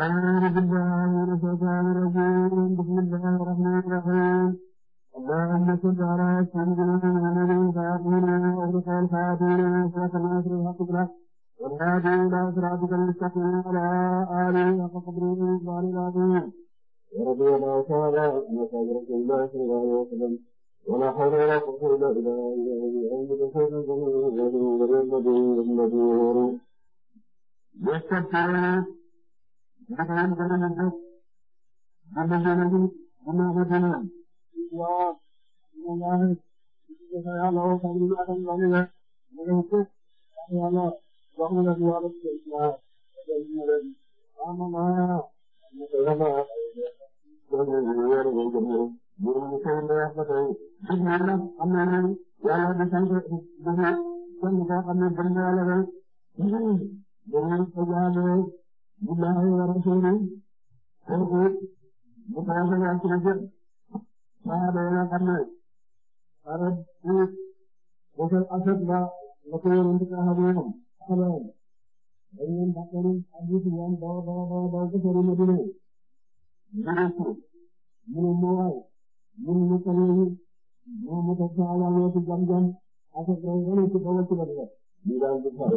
أعوذ بالله من الشيطان الرجيم بسم الله الرحمن الرحيم اللهم صل على سيدنا محمد فاتنا واغرق الفاتنا صراط الناصر الحق بالحق والهادي إلى صراطك المستقيم وعلى آله حق قدره وعلى العظيم ورضي الله تعالى عن أصحاب رسول الله صلى الله عليه وسلم ولا حول ولا قوة إلا بالله أن تكون جميعا الذي غير الذي الذي يستغفرون naka ngeen gën a leen def man de ngeen a ngi mën naa ko gën a leen. waaw man daa ne gis nga yàlla woo xam ne ak ak yow mii rek ma dem fukk ak yàlla wax nga def yàlla ci kër waaw. waaw man daa ne ko yàlla wax. man de ñu yore ngay jëm rek. ñu ngi seen ndax ba tey. gis naa ne am na ne yàlla di sant di sant kenn koo xam ne gën na yàlla rek. ñu ngi ko jaay billahi wa rasulihi urdu bu xoolee daal ci biir saxaaba yi nga xam ne arab bi bosal asad la la ko yoroon di ko xamoon xamoon dañ leen bàqaru hadith yam daw daw daw daw ko sori na dina ñu ne mu waay mun mu tënku mu mu tënk saa yaa ngi ci jam jam asad la nga ne ci kaw ci la dina ñu daal di xaar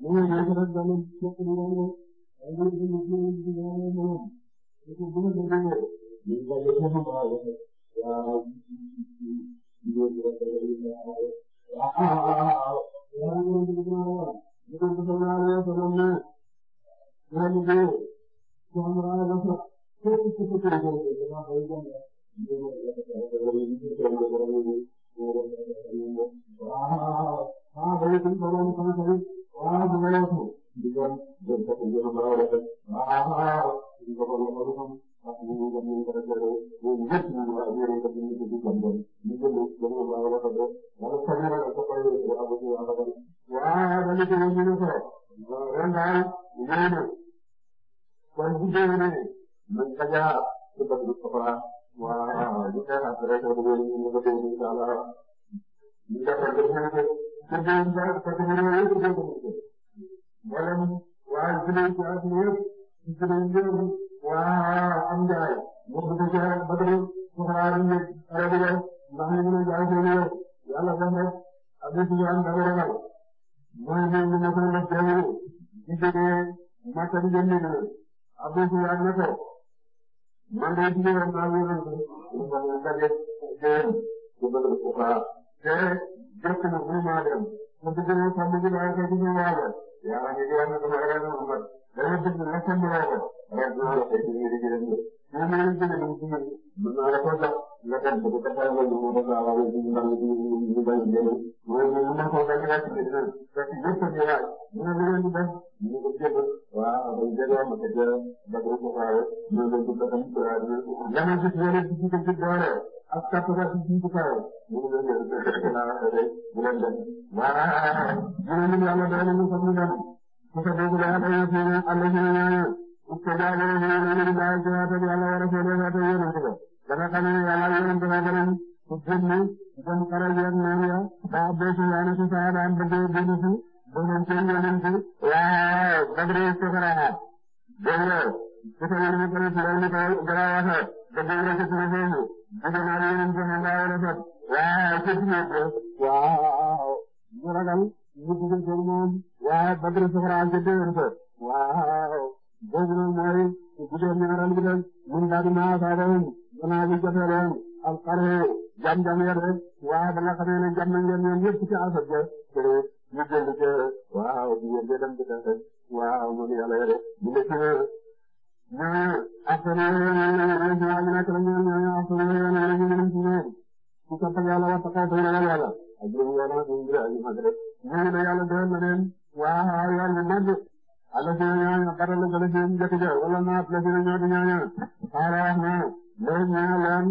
mu ngi ñëw rek daal di waaw di ko jëm sa kër yéen a mën a rafet waaw di ko bëgg a rafetlu parce que ñu ngi leen di rafetlu ñoom ñëpp ñu ngi waa yéen a ngi leen di gis ñu jëm ñu jëm jëm ñu mën a rafetlu wala sax ñu ne la sa kër yéen a ngi leen di rafetlu waaw dama ci leen ñu ne sax ren daal ñëw na kon bu jëlee ne man ka jaar ci bët bi soxla waaw di xeex ak rek rek ñu ngi ko déglu incha allah ñu defal ko ñu ngi ko ñu ngi ko ñu ngi ko mboolem waa Julaye ci at mi yëpp ci Julaye Ndiol waa am jaay moo dugg ci ak Badr Souare Ndiaye pare bi rek ndax ñu ngi jaay seen yëpp yàlla def rek Abu Sufyaan dara ragal mooy ne ñu ne ko def jaww ji jógee Makka di jënd na Abu Sufyaan ne ko man de ci yëpp naa ngi leen di daje jënd bu Badr Souare te jot na vraiment dem bu dugg ne sàmm ji daal kay gis nga waale. yàlla ñu ngi wax ne dama ragal Muhammad dama bëgg la ko niroo ko. ragal dina la ko ci ñu di gërëm ñu. ñu ngi leen di ah. gërëm ñu ci ñu. mën naa la ko jox. lépp bu ko defee wéy mu def laa wala jiw mbaa jiw jiw mbay mi jëlee loolu moom mën koo béy rek di def fekk yëpp di waaj ñu ne lu di def ñu ko jënd waaw day jëndoo ma ko jënd ba ko xoolee ñu ngi leen di def ci waaye dama gis yeneen ci jiite ci doole ak kàttan ak jiite kaw ñu ngi leen di def ci laa rek di leen def waaw ñu ne ñun yàlla doole ñu sax ñu dem su ko déglu ak ay yëf yi am na si ñooñu استجاب له من الله تعالى ورسوله وتوبه da nga xam ne yàlla yonent ba gën a génn bon xaral yéen naan ya ba abdosi yaana si sahabaam ba dee génn si ba ngeen seen yonent waaw badri sukaraha déglo ci ko yéen ñu tamit loolu ni ko gën a waxe ba dee rek ci foofu jóge naa yonent ba nga wala fat waaw ci ci nekk waaw ñu ragal ñu digal seen moom waaw badri sukaraha ci dee ko waaw boobu nag mooy bu dee ñaaral bi dem mun daal naa saabawum gannaaw bi jotee leen alxaru jam jam ya de waaye ba nga xamee ne jam na ngeen ñoom yëpp ci alxar ja te ñu jënd ca waaw jigéen ja dem ci def waaw man yàlla ya de ñu ne ci ñu askan wi waa ñu nekk la ñu ñu askan wi ñu ne ñu ñu ci ñoom ku sopp yàlla wa taqaw tey ragal yàlla ak ñu yàlla ñu ngi ay mag rek ñu ne yàlla doon na leen waaw yàlla mag ala ci ñaan baral la ci ñu jëk ja wala naat la ci ñoo di ñaan xara wax na loolu nee na leen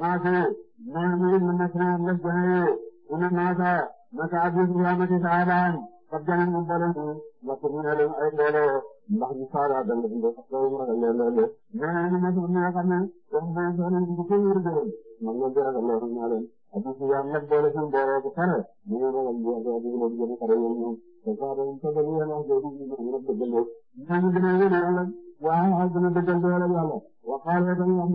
maase nee nañu ne masinaan la jëlee dina maasa masaa ab yëngu yaa ma ci saa daan ak jëlee mu bële mu ndax ñu ne leen ay mbooloo ndax ñu saa daa dem ndax loolu moo tax leen loolu nee nañu masin bi nga xam ne wax dëgg saa leen bu ko wér gërëm man nga gërëm ak loolu naa leen ab yëngu yaa ma boole seen mbooloo bu pare ñu ne la ñu wax dëgg loolu jëm pare yow ñoom te saa dañu ko bëgg yéen wax dëgg ñu ñu rek dëgg loolu. ñu ngi gën a yéene yàlla waaw gën a dëggal doole yàlla waxaale tamit wax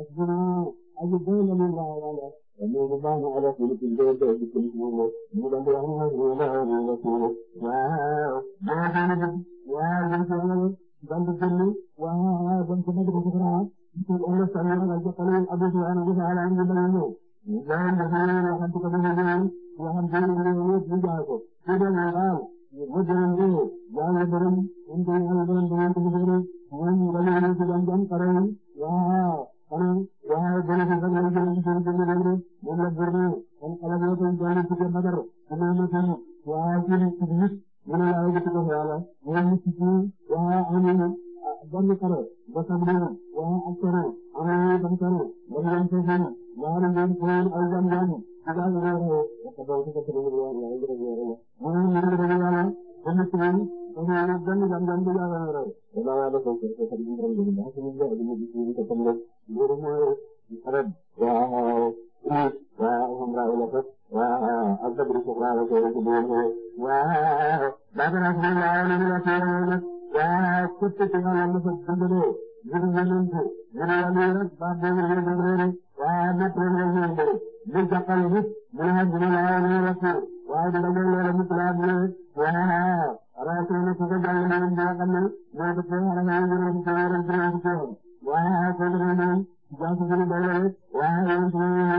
asmaa aji doy la moom laa yàlla mais bu baax na ala kulli kulli doy doy kulli moom la mu dem ba wax ne moom laa yàlla la kulli waaw boo xam ne waaw dem sa yàlla dem sa jënd waaw dem sa bëgg dafa raa ci ëllë sa yàlla nga jokkale ak abu sa ana bisa ala ngi bëgg ñëw waaw dafa yàlla xam ko dafa ñëw waxam ko ñu ñëw ñu jaar ko ci dem waaw mu jëm ñu yàlla borom ñu ko yàlla borom dañu ko bëgg ñu ñu dañu ci jam jam karaw waaw kon waaye gànnaaw sax nga gën a gën a gën a gën moom la góor ñaari kon xale boo koy jaay ci biir Maguette am na ma seen waaye ci biir ci biir ñu ne laa yëkkati ko xalaat la waaye ñu ci biir waaye am nañu benn kare ba sax dëgg waaye ak kare am nañu benn kare ba ñu doon seen waaye dañu doon fóon ay jam jam ci daal di doon xëy parce que boo ko defee dañu doon yàlla yëkkati ko yàlla mu ne ñu ne dañu yàlla ba mu ci biir dañu benn jam jam bu yàlla yore. nguur mooy rëbb. waaw waaw alhamdulilah wala sax waaw ak dëgg yu soxlaa la soxla si biir xëy. waaw baaxalaa si biir waaw li ñu la soxla nag. waaw képp ci nga yàlla fa dimbalee. ngir yónantu ngir yàlla rek baax boobu la ñu doon rek. waaw nekk rek la ñu doon ñu jàppale nit mu ne xam dina la waaw li ñu la soxla. waaw dina doon loola nit laa bëggee. waaw rawatina ci sa jàll bi nga xam ne mooy que tey xarala yi ñu doon ci sa yaram ci waaye ay fondements jant bi ñu doole rek waaye ay suñu naa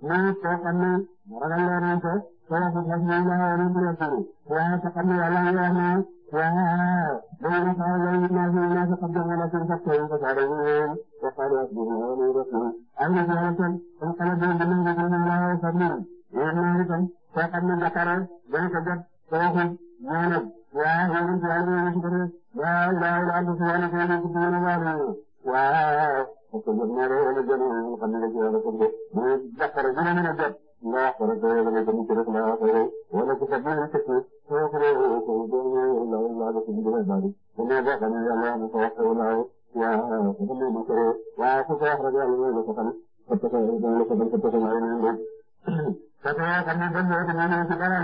naa soo xam ne ragal loo naa ko soo ko fas yéene laa wane bu la tëru waaye soo xam ne yàlla nga wax naa waaye dama la faa loolu naa fi naa fi xam jamono fi nga xam ko saa dañuy ñëw ba xam ak bu ñu wane rek nii ay na ci yàlla tam am xale bu ñu mën a gën a laa sa mbir yéen naa itam soo xam ne Dakar dana ko jot soo ko ñaanal waaye yéen ci yàlla ñu ngi ci bëri waaye daal daal dafa wane ko ñu ci bëri waaye waaw parce que ñoom ñoo doon a jënd ñu xam ne dañu yàlla ko jënd mais jàppale bu la mën a jot nga wax ko rek la nga jëm ci rek la wala ku fekk ñu fekk soo ko doon la la ko ñu doon bari ko ne ba xam yàlla mu ko wax wala waaw ko ne ma ko waaw ku ko wax rek yàlla mooy la ko xam ko ko dañ ko dañ ko ko mari ñu doon parce que xam ne dañ ko ñu ci dara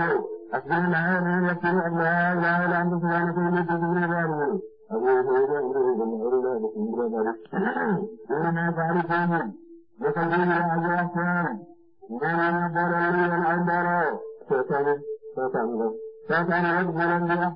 ak dañ la ñu la ci Allah la ilaha illa anta subhanaka inni kuntu minal zalimin أبو هريرة إليه بن هريرة بن هريرة إنما تعرفون يقولون يا أخوان إنما ضرري الأنبار شيطان شيطان شيطان رب ضرري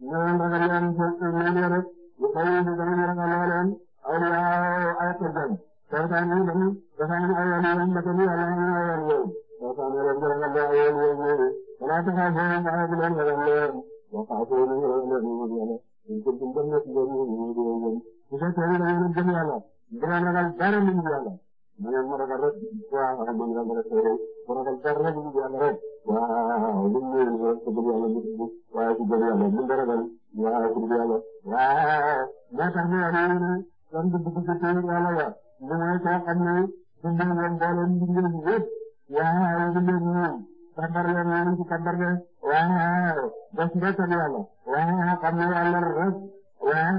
من ضرري أن تكون مديرة يقولون بضرري الأنبار أولياء أكبر شيطان يبني شيطان أولي أمتني على أولي شيطان رب ضرري أولي أولي ولا تخافون أولي أولي وخافون أولي أولي ñu ko dum bam nekk ngeen ñu ñu di ngeen ñu seen tane na ñu gëm yàlla ñu ragal dara lu ñu yàlla ñu ñu ragal rek waaw ak man ragal rek ragal dara lu ñu yàlla rek waaw lu ñu ñu rek ko gëm yàlla mu bu waaye ku gëm yàlla mu dara dal waaw ku gëm yàlla waaw moo tax ñu yàlla ñu tan bu bu ci tane yàlla ya ñu may ko xam ne ñu ñu ñu mboolem ñu ñu yépp waaw ñu ñu ñu tabar leen ñu ci tabar leen waaw def ndekal yàlla waaw xam na yàlla rek waaw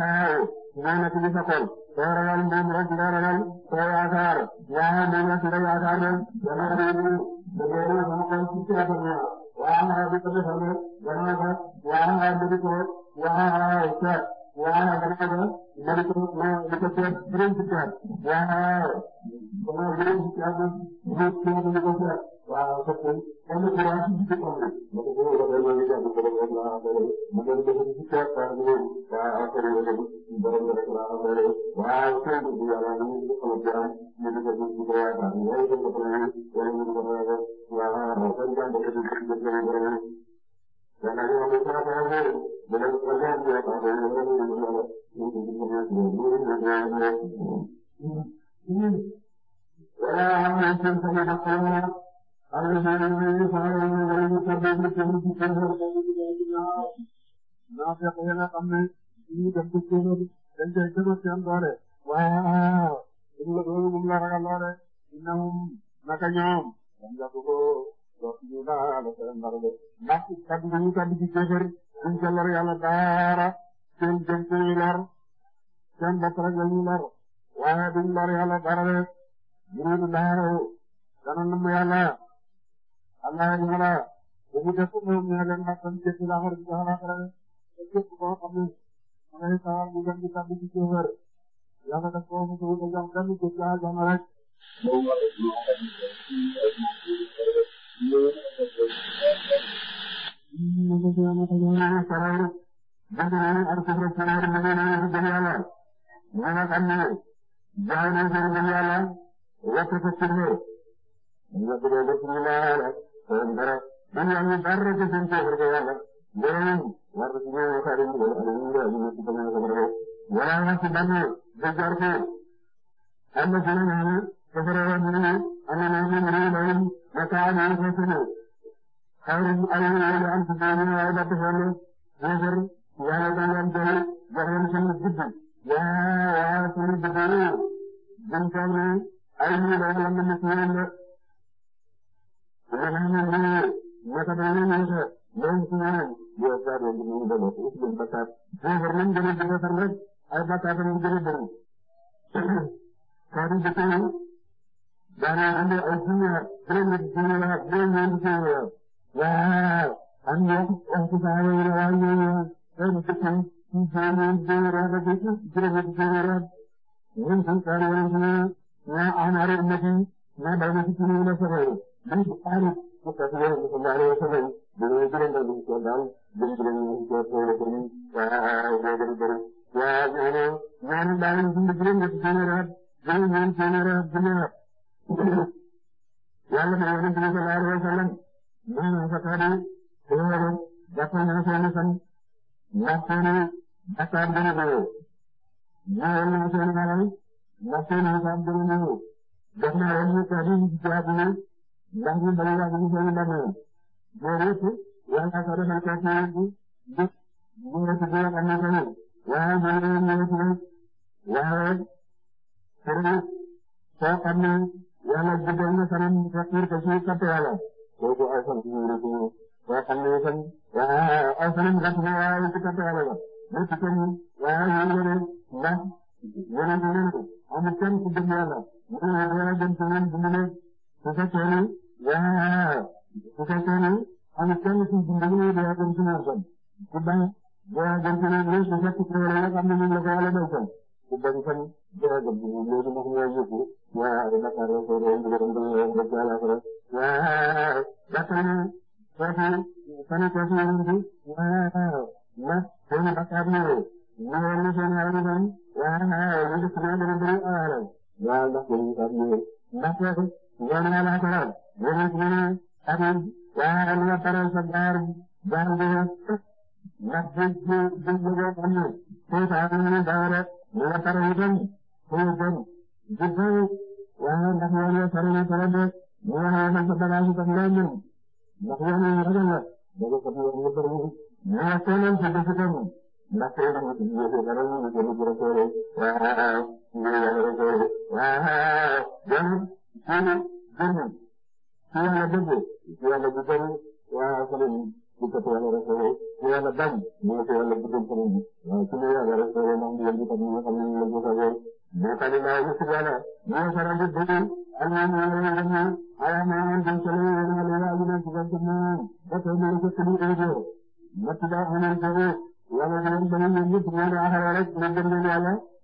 moom la ci gis a kon soo ragal moom rek nga ragal soo yaakaar waaw moom rek nga yaakaar ren yàlla rek ñu dëgëral sama kaw ci ci rafet na waaw waaw bi ko defal rek gannaaw ba waaw waaw bi ko waaw waaw seet waaw gannaaw ba ma di ko ma di ko seet juróom ci seet waaw gannaaw juróom ci seet mu seet di ko seet waaw parce que am na courant ci biir tool bi. ma ko bëggoon a ma ngi jàpp ko ba mu laa xamee rek ma gën a def ci kër saa bi moom waaw ak kër yoo xam ne borom la rek laa xamee rek waaw seen dugub yàlla ñu ngi xam ak jàmm ñu ngi ko ñu ko yaakaar ñu ngi ko ko ñu wala ñu ngi ko yaakaar waaw kon jàmm ko ci ci ci borom da na ñu am ko ko rek da na ko jàmm ko ko ñu ngi ko ñu yàlla ñu ngi ko ñu ngi ko ñu ngi ko naafeq yi nga xam ne ñu def ko seen dañ koy gën a seen doole waaw suñu la doole la ragal loole dina moom naka ñoom dañ jàpp ko dootuñu daal seen ndar de ndax kat bu ñu di kéefër duñ ca lor yàlla daara seen jëm suñuy lor seen bopp rek la ñuy lor waaye duñ lor yàlla dara de ñu Allah ñu la bu def ko ñu leen ma tan ci la xar ci ala xara ci ko xam ne ay sawar bu gën ci tabbi ci wër ya ma da ko mu ko jam dalu ko ja ja ma rek do ma do ko ci ay mo ko ñu ñu ko ci ma ko ñu sararu dana ar ko ko sararu dana dana yalla wala kan ne jaana dana yalla wa ko ko ci ne ñu ko do bismillah mboro dañoo ñu dara ci seen toog rek yàlla mboro war ci ñëw xaari mu wala ñu ngi ñu ci bëgg ko bëgg wala na ci dañu de jar ko am na ñu ñu ko bëra wa ñu am na ñu ñu ñu ñu ma taa ñu ko ci ñu xaari mu ay ñu am ci ñu ay ba taxaw ñu jar yàlla dañu am de jaxam seen guddi ya ya sunu bëgg ñu dañu ay ñu la la ñu ñu Amen. Maka mana mana, mana dia cari yang dimana dulu. Itu yang besar. Saya pernah jadi jadi pernah. Saya baca pernah jadi dulu. Kali betul. Dan anda aslinya belum dijual, belum dijual. Wah, anda yang kita ada orang yang yang betul. Jangan jangan begitu, jangan jangan. Ini sekarang ini, na anak remaja, na bapa kita ini sekarang. lii bu xaarul bu fekkee yéen a sallallahu alayhi wa sallam dinañu gërëm daal di ko daal jëm ci lañu ñu ko tool ak ñu waaw waaw bëri bëri waaw ñooñu ñooñu daal ñu dund juróom ñetti téeméer at juróom ñeenti téeméer at bu ñëwaat yàlla na yonent bi sallallahu alayhi wa sallam ñu ñu fa taade téeméer jàppal na seen fan ndax seen bakkaar dana bëri ñëwal na seen alal ndax seen xisaab dana ñëw def na yéen ñu taadi ci àdduna ndax ñun dañoo yàgg ñu koy ndax ñoom loolu it yàlla ko defal ko ci bés bu rëdd bi ak am na solo waaye loolu yëpp ñu ngi ci waaye keroog soo xam ne yàlla jëndee na kanam sa tur ko ci kàtt yàlla loolu ay fan yu bëri yu bëri xam ne itam waaye ay fanam gàtt na waaye ci kàtt yàlla la lépp itam waaye yéen yële ndax yéen a ngi leen amul kenn ci jëm yàlla yéen a ngi leen a dem ci ñoom bu mu ne su fekkee ni waaw bu fekkee ne amul kenn suñ dundee ñu dee dem ci moom tam ku bañ dee dem ci moom rek su fekk ci wala am na ñu la ko wala bay tam ku bañ tam dee dem ci moom loolu moom mooy yëpp waaw Dakar la ko doon dugg dem dañuy wax dëgg yàlla après waaw Dakar foofu fan foofu yëngu bi waaw ndax seen Dakar ñëwee ñu war na seen xarit tam waaw ñu def naa dana bëri waaw ndax seen Dakar ñëwee ndax foofu ñoo na laa ko raw wóorul wóorul amul waaye am nga pare sa gaar gaar bi nga ndax géej géej géej la boo xam ne suuf ak yeneen daaw la nga pare itam suuf dem jubbu waaye ndax yoon ya pare na pare de ñu nga xam ne sa bagage sax ngay ñëw ndax yoon yi ragal la dëgg sa biir nga bëri ñu nga teenal sa dëkk itam ndax tey da nga ci jiite dara ñu ngi jëli jërë soore waaw ñu ngi jëli jërë soore waaw jëm jëli jëli ci yàlla bëgg ci yàlla bu bëri waaw sëriñ bi ko ci yàlla rafetee ci yàlla bañ moo ci yàlla bëgg sëriñ bi waaw ci la yàlla rafetee moom di leen di tam nga xam ne ñu la ko safee boo tali laa gis yàlla moo faral di bëgg ak moom moo leen def na ala maa leen dem sëriñ yi nga leen laa gis ko ci moom ba tey maa ngi ko ci ko ma ci daa xamal ko yàlla leen bëgg ñun ñëpp moo daa xaral rek ma gëm leen yàlla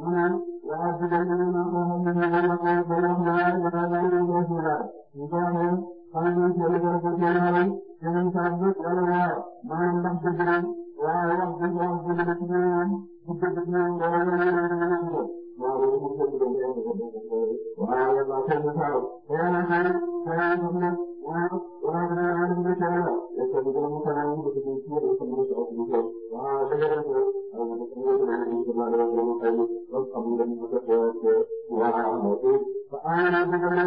mu naan waxaat bi day déglu ñu naan ko xam ne ñu ngi lay wax xanaa ñoom Jalle Jalle Jalle Jalle ñoom Jalle ñëpp wala waaw maanaam ndax dëgg la waaw wax dëgg wax dëgg la ci ñoom bu dëgg ci ñoom wala wala wala wala wala. waaw loolu moom dëgg la yàlla ko dëgg la. waaw yàlla ko dëgg la. yàlla ko yàlla ko dëgg la. waaw waaw dina yàlla dina ci yàlla. est ce que dina mu faral di dëgg ci yàlla est ce que dina ci ëpp lu ko. waaw dëgg la ko. waaw dëgg la ko dëgg la dina dina dina xëy na. loolu xam nga dina ko def waaw waaw. waaw dëgg la.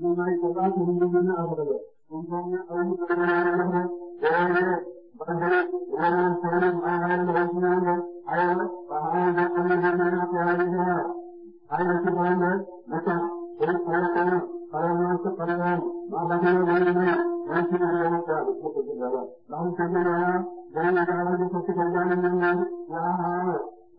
moomaay moomaay suuf mu mën a rafetlu moom moom ñu am lu mel ne rafet ba pare wala soxna mu àll ba suñu ànd aywa waaw aywa ba am na ñu mel ne xaaral di ñëwaat aywa ci borom ba ba tax ba mu xaaral xaaral xaaral maa ngi ko xaaral waaw maa ba xaaral ba mu ñëw maa ci biir yow quoi ba ko jënd waaw. ndax mu seetlu ne waaw dana la gaaw a def ci kaw jaay nañ leen waaw waaw.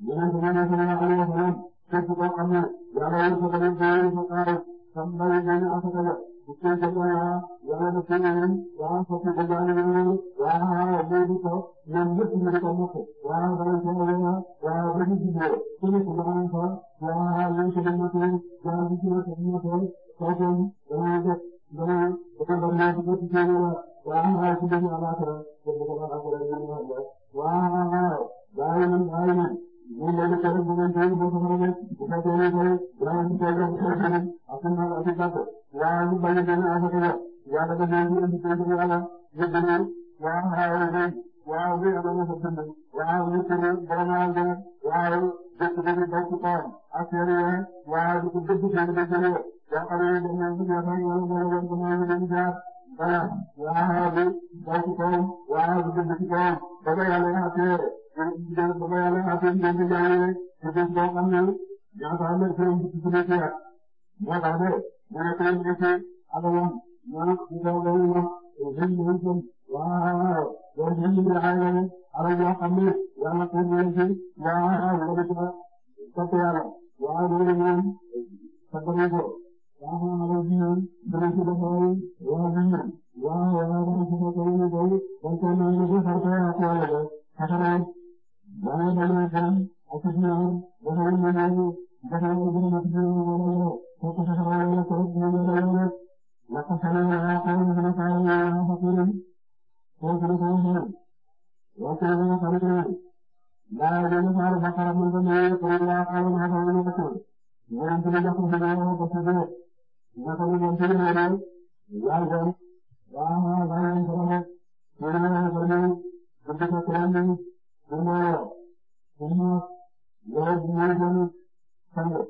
yeneen yeneen yeneen yeneen yeneen yeneen képp koo xam ne yàlla wërsëgal nañ ko wërsëgal xam nga yéen dañuy asaka la bu ko defee yàlla def nañ leen waaw foofu la jaay nañ leen waaw boobu ko ñoom ñëpp ñu ngi ko mokk waaw da ngay soxla leen waaw ba ñu jubloo suñu ko doon ko waaw yéen si dañu ko waaw bi ci la ko ñu ko kooku dañoo def dañoo dafa doon naa ci bëgg ci la waaw ci dañu alaatara pour bu ko wax ak waaw waaw bàyyi nañ bàyyi nañ ñun loolu tamit bu ngeen jëlee boo ko mënee bu fekkee ne tey dana ci teel a teel a teel a ak ak waaye ñu bañ a génne asaka la yàlla da ngay indi teel a yàlla yëpp da ngay waaw xaaral ngay waaw ngay am na sa dund waaw ñu tëddee borom yaa ngi waaw dëkk bi di bokk kawam ak seen yooyu waaw di ko dëkk seen dëkk yooyu yaa xam ne dañ leen di jox ak yow nga leen ko mën leen jaar voilà waaw di bokk kawam waaw di dëkk ci kawam ba ba yàlla yaa teere sëriñ bi daal ba koy yàlla naa seen benn jaay sëriñ boo xam ne yow daal la sëriñ bi ci nekk ak moo tax de mu ne sëriñ bi ci alalam ñoo ñu daw dañu wax sëriñ bi ñu waaw loolu sëriñ bi daal la ne alal yoo xam ne yàlla sëriñ bi ci waaw loolu ci topp yàlla waaw loolu moom tàggatoo ko waaw alal bi ñoom sëriñ bi dafa waaw bi ñoom waaw waaw dafa ci topp yàlla boobu dañ koy naan ñu ko sartee ak yàlla de xasaree boobu dañuy faral ak suñu yoon dafa am lu ñu dafa am lu ñu mën a yóbbu suuf si sax waaye nag tamit ñu ngi doon yëg la ko xamee ne la xamee ne la xamee ne la ko xamee suuf si la ko xamee waaye suuf si la ko xamee daal dañuy faral ba xaral ñu ngi doon yëg dañuy laa xamee ne la ko xamee ne ko ñu ngi doon jox ko sa bopp ba sa bopp nga xam ne moom tamit la daal yaa ngi doon waaw waaw waaw ñu ngi doon ñu ngi doon ñu ngi doon ñu ngi doon umar umar lool bu mooy doonu sango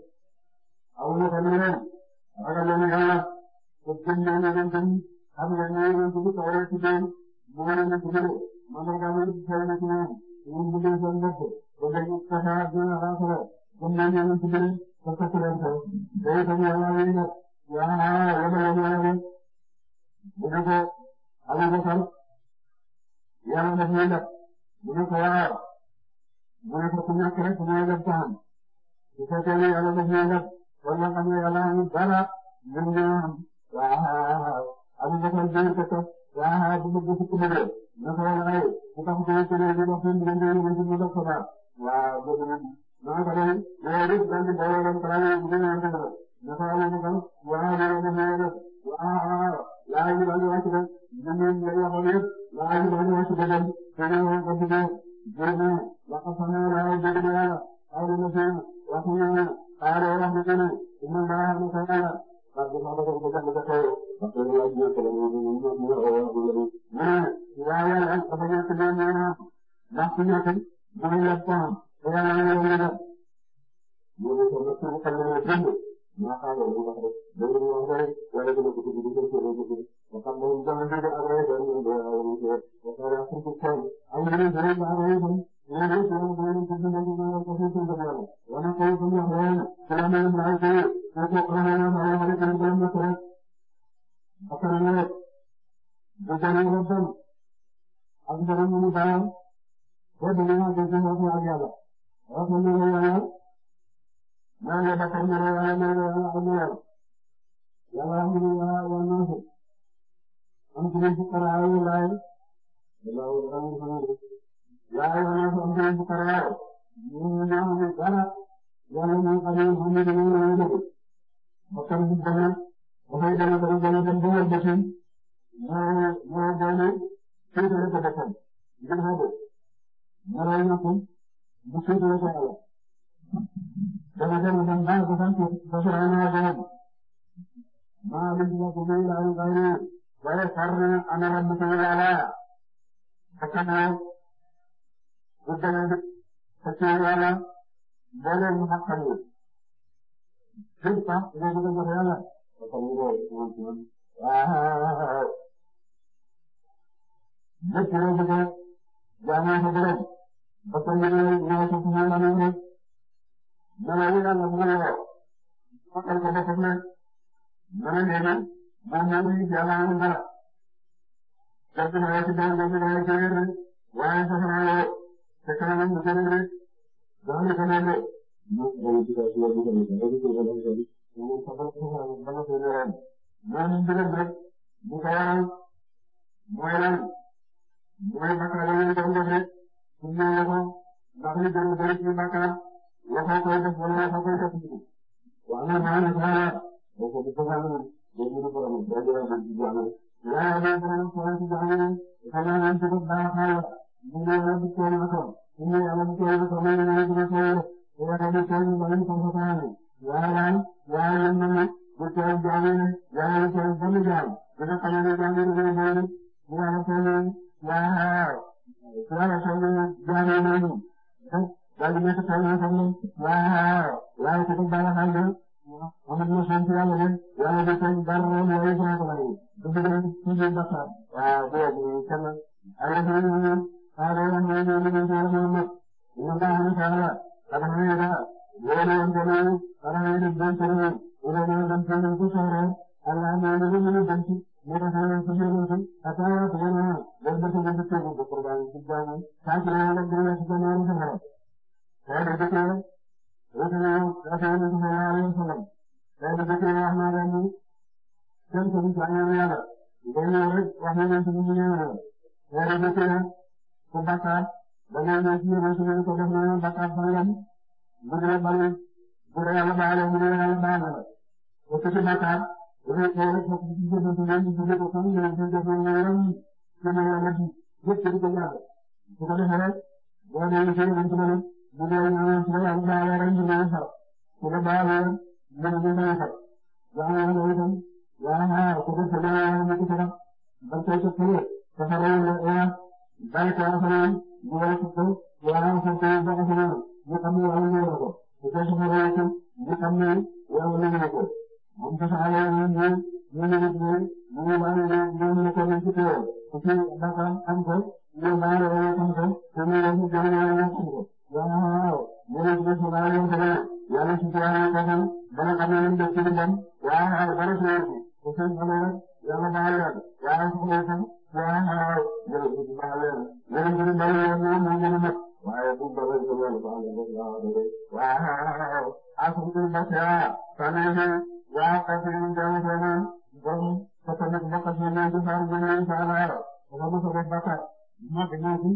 aw na ko neneen ragal na Yàlla te gëm na yonentam xam nga ne yonent bi tawra ci doon moo leen ci gëre mandargaam yi ci xew na ci moom ñoom bu dee seen bopp ba léegi saxa dina raafala gëm na yonent bi te takk leen ko day tam Yàlla yi nag Yàlla yàlla yàlla yàlla bu ne ko Abu Bakar Yàlla daf lay def bu ma ko woor ma ne ko ku ñàkk rek ñooy def saxam su fekkee ne yàlla def ñooy def wala xam ne yàlla amul dara ñun ñoo am waaw amul defal jënd ko toog waaw bu ma gëstu ma dee na ko wala ay bu tax ko yëkkale ñu dox seen diggante yi ñu ñu dox ko baax waaw boobu nag maa ko doon loolu rek daal di boole dem xalaat yi bu gën a yëkkale na ko amul defal waaw yàlla def ñooy def waaw laay ñu daal di wàcc rek ñun ñoo ñu waxoon yëpp waaye ñu ngi ci dëgër dëgër yi nga dugg góob yi wax ko soxna yi daal dëgg yàlla ay lu ñu seen wax ñu ñu xaaral wax ñu kenn ñu mën daa xam ko yàlla parce que ma bëgg ko jàng ko tey parce que ñu ñu ko ñu ñu ñu ñu ñu ñu waaye yàlla ak dafa ñëkk doon ñu ñu ndax ñu ñëkk mu ngi la ko te yàlla ñu ñu def ñu ñu ko ñu ko ñu ñu dëgg ma xaaral ñu wax rek dañu ñu wax rek wala ñu ko ko ko ko وقد جاءت الآيات بالهدى وصراخ القوم أولئك الذين عليهم يريدون أن يتخذوا قصصا بالله ونقول لهم سلام عليكم وتقرأنا عليكم بالمسرة أكرمنا بجانب ربنا أكبر من بيان وبلغنا بجانب ربنا ربنا لنا ما يبقى من ربنا يا الله يا الله انظروا الفقراء إلى الله يا أيها الناس انظروا الفقراء من يوم الدرة يوم القيامة هم الذين ينجون وكم من دنا وهي دنا دنا دنا دنا دنا بشر ما ما دنا في دنا بشر من هذا مرأيكم بشر وشعر دنا دنا دنا دنا بشر بشر أنا دنا ما من يقبل عن غيره wala sarna ana rabbuka ila laa xëccëgoo bu dëgg xëccëg yàlla mbooleem mu xam-xam yi. jël sax ngay bëgg a jox yàlla. waaw. lépp loo bëgg a jaamoo sa borom. parce que mbir mi ñoo ko fi ñëw amee rek. ñoo ngi leen a mën a woo. xëccëg ko ba xam ne mën a leen a. maanaam ñu jàllale dara fekk na waa ci daan dañu daan jëriñ rek waaye sax na woo te kanam ñu jëriñ rek dafa nekk nag moom mooy ci kaw ci wàllu tamit dafa ci wàllu tamit moom sax dafa sax dafa koy leeral moom ñu jëriñ rek bu ko waral mooy lan mooy bakkaar la ñu doon def rek suñu ñëwee ko ndax ñu jëriñ bëri ci bakkaar waxoo koy def wala waxoo koy def wax na maanaam sax waxoo ko bëgg a déglu ko borom bi déglu ko ci jàng waaye maa ngi leen soxla ci jàng yi xanaa maa ngi dugg baax a xaar ñu ngi leen di teel a ko ñu ngi leen di teel a ko maa ngi leen di teel a ko waaye dañu teel a leen ko fa xaar waaye daal waaye leen na nag bu teel jàng yi waaye teel ba mu jàng dina xam ne jàng yi dina doon ñu war a teel waaye xaar war a teel jàng yi nañu daal di nekk teel a ko waaye xaar waaye ku dugg baax a xaar amul ñu sant yàlla de yàlla de tey dara yàlla ci laata bari dafa doon tuuti bakkaar. waaw boobu kenn ay la ñu ñu ah day wax ne ñu ñu ñu ñu mag ñu baax ñu sax la ak ñu ñu daal boo doon ko loolu dara ngay def doon ko loolu wala ñu dem ko ñu ko soxla Allah ñu ñu ñu dem ci ñu ko soxla ko ñu ko ak ay ko ñu ñu dem ba ko ñu ko ko ko ba ñu ko ba ñu sa ci la ñu dem ci ñu ko soxla waxu waxu yonent bi sallallahu alayhi wa sallam léegi da cee wax naa leen ni seen service da ngeen yàlla nga ñëw rek wax yonent bi ñu ñëw rek léegi da cee ku bàkkaar da ngay ñëw si yonent bi ko def na yow bàkkaar sangam bu dee bari bu dee yàlla baale bu dee yàlla baale la te ku ci bàkkaar da ngay ñëw rek fekk ci jëfee ci yéen ci jëfee ko yéen ci jëfee ñëw rek ci ñëw rek yëpp ci di ko yàlla su ko defee rek boo dee yëfee yéen ci la rek mu ne mu ne maa yore ñu naan xar su ko baaxee mën nga naan xar waaye loolu itam waaye xaar su ko xamee waaye mu ngi ko def ba tey ca përëb te xarala nga xeex bàyyi ko asanaan mu war a tuddee waaye mu sant ba asanaan ñu xam ne waaye ñëw na ko su ko xamee ko ñu xam ne waaye ñëw na ko moom ko xaaral ñu ñu ñu ne nag ñu ñu ne waaye ñoom ñu ko nañ ci teewal su ko dafa am ko ñu baaxee waaye xam ko te ñu ne ñu jëlee waaye xam ko. waaw yéen a ngi def ba léegi dëgg yàlla ci diwaanu Kosam ba nga xam ne dañu def ci lu bon waaw ba la si wàcc te seen bële rek yàlla baal leen waaw su ko defee waaw jërëjëf baal leen yéen a ngi def ba léegi moom moo gën a mag waaye bu ba léegi yàlla baal leen rek waaw dëgg waaw asubul basaa fanweeri waaw kooku ñu dem feneen bon parce que nag mbokk si ñoom di faru gën a incha allah dafa mos a def bakkaar mag ñoo ci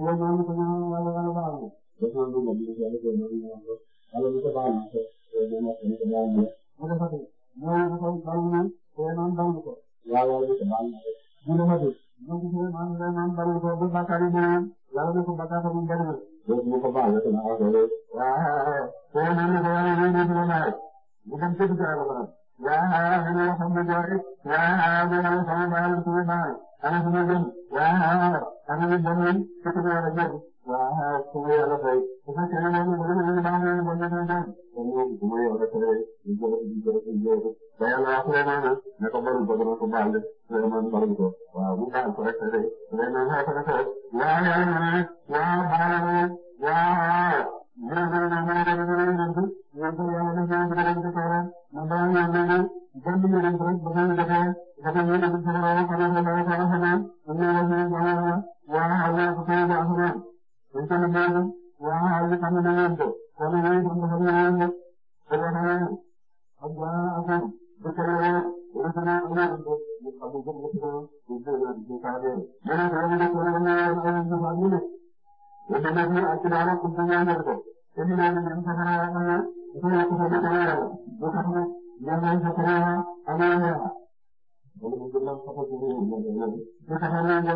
wala ñoo ñu ko ñëw wala wala baal Deshan bu nabi sallallahu alaihi wasallam Allah bisa bahagia dengan kebenaran. Maka satu, mana satu bangunan, kenan bangun ko. Ya Allah bisa bahagia. Bila mati, nanti saya mana nan bangun ko berbakar di mana, lalu aku bakar di mana. Jadi muka bahagia tu nak ada. Wah, kenan ni kenan ni ni ni ni. Bukan tu juga Allah. Ya Allah, Alhamdulillah. Ya Allah, Alhamdulillah. Anak semua, ya Allah, anak semua, kita berada waaw su ma yàlla fay su fekkee ne moom moom la ñu baax nañu mën nañu dem kon moom su ma yàlla fay ñu jërëjëf ñu jërëjëf ñu jërëjëf ba yàlla wax vraiment nag ne ko balu ko dana ko baal de vraiment balu ko waaw bu baal ko rek tey vraiment nga ko defee waaw yàlla na ne waaw baal na ne waaw ñoom ñoo ne moo dem ñu ne ñun ñun ko yàlla na ñoom ñu dem ci toolam ñu baal ñoom ñu ne jënd ñu dem rek ba ñu defee ba ñu dem ci toolam xam nga xam nga xam nga ñu ne ñu ne waaw xam nga ko tey ba xam nga Rasul moomu wax na li xam ne woon ko kon yooyu xam nga xam ne woon ko xabaar naa ak jaay ak ak bu fekkee Rasul naa am naa ko mu xam ne jëm ko ci ko ci saa yooyu. yéen a ko yéen a ko yéen a yéen a yéen a yéen a yéen a yéen a yéen a yéen a yéen a te ñu naan ñu ngi a am na su ma ko defee ba pare ba xam ne ñoom ñooy sa xarala am naa ne la. loolu moom gën naa ko fas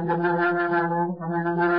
yéene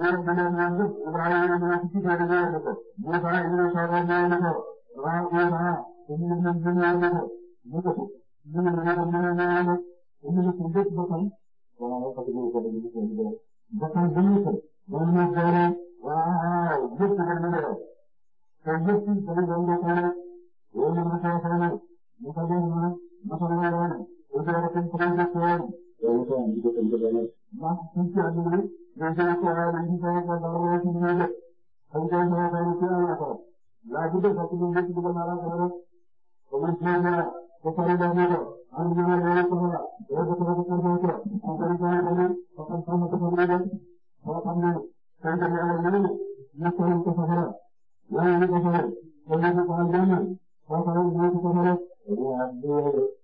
góor bu leen ñaan yëpp Ibrahima ñu nekk ci biir ñaan ko Moussa ibn Soxla ñaan ko waaw Moussa ibn Soxla ñaan ko Moussa ñu ne ñaan ñu ne ñaan ko ñu ko def bokkam waaw ko ko ko ñu ko ñu bokkam bu ñu ko dañu ñu doore waaw yëpp ko ñu doore te yëpp dañu doon doore yow ñu ko ko ñu ko doon ñu ko doon وَسَلَامٌ عَلَى الْمُرْسَلِينَ وَالْحَمْدُ لِلَّهِ رَبِّ الْعَالَمِينَ وَسَلَامٌ عَلَى الْمُرْسَلِينَ وَالْحَمْدُ لِلَّهِ رَبِّ الْعَالَمِينَ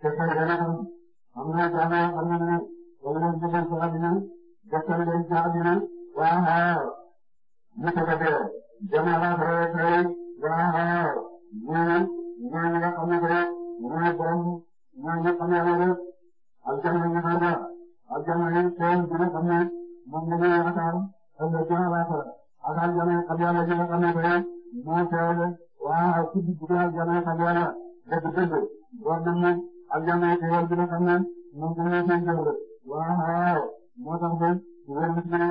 te tey dana am am na dana am na dana dana jëfandikoo ci àddina jëfandikoo ci àddina waaw ñu ko defee jamono laa koy tey waaw ñooñu ñooñu nga xam ne que ñooy borom ñooñu nga xam ne loolu aljanna ñu koy def aljanna yi seen bi nga xam ne moom la ñu war a taal ëllëg jamono laa koy ak aljanna xam yàlla ji nga xam ne que moo teewle waaw ci biir aljanna xam yàlla dëgg-dëgg war nañu. ak jamono ji war dina xam ne moom dina seen jëm de waaw moo tax ba weer bi dina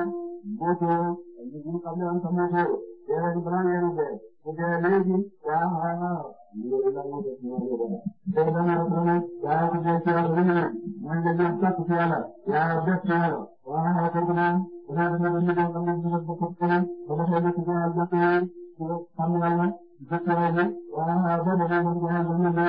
bootoo ñu xam ne am sa mootoo weer bi balaa weer bi dee bu dee léegi waaw ñu ngi la moo tax ñu ngi la dee dana la dana yaa ko dee ci yàlla dina mooy nga def sàkk ci yàlla yaa def ci yàlla waaw kon dina dina dina dina def am na dina bokk ko leen ba nga xam ne ci yàlla def ci xam yàlla def ci yàlla waaw ba ba ba ba ba ba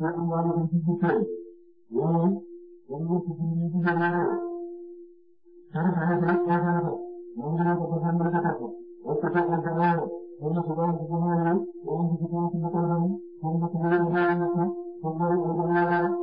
moom mooy li ci suufee loolu moom mooy suuf bi ñu ci jëndee xarit xarit nag xarit xarit moom dina ko ko jëndee ko teg ko est ce que teg ko jëndee ko ñu ko doon ci jëndee ko ñu ko doon ci jëndee ko ñu ko doon ci jëndee ko ñu ko doon ci jëndee ko.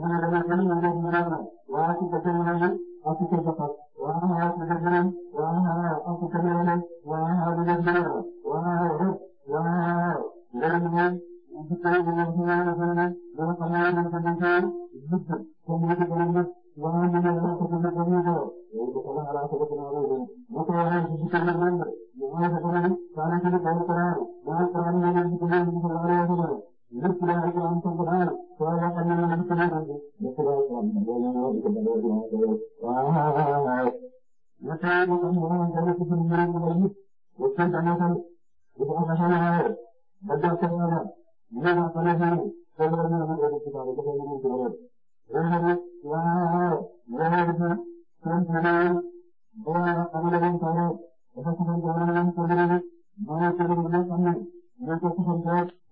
ñu ne dana gën a yónnee ñu ne wala ci sa jëmm lañ wala ci sa boppam wala mu xaar ci sa jëmm wala mu xaar ci sa jëmm lañ wala mu xaar ci sa jëmm lañ wala mu xaar rëbb wala mu xaar ngelaw li ngeen ci kër gi ngeen ci ñaar la gën a nekk dina ko ñaar la gën a jaar gis ko comme ni ko gën a nekk wala mu ne la ko gën a gën a jaar loolu dafa la xalaat ko gën a lay doon bu ko waxee ci sa jëmm lañ la ñu ne ko gën a nekk saa la ci ko gën a ko raadu dana ko raadu ngeen ci gën a lépp loo xam ne am na solo soo leen xam ne moom lañ koy waxee lépp loo xam ne moom lañ koy waxee waaw waaw waaw waaw. lépp loo xam ne moom lañ koy waxee suñu mbirum mbay mi lépp loo xam ne moom lañ koy waxee ba jox ko moom la ñu ne la ko la xam ne soo leen mën a mën a def ci kaw dafa mën a def. loolu nag waaw waaw loolu la def nag seen tubaab boo xam ne dañ koy def dafa ci doon jox la ñu ko def mën a ko def lépp am na ñu ko ci doon jox.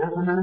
waaw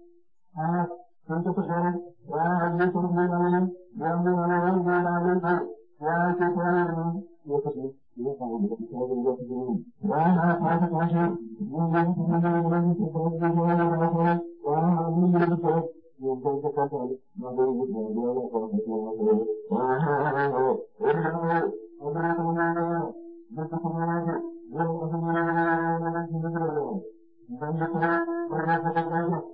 ah sant ko borom waaye ak ñi tur bi nga ne yaa ngi wane wala ñu daa leen ko waaye ci borom ñu yëkkati ñu ko ñu ko ci borom ñu ko ci borom waaye ah maa ngi ko waxee ñu ngi ci ñu ngi leen ci borom ñu ko wala wala wala waaye ak ñu ngi ko ñu ko ci borom ma do ñu ko wala ko ko waaye ah oh ñu ngi ko ñu ngi ko ñu ngi ko ñu ngi ko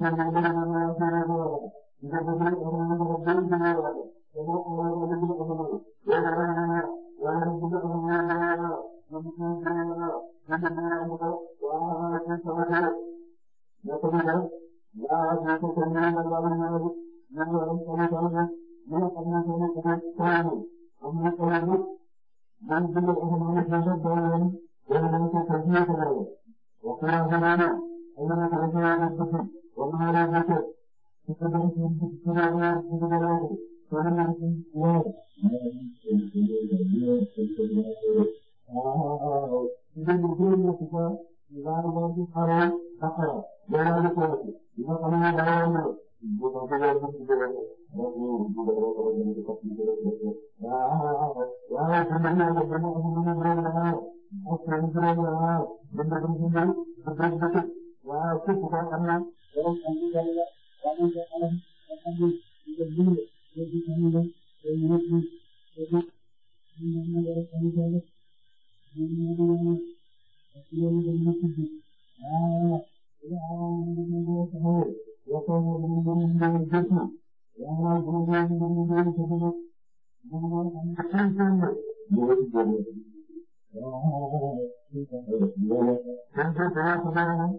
وقال زمانا وما له على الكتب وما له الكتب فقدرت من تكتب على الكتب وعلى الكتب إذا نقول لك إذا نقول لك فقرة ولا نقول إذا قلنا لا يمر ولا تمنى لجمعهم من أبرار العالم حتى نزل العالم من أبرار العالم waaw képp koo xam ne yow am na yàlla la am na yàlla la am na yàlla la am na yàlla la am na yàlla la am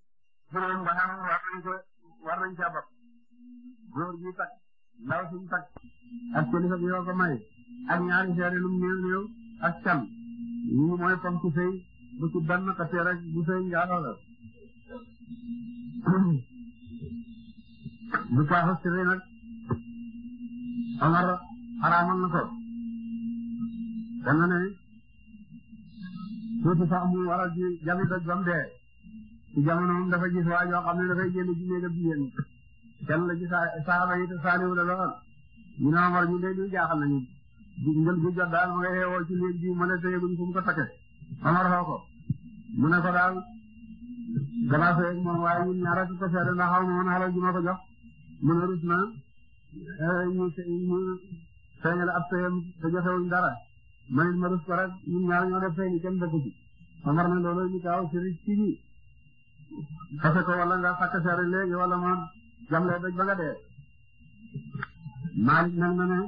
borom ba xam war nañ ko war takk ndaw suñ takk ak kilifa bi yoo ko may ak ñaari seede lu néew néew ak can lii mooy comme ci sëy bu ci benn kese rek bu sëy njaaloo la bu caaxu sëy nag Omar xaraamal na ko dana ne tuuti mu war ji jabi doj ba mu dee ci jamonoom dafa gis waa joo xam ne dafay génn ci néegam jigéen kenn la ci saaba yi te saaliwu la lool ñu ne Omar ñu day du jaaxal nañu njël gi jot daal ma nga yeewoo ci néeg bi ma ne téyeguñ fu mu ko takke Omar xoo ko mu ne ko daal damaa sëyeeg moom waaye ñun ñaar rek ko seede ndax xaw ma woon xalal ji ma ko jox mu ne rus na eh, ñu ñu feeñal ab sëyam te joxewuñ dara ma ne ma rus ko rek ñun ñaar ñoo def feeñ kenn dëkk ci Omar ne loolu ñu gaaw si ci xase ko wala nga fàtte seere léegi wala moom jam lay doj ba nga dee Maalik nag na ne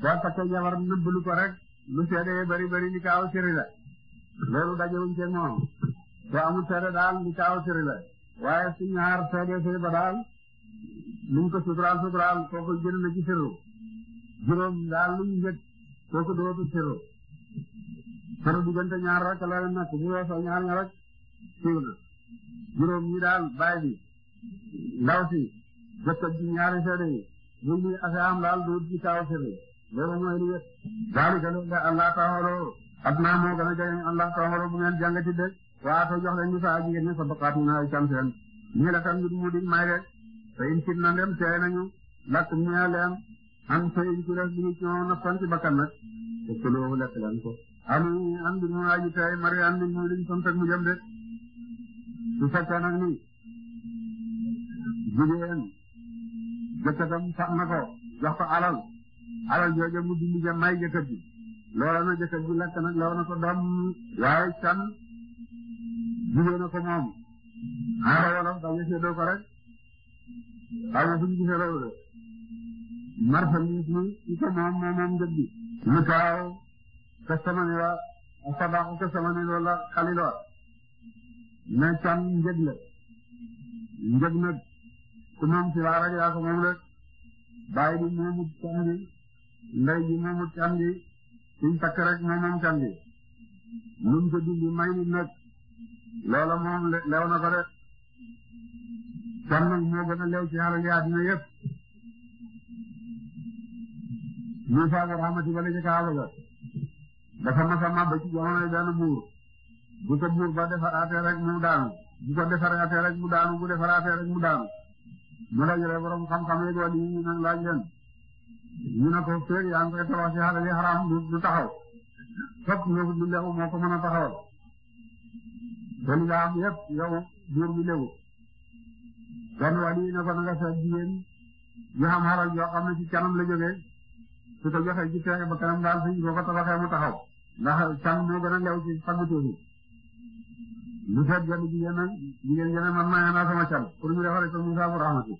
boo takkee jabar nëbbalu ko rek lu seede bari bari ni kaaw siri la loolu dajewuñ ci moom te amul seede daal ni kaaw siri la waaye ñaar seede siri ba daal luñ ko suturaal suturaal kooku jël na ci juróom daal luñ yëg kooku dootu siru siru diggante ñaar rek la nekk bu weesoo ñaar ña rek na juróom ñi daal baay bi ndaw si jëkkër ji ñaari seede a muy li laal duut ci kaw seede loolu mooy li yëpp daalika Allah taxawaloo adnaa moo gën a jege Allah taxawaloo bu ngeen jàng ci dëkk waa te jox leen ñu naa ay cam seen ñi la tam mu di may de te in cib na ndem teey nañu lakk ñee leen am sey ci def bi ci ñoo nafsan ci bakkan nag te kuloohu lekk leen ko am am bi mu aji teey mari am bi mu liñ sant ak mu jëm de su fekkee nag ni jigéen jëkkëtam sax na ko jox ko alal alal jooju mu dindi may jëkkër ji loola na jëkkër ji lekk nag law na ko doom waaye can jigéen a ko moom ara wolof dañu séddoo ko rek xaw fu ñu gisee loolu de marchandise mi ci ko moom moom njëg gi mu taaw ka samani la sadaku ka samani loola xali loola mais sànn njëg la njëg nag ku moom si laa rek yaa ko moom rek bàyyi bi moomut can gi ndey ji moomut can gi suñ takk rek moo moom can gi lum sa dindi may nit nag loola moom lew na ko rek can nag lew ci xaral yi àddina yëpp ñu faago raxmati ba la ca kaaba ga dafa masa mabba ci jamonoy benn buur bu sa buur ba defaraatee rek mu daanu bu ko defaraatee rek mu daanu bu defaraatee rek mu daanu mu lajëlee borom xam-xam yi doon yi nag laaj leen ñu ne ko feeg yaa ngi koy tabax ci xale yi xaraam du du taxaw fop léwu bi lewu moo ko mën a taxawal te li nga am yëpp yow buur bi lewu kon wàll yi ne ko na nga seet jigéen ñu xam xaral yoo xam ne ci canam la jógee su ko joxee ci fexe ba kanam daal suñ boo ko tabaxee mu taxaw ndax can moo gën a lew ci faggatoo lu fekk jënd jigéen nag jigéen jënd man maa naa sama cal pour ñu defaree ko Moussa bu rahmatu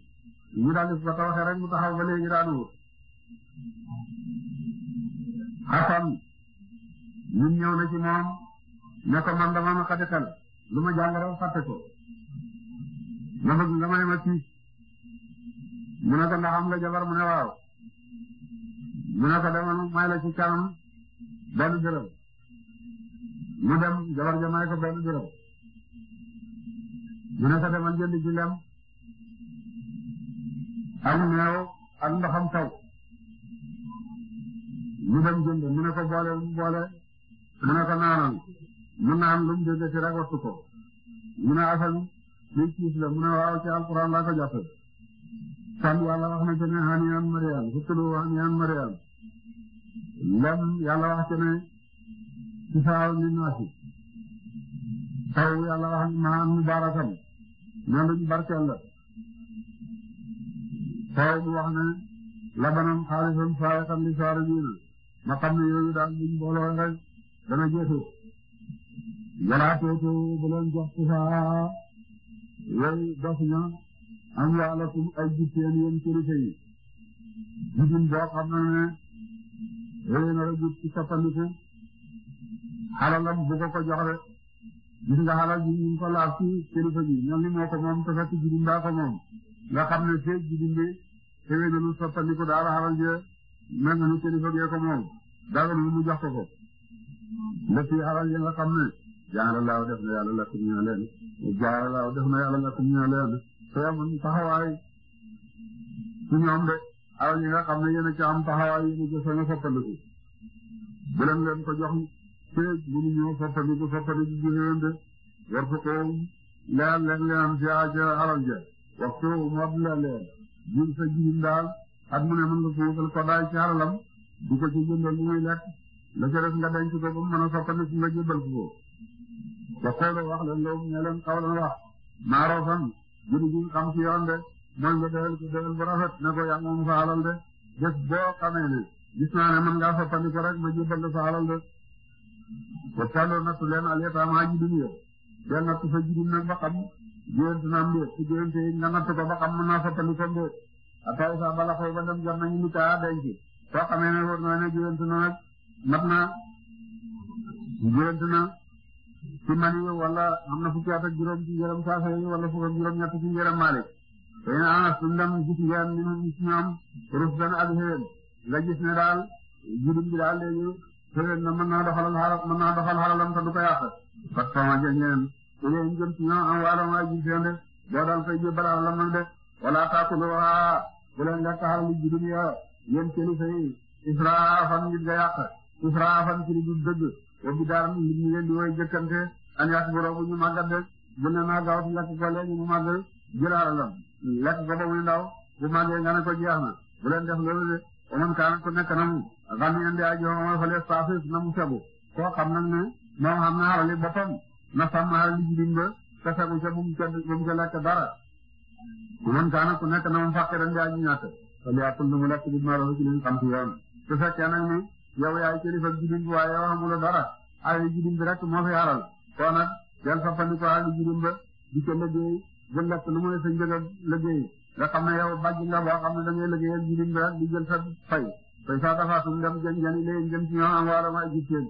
ñu daal di ko tawaxee rek mu taxaw ba léegi daanu ci moom ne ko man dama ma xatikal lu ma jàng rek fàtte nga may ma ci mu ne jabar mu ne waaw mu ne ko la ci kanam benn dërëm mu jabar ja may ko benn dërëm. mu ne ko demal jënd ci lem ak meew ak ndoxam taw mu dem jënd mu ne ko boole mu boole mu ne ko naanal mu naan lu mu jënd ci rek wattu ko mu ne asan li la mu ne waaw ci alquran laa ko jàppe kon yàlla wax na ci ne haniyan mariyan fukulu haniyan mariyan lem yàlla wax ci ne ci saaw min naasi taw yàlla wax naan mubaarakan loolu ñu barkeel la taw bu wax ne labanam xaalisam saay li saara ma xam ne yooyu daal buñ booloo rek dana jëfe yàllaa tootoo bu leen jox ku am yàlla kum ay jiteen yéen kilifa yi jigin boo xam ne ne na rajut ci soppandiku xalalam bu ko ko gis nga xalal bi ñu ngi ko laaj ci kilifa ji nga xam ne feeg jirim bi xëy na lu soppandiku daal xalal jee na ko moom daal lu mu jox ko ko lépp yi xalal yi nga xam ne jaara laaw def na yàlla lakkum ñoo leen jaara laaw def na ñoom de alal nga xam ne yéen a ci am taxawaay yéen a jëfandikoo soppandiku bu teej mu ngi ñëw soppaliku soppaliku ji leen de war ko koo leyal leen leen ci aaja alal ja wax ko mu ab la leen jur sa jirim daal at mu ne mën nga ko wutal ko daay ci alalam du ko ci jëndal lu muy la ca nga denc ko a ko ba xooloo wax leen loolu ñu leen ko ko yaa moom alal de bés boo xamee ne gis naa ne mën ngaa soppaliku rek ma jëbal sa alal de wa taaloo nattu leen al yataamaa ji duñu yow del nattu sa jirim nag ba xam jéem si naan lépp nga natt ko ba xam mën naa soppali ko bala xëy ba dem jot nañu ni kaa denc soo xamee ne war na ne jéem si na nag mat na na am na fukki at ak juróom ci njëram saa sa wala fukki at juróom-ñett ci njëram Maalik. xëy na anas ah, suñ dem gis ngeen ñun ñoom ruus dana ak daal jirim bi daal léegi. déedéet mën naa doxalal xaaral mën doxal xaalalam te du ko yàq parce que ma jënd leen yéen jëm ci ñoom am wàllum ay jiw seen de boo la mën de wala taakulu bu leen lekk xaaral ji duñu yor yéen kilifa israafan ngir nga yàq israafan ci li du wa bidaaran nit ñi leen di woy jëkkante an yàq bu roobu ñu de bu ne naa gaaw ci lekk ko léegi mu màgg jëlaalalam ba muy ndaw bu màggee nga ne ko jeex bu leen def loolu de amoon kaan ku nekk na Lamine Ndiaye jiw moom fële saafis na mu fegu koo xam nag ne moom xam naa li boppam na sàmm aar li ba te fegu ca bu mu ca mu ku nekk na mu fàq ren jaay ñu ñàkk te li àttul mu lekk bi ma rafetlu ci liñ ni yow yaay kilifa jiw bi waaye yow dara ay li jiw bi rek moo fi aaral koo nag jël sa fan yu ko aar li jiw ba di ca lu muy sa a yow bàjj boo xam ne da ngay liggéeyal te saa tafaatum dem jëm jëm leen jëm ci ñoom am wala ma ji seen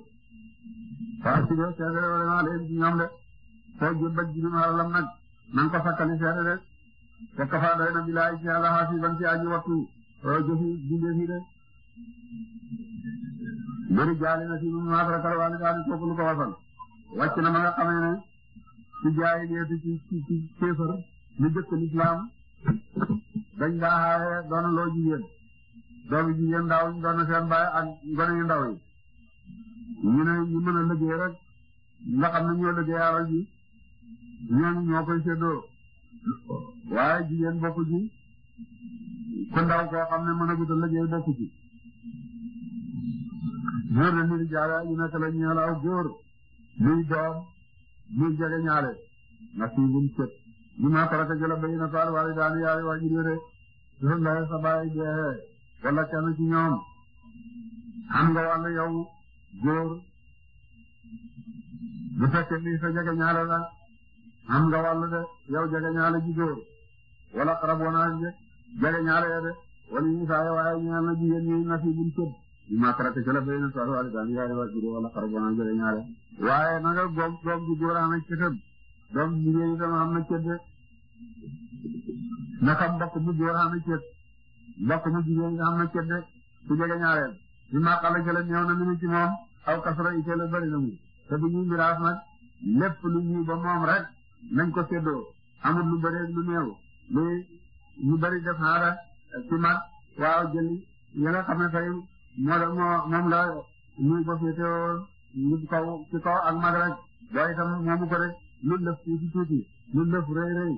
waa si de seede wala leen ci ñoom de soo jëm ba ji ñu xaralam nag nan ko sakkali seede de te kafaa doy na bilaay ci yàlla xaasiban ci aji wattu oo jëfi dindee fi de mëri jaali na si mu maatarakal wala jaali kooku lu ko wasal wàcc na ma nga xamee ne ci jaay leeti ci ci ci kéefër ñu dëkk lislaam dañ daa xaaye doon loo jigéen doomi jigéen ndaw ñu doon seen baay ak gone yu ndaw yi ñu ne ñu mën a liggéey rek nga xam ne ñoo liggéey alal ji ñooñu ñoo koy séddoo waaye jigéen bokku ci ku ndaw koo xam ne mën a gut a liggéey bokku ci góor la nidi jaara ñu nekk la aw góor muy doom muy jege ñaale nga sii bum sët ñu ma taraka jëla bayi na taal daani yaari waajur yére su la sa baay wala kenn ci ñoom am nga wàll yow góor bu fekkee lii sa jege ñaale la am nga wàll de yow jege ñaale ji góor wala xarab wanaaj de jege ñaale ya de wala ñu saaye waaye ñaan na jigéen ñi na fi buñ tëb ñu ma traité ci la bay na soxla wala daan yaay waa juró wala xarab wanaaj jege ñaale waaye na nga góom doom ji góor am na ci tëb doom jigéen itam am na de na xam mbokk bu góor am lakk mu jigéen nga xam ne cedde ku jege ñaareel ñu maqala jële néew na minu ci moom aw kasara iteel a na mu te bu ñuy miraas nag lépp lu ñu ba moom rek nañ ko seddoo amul lu bëri lu néew lu ñu bëri def xaara ci mat waaw jëli ya nga xam ne tey moo da moo la ko féetewoo kaw ci mag rek waaye itam moomu ko rek lu lëf tuuti tuuti lu lëf rëy rëy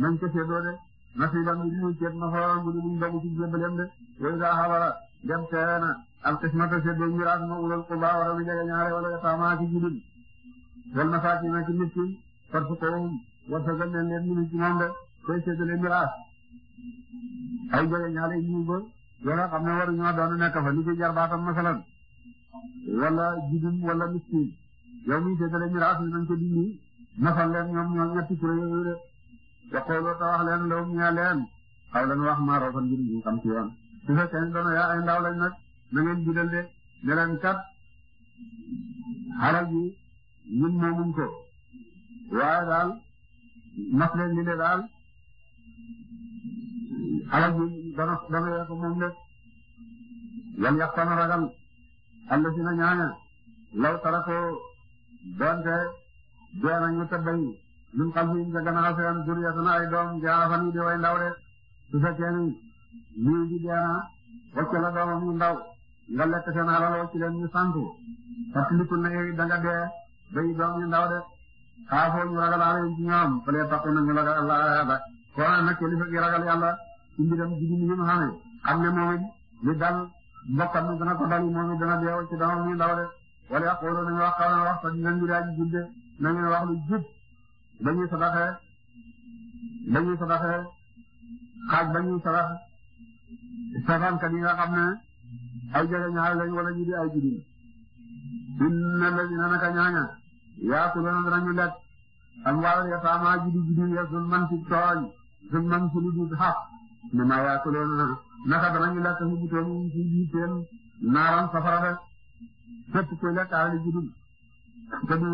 nañ ko seddoo de nasiiban mu di ñu ceeb nasooran bu di buñ dogu ci jébbaleem de yooyu daa xabara dem teena alxismata seddee miraas ma ulal qurba wara wi wala yataamaa ci jirim wal masaakiina ci miskin farsuqohum warsagal leen leen minu ci moom de koy seddale miraas ay jege ñaare yiw ba wala xam ne waruñoo doon nekk fa ni ci jarbaatam wala jirim wala miskin yow mi seddale miraas mi nañ ko dindi nasal leen ñoom ñoom ñetti kuréel yooyu de waxoo ba wax leen law ñu leen xaw leen wax maa rafetlu ngir ñu xam ci yoon su fekkee ne doon yaa ay ndaw lañ nag na ngeen jiital de ne leen kat xaral bi ñun moomuñ ko waaye daal nas leen li de daal xaral bi dana dana yàq moom de lan yàq sama ragal àll si na ñaaña law tarakoo donte dee nañu te bañ ñun xam si sa gannaaw seen duriyatuna ay doom jaarafan yi di way ndaw de su fekkee ni lii ji deena la doomam ñu ndaw nga lekk seen alal wacc leen ñu santu parce que liku na yow er da dee bay doom ñu ndaw de xaafoo ñu ragal ala ci ñoom fële takku na ñu ragal allah yàlla koo xam nag kilifa gi ragal yàlla ci mbiram jigéen ñi ñu xamee xam ne moom it li dal mbokkam mi dana ko dal moom it dana dee wacc doomam ñu ndaw de wala yàquloo nañu ba ñuy sadaxee ba ñuy sadaxee xaaj ba ñuy sadax safaankat yi nga xam ne ay jegeñaal lañ wala ñu di ay jigéen inna ladina naka ñaaña yaakuluna danañu lekk am wàllu yataamaa ji di jigéen ya zulman ci tooñ zulman ci lu dul xaq ne ma yaakuluna naka danañu lekk fi bu toon ci ji seen naaram safara de fépp kuy lekk alali jigéen te du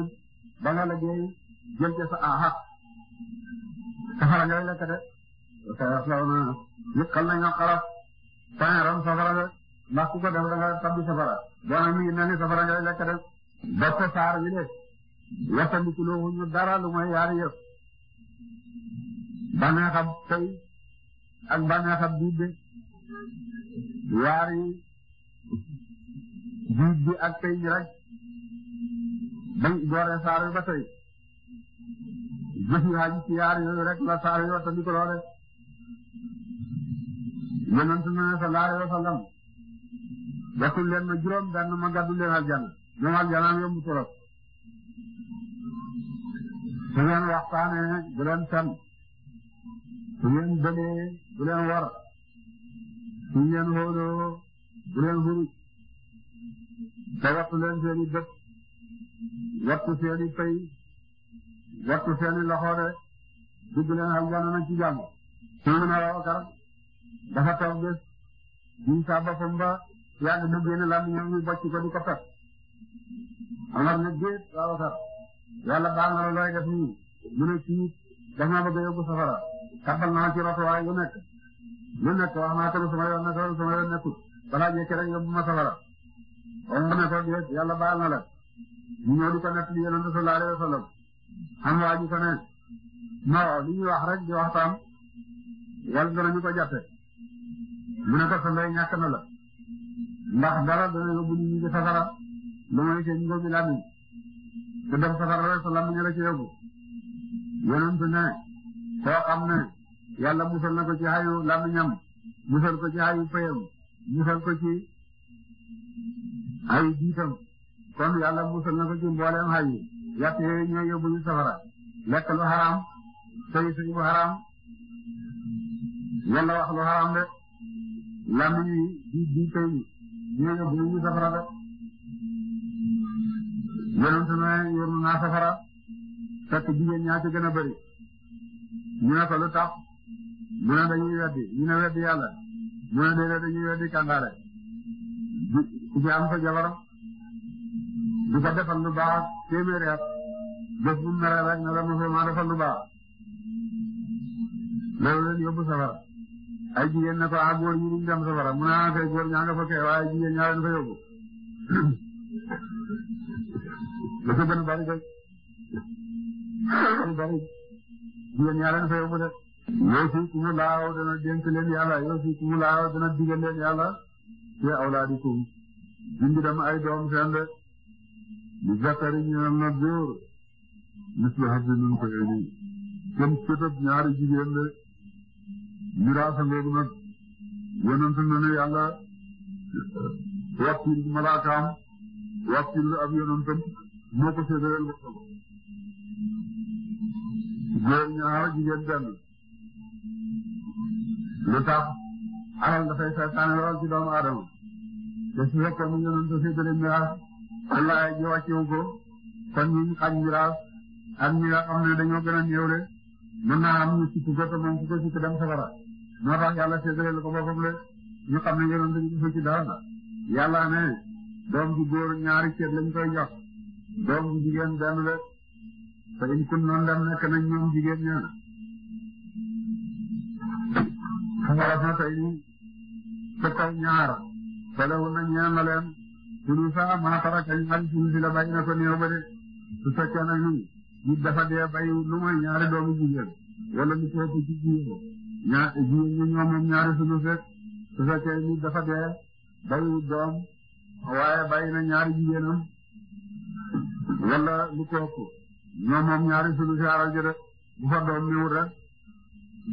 ba nga liggéey jël ca sa aha safara ngay lekk de sayaslaw na yëkkal nañu xaraf tàngaram safara de ndax ku ko def da nga tabbi safara doona mi ngi mel ni safara ngay lekk de boppa saar bi de wattandikuloowu ñu dara lu mooy yaari yëpp bànneexab tey ak bànneexab biib bi yaari biib bi ak tey ji rek bañ dooree saar bi ba tey jëf yu aji yooyu rek la saar yoo tamit loole yonent na sallallahu alayhi wa sallam waxul leen ma juróom benn ma gàddu leen aljana moom aljana yomb torop su ngeen waxtaanee bu leen fen su ngeen bëlee leen war su ngeen xóoloo bu leen xuruj te wattu leen seeni dëkk wattu seeni pay wattu seeni loxo de dugg leen aljana nañ ci jàmm suuna Abubakar dafa taw bés di saa boppam ba yàgg mu génn lan ñoom ñu bocc ko di ko pet Omar ne déet Abubakar yàlla baal na la looy def nii mu ne ci daf maa bëgg safara kàbbal naa ci rotuwaay yu nekk lu nekk wax naa ko sama yoon nekk sama yoon nekkul balaa jëkk rek yóbbu ma safara Omar ne ko déet yàlla baal la ñu ñëw di ko nekk di yonent wa sallam xam waa ji ko ne non li ñuy wax rek di waxtaan ko jàppe mu ne ko sa ndey ñàkk na la ndax dara safara lu may seen ngóobi làmmiñ te def safara rek sa làmmiñ la ci yóbbu yonent ne na ko ci xayu làmmiñam musal ko ci xayu payam musal ko ci xayu jiitam kon yàlla musal na ko ci mbooleem xay yàq yooyu ñooy yóbbu ñu safara lekk lu xaraam sëy sëy lu xaraam yàlla wax de làmmiñ di di ñooy yóbbu ñu safara de yonent yóbbu naa safara fekk jigéen ñaa ci gën a bëri ñu ne ko lu tax mu ne dañuy weddi ñu ne weddi yàlla mu ne déedéet weddi kàngaale ku ci am sa di ko defal lu baax téeméeri at jëf bu mere rek ne la mosoo maa defal lu baax loolu leen yóbbu safara ay jigéen ne ko a ah, góor ñi duñ dem safara mu ne ah, kay góor ñaa nga fa kay waaye jigéen ñaa fa yóbbu lu ko gën bari kay bari jigéen fa yóbbu de yoo si kumu laaw dana leen yàlla yoo si kumu dana digal leen yàlla te awlaadikum dindi dem ay doom seen de li zakari ñeel na góor mislu haddi nun ko yéni comme sëtëb ñaari jigéen de miraasa ngoogu nag yonent na ne yàlla wakkil malaakaam wakkil ab yonentam moo ko séddaleel boppam góor ñaar jigéen benn lu tax alal dafay saytaane waral ci doomu aadama te su fekkoon yonent séddale ñaar allah ji wàccewu ko kon ñun xaj miraas ak ñi nga xam ne dañoo gën a néew mën naa am ñu sukk ko moom ku ko sukk dem safara moo tax yàlla séddale ko boppam le ñu xam ne yonent bi gisu ci dara yàlla doom ju góor ñaari cër lañ koy jox doom ju jigéen benn la te in kun noonu dem nekk nañ ñoom jigéen ñaar safara na tey ni te kaw ñaar te lewu na ñeen na sunu saa maa tara kañ xarit sunu la bàyyi ko néew ba de su fekkee nag ni dafa dee bàyyi lu mooy doomu jigéen wala lu ko ci jigéen ñaar jigéen ñi ñoom moom ñaari sunu rek dafa dee bàyyi doom waaye bàyyi na ñaari jigéenam wala lu ko ëpp ñoom moom ñaari sunu fa doom néew rek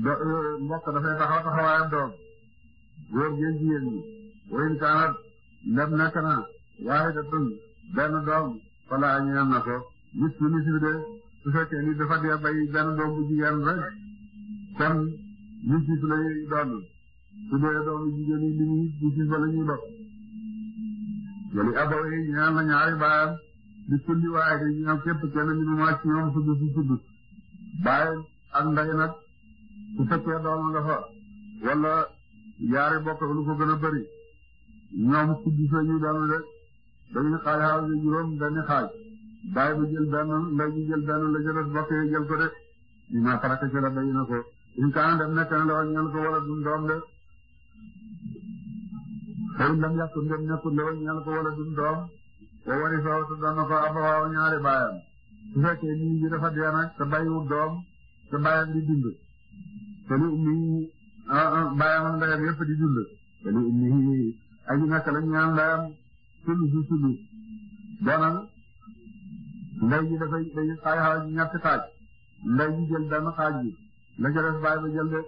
do mbokk dafay taxaw taxawaayam doom góor ngeen jigéen ñi. wala kaana ndem nekk na. waaye da tun benn doom falaa ñeel na ko gis ki nit bi de su fekkee ni dafa dee bay benn doom bu jigéen rek kon nit ki su lay doon su dee doomu jigéen yi li muy nit ki ba la ñuy dox wali abaw yi ñeel na ñaari baayam li kulli waaye di ñoom képp kenn ñu mu wàcc ñoom suddu si suddu baay ak ndey nag su fekkee doom nga fa wala yaari bokk lu ko gën a bëri ñoom suddu sa ñu doon rek dañuy xaajaale bi juróom benn xaaj baay bi jël benn ndey bi jël benn la jëloon bokk yi jël ko de ñu naan farata ci la béy na ko. in kaan dem nekk na la woon ñeel ko wala dum doom de xëy na yàq ndem nekkul la woon ñeel ko wala dum doom wa wari soo te doon na ko abawaaw ñaari baayam su fekkee nii bi dafa dee nag te bayiwul doom te baayam di dund te lu ummi ah ah baayam ak ndeyam yëpp di dund te lu ummi aji naka la ñu ñaan ndeyam. sulu si sulu doonal ndey ji dafay day xaaj xaaj ñetti xaaj ndey jël benn xaaj bi la ca de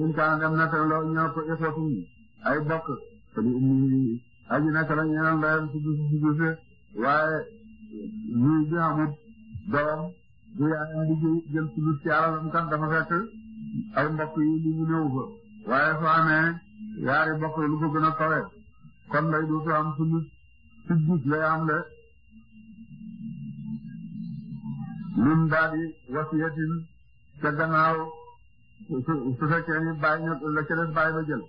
in kaana dem na tan loo ñoo ko ixwatun ay bokk te aji nekk la ñeneen ndeyam si dusi si dusi waaye ñuy bi amut doom bu yaayam di jël sulus ci alalam kat dafa fekk ay mbokk yi li ñu waaye soo yaari bokk lu ko gën a kawe lay du fi am ci gis lay am min baadi wasiyatin ca gannaaw su su fekkee ni bàyyi la ca des bàyyi ba jël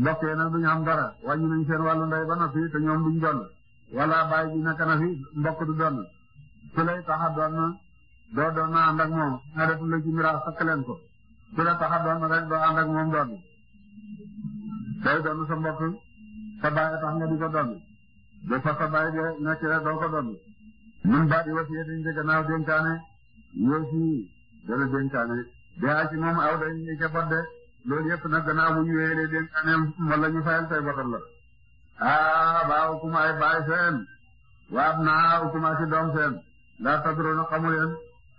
mbokk yi dara wàññi nañ seen wàllu ndey ba noppi te ñoom duñ doon wala bàyyi bi nekk na fi du doon su lay tax a doon doo doon na moom nga def lu ci miraas sakk ko su la tax a doon rek doo ànd moom doon day doon sa mbokk sa bàyyi tax nga di ko doon bu fa sa baay de nekkee doo ko doon min ba di wasiyee dañ de gannaaw dénkaane yoosi dana dénkaane daa ci moom aw dañ ni ca bot de loolu yëpp nag gannaaw bu ñu wéyee dénkaaneem wala ñu fayal say botal la aa baa ukum ay baay seen waab naa ukum ak doom seen laa tadroona xamu leen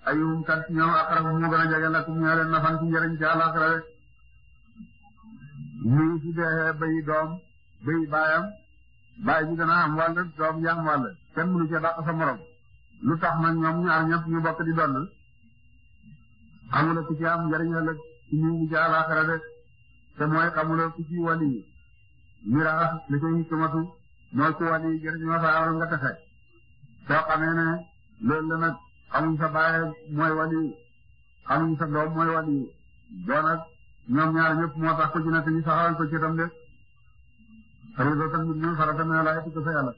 ayum kat ñoom aqrabu mu gën a la kum ñoo leen nafan ci njëriñ ci àllaaxira muy su dee bayi doom bayi baayam baay ji dana am wàll doom ji kenn mënu ca dàq sa morom lu tax nag ñoom ñaar ñëpp ñu bokk di donn xamula ku ci am njariñ ëllëg ci ñu ngi ca àllaaxira de te mooy xamula ku ci wàll yi miraas li ku wàll yi jëriñoo sa alal nga soo xamee ne loolu la nag xamuñ sa baay mooy wàll yi xamuñ sa doom mooy wàll yi doon ak na te ñu saxal tam de fariidatan min min farata min Allah ci ko fa a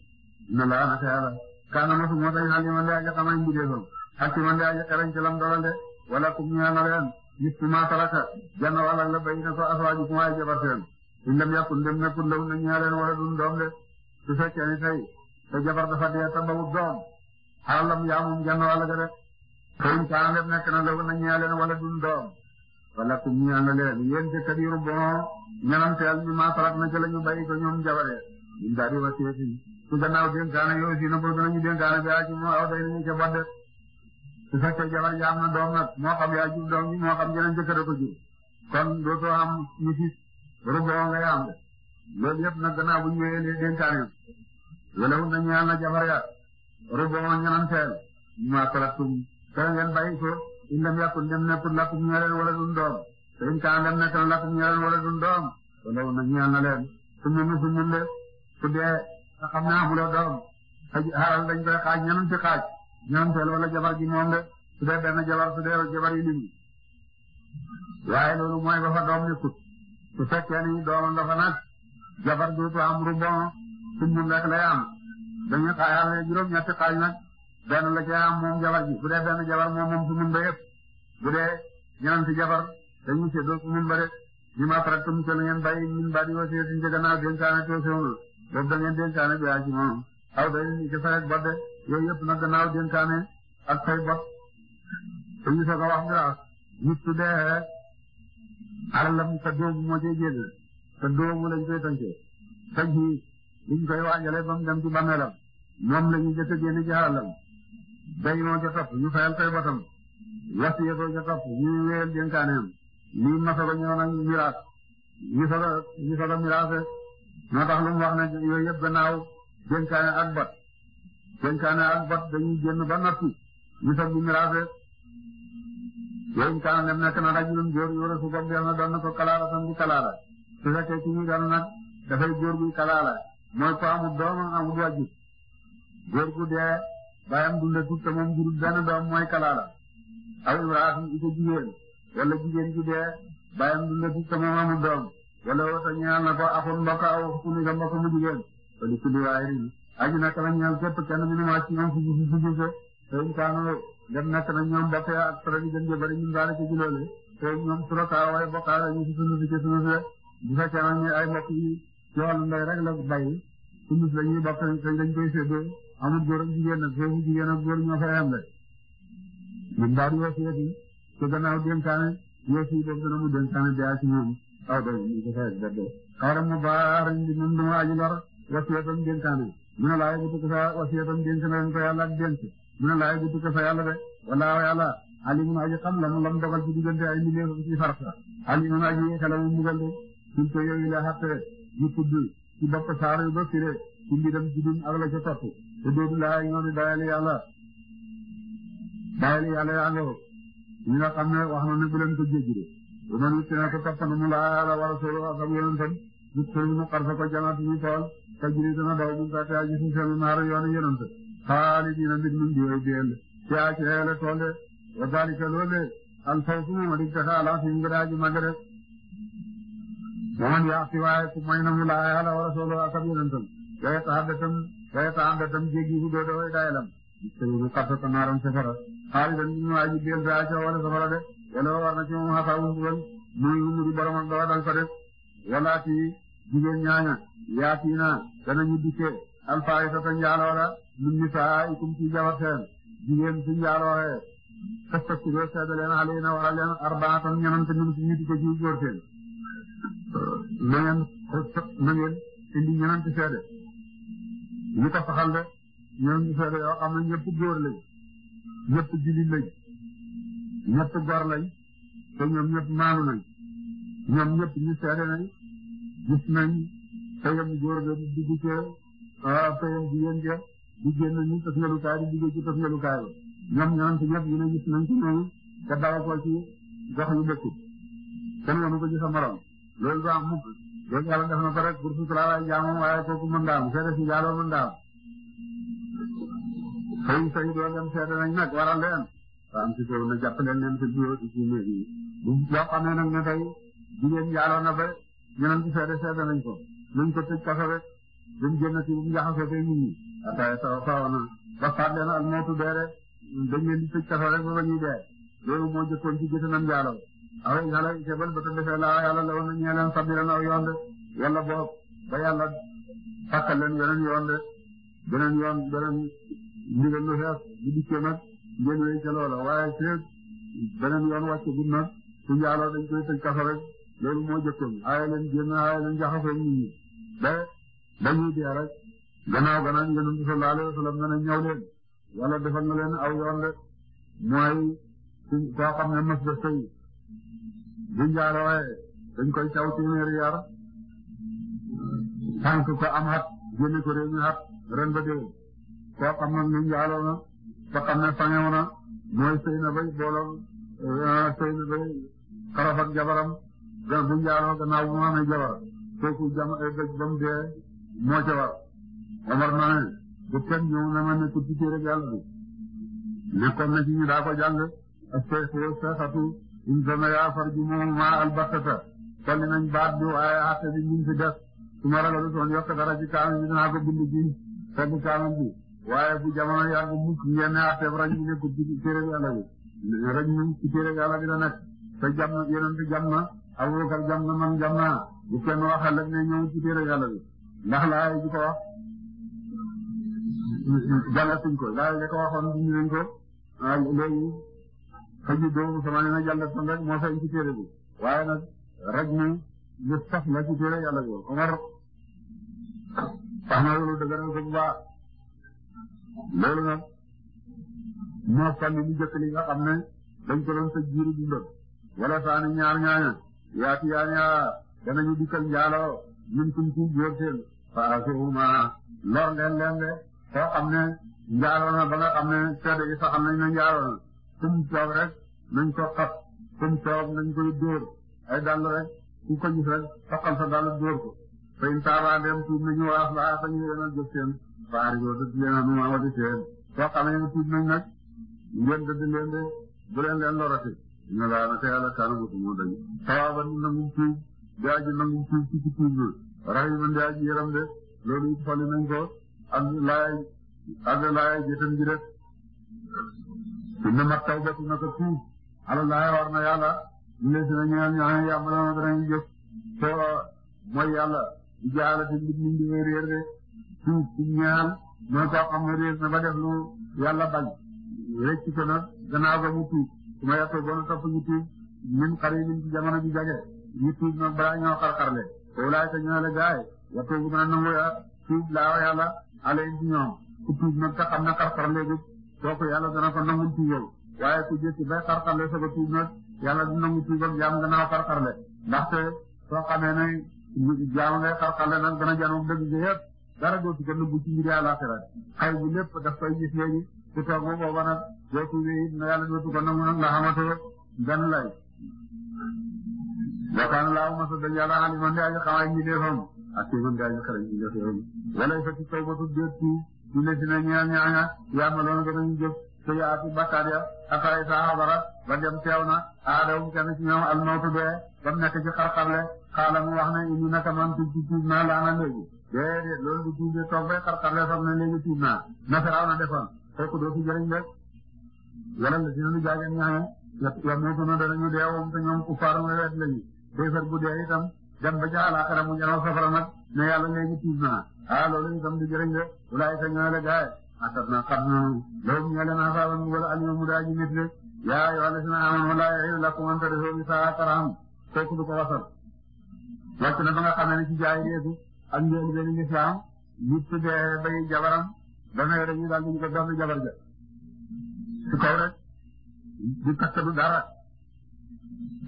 inna Allah naka a kaana mosu moo tax aliman de aja xamañ mbindeefam hakiman de aja xerañ ci lam dogal de wala kum ñeel na leen ma taraka jann wàllak la bay na ko ay jabar seen in lam yakun dem nekkul law wala dun doom de su ni tey sa jabar dafa dee ta bawut doom xalam yaa moom jann wàlla ga de fo in kaana dem nekk na law na ñeel leen wala dun doom wala kum ñaan la leen yéen de kadiru bon ñananteel bi ma farat na jabare ñun daal di wasiyeeti su gannaaw dénkaane yow na bëgg nañu dénkaane bi yaa ci mu aw day nañu ca bodd su fekkee jabar ji doom nag moo xam yaa jur ji moo xam a ko am ñu ruboo ngay am loolu yëpp nag gannaaw bu ñu wéyalee dénkaane wala wut na ñaan ruboo ñananteel bi ma faratum kër ngeen bàyyi indam yakun dem nekkul lakum ñeleen wala na lakum ñeleen wala dun doom wala na ñeel na le su dee nga xam doom xaaral dañ koy xaaj ñenanti xaaj ñenanteel wala jabar ji moom de su jabar su jabar yi nit ñi waaye loolu mooy ba fa doom doom nga jabar dootu am rubon suñu lekk lay am dañuy xaajal juróom benn la ca am moom jabar ji bu dee benn jabar moom moom sumum ba bu dee ñeenti jabar dañu seddoo sumum ba rek ñi ma farattum ca la ngeen bàyyi min ba di wasi ci bi yaa moom aw dañu ci faret bodde yooyu yëpp nag gannaaw dénkaane ak fay bot dañu soog a wax miraas nit su dee alalam sa dóobu moo cay jégg sa dóobu lañ koy tënkee tënk yi liñ koy waajalee ba mu dem ci bàmmeelam moom la ñu jëkk génn ci alalam dañoo ca topp ñu fayal koy batam wasiyatoo ca topp ñu wéyal dénkaaneem lii masoro ñëw nag miraas ñu solo ñu solo miraase moo tax lu mu wax ne yooyu yëpp gannaaw dénkaane ak bat dénkaane ak bat dañuy génn ba noppi ñu soog di miraase yooyu kaana dem nekk na rajulun góor yore su bopp yàlla doon na ko kalaala tam di kalaala su fekkee ci ñu doon nag dafay góor guy kalaala mooy ko amul doom amul wajib góor gu dee baayam dunda tut te moom jurul benn doom mooy kalaala aw imraatin ita jigéen wala jigéen ji dee baayam dunda tut te doom wala wota ñaal na ko axun mbokk mu jigéen wala kulli waahirin aji nekk na ñoom képp kenn mënu ma ci ñoom fuji fuji ko te inkaano dem nekk na ñoom mbokk ya ak sara ji gën ji bari ñun daal ci juloole te ñoom suraka way bokkaale ñu ci sunu ci sunu ci bu fekkee na ñu ay mbokk yi ci wàllu amul góor ak jigéen nag foofu jigéen ak góor ñoo fay am rek ñun daal di wasiyati te gannaaw dénkaane yéesi yi boobu dana mu dénkaane daa ci moom aw doy ñu ko fay def aji lor wasiyatam dénkaane mu ne laay gutu ko fa wasiyatam dénk na ko yàlla ak dénk mu ne laay gutu ko fa yàlla de wallaahu yàlla alimun aji xam lam lam dogal ci diggante ay mbindeefam ci farta de suñ ko yooyu la xatte ñu tudd ci bopp saar yu ba firé ci mbiram judum tuddoobu laay ñoo di dayal yàlla dayal yàlla yaa nga ñi nga xam ne wax na ne bu leen ko jéggide waman tina ko toppana mu laala war a solo ak am yoneen tam gis ko janaati ñu tool ka jiri dana daw mu gàtte aji si seen naara yoonu yoneen ta xaali dina mbir min diwoy biyel aaci eele tool de wa dalika loole al fawsu mooma dig taxa ala fi mu gëdaaji magga rek waman yaati waaye ku mu laala war a solo ak joxe ko àddatam joxe ko àddatam jéggi wu doo dooy daayalam. bisimilah kàttan naa doon safara xaalis dañu ñu waa ji dellu saa ca wala safara de yàlla war na ci moom xasaaru wu ñu muy mu di borom ak doo dal ko def walaati jigéen ñaaña yaati naa danañu dikkee alfaay sa sa njaaloo la min nisaa'ikum ci jabar seen jigéen su njaalooxee tastaftiroo seede leen alayna wala leen arbaatan ñanante min si ñu di ko ci góor seen na ngeen na ngeen indi ñanante seede ñu ko saxal de ñoom ñu seede yoo xam ne ñëpp góor lañ ñëpp jullit lañ ñëpp gor lañ te ñoom ñëpp maanu nañ ñoom ñëpp ñu seede nañ gis nañ payam góor ga di dugg ca payam bu yéen ja di génn ñu tas ngalukaay di dugg ci tas ngalukaay ñoom ñaan ci ñëpp ñu ne gis nañ ci ñoom te dawa ko ci gox yu dëkk kenn wanu ko ci sa morom loolu ba am mukk loolu yàlla def na ko rek pour sutura waaye jaamu waaye kooku mën daam seede si jaaloo mën daam xëy sa yu doon dem seede nañ nag na jàpp leen leen si ko nañ ko tëj kaso rek duñ génn si bu mu sawa sawa na ba faat leen al mootu dee rek dañ dee loolu moo jëkkoon ci gëstu nañ aw yàlla yu ba te defee laa yàlla la woon na ñu leen sabira na yoon de yàlla boobu ba yàlla takkal leen beneen yoon de beneen yoon beneen ndigal yoon wàcc bu nag su njaaloo dañ koy tëj kaso rek leen génn aaye leen jaxasoo nit ñi ba dañuy dee rek gannaaw gannaaw yonent bi sallallahu alayhi wa sallam nga leen yàlla defal na leen aw yoon de mooy koo xam ne mos def du njaaloo dañ koy caw téeméeri yar tànk ko am xat génne ko réew mi xat ren ba déwén koo xam nag ni njaaloo na ba na mooy sëy bay booloom euh, sëy bay xaraf jabaram gan bu njaaloo gannaaw bu mu amee jabar kooku jam dëj ba mu dee moo ca war Omar ma ne bu kenn ñëw na ma nekk ci téere yàlla bi na ci ñu daa ko jàng ak seexatu in sama yaa maa albattata tolli nañ baat bi waaye àtte bi ñu def su ma ragalu soon yokk dara ci kaamil bi dinaa ko bind ci fegg kaamil bi waaye bu jamono yàgg mukk yenn àtte bi bi nekkul ci téere yàlla bi raj mu ci téere yàlla bi la nekk te jam man jam naa bu kenn waxal rek ne ñëw ci téere yàlla bi ndax laay wax jàllatuñ ko laay ji ko waxoon duñu nañ ko xëy doomu sama ne na yàlla kon rek moo feeñ ci téere bi waaye nag raj na lu saf la ci téere yàlla boobu Omar wax na loolu dëgëral ko bu baax loolu nag moo sànni lu jëkk li nga xam ne dañ ko doon sa jiiru dundam wala saani ñaar ñaaña yaati yaaniya dikkal njaaloo min kum ci góor seen fa asiruma lor leen leen de soo xam ne njaaloo ba nga xam ne seede gi sax xam ne njaaloo kum coow rek nañ ko xat kum coow nañ koy dóor ay dàll rek ku ko gis rek taxal sa dàll dóor ko fayin taabaa dem tuub nañu waaf laa fa ñu yéen a jëf seen baar yoo dëgg leen a numa wati seen soo xamee ne tuub nañ nag ngeen dëgg leen de bu leen leen lorati ñu laa na te yàlla kaanu bu mu dañ tawaaba ni nangum tuub di aji nangum tuub ci ci tuub bi rahiman di aji yëram de loolu it fali nañ ko ak laay ak laay ji rek innama tawbatu naka tuub alallahi war na yàlla les na ñeel ñaan yàmbaloona danañ jëf so mooy yàlla jaalati mbir mi ngi réer de tuub ci ñaan mooy koo xam ne na ba def lu yàlla bañ rëcc ko nag gannaaw ba mu tuub ma yàttoo boona topp ñu min xaribin ci jamono ji jage ñu tuub nag balaa ñoo xarxarle gaay yàttoo bu dana nangu ya tuub laa yàlla alayhi ñoom ku tuub nag te xam ne kooku yàlla dana ko nangu tuubam waaye ku jëkk bay xarxarle soog a tuub nag yàlla du nangu tuubam jaam gannaaw xarxarle ndaxte soo xamee ne jaam ngay xarxarle nag dana jaan moom dëgg gi yëpp dara dootu ko nëbbu ci mbiri àllaaxira xay bu lépp daf koy gis léegi ku toog ba booba nag boo tuubee it yàlla dootu ko nangu nag nga xamatoo benn lay wakaan laaw masa dañ yàlla aliman di aji xamaay ñi deefam ak ci mën di aji xarañ ñi deefam wala fa ci tawbatu déet tuub julli si ne ñeel ñaaña yaamaloon ko dañu jëf te yaati bakkaat ya afay sa xabara ba dem teew na aadawum kenn ci ñoom almawtu dee ba mu nekk ci xarxarle xaala mu wax ne indi naka man tuub ci tuub naa laa na léegi déedéet loolu du tuub de toog bay xarxarle fam ne léegi tuub naa na feraw na defoon kooku doo ci jëriñ rek wala la dina lu jaageen ñaaña ya muutu na danañu deewum te ñoom kuffaaru nga weet lañu béykat bu dee itam dem ba ca àllaaxira mu jaraw safara nag ne yàlla léegi tuub naa ah loolu itam di jëriñ de walaay sa ñëwaat la gars yi asat na xam nañu loolu ñu ne naa faa wala Aliou mu daal di nit rek yaa yoo xam saa taraam fekk du ko wasal. wàcc na ba jaay yeesu ak njëriñ benn lislaam nit ki jabaram damay rek ñu daal di ko gàll jabar ja su kaw rek di takkatu dara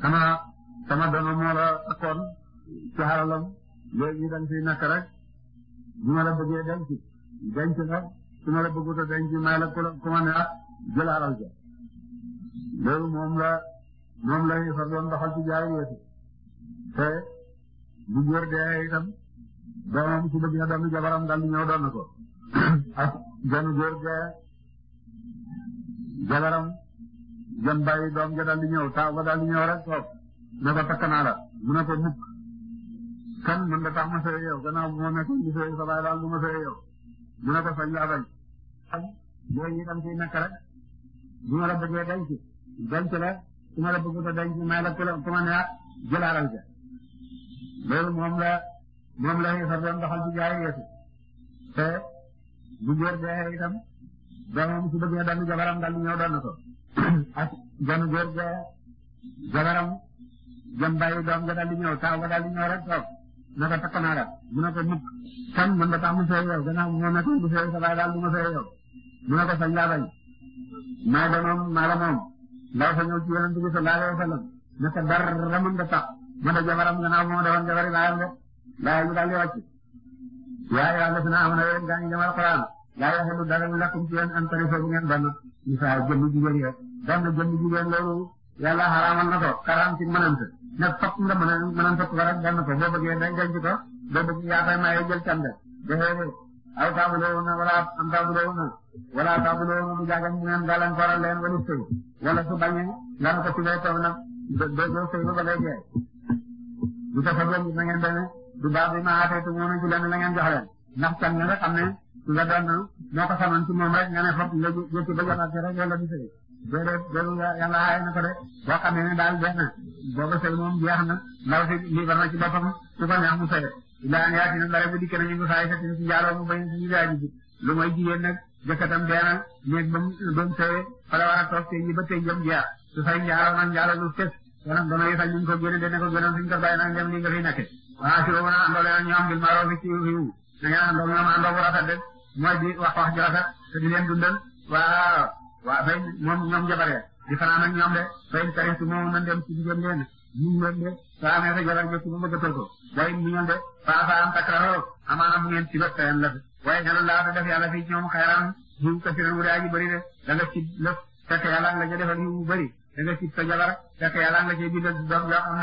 sama sama dono moo la takkoon ci xaralam léegi bu ma la bëggee denc denc la su ma la bëggut a denc may la ku ma neex jël alal ja loolu moom la moom la ñuy far doon doxal ci jaay weesu te bu góor dee itam doomam su bëgg na doon jabaram dal di ñëw doon na ko ak benn góor dee jabaram jëm bàyyi doom ja di ñëw taaw ba dal di ñëw rek toog ne ko takk mu ne ko mukk kan mën na tax ma sëy yow gannaaw bu ma nekkoon di sëy sa baay daal du ma sëy yow mu ne ko sañ laa bañ ak boo ñu dem ci nekk rek bu ma la bëggee denc denc la su ma la bëggut a denc may la ku la ku ma neex jëlaaral ja loolu moom la moom la xëy sa doon doxal ci jaay yeesu te bu góor dee itam doomam su bëggee doon jabaram daal di ñëw doon na ko ak jan góor dee jabaram jam bàyyi doom nga daal di ñëw taaw nga daal di ñëw rek toog naka takk naa la mu ne ko nit kan mën nga tax mu fee yow gannaaw mu nekk du fee sa baay daal du ma fee yow mu ne ko sañ laa bañ maa la moom maa la moom ndaw sa ñëw ci yonent bi sallallahu alayhi wa sallam ne ko dara mën nga tax ma da jabaram gannaaw moo defoon jabari baayam de laay ñu daal di wàcc waaye yàlla def naa am na yéen gaa ngi jamal xoraan laay waxee lu dara lakkum ci yéen am tarifa bu ngeen bann ñu saa jëmm jigéen yo bann jëmm jigéen loolu yàlla xaraamal na ko xaraam ci mënante nag fokk nga mën a mën a fokk na ko boo bëggee day denc ko boo bëgg yaa koy maye jël càmm rek. déedéet aw taabuloo na am taabuloo na taabuloo na bu jaagañ ñu neen gàllankooral leen wala sëy wala su bañee nga ne ko ci lay toog nag doo doo sëy ba lay jeex. bu ko fa gën na ngeen demee du baax bi maa xaatee tuuti ñu ci lenn la ngeen jox leen ndax càmm nga xam ne nga doon noo ko sanoon ci moom nga ne fokk nga ba jot ak rek wala déedéet loolu yàlla aaye na ko de boo xamee ne daal jeex na booba sëy moom jeex na ndaw si liibar na ci boppam su ko neex mu sëy ilaa an yaatina dara bu dikkee nañu bu faay satin si njaaloo mu bañ suñu gaaji bi lu mooy jigéen nag jëkkatam dee na néeg ba mu ba la war a toog sëy yi ba tey jëm jeex su fay njaaloo nag njaaloo na fës wala dana yëfal ñu ngi ko génne dana ko gënoon suñu ko bàyyi nag nga fi nekke waa si boobu nag àndoo leen ñoom bil maaroo fi ci yiw na ngeen àndoo ñoom àndoo bu rafet de mooy di wax wax ju waaw bay moom ñoom jabaree di fanaan ak ñoom de bay kare si moomu mën dem si jigéen leen ñun leen de saa amee sa jabar ba si mu bëgg a mu ñoom de faa faa am takraroo amaana bu ngeen ci bët tayam la waaye ñana laa def yàlla fi ñoom xayran ñu ko siran wu daaji bëri de da nga ci lëf fekk yàlla nga ca defal yu mu bëri da nga ci sa jabar doom yoo xam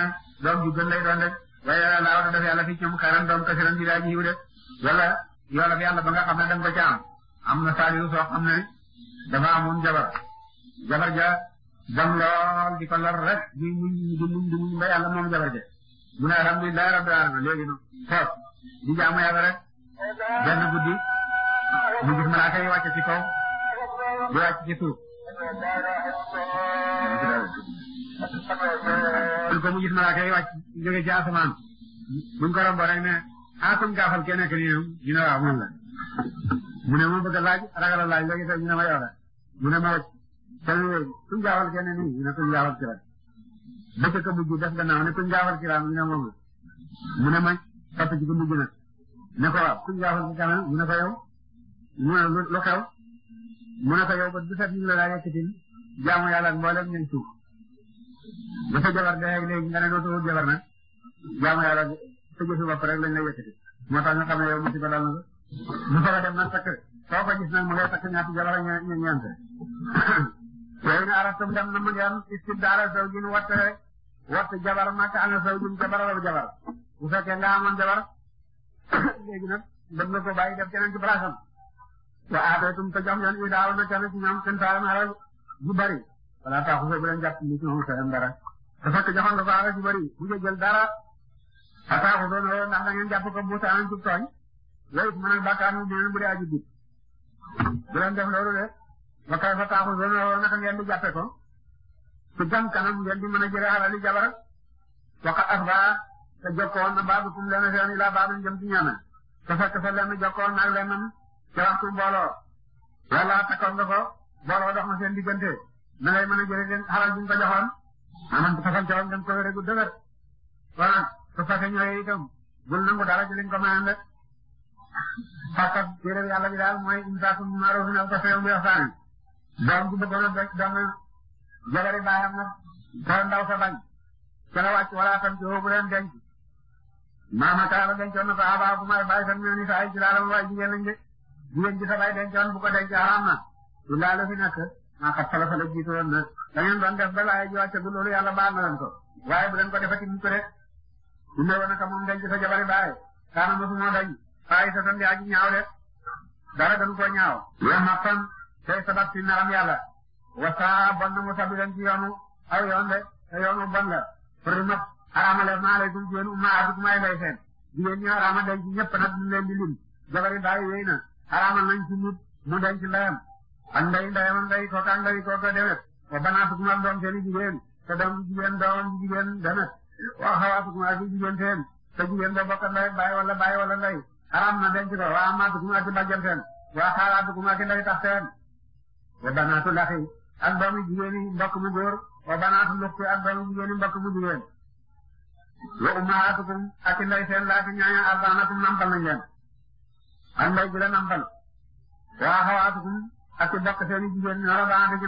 ne doom ju gën lay doon rek waaye yàlla laa def yàlla fi ñoom xayran doom ko de wala yoola bi yàlla ba nga xam ne da am na saa yu soo dafa amoon jabar jabar ja dem lool di ko lor rek di muñ di ba yàlla moom jabar ja mu di jaamu yàlla rek guddi mu gis yi wàcce ci kaw di wàcc ci suuf kon ko mu gis yi wàcc jóge ci asamaan buñ ko rombo rek ne ah kuñ gaafal kenn nekk nii ñu ne waaw moom la mu ne mu bëgg laaj ragal laaj léegi tey mu ne ma seen suñ jaawal kenn nii ñu ne suñ jaawal ci la dëkk ka mujj def gannaaw ne suñ jaawal ci la ñu ne moom la mu ne ma topp ci ko jaawal ci kanam mu ne ko yow mu ne lu xew mu ne du set ñu la daa yekkatil jaamu yàlla ak mboolem ñooy suuf ba dee léegi nga ne dootoo jabar nag jaamu yàlla sa jëfi bopp rek lañ la moo tax ñu xam ne yow musiba dal na ko du soo ko gis nag mu ngay takk ñaati jabar ña ñeent waaye na aratum dem na mu ngeen istibdaara zawjin watt watt jabar ma kaana zawjin jabar raw jabar bu fekkee nga amoon jabar na ko wa aataytum te jox ngeen idaaw na kenn ci ñoom seen taaram alal ju bari wala taxu bu leen jàpp ni ci moom seen dara te fekk joxoon nga ko alal ju bari bu jël dara a taxu doon ndax da ngeen jàpp ko bu taanan ci tooñ a bàkkaar mu bu dee aji du leen def loolu de ba kay fa taaxul ba loolu naka ngeen di jàppe ko su jëm kanam ngeen di mën a jëlee alali jabar waxa as ba te jokkoon na baabu kum lenn seen ilaa baabu jëm ci ñenn te fekk fa lenn jokkoon naag lennam ci waxtu mbooloo yàlla takkoon nga ko mbooloo dox na seen diggante na ngay mën a jëlee seen xalal joxoon maanaam bu fasal joxoon ngeen ko gu dëgër voilà su fekkee ñooy itam bul nangu dara ci liñ ko mayaan de xàqat téeréb yàlla bi daal mooy imsaakum bi ma'ruufin aw tasrihun bi doom ji bëggoon a doon jabari baayam nag sa ndaw sa bañ ca la wàcc wala tam ci bu leen denc maama taala dencoon na ko abaa bu may bàyyi sam ni sa ay ci laalam waaye jigéen lañ de jigéen ji sa bu ko denc xaraam na lu laalu fi nekk maa xat sala sala jiitu woon na da ngeen doon ba laay ji wàcce bu loolu yàlla baal na leen ko waaye bu leen ko defati mu ko de undee moom denc sa jabari baay kaana moo ay sa tan di aji ñaaw de dara gënu ko ñaaw wa maqan tey sabab ci naram yàlla wasaa bon na mu sabi leen ci yoonu aw yoon de te yoonu bon la hurimat araamale ma alaykum ci yéen umma atikum ay bay seen di yéen ñoo araama denc ñëpp nag di lim jabari bàyyi yooyu na araamal mu denc ndeyam ak nday ndeyam nday kooka nday kooka demet wa banaatukum ak doom seen jigéen te doom jigéen doomam jigéen demet wa xawaatukum ak jigéen seen te jigéen ba bokk ndey xaraam na denc ko waa amaatukumaa ki bàjjal seen waa xaaraatukumaa ki wa banaatu laxi ak doomu jigéen yi mbokk wa banaatu luxti ak doomu jigéen yi mbokk wa ummahaatukum ak lay seen laati ñaaña ardaanakum nampal nañ leen an wa axawaatukum ak bokk seeni jigéen ñoora daanaka ci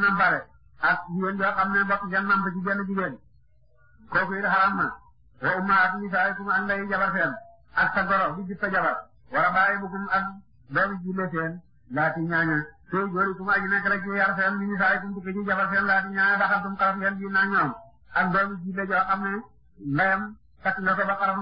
ak jigéen yoo xam ne bokk seen namp ci benn jigéen jabar seen ak sa jabar wala bàyyi bukum ak doomi jiile seen laati ñaaña soo ci yar bi misaay kum tukki ci jafal seen laati ñaaña daxal tum xaraf ngeen ji na ñoom ak doomi jiile joo xam ne ndeyam takk ko ba xaraf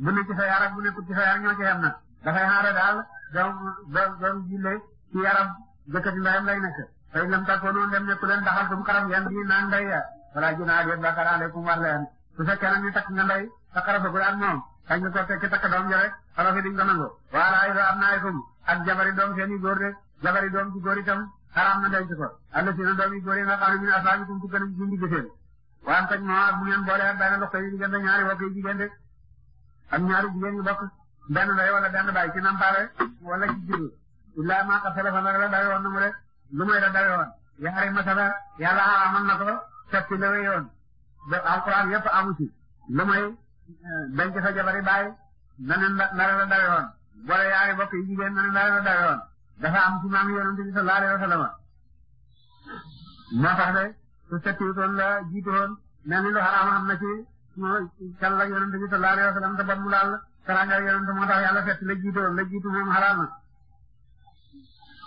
ne ci sa yar ak bu nekkul ci sa yar ñoo ci yem nag dafay xaare daal doom doom doomi jiile ci yaram jëkkati ndeyam lay nekk tey lam takkoon noonu dem nekku leen daxal tum xaraf ya wala junaa dee bakar aleykum war leen su fekkee nag ñu takk nga ndey kañ nga ko tekki takk doom ja rek xalafi duñ ko nangu waalaay fa am naay kum ak jabari doom seen i góor de jabari doom ci góor itam xaraam na denc ko alla si na doom yi góor yi nga xam ne min asaabi kum ci gën a jindi giseen waan kañ moo ak bu ngeen boole ak benn loxo yi diggante ñaari wokk yi jigéen de am ñaari jigéen ñu bokk benn lay wala benn bàyyi ci nampaale wala ci jiru illaa maa ka salafa nag la dawe lu may la dawe woon yaari masala yàlla xaraamal na ko soppi la wéyoon ba alquran yëpp amu ci lu denc sa jabari baay na ne nara la dawe woon boole yaari bokk yi jigéen la dawe woon dafa am ci maam yonent bi sallallahu alayhi la jiitu woon ne lu xaraam am na ci kan la yonent bi sallallahu alayhi wa sallam te bon mu laal setti la jiitu woon la jiitu moom xaraama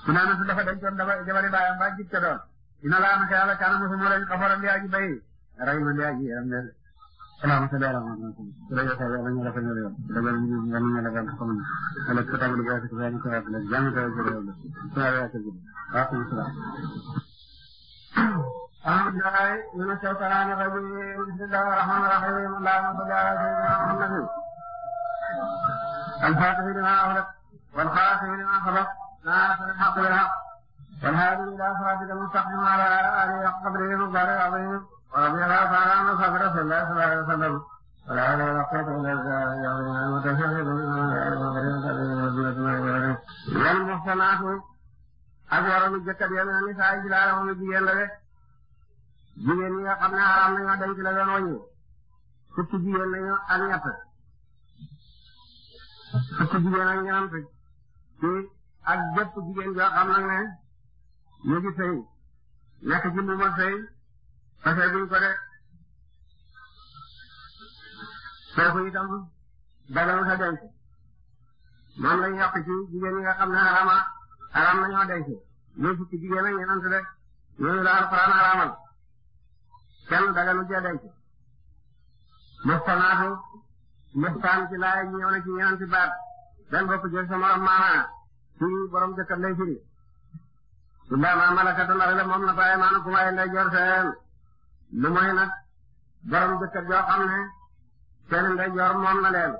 su naana su dafa dencoon jabari baayam ba jib ca doon ina laa naka yàlla kaana mosu moo lañ xafaran di aji bayi ray man di aji yaram salaam salaamaaleykum. jërëjëf Aliou yàlla ñu rafetlu la yow. dëgg la ñu yàlla ñu rafetlu la commune bi. wala ci tàmbali bi rafetlu la ñu ko rafetlu la jàmm tey jërëjëf la. salaamaaleykum. waaleykum salaam. alhamdulilah. yéen a sew salaam aleykum. bismillahi rahmaani rahiim. allahumma salli ala sayyidina Muhammadin. al-faatihi lima ughliq. wal khaatimi lima sabaq. naasiril haqqi bil haqq. wal haadi ila siraatika al-mustaqiim. wa ala aalihi haqqa qadrihi wa miqdaarihi al-aziim. وأن لا فعلان صدر صلى الله عليه وسلم ولا على لقيت إلى يعني المتشهد والمحسنات أجور lu jëkk yéen a nisaa ci laa waxoon jigéen la de jigéen ñi nga xam ne xaraam nañoo denc la doon wàññi fukki jigéen lañu ak ñett fukki jigéen ak ñeent ci ak bépp jigéen joo xam nag ne ñu ngi sëy nekk ci lu ma sëy tasee guñ ko de kooku itam daganul sa denc moom lañ yàq ci jigéen ñi nga xam ne xarama xaram nañoo denc ñoo fukki jigéen ak ñenant de ñooñu la alxuraan xaramal kenn daganul cee denc muxtanaatu muxtaan ci laay ñëw na ci ñenanti baat benn bopp jël sa morom maanaa ci borom jëkkër lay firi illaa ma malakatan la moom na bàyyi maanu ku may ndey jor seen lu mooy nag borom dëkk joo xam ne seen ndeyjoor moom na leen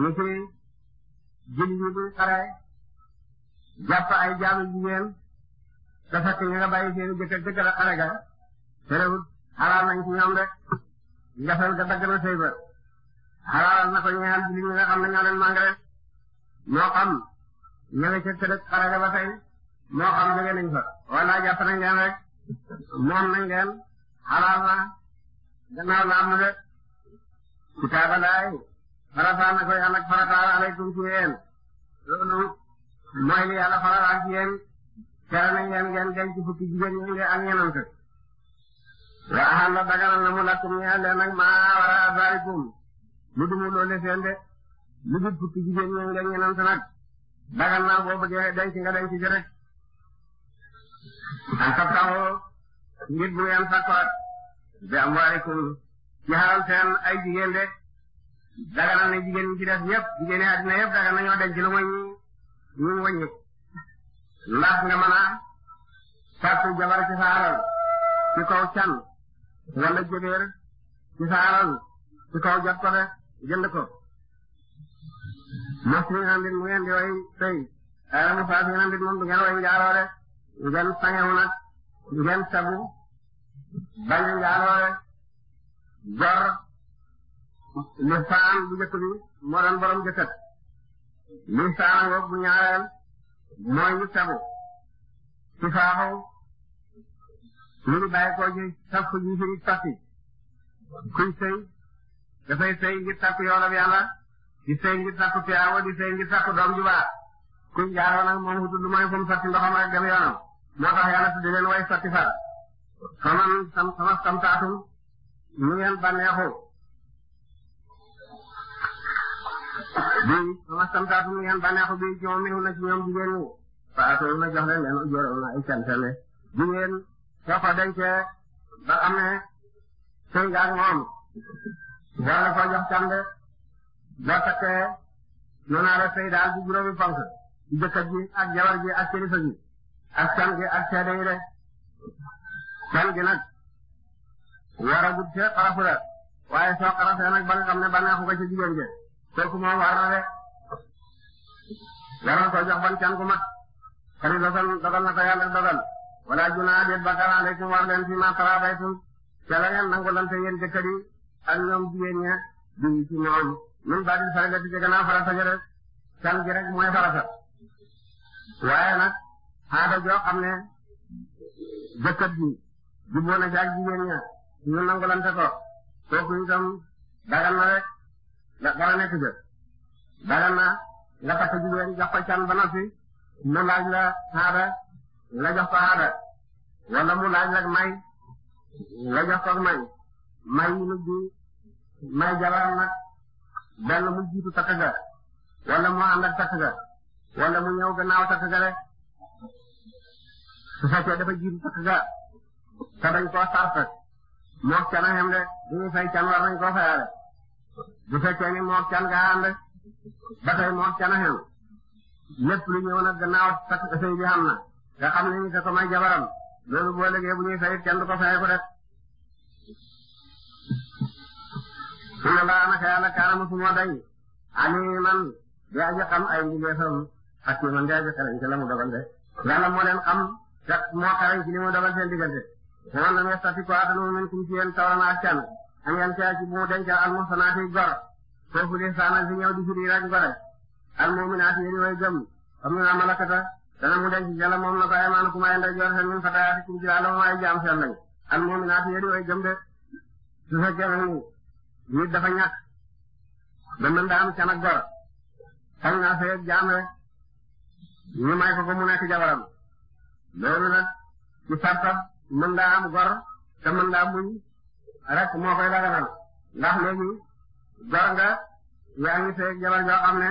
ñu ci jullit yi buy xare ay jaamu jigéen te fekk ñu nga bàyyi seen a xare ga terewut nañ ci ñoom rek njafeel ga dagg na sëy na ko ñeel jullit ñi nga xam ne ñoo moo xam ña nga ca tëdd ba tey moo xam jóge nañ fa wala jàpp nañ leen rek moom nañ leen xalaal naa gannaaw laal na de kitaaba laay farataan na ko yàlla farataal alaykum ci yéen loolu mooy li yàlla farataal ci na yéen ngeen denc fukki jigéen ñi ngi ak ñenant wa ahalla daganal na mu lakkum ñeel leen maa wara azarikum lu dumu loole seen de lu dul fukki jigéen ñi ngi ñenant nag dagan naa denc nga denc ci rek an tabtaxoo nit bu ngeen sakkoot bi amwaalikum ci xaral seen ay jigéen de daganal na jigéen ñi ci def yëpp jigéen yi àddina yëpp dagan nañoo denc lu muy ñu wëññi ndax nga mën a sàkku jabar ci sa ci kaw can wala jëbeer ci sa ci kaw jot de jënd ko mos mi naan di way tey ala mu faas ngeen leen moom du ngeen way njaaroo de ngeen sangewu nag ngeen sagu bañ a njaaloore gor lihsaan bu njëkk bi moo doon borom jëkkët lihsaan ngoog bu ñaareel mooy ñu sagu ci faaxu ñu ngi bàyyi koo ci ji fi nit safyi kuy sëy dafay sëy ngir sàkku yoolab yàlla di sëy ngir sàkku tiyawo di sëy ngir sàkku moom xutul lu mooy fu mu sotti ndoxam rek dem yoonam moo tax yàlla tudde leen way sotti fara faman sam sama samtaatum ñu bi sama samtaatum ñu ngeen bi ci moom mi na ci ñoom jigéen ñi faatoo na jox leen leen ujóoram na ay cantale jigéen soo ko dencee ba amee sëy nga ak moom wala ko jox cande boo takkee noonu la sëy daal ci juróomi ponk jëkkër ji ak jabar ak sangi ak seede yi de sangi nag war a gudd see xarafu waaye soo xarafee nag ba nga ne bànneexu ko ci jigéen jë kooku moom war na de war na ban can ku mat xani dogal dogal na ko yàlla dogal wala junaa déet bakar aleykum war leen fi ma taraabaytum ca la ngeen nangu lante yéen jëkkër yi ak ñoom jigéen ña di ci moom min baadil farida ti jege naa farata ja can gi rek mooy farata waaye nag aada joo xam ne jëkkër ji jubboon na jaag jigéen ña ñu nangulante ko kooku itam dagan na rek da dara nekk jë na nga takk jigéen ba noppi mu laaj la aada nga ko aada wala mu laaj la may nga jox ko may may mujj may jabar nag benn mu jiitu takk ga mu ànd ak takk mu ñëw gannaaw takk rek su fekkee dafa jiitu takk ga te dañ koo sarfe mook cana xem de bu ñu fay can war nañ koo fayaale bu fekkee ni mook can gaa ànd ba tey mook cana xem lépp lu ñëw nag gannaaw takk sëy bi xam na nga xam ne ñu ko may jabaram loolu boo légee bu ñuy fayit can du ko fayeeku de su na laa naka yàlla kaana musumoo day ani man di aji xam ay mbileefam ak man di aji xelañ ci la mu dogal de yàlla moo leen xam kat moo xarañ ci li mu dogal seen men ba mën daa am can ak gor xam naa jaam rek may ko ko jabaram loolu nag ci far-far mën ngaa gor te mën ngaa muñ rek moo koy daganal ndax léegi gor nga yaa ngi see jabar joo xam ne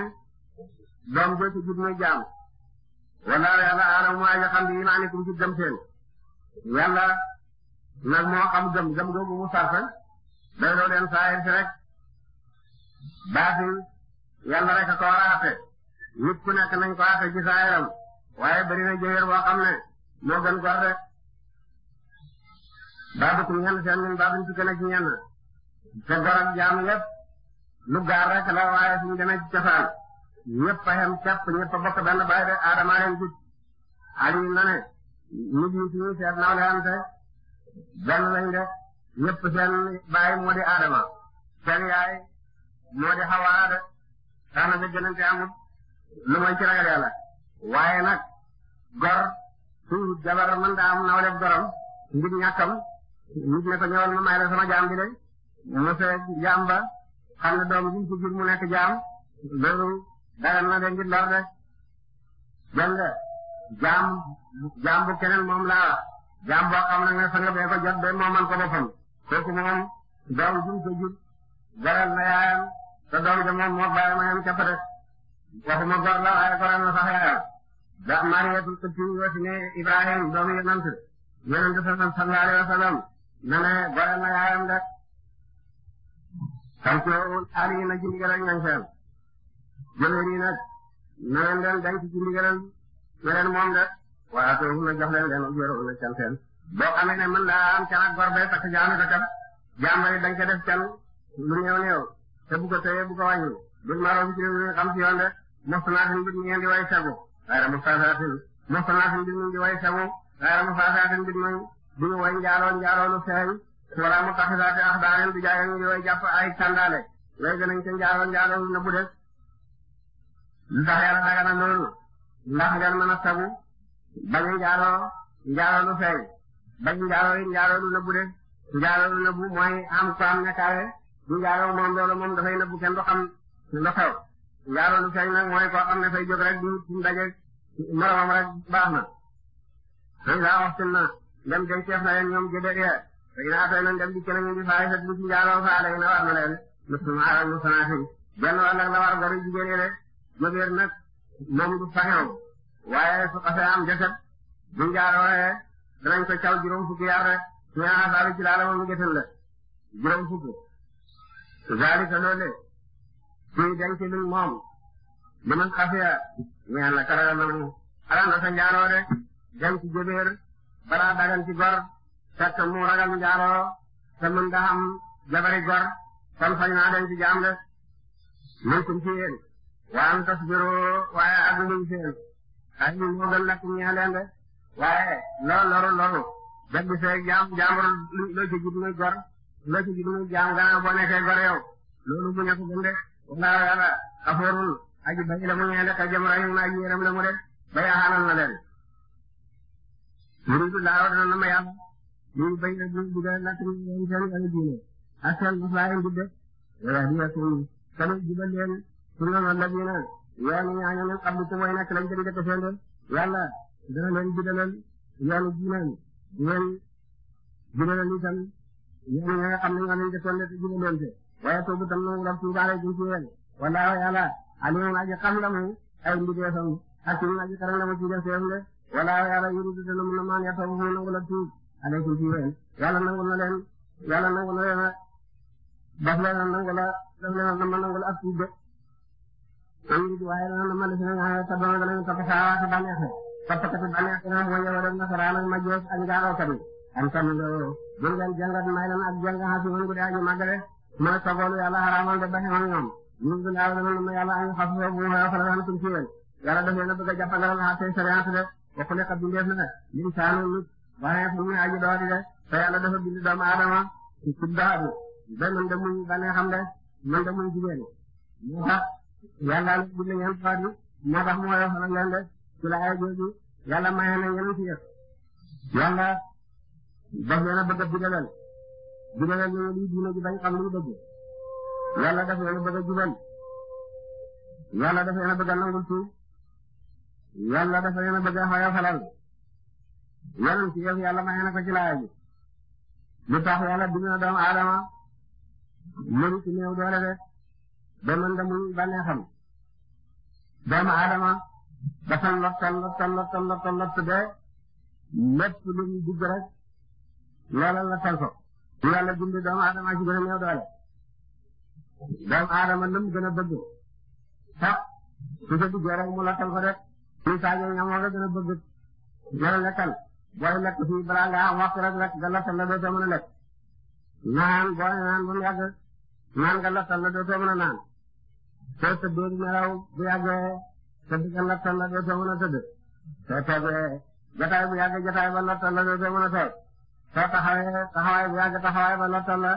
doom joo ci jub mooy jaam wala yàlla alam waay nga xam ne imaanikum ci gëm seen yàlla nag moo xam gëm gëm googu mu sarfe day doo saayir si rek baasi yàlla rek a ko war ku nekk nañ ko àtte ci saayiram waaye bari na jëwër boo xam ne moo gën gor rek baabu kum ñenn seen ñun baabuñ ci gën a ci ñenn te gor ak jaam yépp lu gaar rek la waaye suñ demee ci cosaan ñépp a xem capp ñépp a bokk benn baay de aadama leen jut ali na ne nit ñi suñu seet nawle am te benn lañ de ñépp seen baay moo di aadama seen yaay moo di xawaa de tax na sa gënante lu mooy ci ragal yàlla waaye nag gor su jabara mën daa am nawleb gorom ngir ñàkkam nit ne ko ñëwal ma may la sama jaam bi de mose doom bi ci mu nekk jaam loolu dagan na de ngir lor de jaam jaam moom laa jaam boo xam ne sanga bee ko jot de moomal ko boppam moom doom bi ci jur na yaayam te doom ja moom moo bàyyi ma yam cappa gor la waaye goral na sax Rahmaaniyatul Qudsi woote ne Ibrahim doomu yonent yonent sallallahu alayhi wa sallam na ne goyal na yaayam de sant yow xaalis yi seen jëlee nii nag na leen leen denc moom de waaye tey na jox leen leen wéeru na can seen boo xamee ne mën naa am can jaami ko kat jàmbar def can lu ñëw te bu ko tëyee bu ko wàññi buñ maroo ci xam si yoon de mos naa fi mbir mi غير مستعفاف مصنعف بالمن جواي سمو غير مفافاف بالمن بنوي نجالو نجالو نفسي ولا متخذات أخبار بجاي من جواي جاف أي تندالي léegi nañ ca njaalo njaalo na bu des ndax yàlla dagana loolu ndax ngeen mën a sabu bañ a njaalo lu feeñ bañ njaalo yi lu nëbbu des mooy am ko am ñakaare bu njaalo moom loolu moom dafay nëbbu kenn du xam lu yàlla lu feeñ nag mooy koo xam ne fay jóg rek du du ndaje moromam rek baax na. xam nga waxtu na dem dem ceef na leen ñoom jëndee yee dañu naa fay nañ dem di keneen ñu di faay fekk du ci njaaloo faa day na war na leen musuma ak musanaafi benn wàll ak la war gari jigéen yi de jëgër nag moom du faxew waaye su xasee am jaset bu njaaloo yee danañ ko caw juróom fukki yar rek ñaar daal ci laala moom ñu gësën la juróom fukki zalika loolu man jang ci dun moom man xafiya ñaan la karal na mu alal na sa de jang ci jëbeer balaa dagan ci gor fekk mu ragal njaaroo mën nga xam gor kon naa dem jaam de man kum ci waan tas waaye ak luñ seen ay moo gën lakk ñee de waaye loolu loru loru dëgg see jaam jaamur loo ci jub gor loo ci jub jaam gannaaw boo nekkee gor yow loolu mu ñëkk gën de naa yàlla xafoorul aji bañ la mu ñeel ka jëm rayu naa ji yéram la mu def ba yaaxalal na leen yuridu laawa dana na ma yàlla ñu la ñu bëgg la tamit leen seen yoonu diine ak seen maslaay yu def wala dina ko tamit jubal leen sunna na la dina yoonu ñaañu ñu xam ko mooy nak lañ dem dëkk seen de yàlla dana leen jubal yoonu diine leen jubal itam yoonu nga xam ne ñoo leen jëkkoon te waaye toobu tam nangu def tuubaale ji ci yéen wallaahu yàlla alimun aji xam la mu ay mbindeefam hakimun aji karam la mu ci def seen de wallaahu yàlla yuridu te mu na maan ya toobu mu nangu la tuub alaykum ci yéen yàlla nangu na leen yàlla nangu na leen daf leen nangu la daf leen nama nangu la ak tuub de yuridu waaye dana nama la si nga xam ne danañu topp saa sa bànneexe toppkati bànneexe na mooy yow def nasaraan ak majees ak tam nga bul ngeen jàngat may leen ak ma saboolu yàlla xaraamal nga baxe ma ñoom ñun du laaw dana na yàlla añ xas bu ma xaraamal kum ci yéen yàlla dafee na bëgg a jàppandal xaar seen sariyaat de waxu ne xab bindeef na de lim saanu nit waaye fu muy aji doori de te yàlla dafa bind doomu aadama ci ci ba mën da muy banee xam de mën da muy ci la ay jooju yàlla maye ci yëf yàlla daf leen a bëgg a dina leen ne lii diine ji bañ xam lu dëgg yàlla def na bëgg a jubal yàlla def na bëgg a nangul tuub yàlla def na bëgg a xayafalal yeneen ci yëf yàlla na ko ci laaya ji lu tax yàlla bind na doomu aadama mënu ci néew doole rek ba mën nga muy bànnee xam doomu aadama dafa lottal lottal lottal lottal lott bee lépp lu mu dugg rek loola lottal ko su yàlla dundee doomu aadama ci gën a néew doole doomu aadama lëm gën a bëgg sax ah, su sa duggee mu lakkal ko rek suy saa ñëw ñam gën a bëgg gën lekkal booy lekk fii balaa ngaa am waxtu rek rek nga lakkal la dootoo mën naan booy naan ba mu yàgg naan nga lakkal la dootoo mën a naan soo tëddee nelaw bu yàggee tëdd nga lakkal la dootoo mën a tëdd soo toogee jotaay bu yàggee jotaay ba lakkal la dootoo mën a te taxawee taxawaay bu yàgg taxawaay ba lottal la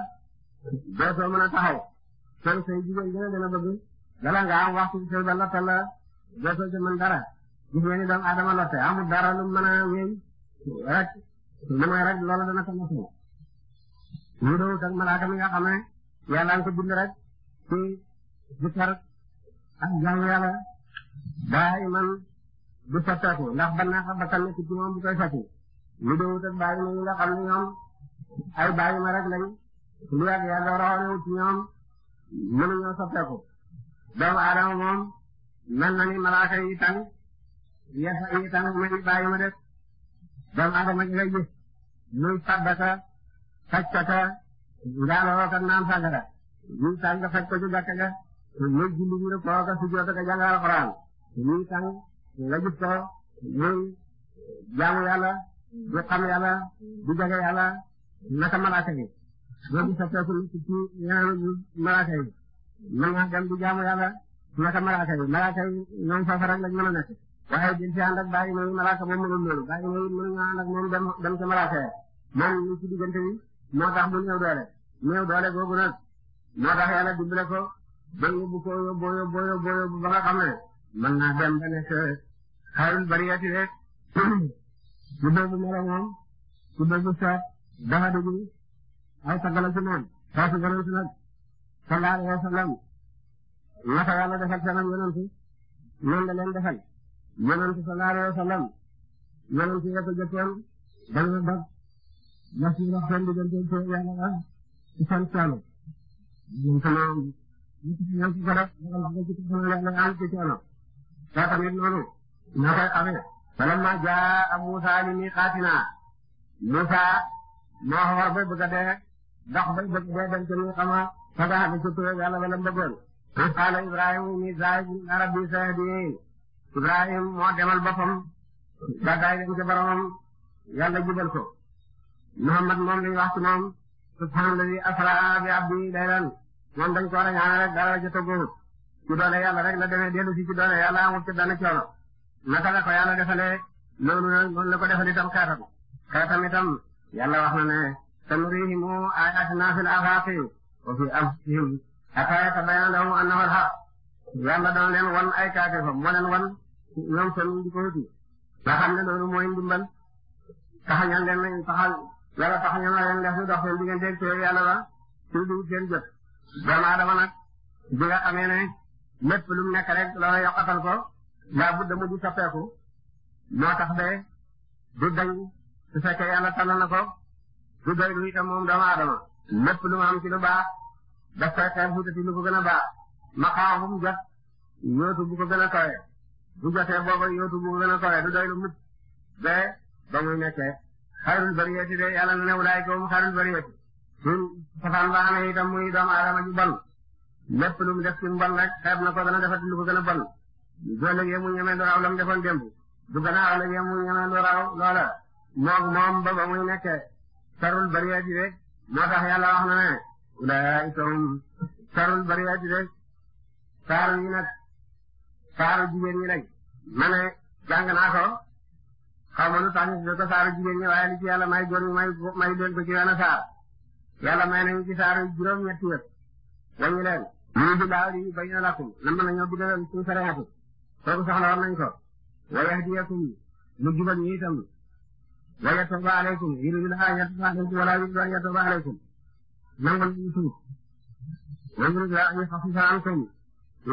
dootoo mën a taxaw sooy say jigéen gën a gën a bëgg bala nga am waxtu sooy dara gis nga ni doomu aadama lotte dara lu mën a wéy rek dana ko mos a. ñu doon ak malaaka mi nga xam ne yàlla nga ko bind rek iman du sotteeku ndax ban naa xam bakkan nekk ci moom lu dëwut ak bàyyi ma ñu nga xam ne ñoom ay bàyyi ma rek lañ lu ak yàlla rawalewu ci ñoom mënuñoo soppeeku doomu aadama moom mel na ni malaaka yi tan yasa yi tan muy bàyyi ma def doomu aadama ji ngay gis muy sabbata fajkata njaaloo ka naan sàngara muy tàng faj ko ci jàkka ga muy julli bi rek koo ka sujjoota ka jàng alxuraan muy tàng nga gis ko muy jaamu yàlla nga xam yàlla di jege yàlla naka malaaka yi loolu soppeekul ci ñaanu malaaka yi mën nga dem di jaamu yàlla naka malaaka yi malaaka yi ñoom foofa rek lañ mën a nekk waaye jël ci ànd ak bàyyi mooy malaaka moom mënul loolu bàyyi mooy mënuñu ànd ak moom dem dem ca malaaka yi moom ñu ci diggante bi moo tax mu néew doole néew doole googu nag moo tax yàlla dimbale ko ba yóbbu ko yóbbu yóbbu yóbbu yóbbu ba nga xam ne mën naa dem ba nekk xayrul bariyati rek ku dëgg meloom ku dëgg seet saa sagala ci nag sallallahu alayhi wa sallam la leen defal yonent sallallahu alayhi wa sallam yonent ya ko jëkkoon dañoo dog wax ci wax seen diggante te yàlla la ci seen coono ñun tamit ñu ci ñoom ci ko def dafa la ko ci ko falamma jaa Muusaa li miiqaatinaa Muusaa moo xawar bay bëgg a dee dox bay bëgg dee dem ci mi xama fagaa bi ci tuye yàlla wala mbëggoon qaala Ibrahima inni zaahibun ilaa rabbii sayahdin Ibrahima moo demal boppam gàddaay dem ci boromam yàlla jubal ko Muhammad moom lañu wax ci moom subhaanallazii asraa bi abdihi laylan moom dañ ko war a ñaanal rek dara la ca tëggu ci doole yàlla rek la demee dellu si ci doole yàlla amul ci benn coono naka la ko yàlla defalee noonu la ko defal itam xeetam xeetam itam yàlla wax na ne sanurihim ayatina fil afaaqi wa fi anfusihim hatta yatabayyana lahum annahu al-haqq yàlla dana leen wan ay kaate fa moo leen wan ñoom seen jikko nga xam ne loolu mooy ndimbal taxañal leen taxal yàlla taxañal na leen def lu dox seen digganteeg ci yàlla ba ci lu seen jot doomu aadama nag bi nga ne lépp lu mu nekk rek ko laa budda mu di soppeeku moo tax de du dañ su fekkee yàlla tànnal na ko du doy lu itam moom doomu aadama lépp lu mu am ci lu baax daf koy xeex wutati lu ko gën a baax maqaam bu mu jot yóotu bu ko gën a kawe bu jotee booba yóotu bu ko gën a kawe du doy lu mukk de ba muy nekkee xayrul bariyati de yàlla ko mu xayrul bariyati suñ safaan baax na itam muy doomu aadama ju bon lépp lu mu def ci mbon rek na ko gën a defati lu ko gën a bon bu ëllëgee mu ñeme lu raw la mu defoon démb bu gannaaw ëllëgee mu ñeme lu raw loola moog moom ba ba muy nekkee sarul bariyati rek moo tax yàlla wax na ne ulaa'ika hum sarul bariyati rek saaru yi nag saaru jigéen ñi lañ ma ne jàng naa ko xaw ma lu tax ñu ko saaru jigéen ñi waaye li yàlla may góor ñi may leen ko ci wenn saar yàlla may nañu ci saaru juróom-ñetti wañu leen. muy bi daaw di bañ a lakkum lan mën nañoo bëgg a leen suñu toog soxla woon nañ ko wala hadiyakum mu jubal ñi itam wala tooba aleykum yéen a ngi laa yatooba aleykum wala yéen a ngi yatooba aleykum nangu nañu suuf nangu nañu laa ñu xas sa ankum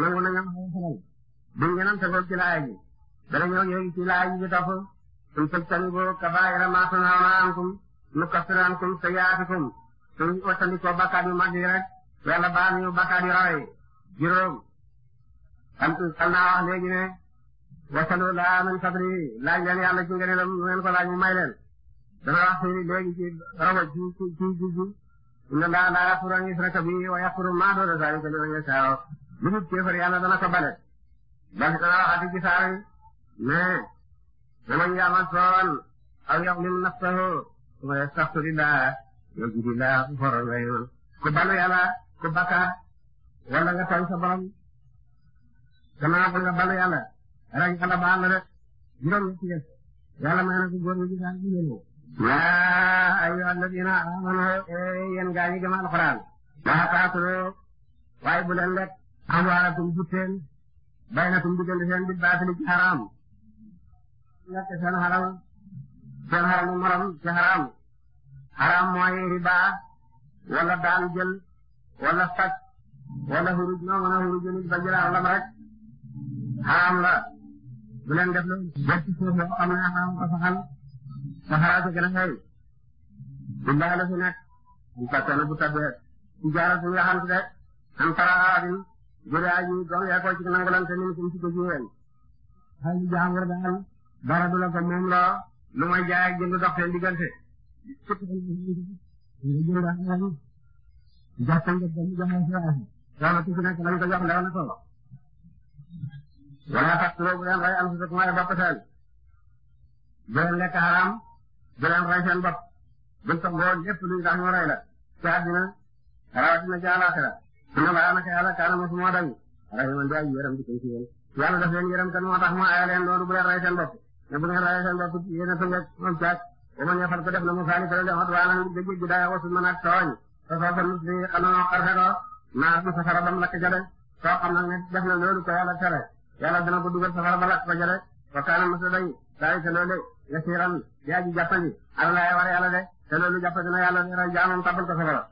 nangu nañu am ay xelal in tajtanibu kabaa'ira maa tunhawna ankum nukaffir ankum sayyi'aatikum suñu wattandikoo bàkkaar yu mag yi rek yàlla baal ñu bàkkaar yu rawe juróom antu sal naa wax léegi ne wasalu laa man fadli laaj leen yàlla ci ngëneelam lu ngeen ko laaj mu may leen dana wax fii léegi ci roba ci ci ci jubbu inna laa laa yaquru an yusraka bihi wa yaquru maa doona zalika liman yashaa lu nit kéefar yàlla dana ko bale basi dana waxati ci saar yi mais damañ yaamal soon aw yaxlim nafsahu wa yastaxfirillah yajidillah ku balu yàlla ku bakkaar wala nga tooñ sa borom gannaaw ba nga balu yàlla rek yàlla baal la rek juróom ñetti yëpp yàlla may na ko góor ñi daal di leen yaa ayyuha alladina amanu eh, yéen gaa ñi gëm alxuraan laa taakulu waaye bu leen lekk amwaalakum jutteen baynakum diggante seen bi baatili ci xaraam lekk seen xaral seen xaral mu morom ci xaraam xaraam mooy riba wala daan jël wala faj wala huruj noonu wala huruj nit ba jëlaat lam rek xaraam la bu leen def loolu def ci suuf dafa xam ne xaraam ko saxal saxalaa ko gën a xëy bu baax la bu fàttee bu tabbee ci jaara suñu yaxantu am faraa bi aji doon yeekoo ci nangulante ni suñ si ko jiween xay si jaambur daal dara du la ko moom lu may jaay jënd dox seen diggante jàpp nga dem joxe si waay loolu ci nekk lañ ko jox ndaw na ko loola tax suba bu leen rey bopp seen bu leen lekk xaraam bu leen rey seen bopp buñ songoo lépp luy tax ñu rey la ci àddina rawatina ci àllaaxira inna laa naka yàlla kaana mosu moo dañ rahiman di ay yërëm di koy ci yéen yàlla daf leen yërëm kan moo tax mu aaya leen loolu bu leen rey bopp ne bu ngeen rey seen bopp yéen a tëngeeg leen wax waanan da jéggi daaya wasu mën ak tooñ te soo ko nit li xanoo xarfe ko naa mu safara bam lakk ca de soo xam yala dana ko dugal safara ba lakk fa jare fa kaana masa day daay te loolu yasiran yaa ji jàppandi ala laa war a yàlla de te loolu jàppandi na yàlla dara jaamam tabal ko safara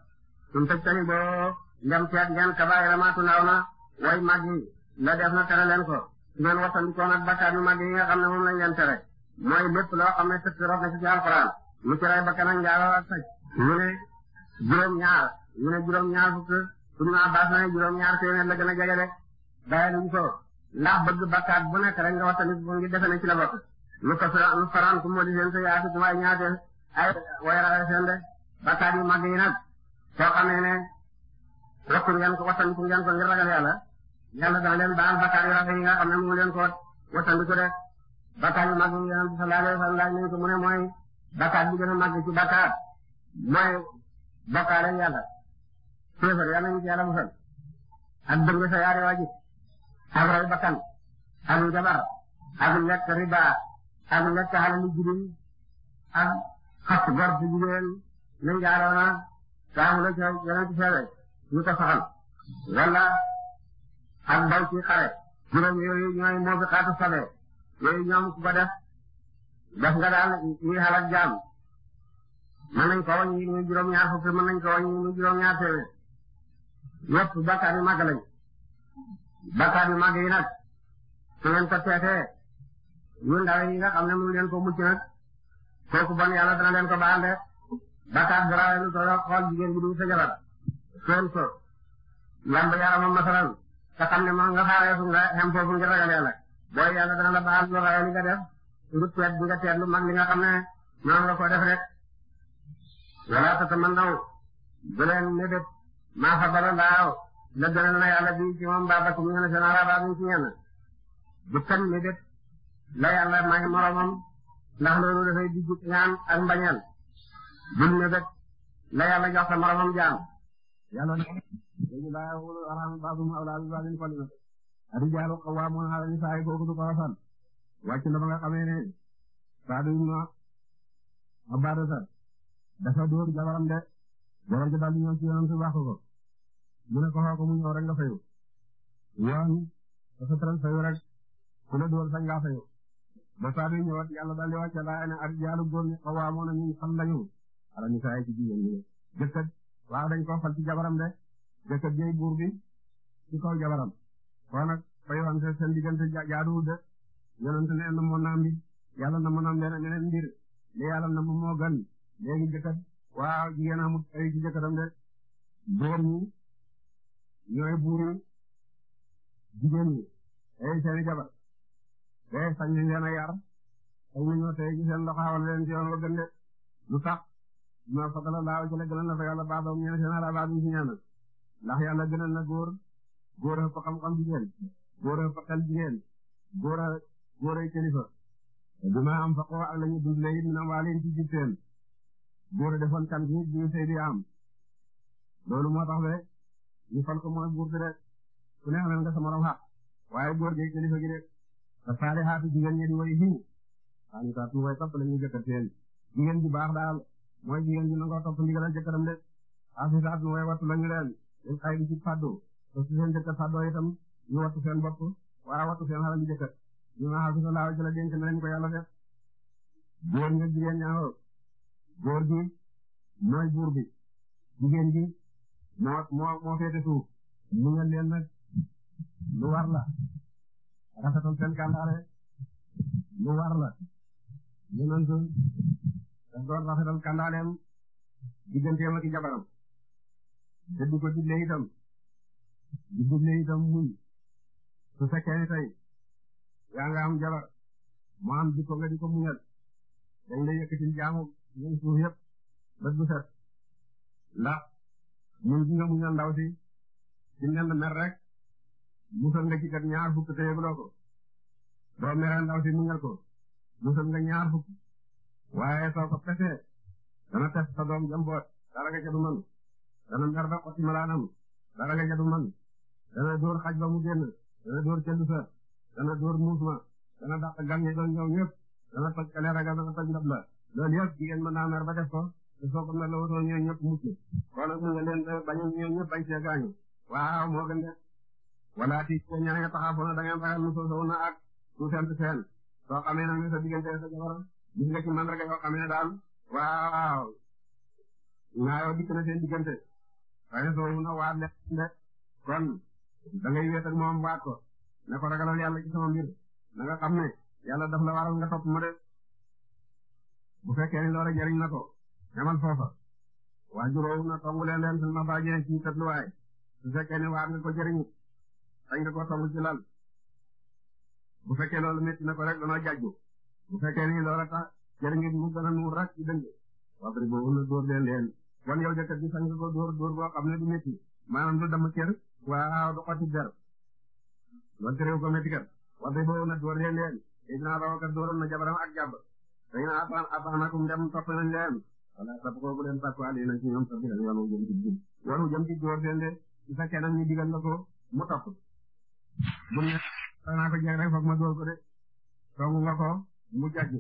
sun tëj tani boo ndem teet ngeen kabaayira maa tunaaw na way mag yi la def na tere leen ko su ngeen wattandikoo nag bakkaar yu mag yi nga xam ne moom lañ leen tere mooy lépp loo xam ne sëpp rof na ci ci alxuraan mu ci rey bakkan ak njaaloo ak saj mu ne juróom-ñaar mu ne juróom-ñaar fukk su naa baas na ne juróom a jege de ndax bëgg bakkaat bu nekk rek nga wax tamit bu ngi defe ne ci la bokk lu ko lu faraan ku moo di seen sa yaatu ñaate ay way rawe seen de mag yi nag soo xamee ne rokku ngeen ko wasandiku ngeen ko ngir ragal yàlla yàlla dana baal bakkaat yu rafe yi nga xam mu leen ko wasandiku de bakkaat yu mag yi yonent bi sallallahu alayhi wa sallam laaj nañ ko mu ne bi gën mag ci bakkaat mooy bakkaat ak yàlla féefar yàlla ñu ci yàlla musal ak dëng sa yaari ak ray bakkan ak njabar ak lekk riba ak lekk alalu jirim ak xas gor bu jigéen ñu jaaroona saamu la ca yeneen ci seede ñu ko soxal walla ak daw ci xare juróom yooyu ñooy moo fi ñoom ku ko def def nga daal jaam mën nañ ko wàññi muy juróom-ñaar fukki mën nañ ko wàññi muy juróom-ñaar téeméer yëpp bakkaar yu màgg yi nag su ngeen ko seetee yu ndaw yi nga xam ne mu leen ko mucc nag kooku bon yàlla dana leen ko baal de bakkaar bu raawee lu tolloo jigéen bi sa jabar seen ko yàmb yaramam masalan te xam ne moom nga xaaree nga xem foofu ngir ragal yàlla booy yàlla dana la baal lu raawee li nga def teet lu mag li nga xam ne noonu nga ko def rek wala tatamannaw bu leen ne def maa fa bala lëggalal na yàlla bi ci moom baaba ci ñu ne seen araba bi ci ñenn bu kenn mi def la yàlla may moromam ndax loolu di jub ñaan ak mbañeel bul mi def la yàlla jox sa moromam jaam yàlla ne dañu bàyyi wul araam baabum awlaa bi baabin falina rijaalu qawwaamuuna ala nisaa'i kooku du ko rafan wàcc na ba nga xamee ne Saadu ibnu Ubaadata dafa dóor jabaram de jabar ji daal di ci yonent bi wax ko mu ne ko xaw ko mu ñëw rek nga fayu yoon dafa tëral fayu rek ku la duwal sañ nga fayu ba saa bi ñëwaat yàlla daal di wàcce laa ne ak jaalu góor ñi xaw amoon nañu xam lañu ala ñu saay ci jigéen ñi jëkkët waaw dañ ko fal ci jabaram de jëkkët jëy buur bi ci kaw jabaram kon nag fayuwante seen diggante jaaduwul de yonent na moo naam na moo naam leen meneen mbir na moo gën léegi ñooy buuru jigéen ñi ay seeni jabar te sañ yar sañ nañoo tey ci seen loxo xawal leen ci yoon wa gën de lu tax ma fadala laaw ci la gënal na fa yàlla baadoom ñeen seen ala baadoom ci ñaanal ndax yàlla gënal na góor góor a fa xam jigéen góor a fa xel jigéen góor a am faqoo ak la ñu dundalee it na waa leen ci jub seen góor a defoon sey di am loolu moo tax de ñu fal ko mooy buur bi rek ku ne xanaan nga sa morom xaq waaye góor gi kilifa gi de te saale xaatu jigéen ñi di way xiw xaani kaa tu way topp la ñu jëkkër seen jigéen ju baax daal mooy jigéen ju nangoo topp ndigalal jëkkëram de afisaat nu way wattu lañu leen il xay di ci fàddu te su seen jëkkër fàddoo itam ñu wattu seen bopp wara wattu seen xalal jëkkër ñu ma xaafisa laaw jëla dénk na leen ko yàlla def góor nga jigéen ñaawoo ah. góor gi mooy buur bi jigéen gi moo moo moo féete suuf mu ngeen leen nag lu war la rafetal seen kàllaare lu war la yonent daf doon rafetal kàllaaleem digganteem ak jabaram te du ko digle itam du digle itam muy su fekkee ne tey yaa nga am jabar mu am di ko nga di ko muñal dañ lay yëkkatil jaamu ñun suuf yëpp bët bu set ndax ñun gis nga muñal ndaw si ci ngeen mer rek musal nga ci kat fukk te yëgloo doo meree ndaw si muñal ko musal nga ñaar fukk waaye soo ko dana pes sa doom jëmboot dara man dana mer ba xotti malaanam dara man dana dóor xaj mu génn dana dóor cellu dana dóor muus ma dana dàq gan ñi doon ñëw ñëpp dana toj kale ragal dana toj ndab la loolu yëpp jigéen mën naa mer ba def ko te soo ko melowutoo ñoo ñëpp mucc wala mu nga leen eh, bañ a ñoo bañ see gaañu waaw moo gën de wala tiit ko ñaan nga taxaafoona da ngeen ragal lu soo na ak su sent seen soo xamee nag ne sa diggante sa diggante waaye soowu na waat leen de kon da ngay moom waat ko ne ko ragalal yàlla ci sama mbir na nga xam ne yàlla daf la waral nga topp ma de bu fekkee ni loola jariñ na ko ñamal foofa waajuróom na tongu leen leen ma baajee ci tëdluwaay su fekkee ne waar nga ko jëriñu dañ nga ko tongu ci lal bu fekkee na ko rek danoo jajju bu fekkee ni loola tax jëriñu mu gën a nuur rek ci dëng wabri na dóor leen leen wan yow jëkkër bi sang ko dóor dóor boo xam ne du métti maanaam du dama cër waaw du der loolu réew ko métti kat wabri boobu na dóor leen leen dinaa rawakat dóoroon na jabaram ak jàbb dañ na ataan ataanakum wala sab ko bu leen bàkku ali na ci ñoom sabi la yoonu jëm ci jub yoonu jëm ci góor seen de su fekkee nag ñu digal la ko mu topp bu ne naa ko jeg rek foog ma dóor ko de song nga ko mu jàjj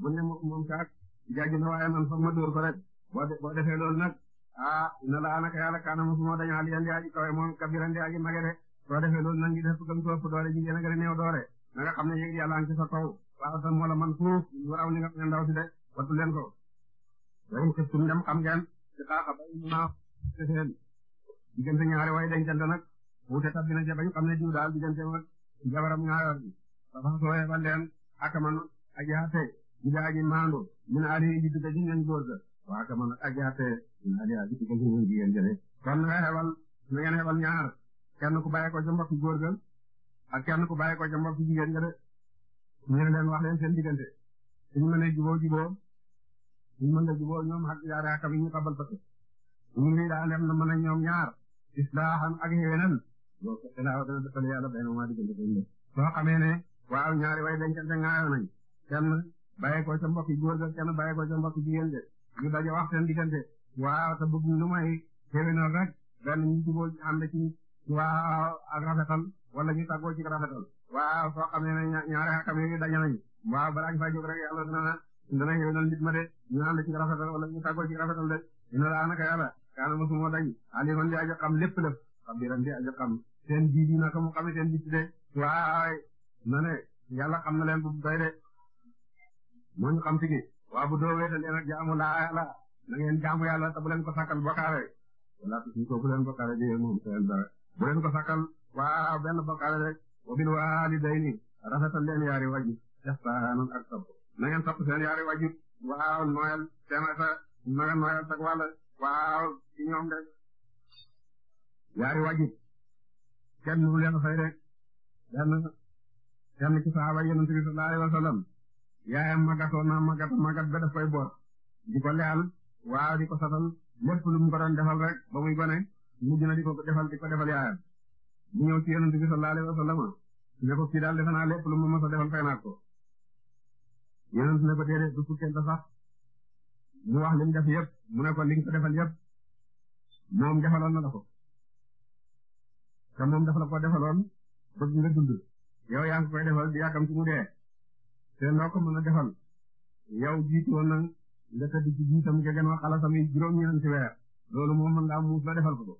bu ne moom kaak jàjj na waaye man foog ma dóor ko rek boo defee loolu nag ah na la anaka yàlla kaana mosuma dañu ali andi aji kawe moom kabiran di aji mage de soo defee loolu nag ñu def gëm ko ëpp doole ji gën a gën a néew doole na nga xam ne yéeg yàlla ngi ci sa kaw waaw sa moo la man fuuf raw ni nga ndaw si de wattu leen ko waaye xëy na dem xam ngeen si xaaxa ba ñu naax te seen diggante ñaari way dencante nag wuute tab dina ca bañ xam ne diw daal diggante mag jabaram ñaareel bi dafa sooyee ba leen ak man aji ate ñu daaji maandu min ali ji dugg ci ñoom góor ga waa ak man aji ate min ali ji dugg ci ñoom jigéen jële kon nga xewal na ngeen xewal ñaar kenn ku bàyyi ko ca mbokk góor ga ak kenn ku bàyyi ko ca mbokk jigéen ga de ñu leen wax leen seen diggante suñu mënee juboo juboo ñu mën a juboo ñoom ak yaari akam yi ñu xabal ba ci ñu ngi daa dem na mën a ñoom ñaar islaahan ak xéwénal boo ko xelaaw dana defal yàlla soo xamee ne waaw ñaari way dencante ngaayo nañ kenn bàyyi ko ca mbokki góor kenn bàyyi ko ca mbokki de ñu daje wax seen diggante waaw te bëgg lu may rek benn ñu juboo ànd ci waaw ak rafetal wala ñu tàggoo ci rafetal waaw soo xamee ne ñaari yi daje nañ waaw balaa ñu faa jóg rek yàlla dana yéwénal nit ma de ñu naan la ci rafetal wala ñu tàggoo ci rafetal de dina laa naka yàlla kaana mosuma dañ aliman di aja xam lépp lépp xabiran di aja xam seen ji di naka mu xamee seen bitti de waay na ne yàlla xam na leen bu doy de moo ñu xam tigi waa bu doo weetal leen ak jaamu laa yàlla na ngeen jaamu yàlla te bu leen ko sàkkal bokkaale wala tuuti ko bu leen bokkaale jege moom seen dara bu leen ko sàkkal waa benn bokkaale rek wa bil waalidayni rafetal leen yaari waji ihsaanan ak sabr na ngeen topp seen yaari wajut waaw noyal seen sa na nga noyal sag wàll waaw ci ñoom de yaari wajut kenn du leen fay rek benn kenn ci saaba yonent na màggat màggat ba daf koy boot di ko leyal waaw di ko satal lépp lu mu ko doon defal rek ba muy gone mujj di ko defal di ko defal yaayam mu ñëw ci yonent bi sallallahu alayhi wa sallam ne ko kii daal defe naa lépp lu mu mës a defal fay naa yéen ne ko déedéet du fukkeel ba sax mu wax li mu def ne ko li defal yëpp moom defaloon na la ko te moom dafa la ko defaloon bëgg nga dund yow defal di yàkkam ci mu dee te loo a defal yow jiitu woon na nga tëdd ci jiitam nga gën wax ala samay juróom-ñeent ci weer loolu defal ko ko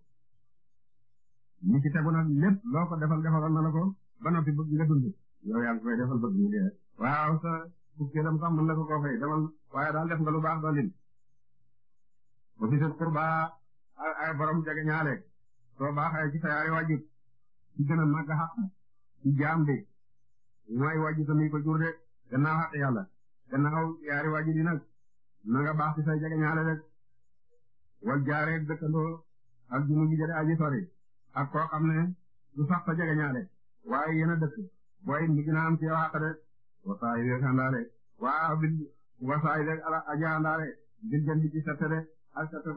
li ci tegu nag lépp loo defal defaloon na la ko ba noppi bëgg nga dund yow defal bëgg mu dee waaw sa fukkeelam sax mën na ko koo fay demal waaye daal def nga lu baax dolli. ba fi seen qurbaa ay borom jege ñaale soo baaxee ci sa yaari wajib ci gën a màgg xaq ci jaam bi wajib tamit ko jur de gannaaw xaq yàlla gannaaw yaari wajib yi nag na nga baax ci ñaale rek wal jaareeg dëkkandoo ak ju mu jëlee aji sori ak koo xam ne du sax sa ñaale waaye yéen dëkk booy it mujj naa am ci de. wasaay yi nga waa bil wasaay yi ala aja andaale bil jënd ci sette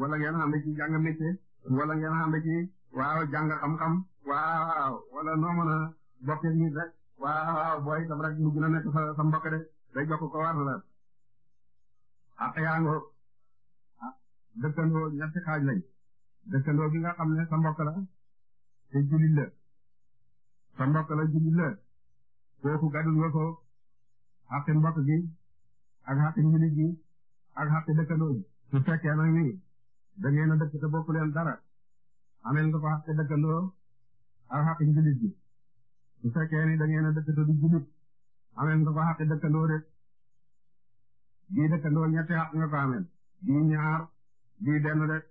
wala ngeen ànd ci jàng wala ngeen ànd ci waaw jàng xam wala noo mën a bokk nit rek waaw booy itam rek lu gën a nekk sa sa mbokk de day jokk ko war la ak kooku gadul nga ko xaqi mbokk gi ak xaqi njilit gi ak xaqi dëkkandoo gi su fekkee nag ni da ngeen a dëkk te bokk leen dara amel nga ko xaqi dëkkandoo ak xaqi njilit gi su fekkee ni da ngeen a dëkk te du julit amel nga ko xaqi dëkkandoo rek bii dëkkandoo ñetti xaq nga ko amel bii ñaar bii benn rek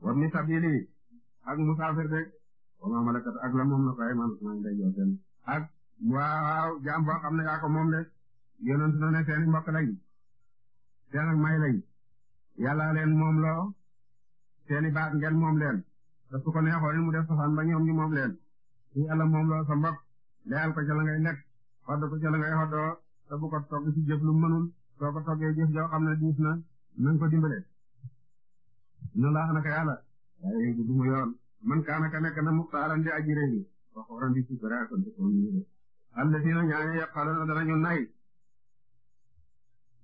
war ni sabili ak musaafir rek wa ma malakat ak la moom na ko ay man nang day jox benn ak waaw jaam boo xam ne yaa moom de yonent na ne seeni mbokk lañ seen may lañ yàlla leen moom loo seeni baat ngeen moom leen te su ko mu def safaan ba ñoom ñu moom leen su yàlla moom loo sa mbokk leyal ko ca la ngay nekk xodd ko ca ngay xoddoo te bu ko togg jëf lu mënul soo ko toggee jëf joo xam ne diis na nanga ko dimbale laax naka yàlla waaye du yoon man kaanaka nekk na muxtaaran di aji réew wax waroon di ci gërëm ak a dëkk yu na dina nay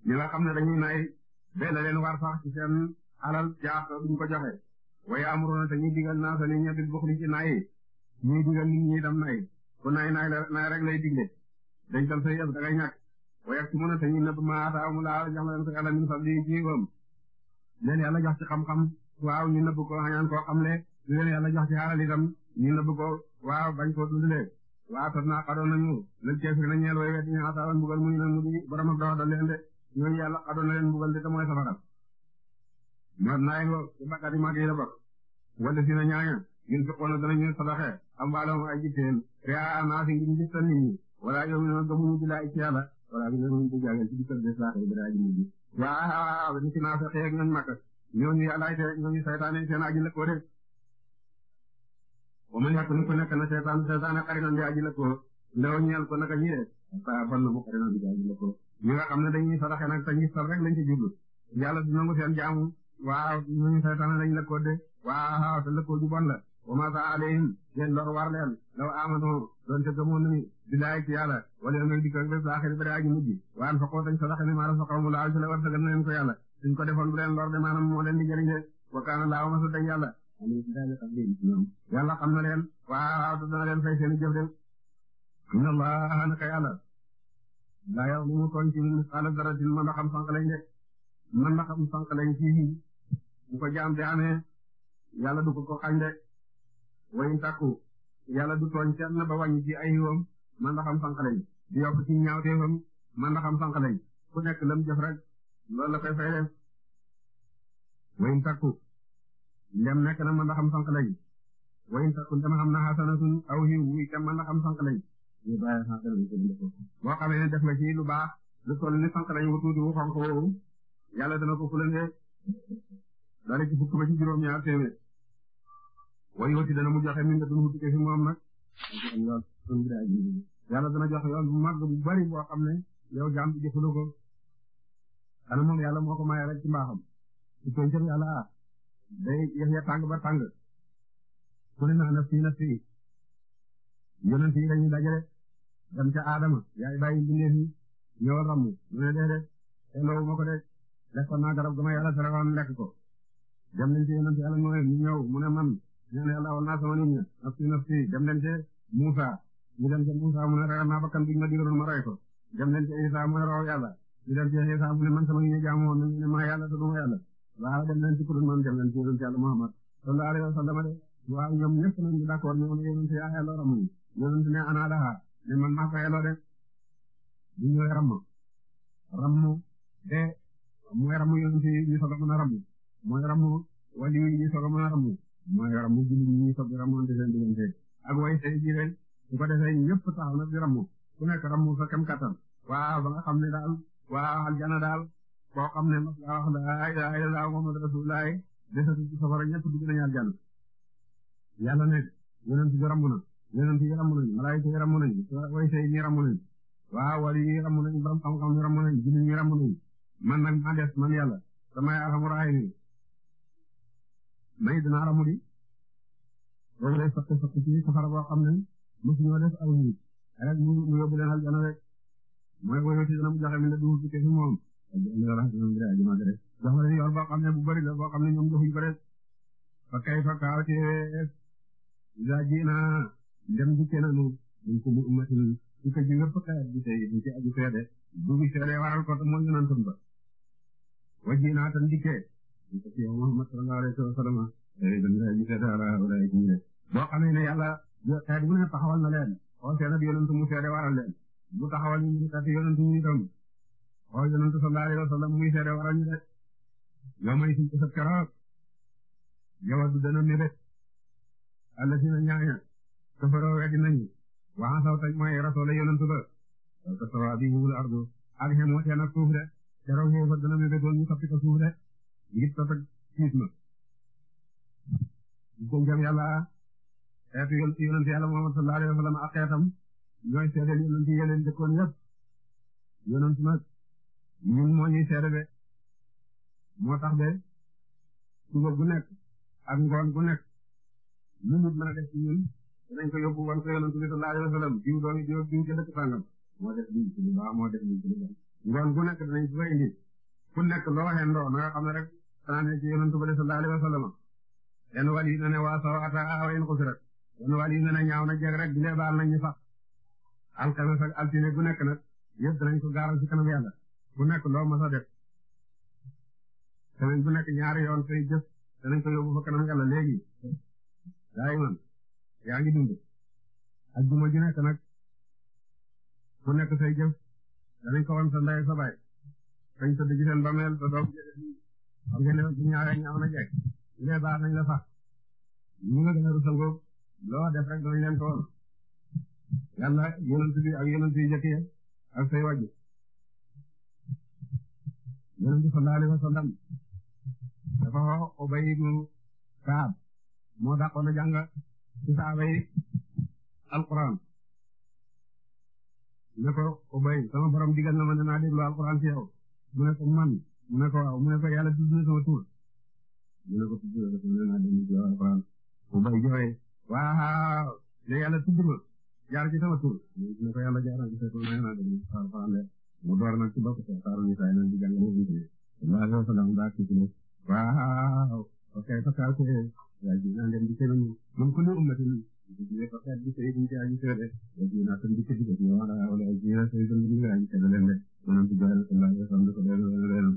ñi nga xam ne dañuy nay bee da leen war sax ci seen alal jaax duñ ko joxe waaye amuruna dañuy digal naa sa nit ña bil buxli ci nay ñuy digal nit ñi dem nay ku nay nay rek lay digle dañ tam sa yëf da ngay ñàkk waaye ak su mën a dañuy nëbb ma ataamu laa jox leen ko yàlla min fadli jiwam leen yàlla jox ci xam-xam waaw ñu nëbb ko xañaan koo xam ne leen jox ci xaaral itam nii la bëgg waaw bañ koo dundalee waaw tat naa a nañu lël keefir na ñeel way wet ñu asaaban mbugal mu ñu leen mu di borom ak dox da leen de ñooñu yàlla xadoon na leen mbugal de te mooy safaral ma naay ngo ci bakkat mag yi la bokk wala si na ñaaña ñun fiqoona danañu sadaxe am waalom ay jitteen rea naasi ngir gis tan nit ñi wala yow noon gëmuñu di laa ci yàlla wala ci bisal des laaxee dara ji mujj waaw waaw ni ci naa fexe ak ñooñ màkk ñooñu yàllaay te ñooñu saytaane seen aji lëkkoo de wa man yàq ni ko nekk na seetaan seetaan ak xarinan bi aji lëkkoo ndaw ñeel ko naka ñëwee fa bon na mu xarinan bi aji lëkkoo ñi nga xam ne dañuy saraxe nag te ngistal rek lañ ci jublu yàlla du nangu seen jaamu waaw ñuñu seetaan lañ lëkkoo de waaw te lëkkoo ju bon la wa ma sa alayhim leen lor war leen law amano doon te gëmoon nañu billaay ci yàlla wala yow nag di ko bés laaxiri ba aji mujj waan fa koo dañ saraxe ne maanaam fa xaw mu laaw si la war sëgal na leen ko yàlla suñ ko defoon bu leen lor de maanaam moo leen di jëriñ de wa kaana laaw yàlla xam na leen waaw dina leen fay seen jëf de inna allah naka yàlla laa yow lu mu tooñ ci misqaala daratin mën na xam sànq lañ de mën na xam sànq lañ ci bu ko jaam bi amee yàlla du ko ko xañ de wayin takku yàlla du tooñ kenn ba wàññi ci ay yiwam mën na xam sànq lañ di ci ñaawteefam mën na xam sànq lañ ku nekk lam jëf rek loolu la koy fay def wayin takku ndem nekk na mën na xam sànq lañ wa in takun dama xam na hasanatun aw hiw wi tam mën lu lu toll ni sànq lañ wu tuuti wu xonq dale ci fukk ba ci juróom ñaar téeméer way wati dana mu joxe min da dun hutuke fi moom nag yàlla dana joxe yoon bu mag bu bari boo xam ne day yéex ya tàng ba tàng ku ne naa nafsi nafsi yonent yi dañuy dajale dem ca Adama yaay bàyyi mbindeef yi ñëwal ramm mu ne dee de teeloo ma ko de lekkoon naa garab gama yàlla tere woon lekk ko dem nañ ci yonent yàlla Nooh ñu mu ne man ñu ne yàlla naa sama nit ña nafsi nafsi ci Muusa ñu ci Muusa mu ne ragal naa bakkan bi ñu ma digaloon ma roy ko ci Isa mu ne raw yàlla ci Isa mu ne man sama nit ne ma yàlla te waaw dem nañ ci kuréel man dem nañ ci yonent Yàlla Muhammad sallallahu alayhi wa sallam de waaw ñoom ñëpp nañ d'accord ñu ne yonent yaa xeloo ramu yonent ne ana laha ne man maa ko xeloo de ñu ñooy ramu ramu de mooy ramu yonent yi ñu soog a mën a ramu mooy ramu wali yi ñu soog a mën a ramu mooy ramu jullit yi ñu soog a ramonte seen diggante ak way tey jii rek su ko defee ñëpp taxaw na di ramu ku nekk ramu sa kam kattan waaw ba nga xam ne daal waaw aljana daal koo xam ne mos naa wax laa ilaaha illallaah Muhammadu rasuulullaah desatu ci safara ñëpp dugg nañu aljanna yàlla ne yonent bi ramb na yonent yi ramb nañu malaayika yi ramb nañu wayte ñi ramb nañu waaw wali yi ramb nañu borom xam-xam yi ramb nañu jullit ñi ramb nañu man nag maa des man yàlla samay aramu raay ni may dinaa ramu di boobu lay sotti sotti ci safara boo xam ne mosu ñoo def aw nit rek mu yóbbu leen aljanna rek mooy woyoti dana mu joxe mi ne duhul ci moom jox leen yoon boo xam ne bu bari la boo xam ne ñoom joxuñ ko rek fa kay fa kaaw teef daa ji naa ndem di kenanu dañ ko bu ummatin su ko ji nga fëkkaat bi tey dañ ci aju seede duubi seede waral ko moo ñu nantam ba wa ji naa tan dikkee ñu ko ci Muhammad sallallahu alayhi wa sallam dañ daa ji seede ala wala ci ñu boo xamee ne yàlla xeet bu ne taxawal na leen oo seede bi yonent mu seede waral leen bu taxawal ñu ñu tax yonent ñu itam waaw yonent sallallahu alayhi wa sallam muy seede waral ñu de yow may si du dana mébét àll si na ñaaña kafaroo weddi nañu waa saw tañ mooy rasola ba waaw te sawa bi ardu ak xemoo teen ak suuf de keroog foofa dana mébét woon ñu soppi ko suuf ma ko jëm yàlla xeetu yonent yàlla Muhammad sallallahu alayhi wa sallam ak xeetam ñooy seedeel yonent yi leen dëkkoon yëpp yonent nag ñun moo ñuy seede moo tax de suba gu nekk ak ngoon gu nekk lu nit mën a def ci ñun dinañ ko yóbbu wan ko yonent bi sallallahu alayhi wasallam diw doomi diw diw ci dëkk sàngam moo moo def lii ci lu baax ngoon gu nekk dinañ ci loo waxee ndoo na nga xam ne rek sanaa ne ci yonent bi sallallahu alayhi wasallam yenn wàll yi ne ne ko si rek yenn wàll ñaaw na jeg rek bi lee baal nañ ñu sax alxames ak altine gu nekk nag yëpp ko gaaral ci kanam yàlla bu nekk loo mës a def semaine bu nekk ñaari yoon say jëf danañ ko yóbbu fa kanam yàlla léegi daay man yaa ngi dund ak juma ju nekk nag bu nekk say jëf danañ ko won sa ndey sa baay dañ tëdd ci seen bameel te doom xam ngeen ne bu ñaaree ñaaw na jekk bu dee baax nañ la sax ñu nga gën a rusal boobu loo def rek danañ leen ko won yàlla yonent bi ak yonent yi jëkk ya ak say wàjju Yonent bi sallallahu alayhi wa sallam dafa wax Ubay ibnu Kaab moo dàqoon a jàng ci saaba yi alquran ne ko Ubay sama borom digal na ma ne naa déglu alquran ci yow mu ne ko man mu ne ko waaw mu ne ko yàlla tudd na sama tur mu ne ko tudd na ko ne naa déglu alquran Ubay jooye waaw ne yàlla tudd ma jaar ci sama tur mu ne ko yàlla jaar na ci sama tur ne naa déglu alquran mu door nag ci bopp saaru nisaa nan di jàng mu jiite sallallahu alayhi wa sallam daa ci ne waaw fa kayfa kaakee yaa ji naa ngeen di kenn man kulli ummatin di fa kat di sey di jaa ji sey de yaa ji naa tan di ci digat ñu wala wala yaa ji naa sey tan di yaa ji sey leen de manam di jaa sallallahu alayhi wa sallam ko leen leen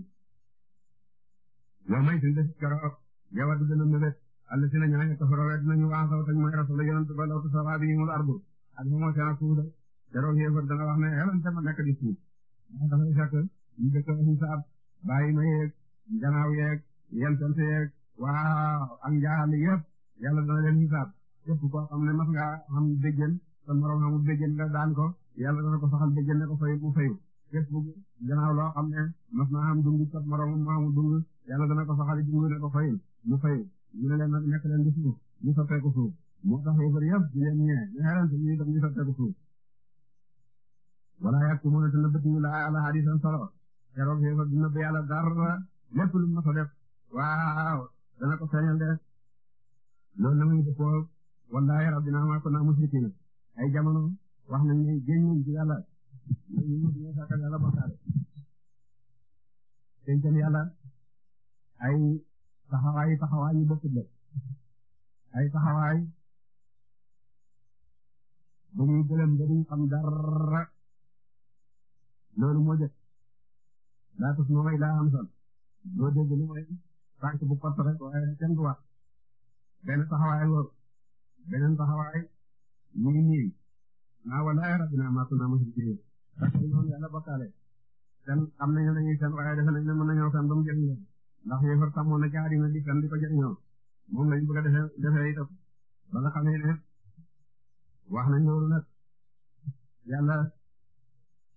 wa may tan def kara yawad gëna mebet alla sina ñaa nga tafara wet nañu waa saw tañ mooy rasul yonent ba lawtu saxaabi yi mul ardu ak mo sena kuuda jaroo xéefar dana wax ne xelante ma nekk di suuf dafa fekk ñu dëkk xisaab bàyyi ma yeeg ganaaw yeeg yentante yeeg waa ak njaaxal yëpp yàlla dana leen xisaab képp koo xam ne mas nga xam dëjjën sa morom xamul dëjjën nga daan ko yàlla dana ko saxal dëjjën ne ko fay mu fayu képp ganaaw loo xam ne mas naa xam dungu sa morom mu xamul dungu yàlla dana ko saxal dungu ne ko fayu mu fayu ñu ne leen nag nekk leen di suuf ñu soppeeku suuf moo tax yëpp di leen ñëwee ñu xeerante ñu def ñu soppeeku suuf wala yaktumuna te la ala hadisan solo keroog xéefar du nëbb yàlla dara lépp lu mu waaw dana ko de loolu na muy dëppoo wallahi rabbina ma kunna musrikina ay jamono wax nañ ne génn nañ ci yàlla ñu ñu ñu sàkkal yàlla bokkaale tencam ay taxawaay taxawaay yu bokkut ay taxawaay ba muy gëlëm ba loolu moo de laa tas moom ay laa am sol doo dégg lu mooy tànk bu kott rek waaye kenn du wax benn taxawaay loolu beneen taxawaay ñu ngi nii naa walaay rabbina maa kunna mushrikiin parce que ñoom yàlla bokkaale fen am nañu lañuy fen waaye defe nañ ne mën nañoo fen ba mu jëriñ leen ndax yéefar tàmmoon na jaari na di fen di ko jëriñoo moom lañ bëgg a defee defee itam ba nga xamee ne wax nañ loolu nag yàlla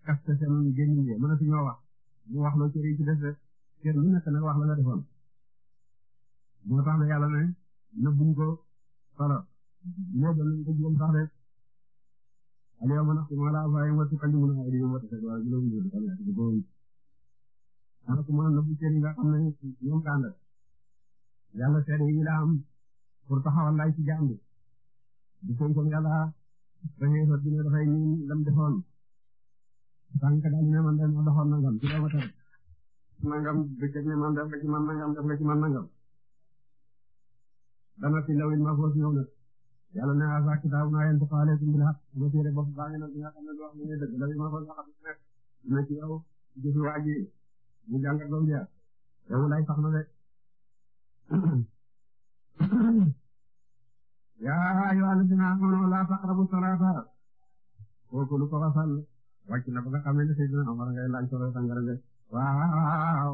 kàttan seen i génn ñi mënatuñoo wax mu wax loo cër yi ci des rek cër lu nekk nag wax la nga defoon moo tax na yàlla ne nëbbuñ ko solo moo ba nañ ko juróom sax rek al yawma nakhtimu ala afwaahihim wa tukallimuna aydihim wa tashhadu arjuluhum bima kanu ya'malun ana ko mën nëbbu cër yi nga xam ne ñoom la àndal yàlla seede yi la am pour taxawal lay ci jaam bi bu ko yàlla dafay niin lam defoon sànq daal ne man de ma doxoon nangam ci dama tere nangam bëccëg ne man def nga ci man nangam def nga ci man nangam dana fi lawin ma foofu ñëw nag yàlla ne asa kitaab naa yéen tuqaale kum bil haqq ma téere bopp baa ngi nag di nga xam ne lu wax lu ne dëgg lawin ma foofu xam ne dina ci yow jëfi waa ji mu jàngat ba mu jeex yow lay sax na de yaa ayyuhaa allaziina aamanuu laa taqrabu salaata kooku lu ko wasal wàcc na ba nga xam ne Seydina Omar ngay laaj solo sangara de waaw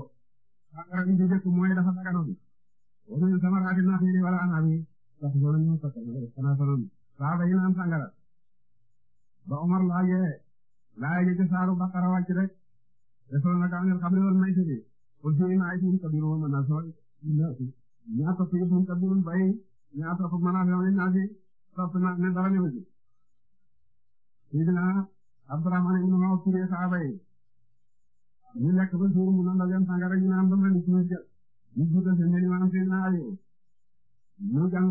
sangara bi ñu jëkk mooy dafa saganoon wa min samaraati naxili wal anami sax doon ñu ko kana sonon saaba yi naan sangara ba Omar laajee laajee ci saaru Baqara wàcc rek te solo na kaangel xam ne wal may sidi pour fi naa itin kabiru wa manaafi ñaa topp itin kabirun bay ñaa topp manaafi wa manaafi topp na ne dara ne wëgg Seydina Abdurrahman ibn Awf ne saaba yi ñu lekk ba suur mu nandal leen sangara ñu naan ba mel ni suñu jël ñu juutal seen ngeen imaam Seydina Ali mu jàng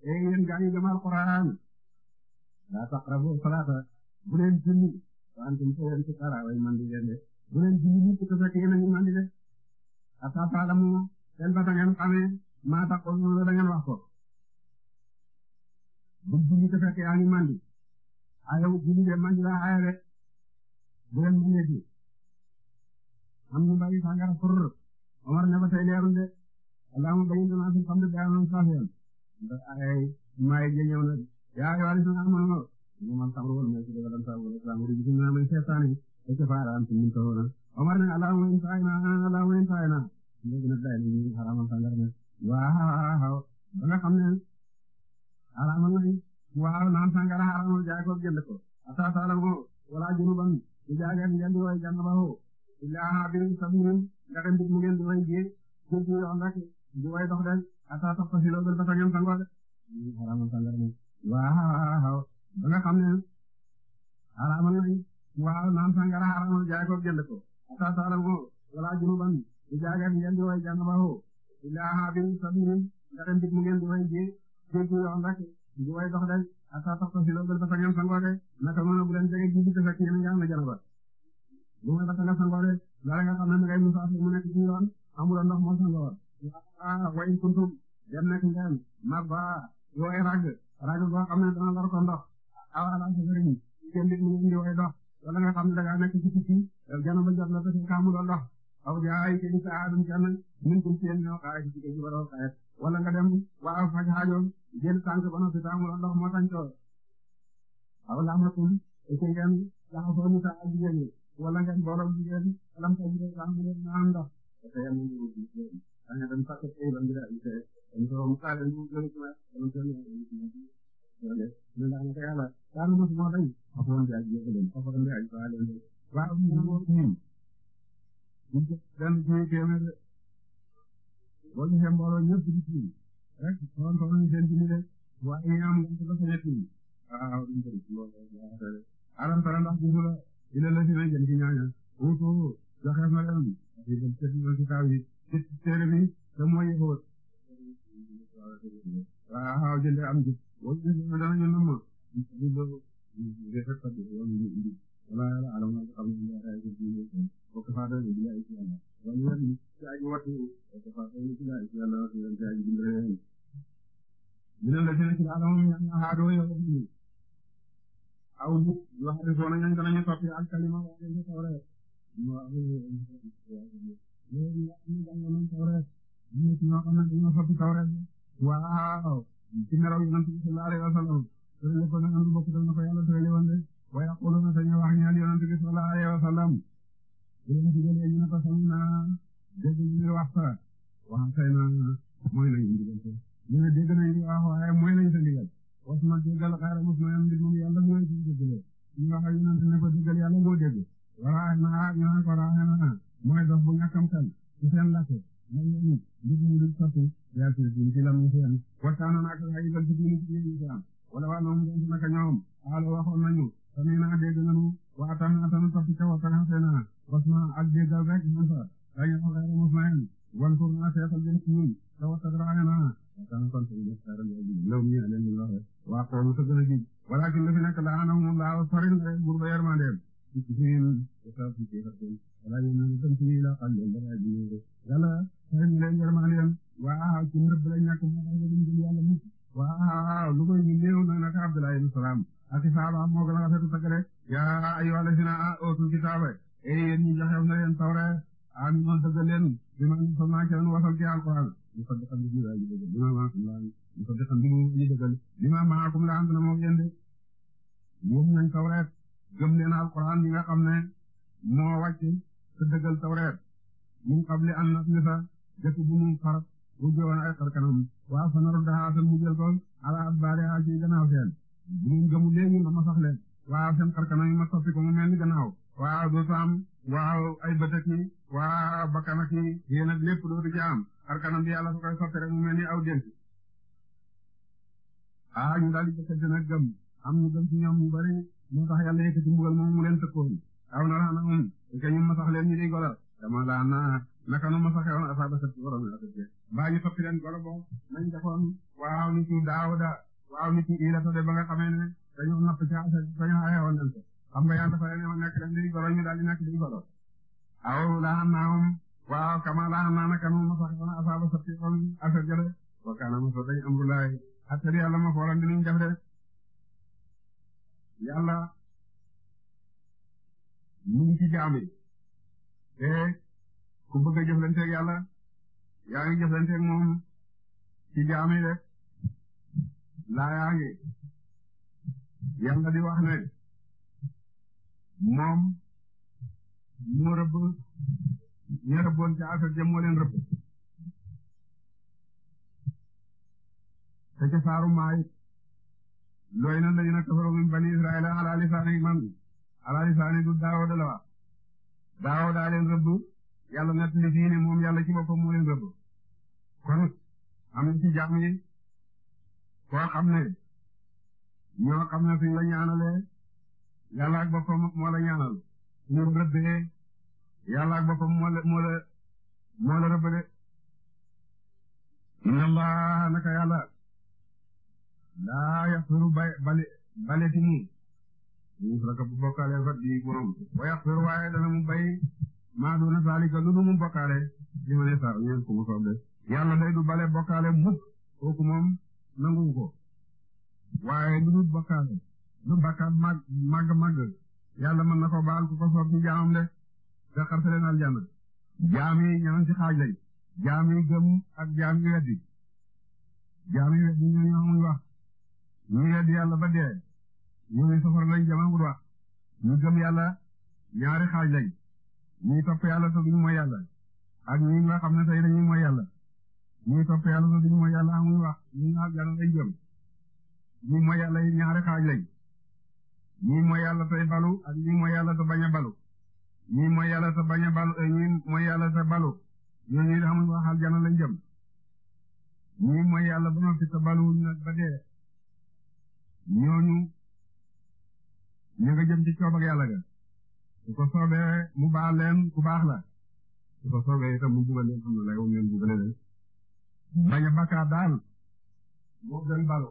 ee yéen gaa yi gëmal Qur'aan laa taqrabu salaata bu leen julli wa antum sukaraa way mandi leen de bu leen julli mu ko fekk yéen a ngi mandi de maa taquuluuna da ngeen wax ko bul julli te fekk yaa ngi mandi ayaw julli de mandi laa ayale bu leen mandi am ñu bàyyi sàngara furr Omar ne ba tey leerul de allahumma bayyin lanaa fil khamri bayaanan shaafiyan ay may ja ñëw na yaa ayyuhal laziina aamanuu innamal khamru wal maysiru wal ansaabu wal azlaamu rijsun minal amali shaytaani fajtanibuuhu la'allakum tuntahuun Omar ne allahumma in ta'aynaa allahumma in ta'aynaa léegi nag daay nañu haramal sàngara ne waaw ba nga xam ne xaraama nañ waaw naan sangara xaraama jaay ko jënd ko ata taalamu wala junuban di jaagan ngeen di way jànn ba ho illaa habirin sabinin ndaxe mbir mu ngeen di way jiyee jël ci yoon rek di way dox den ata topp si loolu ba tangeen sangoo de xaraama sangara nañ waaw ba nga xam ne xaraama nañ waaw naan sangara xaraama jaay ko jënd ko ata taalamu wala junuban di jaagan ngeen di way jànn ba ho illaa habirin sabinin ndaxe mbir mu ngeen di way jiyee géej gi yoon rek bu way dox de asaafarta si loolu dafa ñoom sangoo de naka noonu bu leen jege jiitu fekk yéen nga am na janaba bu may dafa nga sangoo de dara nga xam ne ngay musaaf mu nekk ci yoon amuloo ndox moo sangoo ah way kuntum dem nekk ngeen ma ba yooy rag rag boo xam ne dana war ko ndox awala sa sëriñ kenn nit mu ngi way dox wala nga xam ne da ngaa nekk ci tukki janaba jot la te amuloo ndox aw jaay ci sa adum kenn min kum seen ñoo xaar ci ci ko waro xaar wala nga dem waaw faj aajo jël tànk ba noppi taamu la ndox moo tàncoo aw laamakum ci ngeen laxasoo ni sa ak jigéen ñi wala ngeen booloo jigéen alam sa jigéen tànk ngeen naan ndox te yam ñu da nga dem sàkk ci lam dina ci ñu ko mu kaale ñu gëna ci ma ñu ko ñu ñu la nga yàlla daal mo mo dañ afon bi ak jigéen ko fa ngeen ay baale waaw ñu mo ñu ñu dem ci téeméer boo gisee mbooloo ñëpp di tiim rek soxna soxna seen dund de waaye ñoom ñoom dafa sañ a tiim waaw duñ koy lool lool. alam tara ndax gisu la dina la si ne jëm ci ñooñu wutu joxe ma leen di dem ci biir kitaab yi ci téere bi te mooy yëfoot waaw jënd am ji boo gisee danañu numm di di di fekk di wala alam xam وكفى ذلك بالله والذي تعجبته وكفى ذلك بالله الله تعجب بالله من الذين تعلمون أن هادوا يؤمنون aw bu waxee nañ danañu toppee ak kalima wax dëgg tawreet léegi ñu jàngaloon tawreet ñu ci ñoo xam ne dañoo soppi tawreet waaw ci meraw yonent bi sallallahu alayhi wa sallam tëral ko na andu bokk dal na ko yàlla tëral woon de wa yaquluna dañu wax ñaan yonent bi sallallahu alayhi wa sallam ñun digalee ñu ne ko sami naa dégg ñu ne wax sa wax say naa mooy nañ ndigal te ñu ne dégg na déggal xaara mos na yam di moom yàlla mooy suñu déggalee ñu wax yu nante ne ko déggal yàlla moo dégg wara ah, naa ñu ah, naan ko raaxe ah, naa mooy dox bu ñàkkam xel ci seen na yéen ndig ñu dul soppi yaa ci ñu ci lam sami'na dégg nañu wa ata'na tan topp ak déggal rek ñu fa dañu fa xayra wan kurna seetal jëm ci ñun te wa tadra'ana tan kon ci def xayra ñu law ñu leen ñu wax wa ko mu gën a jig walakin la fi nekk la anahum la farin bur ba yermandeem ci ci ñu ta ci akisaaluha moo gën a rafetu tagg de yaa ayyuhal lazina uutul kitaaba e yéen ñi joxeef na leen tawra aminoon dëggal leen bi ma so naakeen wasal ci alquran ñu ko dexal li biwaa ñu dëggal li ma maakum laa ñu ko dexal li ñu dëggal li ma maakum laa am na moom yéen de moom nañ moo wàcc te dëggal tawreet ñu an naf nisa jëkk bu ñu xar bu jëwoon ay xar kanam waa fa naru daxaa tan mu jël ko bu ngeen gëmul léegi nga ma sax leen waaw seen xarkanam yi ma soppi ko mu mel ni gannaaw waaw dootu ay bët ak yi waaw bakkan ak yi yéen ak lépp dootu ca am xarkanam bi yàlla mel ni aw dénk ah ñu daal di jëkkante am ñu gëm ci ñoom ñu bari moo mu leen tëkkoon aw na rax na moom um. ke leen ñu di golal dama laa na naka nu ma saxee woon asaba sa borom la baa ñu ni ci daaw da waaw nit ñi de ba nga xamee ne dañoo napp ca dañoo ayoon nañ ko xam nga yàlla dafa leen woon nekk dañ di golo ñu daal laa xam naa kama laa xam naa naka moom mos a xamoon asaaba sotti xol affaire jële wa kaana mos a dañ amrulaay affaire yàlla mu ngi ci jaam yi te ku bëgg a jëflanteeg yaa ngi jëflanteeg moom ci jaam laayaa ngi yàlla di wax ne moom moo rëbb ña rëbboon ca affaire ja moo leen rëbb te ca saaru maay looy na lañu na kafaru min bani israila ala lisaani man ala lisaani du daawoo la wax daawoo daa leen rëbb yàlla net li fii ne moom yàlla ci boppam moo leen rëbb kon am na ci jaam yi koo xam ne ñoo xam ne suñ la ñaanalee yàlla ak boppam moo la ñaanal ñun rëbbee yàlla ak boppam moo la moo la moo la rëbb de inna allah naka yàlla laa yaxfiru ba bale baleti nii ñu raka bu bokkaale fa di borom wa yaxfiru waaye dana mu bay maa doona saalika lu du mu bokkaale li ma ne saar ñeen ko mu soob de yàlla day du bale bokkaale mukk kooku moom nanguwu ko waaye lu dul bokkaale lu bakkaat màgg màgg màgg yàlla mën na ko baal ku ko soob ci jaamam de te xartale na aljanna jaam ñaan ci xaaj lañ jaam yi ak jaam weddi jaam yi weddi ñoo ñoo xamuñ wax ñu weddi yàlla ba dee ñooñu safara lañ jamamul wax ñu gëm yàlla ñaari xaaj lañ ñuy topp yàlla te duñu mooy yàlla ak ñi nga xam ne tey dañuy mooy yàlla muy topp yàlla sax duñu mooy yàlla amuñu wax ñu nga yàlla lay jëm ñii mooy yàlla yi ñaari xaaj lañ ñii mooy yàlla tey balu ak ñii mooy yàlla te bañ a balu ñii mooy yàlla te bañ a balu ñii mooy yàlla te balu ñooñu xamuñu wax aljana lañ ba noppi ku baax la bañ a bakkaar daal moo gën balu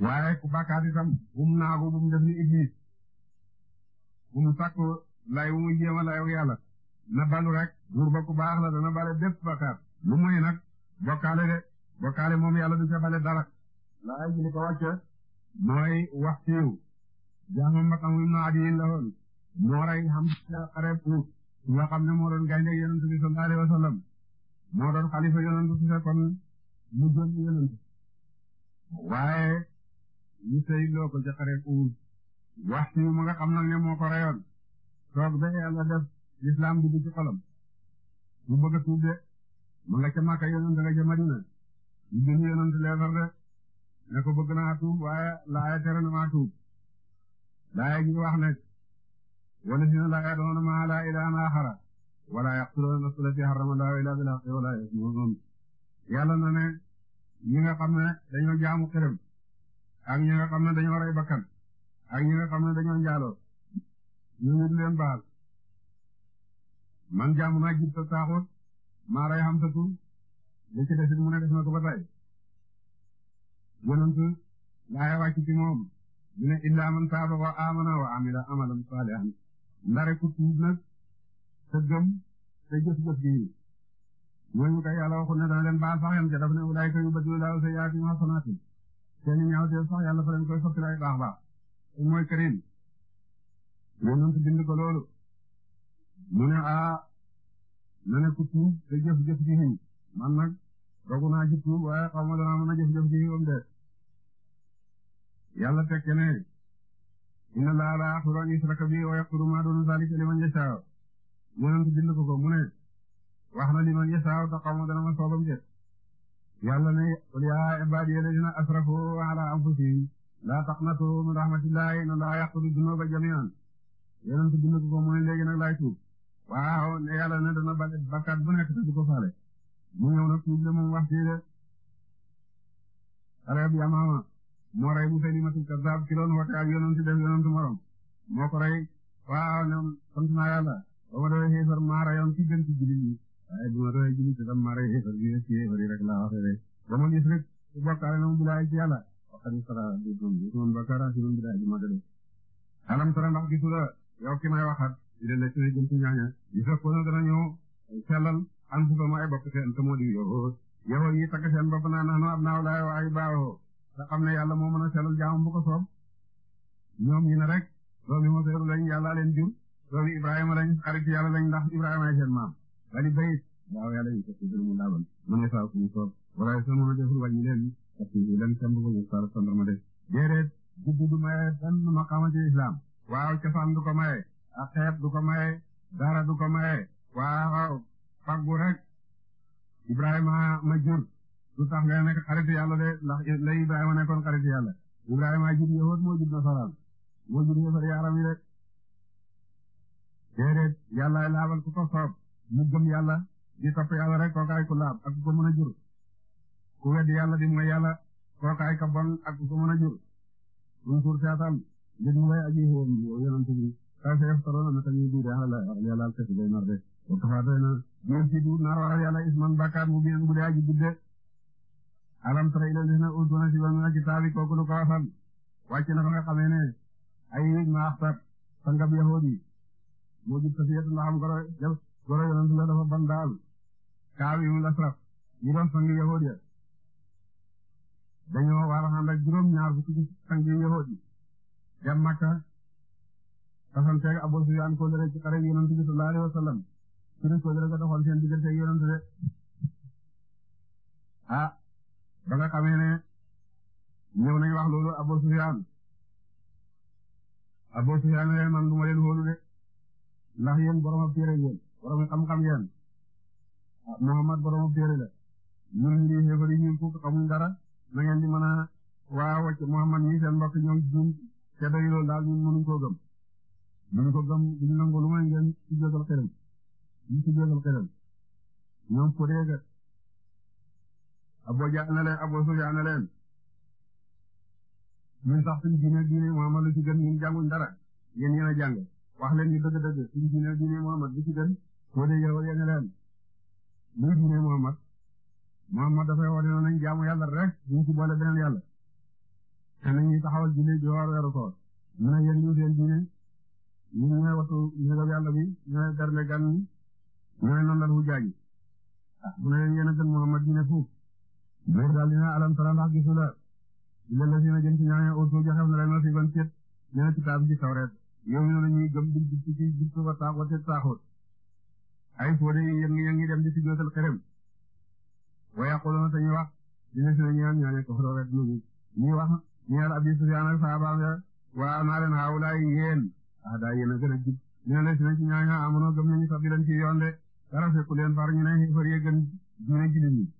waaye ku bakkaar itam bu naagu bu mu def ni iblis bu lay wu mu jéem a layu na balu rek buur ba ku baax la dana bale bépp bakkaar lu muy nag bokkaale de bokkaale moom yàlla du ca bale dara laay ji li ko wàcce mooy wax ci yow jaamam ba tam na adiyin la woon moo rey xam xare ne moo doon gaynde yonent bi sallallahu alayhi wa sallam moo doon xalifa yonent bi kon mu jël yonent waaye ñu sey loo ko ca xare mu nga xam nag moo ko reyoon toog ba yàlla def lislaam bi du mu bëgg a mu nga ca Makka yonent nga Madina ñu jël yonent leefar de ne ko bëgg naa tuub waaye laaya tere na maa tuub laaya gi wax nag wala si na laaya doona maa harrama llaahu illaa bil haqqi wala yaznuun yàlla na ne nga xam ne jaamu xërëm ak ñi nga xam ne dañoo rey bakkan ak nga xam ne dañoo njaaloo leen baal man jaamu naa jib ta maa rey xam tatu li ci desit mu ne def na ko ba tey yonent laaya wàcc ci moom ñu ne illaa man taaba wa amana wa amila amalan salihan ndare ku tuub nag te gëm te jëf-jëf ñooñu kay yàlla waxul ne dana leen baal sax yam ca daf ne wulaay ka yu badilu laahu sayyi'aatihim hasanaati seeni ñaawteef sax yàlla fa leen koy sotti lay baax baax mooy karim mais ñun bind ko loolu mu ne a na ne ku tuub te jëf-jëf ji xiw man nag dogu naa ci tuub waaye xaw ma danaa mën a jëf-jëf ji xiwam de yàlla tekke ne inna laa laa yaxfiru an yushraka bihi wa yaxfiru maa duuna zaalika liman yashaa mu ne bind ko ko mu ne wax na li man yasaaw te xaw ma ma soobam jëf yàlla ne qul yaa ibaadiya alladina asrafu ala anfusihim laa taqnatu min rahmatillahi inna allaha yaghfiru dunuba jami'an yéen si dund ko mooy léegi nag laay tuub waaw ne yàlla ne dana bale bakkaat bu nekk te du ko faale mu ñëw nag tuub la moom wax ci de xale bi amaama moo rey Musaylimatul Kazzaab ki doon woote ak yonent def yonent ko rey waaw ne sant naa yàlla ba ma defee xeefar maa reyoon ci gën waaye bu ma doon julli ci tam maa rey xéefar bi ci xéefar yi rek laa waxee rek ba ma gis rek ku bokkaale moom bilaay ci yàlla waxani sara bi moom gis moom bakkaara si moom bilaay bi ma ko def alam tara ndax gisu la yow ki may waxat ila la ci jëm ci ñaaña yi sa kono dana ñëw sellal an fu sama ay bopp seen te moo di yow yow yi tagg seen bopp naa nanu ab naaw laay waayu baawoo nga xam ne yàlla moo mën a sellal jaamam bu ko soob ñoom ñi ne rek doomi Muusaa lañ yàlla leen jur doomi Ibrahima lañ xarit yàlla lañ ndax Ibrahima ay seen maam wali bayit daaw yàlla yi kasi dinañu laabal mu ne saa kuñu soob walaay soo mën a deful wàññi leen parce que lan kenn bëgg ñu sar sandarma de déedéet gudd du maye benn maqaama ci islam waaw cosaan du ko maye ak xeet du ko maye dara du ko maye waaw faggu rek ibrahima ma jur du tax nga nekk xaritu yàlla de ndax la ibrahima nekkoon xaritu yàlla ibrahima jur yahud moo jur nasaraan moo jur yëfar yaaram yi rek déedéet yàllaay laabal ku ko soob mu gëm yàlla di topp yàlla rek kookaay ku laab ak ku ko a jur ku weddi di mooy yàlla kookaay ka ak ku ko a jur un suur seatan li mu lay aji xéwam yonent bi ka seef toroona na tañuy duude xalala yàlla du naar waral yàlla isman bakkaat mu bien bu dee aji alam tara ilal dina utuna si wàllu kitaabi kooku lu ko waxal na fa nga ay ma axtat sangab yahoodi moo jub sa si yëpp ndax am golo yonent la dafa bon daal kaaw yu lasraf ñi doon sangi yahood ya dañoo war a ànd ak juróom ñaar fukki ci sangi yahood yi dem Makka tasanteeg Abu Sufyaan ko lere ci xare yonent bi sallallahu alayhi wa sallam sunu ko borom xam-xam yéen ah, Muhammad borom téere la ñun ñu ngi xeefari ñun fukk xamuñ dara na ngeen di mën a waaw wacc Muhammad ñi seen mbokk ñoom ñun te doy loolu daal ñun mënuñ koo gëm mënuñ ko gëm duñ nangu lu may ngeen ci jógal xelam ñu ci jógal xelam ñoom ko dégg Abu Jahl na leen Abu Sufyaan na leen ñun sax suñu diine diine Muhammad lu ci gën ñun jànguñ dara yéen yéen a jàng wax leen ñu dëgg-dëgg suñu diine diine Muhammad lu ci gën moo ne yow ya ne leen luy diine Muhammad Muhammad dafay wone na nañ jaamu yàlla rek ñu ci boole beneen yàlla te nañuy taxawal julli joor weeru koor mu ne yéen ñu seen diine ñu ñooy wattu néegam yàlla bi ñooy terle gan ñi ñooy nandal hujjaaj yi ah, mu ne yéen a gën Muhammad diine fuuf bér daal dina alam tara ndax gisu la illa lazina jëm ci ñaane auto joxew na leen nasiban ci ñene kitaab ci tawreet yow ñu ne ñuy gëm di ci ci ci ba taaxoot te taaxoot ay fóode yu yëngi-yëngi dem di si ñootal xerem waya xoloona tañu wax dina sina ñëan ñoone ko foro rek nuñu ñi wax ñeel Abi Sufyaan ak sahabaam ya waa naa leen xaawulaay ah, yéen a gën a jub ñine la si na ci ñaaña amono gëm nañu ci yoon de dara far ñu ne xéefar yee gën diine jullit ñi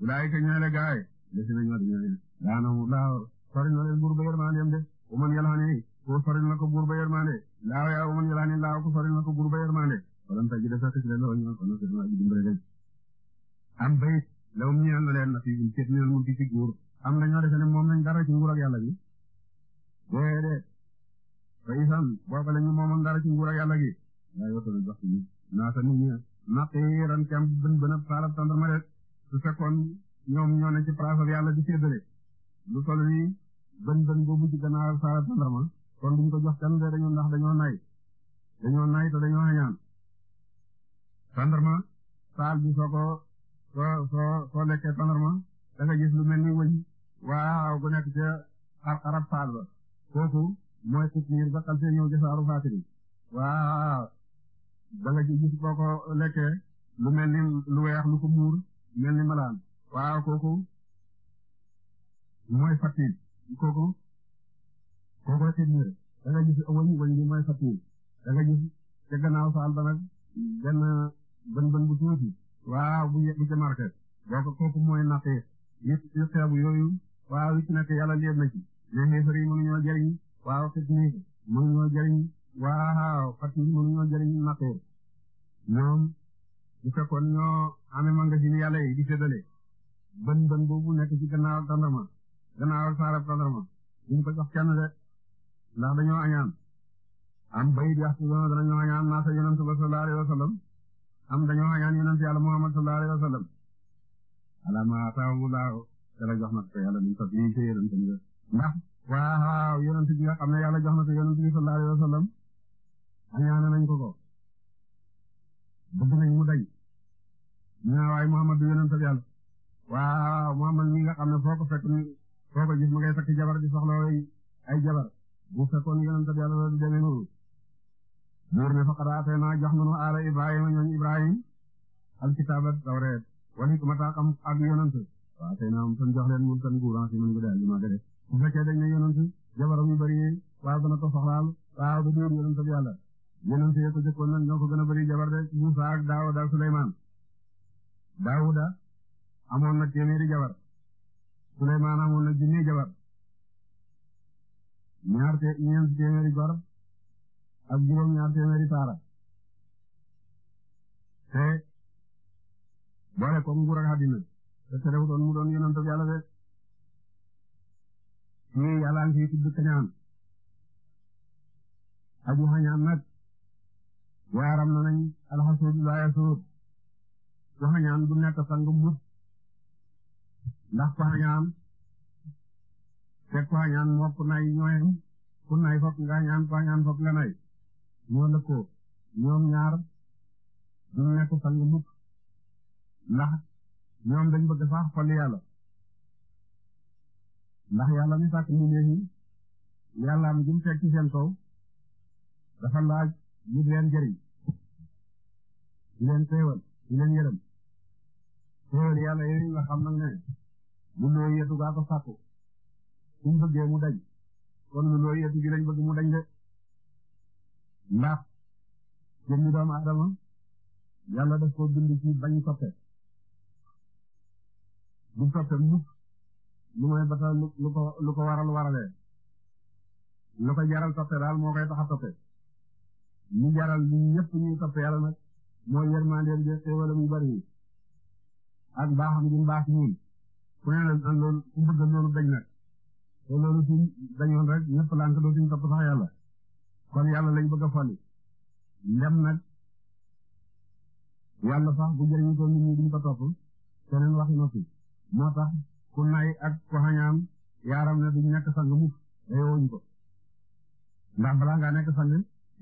wulaay ka ñoole gaay la si na ñoo di ñooñe daanam laa soriñ na leen buur ba yërmandeem de uman yalxani ko soriñ na ko buur ba yërmande laaw yaa uman yalxani laaw ko na ko walam tajida sakila lahum nasran aji dimbale leen am bayit lawum ñeel na leen nasibun cëb minal mulki ci nguur am dañoo defe ne moom lañ dara ci nguur ak yàlla gi déedéet faysan booba lañu moom ak dara ci nguur ak yàlla gi yaa yottali dox ci naata nit ñi naqiiran kem bën bën ab saalab tandarma de ñoom ñoo ne ci place ak yàlla di séddale lu toll nii bën bën boobu ci gannaaw saalab tandarma kon duñ ko jox kenn de dañu ndax dañoo nay dañoo nay te dañoo xañaan tandarma saal bi soo ko soo soo soo lekkee tandarma da nga gis lu mel ni wëñ waaw bu nekk ca arab saal ba kooku mooy xut ngir ba xal see ñëw jasaaru faatiri waaw da nga ci gis boo ko lekkee lu mel ni lu weex lu ko muur mel ni malaan waaw kooku mooy fatiit kooku kooku xut ngir da nga gis wëñ wëñ bi mooy fatiit da nga gis ca gannaaw saal ba nag benn bën-bën bu tuuti waaw bu yegg ci marqué boo kooku mooy nattee yu yu xeebu yooyu waaw yu ci nekk yàlla léeb na ci mais xeefar yi mënuñoo jëriñ waaw fekk nii mënuñoo jëriñ waaw fat yi mënuñoo jëriñ nattee ñoom bu fekkoon ñoo amee magasin yàlla yi di séddale bën-bën boobu nekk ci gannaaw tàndarma gannaaw saarab tàndarma duñ ko jox kenn dañoo añaan am bayit yàq si dana danañoo añaan naasa yonent ba sallallahu alayhi wa am dañoo añaan yonent yàlla Muhammad sallallahu alayhi wa sallam alama ataahu laahu dara jox na ko yàlla min fadli ci yonent bi ndax waaw yonent bi nga xam ne yàlla jox na ko yonent bi sallallahu alayhi wa sallam añaane nañ ko ko bëgg nañ mu dañ ñaa waay Muhammad du yonent yàlla waaw Muhammad mi nga xam ne foo ko fekk foo ko gis ma ngay takk jabar di soxla ay jabar bu fekkoon yonent yàlla la du demee noonu buur ne faqad aataynaa jox nañu aala Ibrahima ñooñu Ibrahima alkitaaba tawreet wal hikmata xam ak yonent wa aataynaa mu tan jox leen mu tan guuraan si mën gi daal li ma gëdee bu fekkee dañ ne yonent jabaram yu bëri waaw dana ko soxlaal waaw da dóor yonent bi yàlla yonent yi ko jëkkoon nag ñoo ko gën a bëri jabar de Muusaa ak Daawuda ak Suleymaan Daawuda amoon na téeméeri jabar Suleymaan amoon na junni jabar ñaar te ñeent téeméeri jabar ak juróom-ñaar téeméeri taara te boole ko nguur ak te te refu doon mu doon yonent bi yàlla de ñii yàlla ngi tudd kañaan aju xañaan nag waaram na nañ alxasuud laa yasuud ku xañaan du nekk sang mut ndax ku xañaan te nga xañaan ku xañaan nga nay moo lëkkoo ñoom ñaar duñ nekk sang mukk ndax ñoom dañ bëgg sax xol yàlla ndax yàlla mi sàkk mu neexi yàlla am jum teg ci seen kaw dafa laaj ñu di leen jëriñ di leen teewal di leen yërëm teewal yàlla yooyu nga xam nag ne lu loo yetu gaa ko sàkku suñ bëggee mu dañ ndax jëmmi doomu aadama yàlla daf ko bind ci bañ soppe bu soppe mukk lu mooy ba tax lu ko waral waralee lu jaral soppe daal moo koy tax a soppe ñu jaral ñu ñëpp ñuy soppe yàlla nag mooy yërmandeem je xéewalam yu bari yi ak baaxam gi baax ñun ku ne loolu ku bëgg te loolu suñ dañoon rek ñëpp lànk dootuñ sopp sax yàlla kon yàlla lañ bëgg a ndem nag yàlla sax bu ko nit ñi duñ topp keneen waxi na fi moo tax ku nay ak ku xañaam yaaram ne duñ nekk sang mukk ayowuñ ko ndax balaa ngaa nekk sang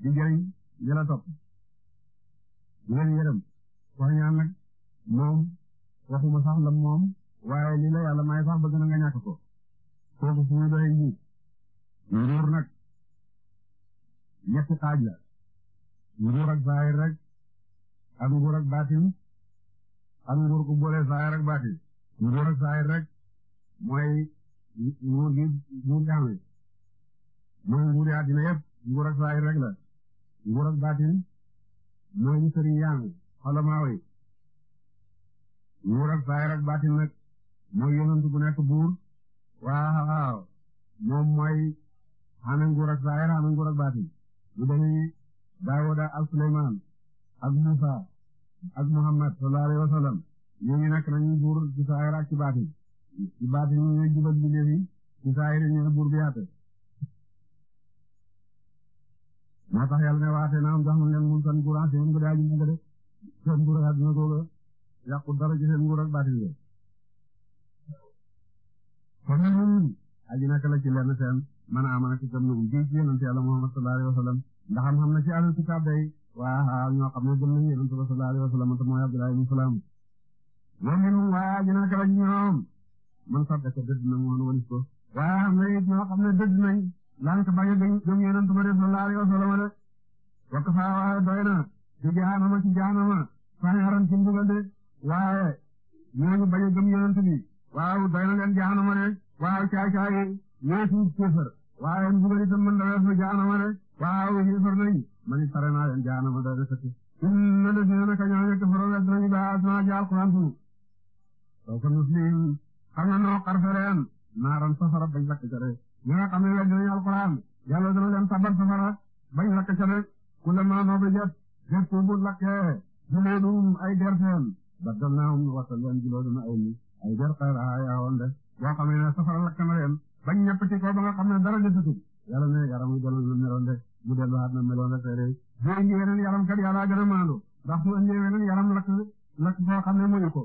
di jëriñ la topp ñu leen yërëm ku nag moom waxuma sax moom waaye lii la yàlla may sax bëgg na ko kooku fu muy doy nag ñetti xaaj la nguur ak rek ak nguur ak ak nguur gu boole zahir ak baatin nguur ak rek mooy nguur gi nguur gi amee mooy nguur rek la nguur ak baatin mooy ñu sëriñ yi amee xolamaa yi nguur ak zahir ak baatin nag mooy yonent bu nekk buur waaw waaw moom mooy xana nguur ñu demee Daawuda ak Suleymaan ak Muusaa ak Muhammad sallallahu alayhi wa sallam ñooñu nag nañu buur ci saayir ak ci baatin ci baatin ñooy jubal bi léegi ci saayir ñooy buur bi yaate moo tax ne waate na am jox mulkan nguuraan seen nguur yaa ji mu nga de seen nguur yaa dina googa yàqu dara ci seen nguur aji naka la ci lenn seen man amana ci gëm nañu bii ci yonent yàlla Muhammad sallallahu alayhi wa sallam ndax am xam na ci ahlul kitaab day waa ñoo xam ne gëm nañu yonent ba sallallahu alayhi wa sallam te mooy Abdullah ibn Salam wa minhum waaye dina kala ci ñoom man sax dëkk dëdd na moon walis ko waaye am na it ñoo xam ne dëdd nañ lank bañ a gëm yonent ba de sallallahu alayhi wa sallam de wakk faa waaye doy na ci jahanama ci jahanama fañaran ci mbugal de waaye ñooñu bañ a gëm yonent bi waaw doy na leen jahanama de waaw caay caay ñoo fi kéefër waaye bu bari itam mën dawee fa jaanama de waaw kéefër nañu man it pare naa leen jaanama da de sëkk inna lasina kañooña kafaroo wedd nañu ba asna jaal quran sunu soo ko muslim xam na noo xarfereen naaran safara bañ lakk ca de ñi nga xam ne wedd nañu alquran yàlla dana leen tabar safara bañ lakk ca de kullama nabijat jëpp bu lakkee juluudum ay derteen baddalnaahum wasal leen juluudum ay ni ay der xayrahaa yaawoon de boo xam ne safara lakk na leen bañ ñappati ko ba nga xam ne dara desatul yàlla ne yaram yu delloo lu meloon de mu delluwaat na meloon de feere boo indi weneen yaram kat yàlla gën a maandu ndax mu indi weneen yaram lakk lakk foo xam ne muñu ko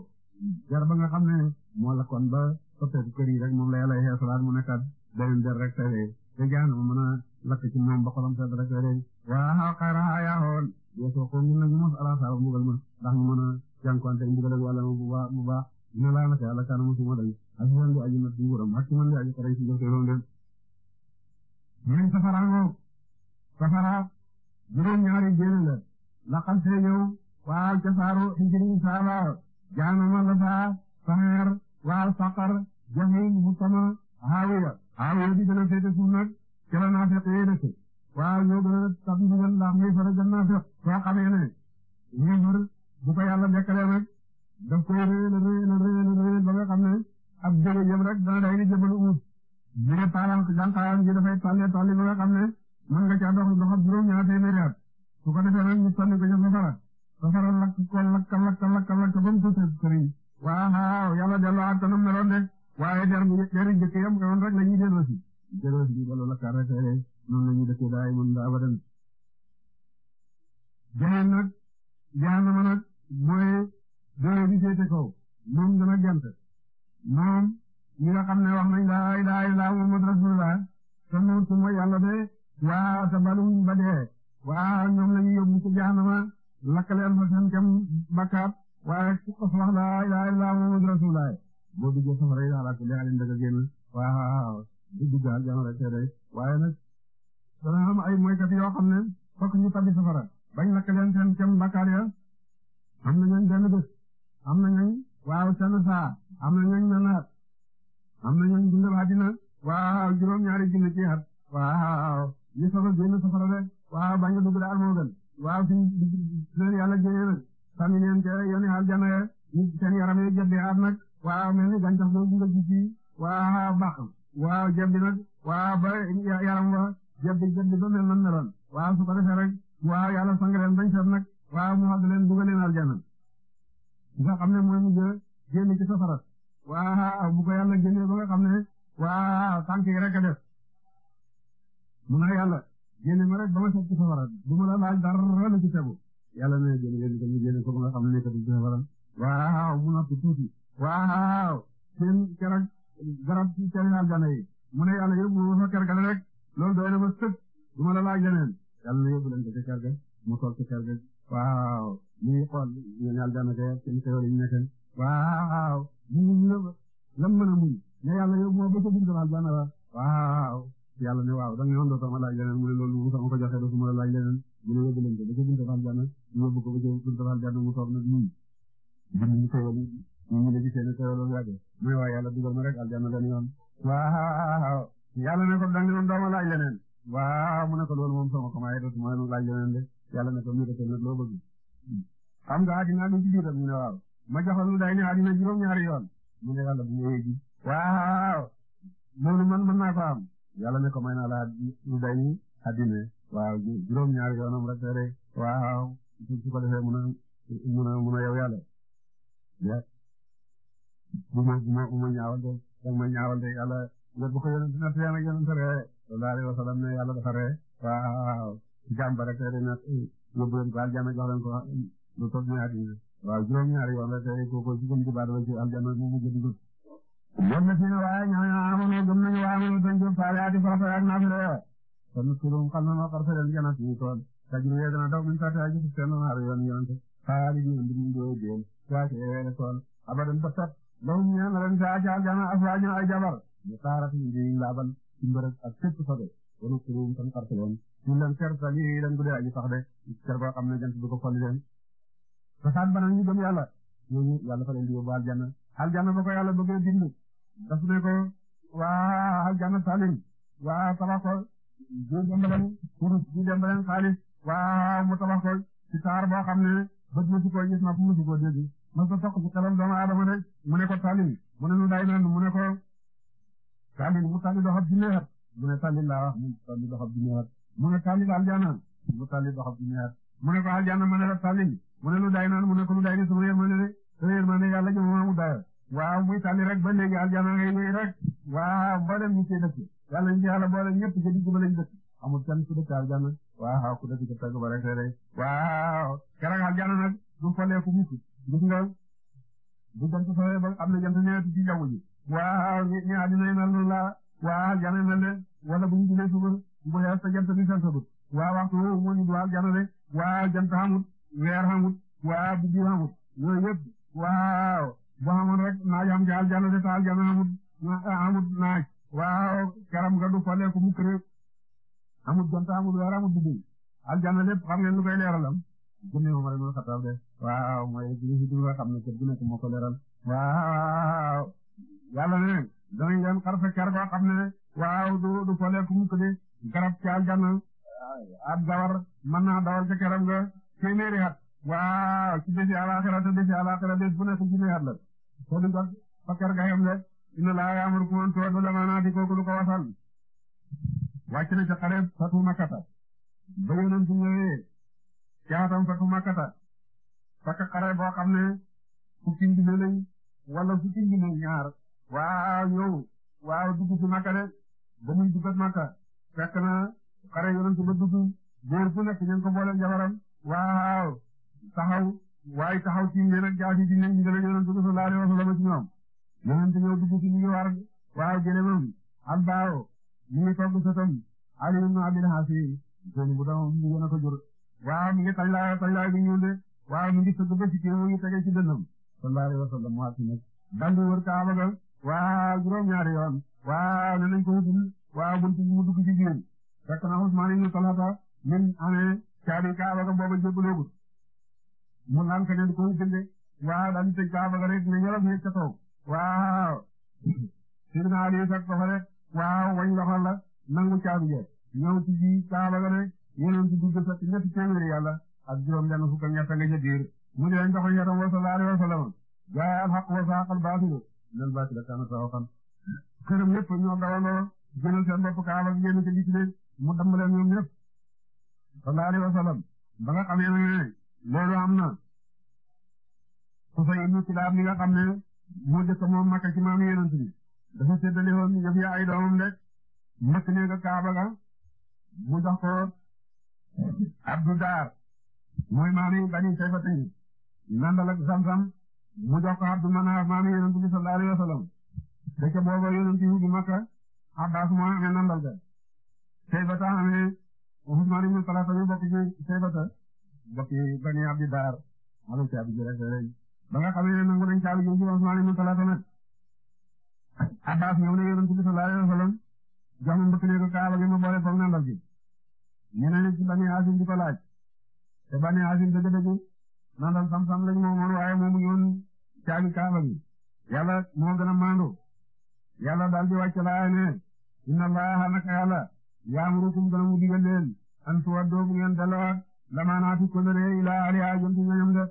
jar ba nga xam ne moo lakkoon ba soppeeku kër yi rek moom la yàlla yeesalaat mu nekkat beneen der rek feere te jaan mu mën a lakk ci moom ba xolam sedd rek feere waa xaw xayra yaa xool yeesoo ko ñu nañu mos ala saaba mbugal ma ndax ñu mën a jànkonte mbugal ak wàlla bu baax bu baax ñu laa naka yàlla kaana musuma dañ ak man di aji mat ci nguuram ak man di aji xarañ ci jëfteeloon dem ñooy safara ngoo safara juróom ñaari jéen la la xam see ñëw waaw ca saaru xijiri saaba jaanama la faa saxeer waaw saqar jaxin mutama haawiya haawiya di gën a féete suuf nag ca la naafeq yee dëkk waaw ñoo gën a tab ndigal ndax muy fara jëm naafeq soo xamee ne yéefar bu ko yàlla dekkalee nag daf koy réel réel réel réel ba nga xam ne ab jërëjëf rek dana day ni jëbalu uut ñu ne paalam jànqaayam ji dafay tollee tolli ba nga xam ne mën nga caa dox doxal juróom-ñaar téeméeri at su ko defee nag ñu tolli ko ca safara safara lakk ko lakk lakk lakk lakk ba mu tuuti sëriñ waaw yàlla delloo ak tanum meloon de waaye der bu deri njëkk yam woon rek la ñuy delloosi delloosi bi baloo lakkaar rek rek noonu la ñuy dëkkee daay mun daa abadan jaxeen nag jaxeen na ma nag mooy doole bi féete kaw moom dana gent moom ñi nga xam ne wax nañ laa ilaaha illallaah muhammadu rasuulullaah te moom su ma yàlla de waa tabalum ba dee waa ñoom la ñu yóbbu ci jahannama lakkaleen fa kem bakkaat waaye ku ko wax laa ilaaha illallaah muhammadu rasuulullaah boo duggee safara yi daal ak li alim daga génn waaw di dugg aljana rek de waaye nag dana am ay moykat yoo xam ne fokk ñu tabbi safara bañ lakkaleen seen kem bakkaat ya am na ñooñ benn bés am na ñooñ waaw seen saa am na ñooñu mel na am na ñooñu dundal àddina waaw juróom-ñaari junni ci at waaw ñu soog a génn safara de waaw bañ a dugg daal moo gën waaw aljana ñu seen yaram yi jëndee at nag waaw gàncax wa jëndi jëndi nan meloon waaw su ko defee rek waaw yàlla sang leen mu àgg leen dugal leen aljana nga xam ne mooy mujj génn ci waaw bu ko yàlla génnee ba nga xam ne waaw tànk yi rek a ne génne ko nga xam ne nekkatul ci safara waaw mu noppi tuuti waaw seen keroog garab ci cari aljana yi ne yàlla yóbbu fa kër ga rek loolu doy na ma sëkk du ma la laaj leneen yàlla ne yóbbu leen ko ca kër ga mu toog ca kër ga waaw ngi xool mu muñ la lam mën a muñ ne yàlla yow moo ba sa buntu aljanna la waaw yàlla ne waaw da nga yoon dootoo ma laaj leneen mu ne loolu mu sama ko joxe dootu ma laaj leneen mu ne yóbbu leen ko ba sa buntu aljanna ñu yóbbu ko ba sa buntu aljanna mu toog nag muñ ñu koy wàllu ñu ñu ne gisee ne koy wàllu yàgg mooy waaye yàlla dugal ma rek aljanna benn yoon waaw yàlla ne ko da nga yoon doo ma laaj leneen waaw mu ne ko loolu moom sama ko maay dootu ma laaj leneen de yàlla ne ko ñu defee nag loo bëgg xam nga àddina lu ci jiital ñu ne waaw ma joxoon lu day ne àddina juróom-ñaari yoon mu ne yàlla bu ñu yegg waaw loolu man mën naa ko am yàlla ne ko may naa la lu day ni àddina waaw juróom-ñaari yoonam rek rek waaw su ko defee mun a mun a mun a yow yàlla ya bu ma bu ma bu ma ñaawal de dag ma ñaawal de yàlla nga bu ko yonent na tiyaan ak yonent ree sallallahu alayhi wa sallam ne yàlla dafa ree waaw jàmba rek rek na yóbbu leen ko aljana jox leen ko lu toog ne àddina waaw juróom-ñaari yoon la tey kooku ci gën di baal la ci aljanna bi mu gën dugg. yoon la seen waaye ñooñu amoon gëm nañu waaye amoon dañu jëm faale ati farafara ak naafila. kon nag su doon xam na ma ko folli leen saxaat ba nag ñu gëm yàlla ñooñu yàlla fa leen di yóbbu aljanna aljanna ba ko yàlla bëggee bind daf ne ko waa aljanna salim waa tabax ko du dembaleen kurus du dembaleen xaalis waa mu tabax ko ci taar boo xam ne bët na si ko gis na fu mu si ko dégg ma sa toq ci xelam doomu aadama rek mu ne ko salim mu ne nu day nan mu ne ko salim mu tali doxab junneer mu ne salim laa wax mu tali doxab junneer mu ne salim aljanna mu tali doxab junneer mu ne ko aljanna ma ne la salim mu ne lu day noonu mu ne ko lu day ni sama yërmande de sama yërmande yàlla jëm maamu dayo waaw muy tànni rek ba léegi aljana ngay wéy rek waaw mboolem ñu ci dëkk yàlla ñu ci yàlla boole ñëpp ci digg ba lañ dëkk amul kenn ku dëkk aljana waaw ku dëkk ci tàgg ba rek rek waaw keroog aljana nag du foleeku mukk gis nga bu jant soxee ba am na jant ñëwati ci jaww ji waaw ñi àddina yi mel noonu la waaw aljana mel ne wala bu ñu jëlee suba bu xees sa jant bi seen sa bët waaw waxtu woowu moo ñu du aljana de waaw jant amut weer xamut waa biddiw xamut yooyu yëpp waaw bu xamoon rek naaj am ci aljanna te aljanna xamut xamut naaj waaw karam nga du faleeku mukk rek xamut jant xamut weer xamut biddiw aljanna lépp xam ngeen lu koy leeralam jëmee Umar ibn Xattaab de waaw mooy jëmee si nga xam ne kër gu nekk moo ko leeral waaw yàlla ne danañ leen xarfe ker koo xam ne waaw du du faleeku mukk de garab ci aljanna ab gawar mën naa dawal ca karam nga téeméeri at waaw ci bési alaxira te bési alaxira bés bu nekk la soo du got fakkar ga yam rek inna laa ya'murukum an tu'addu l-amaanaati kooku lu ko wasal wàcc na ca xare fatu makkata ba yonent ñëwee jaatam fatu makkata fakk xare boo xam ne fukki junni lañ wala fukki junni ñaar waaw ñëw waaw dugg ci makka de ba muy duggat makka fekk na xare yonent ba dugg góor fu nekk ñu ko booleel waa taxaw waaye taxaw ci ngeen ak jaasi di leen ngeen ak yonent bi sallallahu alayhi wa sallam ci ñoom yonent ñoo dugg ci li baaw mi ngi togg sotam Ali ibn Abi Haasi seen bu doom mu gën a ko jur waaw mi ngi tallaa tallaa bi ñuul de waaw mi ngi sëgg ba ci kii mu ngi tege ci waa ci nag dandu wër Kaaba ga waaw juróom-ñaari yoon waaw ne ko wutul waaw buntu mu dugg ci jiw fekk na Usmaan ibn Talha min amee caabi kaaba ga booba jébbaloogut mu naan keneen ko jënde waaw dañu tëj kaaba ga rek ne ñorof yëg ca kaw waaw Seydina Ali fekk ko fa rek waaw wañ loxo la nangu caabi ja ñëw ci ji kaaba ga rek yeneen ci dugg sa ñetti téeméeri yàlla ak juróom benn fukk ak ñett nga ca biir mu dee ndox yatam wa sallallahu alayhi wa sallam jaay al haqq wa saaq al baatil lal baatil kaana sawaaqan këram yëpp ñoo dawandoo jëlal seen bopp kaaba génn ca gis sallallahu alayhi wa sallam ba nga loolu am na Sufay ibn Kilaab mi nga xam ne moo dëkk moom Makka ci maam yonent ay doomam rek mbëkk ga mu jox ko Abdu Daar mooy Bani Sayfata yi nandal ak Zamzam mu jox ko Abdu Manaaf maami yonent bi sallallahu alayhi wa sallam dëkk booba yonent yi di Makka Abbaas moo amee Usmaan ibn Talha ñu bokk ci Saybata bokk ci Bani Abdi Daar ala ci Abdi Daar ba nga xamee ne nangu nañ caabi ji ci Usmaan ibn Talha nag Abbaas ñëw ma mbëkk néegu Kaaba gi ma boole foog nandal gi ñu ne ci Bani Haasim di ko laaj te Bani Haasim dëgg-dëgg nandal sam-sam lañ moomoon waaye moomu caabi Kaaba gi yàlla gën a maandu yàlla daal di laa ne inna Allaha naka yàlla yaamurukum dana mu digal leen an tuwaddoo bu ngeen dalawaat lamaanaati kóllëre ilaa ahlihaa jëm ci ñoñam de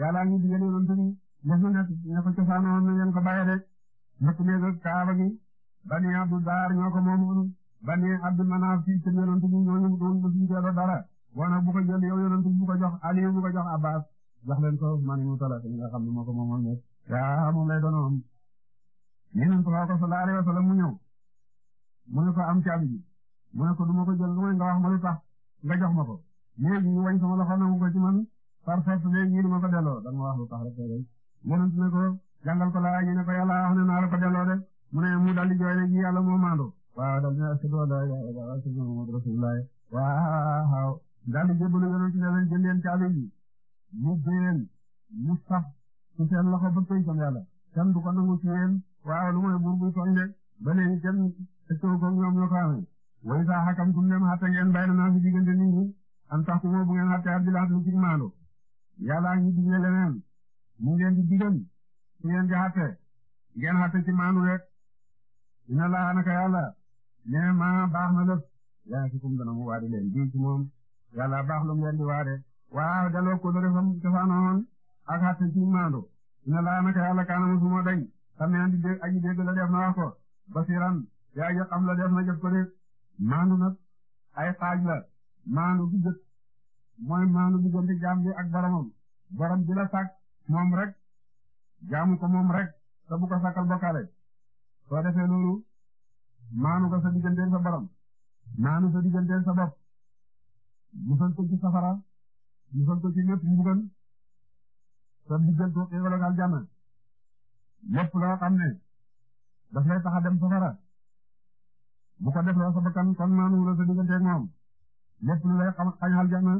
yàlla ngi digal yonent bi ñëf na ña na ngeen ko bàyyi de ñëpp bani Abdu Daar ñoo ko bani Abdu Manaaf fii ci yonent bi ñooñu doon ba fii dara dara wana bu ko jël yow yonent bi bu jox Ali bu ko jox Abbas jox leen ko mu tala nga xam ne moo ko moomoon de yaa moom lay doon am yonent mu ñëw mu ne ko am mu ne ko du ma ko jël lu may nga wax ma lu tax nga jox ma ko léegi ñu wañ sama loxo nangu ko ci man par force léegi ñu ne ma ko delloo da nga wax lu tax rek tey yonent ne ko jàngal ko laa ñu ne ko yàlla wax ne naa la ko delloo de mu ne mu daldi jooy rek yàlla moo maandu waaw dal dina ashhadu an laa ilaaha illallaah wa ashhadu anna muhammadan rasuulullaah waaw daldi jébbalu yonent ne leen jël leen caabi yi mu jëleen mu sax ci seen loxo ba tey sam yàlla kenn du ko nangu ci yéen waaw lu mooy buur buy tooñ de ba léegi kenn tëccoo ko ñoom ñoo ko amee way saa xakam tum dem xatte na naa si diggante nit ñi an tax ku moo bu ngeen xatte ab di laat lu ci maandu yàlla ñu digle leneen mu ngeen di digal su ngeen di xatte ngeen xatte ci maandu rek ina laa naka ne ma baax yaa si kum dana mu waadi moom yàlla baax lu mu leen di waade waaw daloo ko dore fam cosaanoon ina laa naka yàlla kaanamu suma dañ xam aji dégg la def na wax ko basiran yaa jox am la def na jëf ko maandu nag ay xaaj la maandu bi mooy maandu diggante jaam bi ak boromam borom bi la sàkk moom rek jaamu ko moom rek te bu ko sàkkal bokkaale soo defee loolu maanu ko sa digganteel sa maanu sa digganteel sa musal ko safara musal ko ci ñëpp mbugal sa diggante xéewal ak aljanna lépp loo xam ne daf lay tax a dem safara bu ko defloo sa bakkan kon maanu la sa digganteeg moom lépp lu lay xam xañ aljanna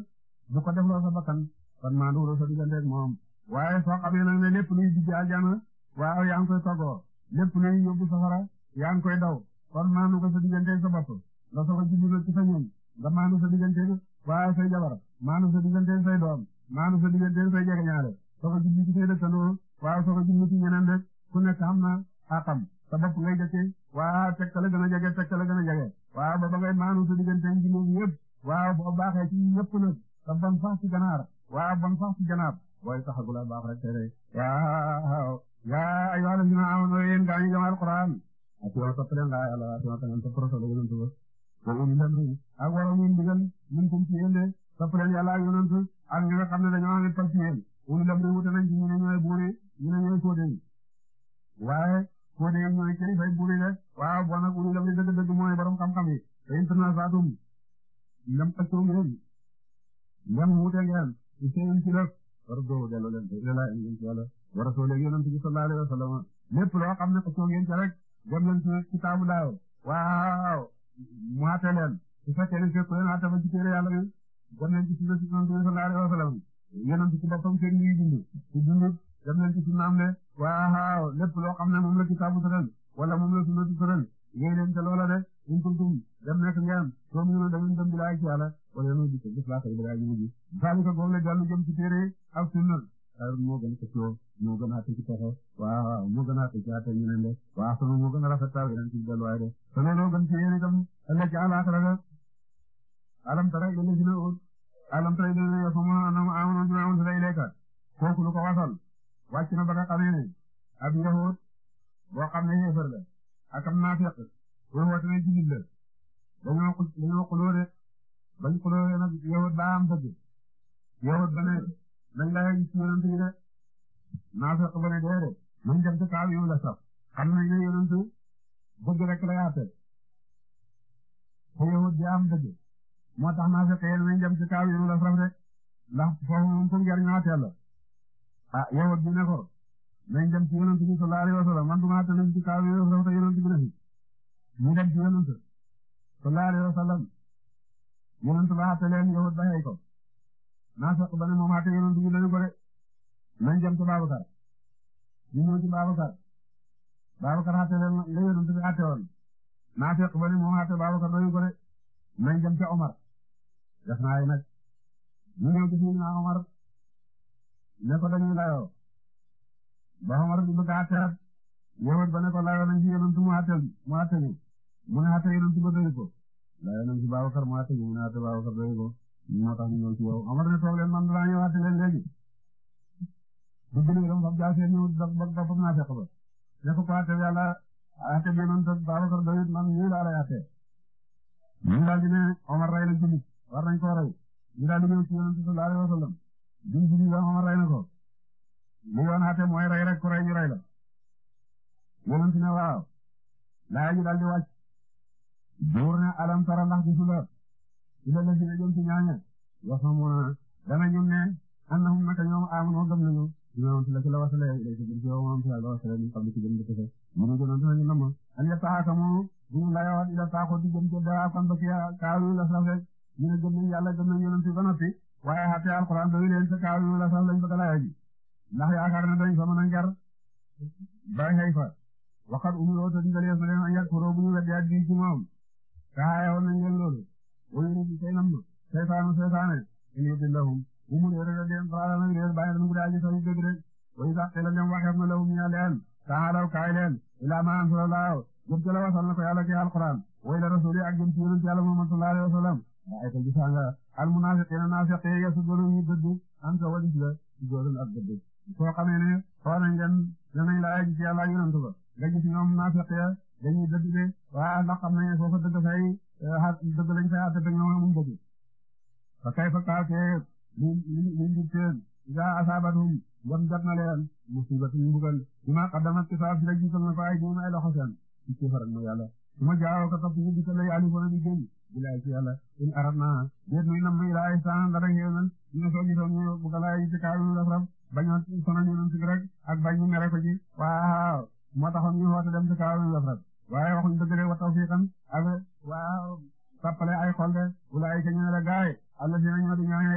bu ko defloo sa bakkan kon maanu la sa digganteeg moom waaye soo xamee nag ne lépp luy dijj aljanna waaw yaa ngi koy togoo lépp luy yóbbu safara yaa ngi koy daw kon maanu ko sa digganteeg sa bopp nga soog a julli na ci sa ñoñ nga maanu sa digganteeg waaye say jabar maanu sa digganteeg say doom maanu sa digganteeg say jegeñaale soog a julli ci say dëkkandoo waaye soog a julli ci ñeneen rek ku nekk am na àqam sa bopp ngay jëkkee waaw teg ka la gën a jege teg ka la gën a jege waaw ba ngay maanu sa diggante ji moom yëpp waaw boo baaxee ci ñëpp nag sa bon sax ci ganaar waaw bon sax ci ganaar booy taxagula baax rek tere waaw yaa ayyuhal lazina aamanu yéen gaa ñu jëmal Qur'an ak yow soppaleen laa yàlla ak yow tamit soppal sa bëgg nañ ko moom itam ak yàlla ak moo ne ñooy kilifay buuri de waaw boo nag ulul amri dëgg dëgg mooy borom xam-xam yi te in tanaza'tum ndem xëccoo ngeen ndem wuute ngeen ci seen ci def war doo delloo leen ilalaa ngeen ci yàlla wa rasul ak yonent bi sallallahu alayhi wa sallam lépp loo xam ne xëccoo ngeen ci rek dem leen ci kitaabu laaw waaw mu àtte leen su fekkee ne fekk leen àtte fa ci téere yàlla bi dem leen ci sunna sallallahu alayhi wa sallam yonent ci boppam seen ñuy dund ci dund dem leen ci sunnaam de waaw lépp loo xam ne moom la kitaabu tëral wala moom la sunnatu tëral yéen leen te loola de in kuntum dem nekk ngeen soo mu ñu dañu dem bilaay ci yàlla wala yéen a ngi gis laa koy bilaay ñu mujj zaalika googu la jàll jëm ci téere ak sunna xayr moo gën a tëjoo moo gën a tëj pexe waaw moo gën a tëj ate ñu leen de waaw sama moo gën a rafet taw yéen ci delluwaay de te loolu gën ci yéen itam ëllëg ci àllaaxira ga alam tara ila lazina ut alam tara ila lazina yafhamuna annahum amanu bima unzila ilayka kooku lu ko wasal wàcc na ba nga xamee ne ab yahuud boo xam ne yéefar la ak am naafiq boo woote ne jullit la dañoo dañoo xulóore bañ xulóore nag yahuud ba am dëgg yahuud ba ne nañ laa gis yonent yi de naafiq ba ne déedéet nañ dem ci kaaw yu la sax xam nañ ne yonent te yahuud bi am dëgg moo tax naafiq yéen nañ dem ci kaaw yu la sax rek ndax foofu moom fu njariñoo teel ah yow bi ko nañ dem ci yonent bi sallallahu alayhi wa sallam man duma tane ci kaw yow te bi ne fi mu dem ci yonent wa sallam yonent ba àtte leen yow ba xëy ko naa sax ba ne moom bi dañu ko de nañ dem ci Babacar ñu ñëw ci Babacar Babacar leen la yonent bi àtte woon naa ko de nañ dem ci Omar def naa yi nag ñu ñëw ci ne ko dañuy layoo ba Omar di bëgg a àtteekat yowat ba ne ko layoo nañ ci yonent mu àtteel mu àtteel mu ne àtte yonent ba doy ko layoo nañ ci Baabakar mu àtteel mu ne àtte Baabakar doy ko moo tax ñu ñëw ci yow Omar ne toog leen man danaa ñëw àtte leen léegi bu gën a yoroon fab jaasee ñëw daf ba fab naa fekk ba ne ko ko àtte yàlla àtte yonent Baabakar doyut man ñëw laa lay àtte ñu daal di ne Omar rey na jullit war nañ koo rey ñu daal di ñëw ci yonent sallallahu alayhi wa sallam biñ ci biir waxoon rey na ko li yoon xate mooy rey rek ku rey ñu rey la yonent ne waaw laaya ji daldi wàcc buur ne alam tara ndax gisula ci la lesi na jëm ci ñaaña wax ma muna dana ñun ne annahum naka ñoom aamanoo gëm nañu ñoom ci la ci la wasale ilayka jëm ci yow moom ci la wasale min qabli ci jëm dëkk sa ñu ne gënoon nañu nama an yattaxakamu bu ñu layoon ila taaxut di jëm ci dara kon ba ci kaaw yu la sax rek ñu ne gëm nañu yàlla gëm nañu yonent ba noppi waaye xattee alxuraan doy leen sa kaaw yu la sax lañ bëgg a laaj ndax yaakaar na a waxat umuroo ta dindalees na leen a njar koroo bu ñu weddi ak bii ci moom kaaya woon nañ leen loolu wayuru ci say in yudillahum umuree rek a dem faala nag réer bàyyi dañ gudaa ji sañu dëgg la dem waxeef na lahum kaay leen ilaa ma ansala laaw jëm ci la wasal na ko yàlla ki rasuuli ak jëm ci yonent yàlla Muhammad sallallahu alayhi wa sallam almunaafiqiina naafiq yasudduuna ñu dëddu an sa walis la joolen ak dëdd soo xamee ne xoo nañ leen danañ la aji ci yàlla yonent ba nga gis ñoom naafiq de waaye ndax xam nañ foofa dëgg fay eh, dëgg lañ fay àtte da ñoom amuñ dëgg fa kayfa kaatee li li jub teen idaa asaabathum ngam jot na leen musibatun mbugal bima qaddamat kitaab na ko ay diim ay loxo seen ci faral ma yàlla su ma jaawoo ko topp ñu di ko ilaa ci yàlla in arab naa déet nuy nam ilaa ihsaan dara xéewal ñu soo gisoon ñu bu galaa yi ci kaayu daf rab bañoon sonal ñu doon ci rek ak bañ ñu mere ko ci waaw moo taxoon ñu dem ci kaayu daf rab waaye waxuñ dëgg de wa tawfiqan ak waaw tappale ay xol de ulaa ka ñu la gaay alla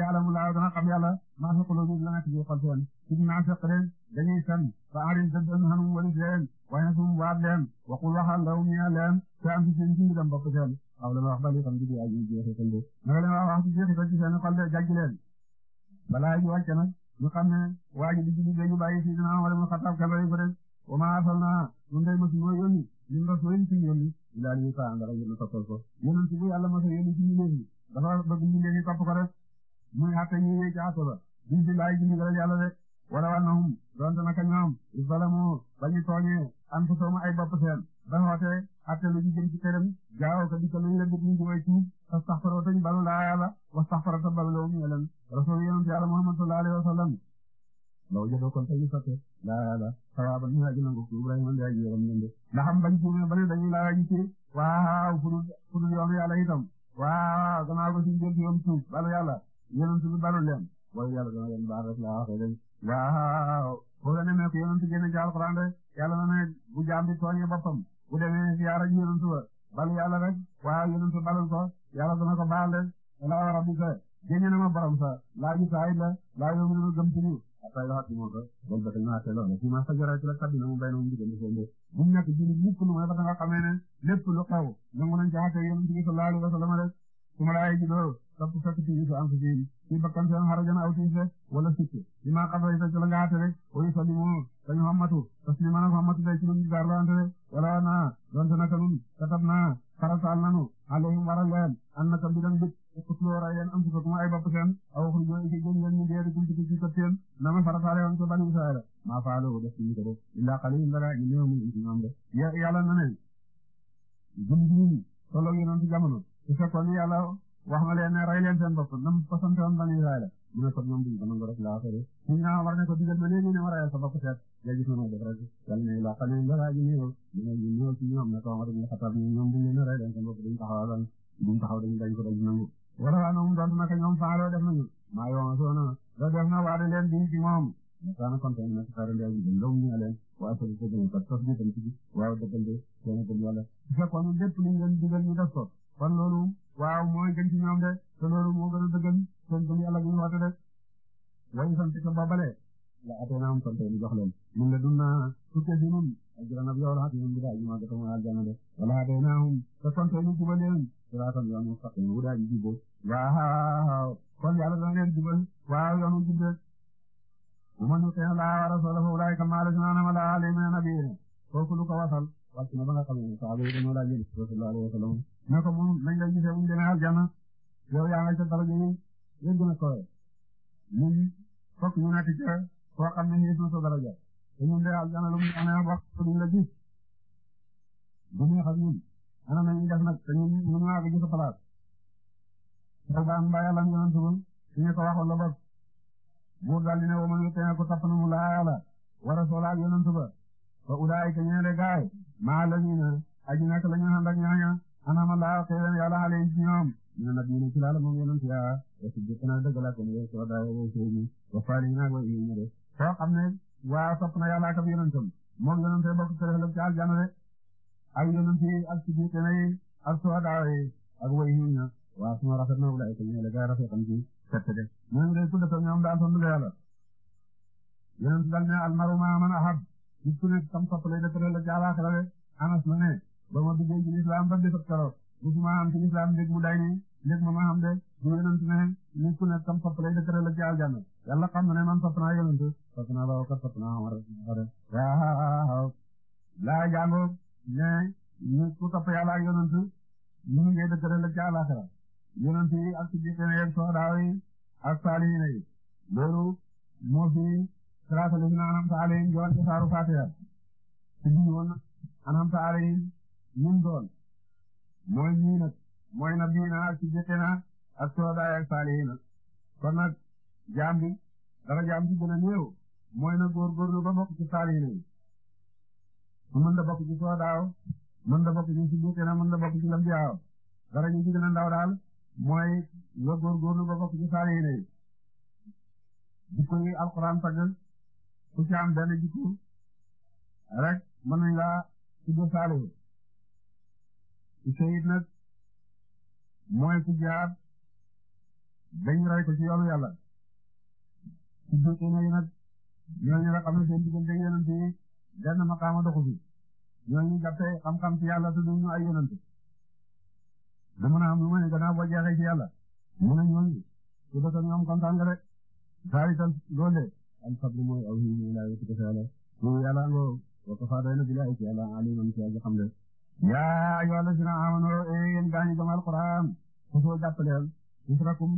yàlla mu laaw dana xam yàlla maa fi xulóo bi la nekk ci xol seen suñu naafiq leen dañuy fen fa arin te dan leen waaye na waat leen waxul waxal law ñeel leen te am ci waaw dama wax bali tam di aji jeexital bi naka la ma wax ci jeexital ci seen xol de jàjj leen balaa ji wàcc nag ñu xam ne waa ji di julli dañu bàyyi si dina wala mu xataab kabari ko de wa ma arsalna ñun day mosu ñoo yónni ñun rasulin ci yónni ilaa li sa andara ñu toppal ko yónni ci bu yàlla mos a yónni ci ñu leen dafa bëgg ñu leen topp ko rek muy xatte ñu yee ci asaba duñ ci laay ci ndigal yàlla rek wala wannahum donte naka ñoom isbalamu bañu tooñee anfusahum ay bopp seen ba xoote atte lu jëm ci këram gaaw ko dikkal luñ la bëgg ñu jógee ci tastaxfaro tañ balu laa yàlla wastaxfara ta balu lawu ñu leen rasul yonent yàlla Muhammad sallallahu alayhi wa sallam law jëfoo kon tañu sotte laa yàlla sawaban ñu aji nangu ko Ibrahima ndi aji yoram ñende ndax am bañ tuumee ba ne dañuy laa aji ci waaw fudul fudul yoonu yàlla itam waaw gannaaw ko suñu jël ci yoon tuub balu yàlla yonent bi balu leen walu yàlla dana leen baal rek laa waxee dañ waaw foo ga ne mee ko yonent génn ci alxuraan rek yàlla na ne bu jaam bi tooñee boppam bu demee ziyaara ji yonent ba bal yàlla rek waaw yonent balal ko yàlla dana ko baal de laa rabbi sa génne na ma borom sa laa ñu saa yi la laa yow ñu gëm ci ñu après yoo xam ne moom sax loolu dafay naa seetloo mais souvent sa jaraay ci la kàddu na mu béy na mu diggante seen bés bu mu nekk jullit mukk lu mooy ba nga xamee ne lépp lu xew nangu nañ ci xatte yonent bi sallallahu alayhi wa sallam rek su ma laay ji doo topp sa ci ñu am ci ci bakkan seen xarajan aw tiise wala sikki li ma xasay sa ci la nga xatte rek wayu salimu dañu fa matu parce que maanaam fa matu day ci ñoom ñu gaar la ante wala naa donte naka nun katab naa farataal nanu alayhim waral leen an naka bi dan bit usloo ray leen am sukkum ay bopp seen aw xul ñoo ci gën leen ñu dee dugum ci ci seen nama farataale woon ko bani israël maa faaloo def ñu ko def illa qalil dara ñu ñëw mu ci ñoom de yàlla na ne gum gum tolloog yonent jamono su fekkoon yàlla wax na leen ne ray leen seen bopp nam fasantoon bani israël mu ne ko moom bii dama ko def laa xëy na ñaa war na ko digal ba léegi ne war a sa bopp seet nga gis moom def rek yal na laa xam ne dara ji néew dina ji néew ci ñoom ne ko war ñu xatar ni ñoom buñ leen rey dañ seen bopp dañ taxaw dañ buñ taxaw dañ dañ ko dañ nangu wala waa noom doon naka ñoom faaloo def nañu maa yoon soo na da def na waade leen di ci moom nakaana kontaan na xaaral leen di ndom ñu leen waa sa ko dañ ko tos ñu tam ci waaw dëggante seen ko yàlla fekkoon lépp lu ngeen digal ñu def ko kon loolu waaw mooy gën ci ñoom de te loolu moo gën a dëggal seen jëm yàlla gi ñu woote rek waaye sant ko babale la atee naa am sant ñu jox leen min la dunna tukkee si ñun ajranab yow laa ñun bidaa ji màgg tamu aljana de wala atee naa am te sant ñu jubal leen siraatan yoon mustaqim wu daa ji jubbo waaw kon yàlla dana leen jubal waaw yoonu jub rek bu ma nutee laa wa rasulahu ulaayka maa lasnaa nama laa alayhi mina nabiyyin kooku lu ko wasal wàcc na ba nga xam ne saxaaba yi dañoo laaj yéen sallallahu alayhi wa sallam ne ko moom nañ la gisee bu ñu demee aljana yow yaa nga ca daraja yi leen gën a kawe ñun fokk ñu nekk ca koo xam ne ñu daraja te ñun de aljana lu mu amee wax duñ la gis bu ñu xam ñun ana nañu def nag te ñun ñu mën a gis sa place. loolu daan bàyyi àll ak yoon suba suñu la bopp buur daal di ne wa man yuti'i llaaha wa rasuulahu yoon suba fa aji nak lañu ànd ak ñaaña anama laa xéewal yàlla alayhi ñoom na nag ñu ne ci laala moom yonent yaa si jëkk naa dëgg laa ko ne soo daa yow sëy bi wa faali naa ko yi ñu de soo xam ne waa sopp na yàlla ak yonentam moom yonente bokk kërëlëg ci aljana de ak yonent yi ak si jëkk na yi ak soo daa yi ak way yi na waa suma rafet na wulaay ko ñu la gaa rafet am ci sett de ñooñu de ku dëkk ñoom daal sant la yàlla yonent dal ne almaru ma man ahab nit ku nekk tam sopp lay dëkk la ci àllaaxira de anas na ne ba ma duggee ci islam ba defat keroog musuma xam ci lislaam dégg mu day ne dégg ma ma xam de mu yonent ne nit ku nekk tam sopp lay dëkkëral ak ci aljanna yàlla xam na ne man sopp naa yonent sopp naa Abubakar sopp naa Umar waaw laa jàngoo ne nit ku topp yàlla ak yonent ñu ngi ngay dëkkëral ak ci alaxira yonent yi ak siddiqiin yi soxdaaw yi ak saalihiin yi loolu moo fi salaatu lazina an'amta alayhim joon ci saaru Faatiha ci biir woon an'amta alayhim ñun doon mooy ñii nag mooy na bii na ak na ak soodaay ak saalihi na kon jaam bi dara jaam bi gën a néew mooy na góorgóorlu ba bokk ci saalihi na yi mën da bokk ci soodaaw mën da bokk na mën da bokk ci lambiyaaw dara ñu ci gën mooy nga góorgóorlu ba bokk ci saalihi na yi jikko yi ku ci am benn jikko rek mën nañ laa tudd saalihi shahid nag mooy ku jaar dañ ray ko ci yoonu yàlla ci jiite nag nag ñooñu nga xam ne seen diggante yonent yi benn maqaama doxu fi ñooñu jàppee xam-xam ci yàlla te duñu ay yonent du mën a am lu ma ne gannaaw boo jeexee ci yàlla mu ne ñooñu su dee ñoom kontaan nga de saarital loole al sabr mooy aw himu ilaa yëkkati yàlla yàlla ngoo wa kafaa doy na bilaahi ci yàlla aliman ci aji xam de yaa ayyuhal lazina amanu yéen gaañu gëm alquran ku soo jàppaleel israkum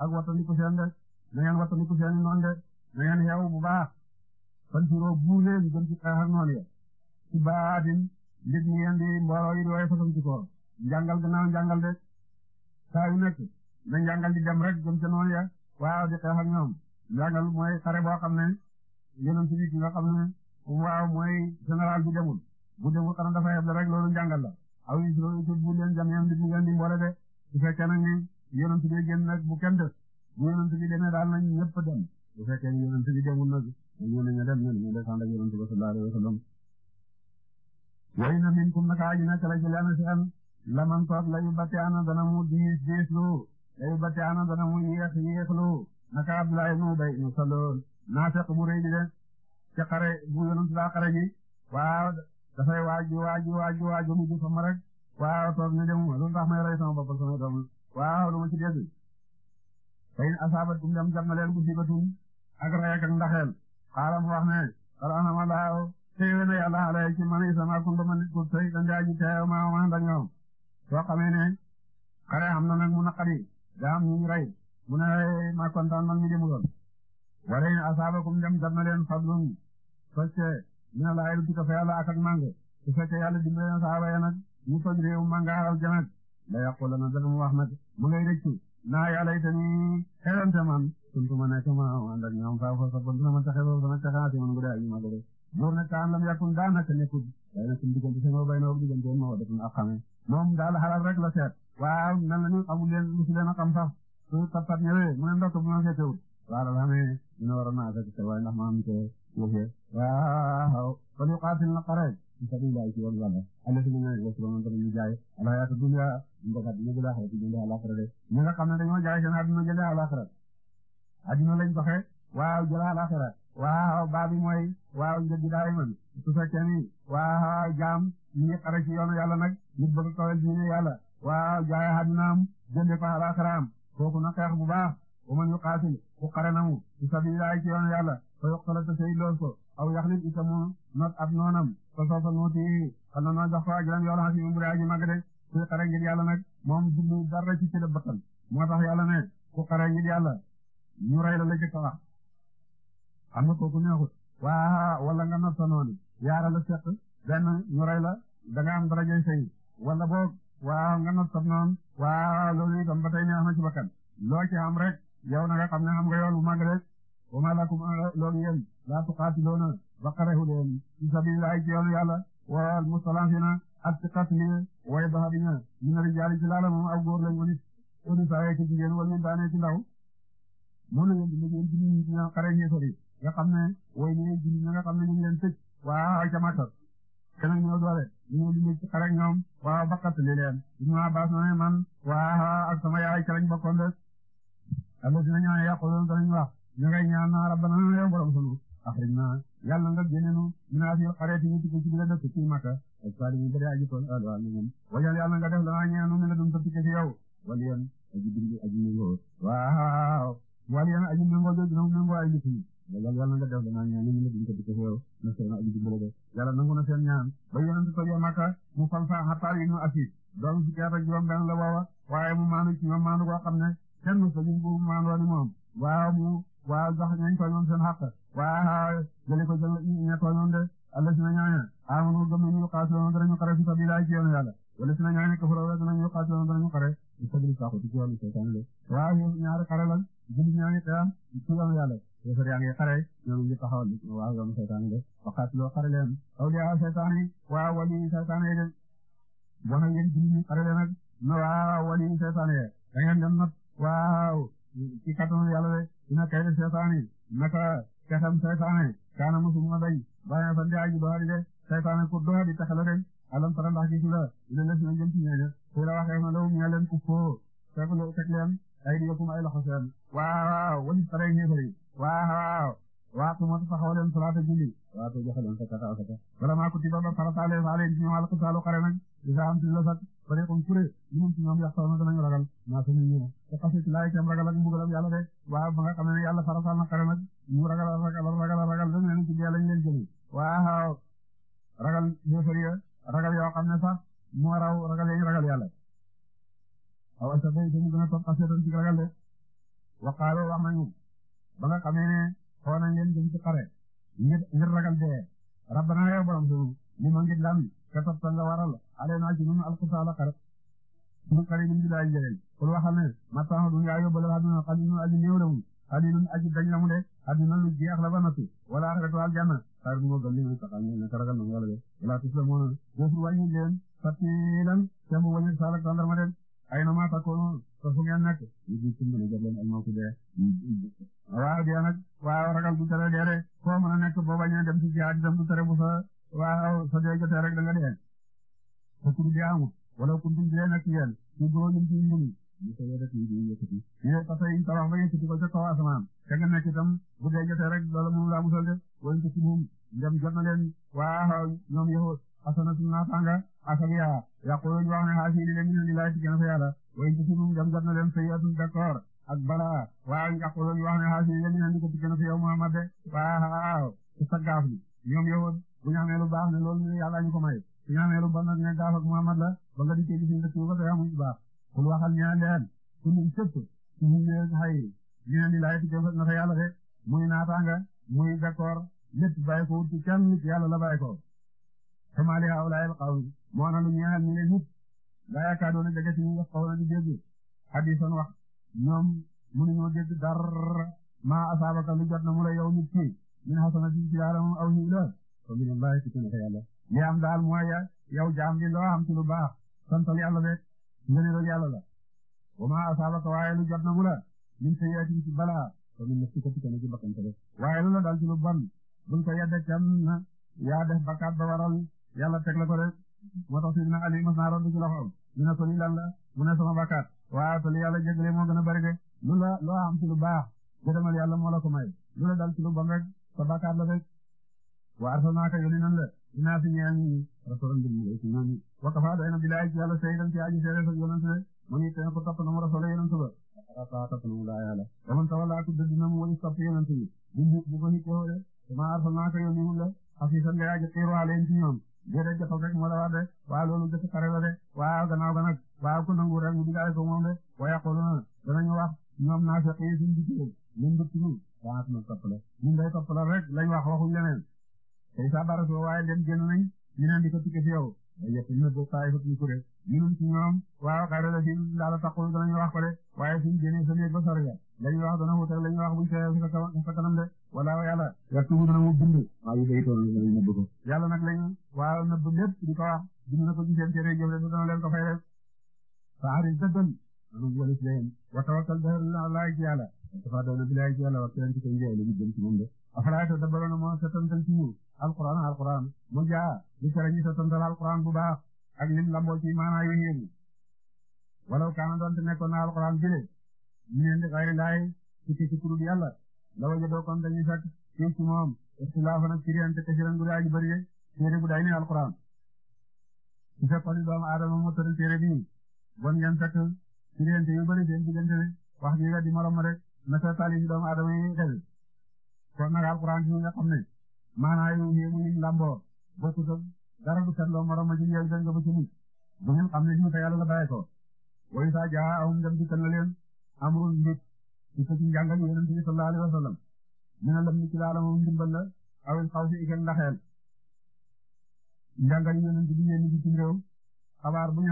ak wattandiku seen de na ngeen wattandiku seen noon de na ngeen yeewu bu baax fan suuroo buuleen jëm ci xeex ak noon ya ci baatin nit ñi yeen di mbooloo yi di way fasam ci ko njàngal gannaaw de saa yu nekk na njàngal di dem rek jëm ca noon ya waaw di xeex ak ñoom njàngal mooy xare boo xam ne yonent bi nga xam ne waaw mooy général bi demul bu dee waxtaan dafa yeble rek loolu njàngal la aw yi loolu ci bu leen jàmm di ngeen di mboole de su fekkee nag ni yonent bi génn nag bu kenn des bu yonent bi demee daal nañ ñëpp dem bu fekkee ni yonent bi demul nag ñu ne ñu dem ñu ne ñu sànq yonent bi sallallahu alayhi wasallam way na minkum naka aji na kala jëlaana si an laman toog layu batte ana dana mu diis diis lu layu batte ana dana mu yéex yéex lu naka Abdoulaye nu day nu saloon naa fekk bu rëy di de ci xare bu yonent laa xare ji waaw dafay waaju waaju waaju waaju mu gisuma rek waaw toog na demuma loolu tax may rey sama bopp sama doom waaw lu ma ci dégg fayin asaabat tum dem jam na leen musibatum ak rey ak ndaxeel xaaral mu wax ne xaranama laaw teewe na yàlla alay ci man isama kumba man nit ku tey dan daaji teew maa ma ndax ñoom soo xamee ne xare am na nag mu naqari daa am ñu rey mu ne ma kontaan man mi demuloon warayin asaabakum dem jam na leen fadlum socce ñu ne laay dugg fa yàlla ak ak mango su fekkee yàlla dimbali na saaba ya nag ñu toj réew manga aw janag la yaqulana dana ma sa bon dina ma taxe ba sama taxaati man bu dee aji ma dara góor nag kaan lam yàkkun daa naka nekkul day na suñu diggante seen bay na wog diggante ma wa defuñ ak xamee moom daal xalaat rek la seet waaw nan la ñu amul leen lu si leen a xam sax su tappat ñëwee mu ne ndokk bu ma fekkewul te yëfee waaw kon yuqaatil na xare ci sabilillahi ci yoonu Yàlla allati ñu ne yasrun dara ñu jaay alhayaatu dunya ndagat ñu jëlee xare ci jëlee alaxira de ñi nga xam ne dañoo jaay seen àdduna jëlee alaxira àdduna lañ doxee waaw jëlee alaxira waaw baa bi mooy waaw njëg daay man su fekkee ni waaw jaam ñi xare ci yoonu Yàlla nag nit bëgg kawel diine Yàlla waaw jaay àddunaam jëndee fa alaxiraam kooku na xeex bu baax wa man yuqaatil ku xare namu ci sabilillahi ci yoonu Yàlla fa yuqtala te sey lool aw yaxlib itam not ab noonam fa soofa nuuti xana noo jox ko ajuran yool xasim bu dee aji mag de kuy xare ngir yàlla nag moom jublu dara ci cëlëb bakkan moo tax yàlla ne ku xare ngir yàlla ñu rey la la jëkk a wax xam nga kooku neexut waa wala nga not sa noonu yaara la seq benn ñu la da darajay sëy wala boog waaw nga not sa noonu waa loolu itam ba tey neex na ci bakkan loo ci am rek yow na nga xam ne xam nga yoon wa ma lakum loolu yéen laa tuqaatiluuna ba xarehu leen fi sabilillahi ci yoonu yàlla wal mustalafiina ak ci xas ni way bahabina mina rijaali ci laala moom aw góor lañ walis la ngeen di liggéey ci nit ñi xare ñeesori nga xam ne way ni julli ñi nga xam ne ñu ngi leen tëj waaw ca Makka keneen ba xas li leen Abbaas na ne man waaw ak sama yaay ca lañ bokkoon de allasina ñoo yàqu loolu danañ wax ñu ngay ñaan naa rabbana yow axrijnaa yàlla nga génne nu minaa fi xareeti ñu tukkee ci bi la def ci Makka ak saali ñu bëri aji tool alwaa ñu ñun wajal yàlla nga def lanaa ñeenu mi la dum ta tukkee ci yow waliyan aji dindi aji méngoo waaw waliyan aji nga def lanaa ñeenu mi la dum ta tukkee ci yow na seen aji dimbale de yàlla nangu na seen ñaan ba yonente tojee Makka mu fal fa xataa yi ñu asib doom fukki at ak juróom benn la booba waaye mu maanu ci ñoom maanu koo xam ne kenn musta waaw jox ñañ tooñoon seen xàq waaw jële ko jël ña tooñoon de alla si na ñooña amanu gëm nañu xaasloona danañu xare fi sabilillah ci yoonu yàlla wala si na ñooña kafaroo danañu xaasloona danañu xare fi sabili saxu ci yoonu seytaan de waaw ñu ñaari xare lan jullit ñaa ngi xeexam ci yoonu yàlla yéefar yaa ngi xare ñoom ngi taxawal waaw yoonu seytaan de waxaatloo xare leen awliya seytaan yi waaw wali seytaan yi de bona yéen jullit ñi xare leen ak no waaw wali seytaan yi da ngeen dem nag waaw ci kattanu yàlla de ina kayda seytaane naka kesam seytaane kaana musuma dañ baya sande aji dohadi de seytaane ko dohadi taxala de alam tara ndax gisu la ina lesna jëm ci ñeene xiila waxee na law ña leen ku foo teglo teg leen ay diyakum ay loxo seen waaw walis tare xéefari waaw waa ku mot taxaw leen salaata julli waaw to joxe leen sa kata sa kata wala maa kutiba ba farataale faale ñu alqitaalu xare nag li nga am ci la sax bareekom kuré ñu mum ci ñoom yax tawna danañ ragal naa ta ñu ñëw te xasit laay tam ragal ak mbugalam yàlla de waaw ba nga xam ne yàlla faratal na xare nag ñu ragal ragal ragal ragal ba mel ni ci dee lañ leen jëli waaw ragal yéefariya ragal yoo xam ne sax moo raw ragal yañ ragal yàlla awa sa day dañu gën a topp xasetan ci ragal de waqaalo wax nañu ba nga xamee ne xoo nañ leen jëm ci xare ngir ragal dee rabbana yow borom sunu li ma ngir lam te toppal la waral ale naa ci ñun alxuraan la xar suñu xale ñu ngi daal jëlee waxal ne mattaaxu dunya yóbbale àdduna xalilun aji néew la mu aji dañ la mu de àdduna lu jeex la ba noppi wala axiratu aljanna xar du ma gën li ñu taxal ñu ne karagal na wala de wala tus la moona gofu wàññi leen fatilan saalak tandarma ay na maa takkoon nekk ñu ci mën a jot leen al mawtu de waaw dee nag a waa soo dee jotee rek da nga dee te ku dee amul wala ku dee nag yéen ñu juróomi ci ñun. ñu koy def ñu ngi yëkkati. ñu ne parce que ñu tabax ba yëkkati ko ca kaw asamaan. te nga dee jotee rek loolu moom laa musal de wala ñu ci moom ndem jot na leen waaw ñoom yow asana suñu naataanga asabiya yaqulu ñu wax ne xaasi li leen ñu ne laaj ci gën a fa yàlla wala ñu ci moom ndem jot na leen sayyatun ak balaa waaw yaqulu ñu wax ne xaasi li leen ñu ne li ko ci gën a fa yow Muhammad de waaw sa bu ñu lu baax ne loolu ñu yàlla ko may bu ñu lu bon nag ne gaaf ak Muhammad la ba nga di ci gis nga ci ba tey amuñu baax kon waxal ñaan leen ku ñu sëpp ci ñu ne xay ñu ne ni laay ci jëf na fa yàlla de muy naataanga muy d'accord lépp bàyyi ko ci kenn nit yàlla la bàyyi ko sama li hawlaay alqawm moo na lu ñaan ni ne nit la yaakaar doon daga ci ñu wax xawla di dégg hadisan wax ñoom mënuñoo dégg dara ma asaabaka lu jot na mu la yow nit ki min hasanati ci yàlla moom aw wa min allah ci tënk yàlla li am daal mooy yow jaam bi loo am ci lu baax santal yàlla rek ngëneelu yàlla la wa ma asaabaka waaye lu jot na mu la min sayyi'atin ci balaa wa min nafsika ci tënk ci bakkan rek waaye lu la dal ci lu bon buñ ko yedde cam na yaa def bakkaat ba waral yàlla teg la ko rek moo tax sidina Ali mas naa roon ci loxoom ñu ne ko li lan la mu ne sama bakkaat waaw te li yàlla jégale moo gën a bari de lu la loo am ci lu baax gërëmal yàlla moo la ko may lu la dal ci lu bon rek sa bakkaat la rek wa arsalnaaka yónni nan la dinaa fi ñaan ñi rasulan bi mu ci ñaan wa kafa doy na bilaay ci yàlla sayyidan ci aji seede sa yonent ne mu ngi tene ko topp na mu rasula yonent ba ata topp na mu laa yàlla daman tawalaatu dëdd na mu walis topp yonent bi bu bu ko hiccoo de ma arsalnaaka yónni wul la afiisan nga yaaji xiiru aleen ci ñoom déedéet jàppal rek moo la war de waaw loolu dëkk xare la de waaw gannaaw ga nag waaw ku nangu rek ñu digaale ko moom de wa yaquluna danañu wax ñoom naafiq yi suñu dikkee ñun dëkk ñu daanaka topp la ñun day topp la rek lañ wax waxuñ leneen tey saa baara soo waaye dem génn nañ ñu naan di ko tukkee si yow yëpp ñu ne boobu saa yëpp ñu kuréel ñun ci ñoom waaw xayma la si laala taxul danañu wax ko de waaye suñ génnee sa néeg ba sori la lañu wax dana wutal lañu wax buñ see sa kanam de wala yàlla yartubu dana mu bind maa ngi day toll lañu nëbb ko yàlla nag lañu waaw nëbb lépp di ko wax bind na ko ci seen téere jëf de dana leen ko fay def faari dëggal anu walis leen wa tawakkal dara laay ci yàlla dafa doon bi laay ci yàlla wax ci leen ci ko njëriñ li jëm ci moom de afalaa ta dabaroona moo sa tantal ci ñu alquran alquran mu jaa li ca ñu sa tontal alquran bu baax ak lim lamboo ci maanaa yu yéen wala kaana doon te nekkoon na alquran jëlee ñu laay ci ci kurub yàlla la waja doo kon dañuy sakk ci ci moom ixtilaafa nag kiriyante kasiran gu daaji bëri ye téere gu day ne alquran ci sa xoli doomu aadama mu tëral téere bi bon ngeen sakk kiriyante yu bëri seen diggante ne wax ji nga di morom rek naka tali si doomu aadama yi xel kon nag alquran maanaa yu yéemu yi lamboo bokkut ak dara du seetloo morom a ji yel nga ba ci nit bu ngeen xam ne ñu te la bàyyi ko way saa jaa ahum dem dikkal na leen amrul mbit ci sa ci njàngal yonent bi sallallahu alayhi wa sallam ñu ne lam ni ci laala moom ndimbal la awil xaw si ikan ndaxeel njàngal yonent bi yéen bu ñu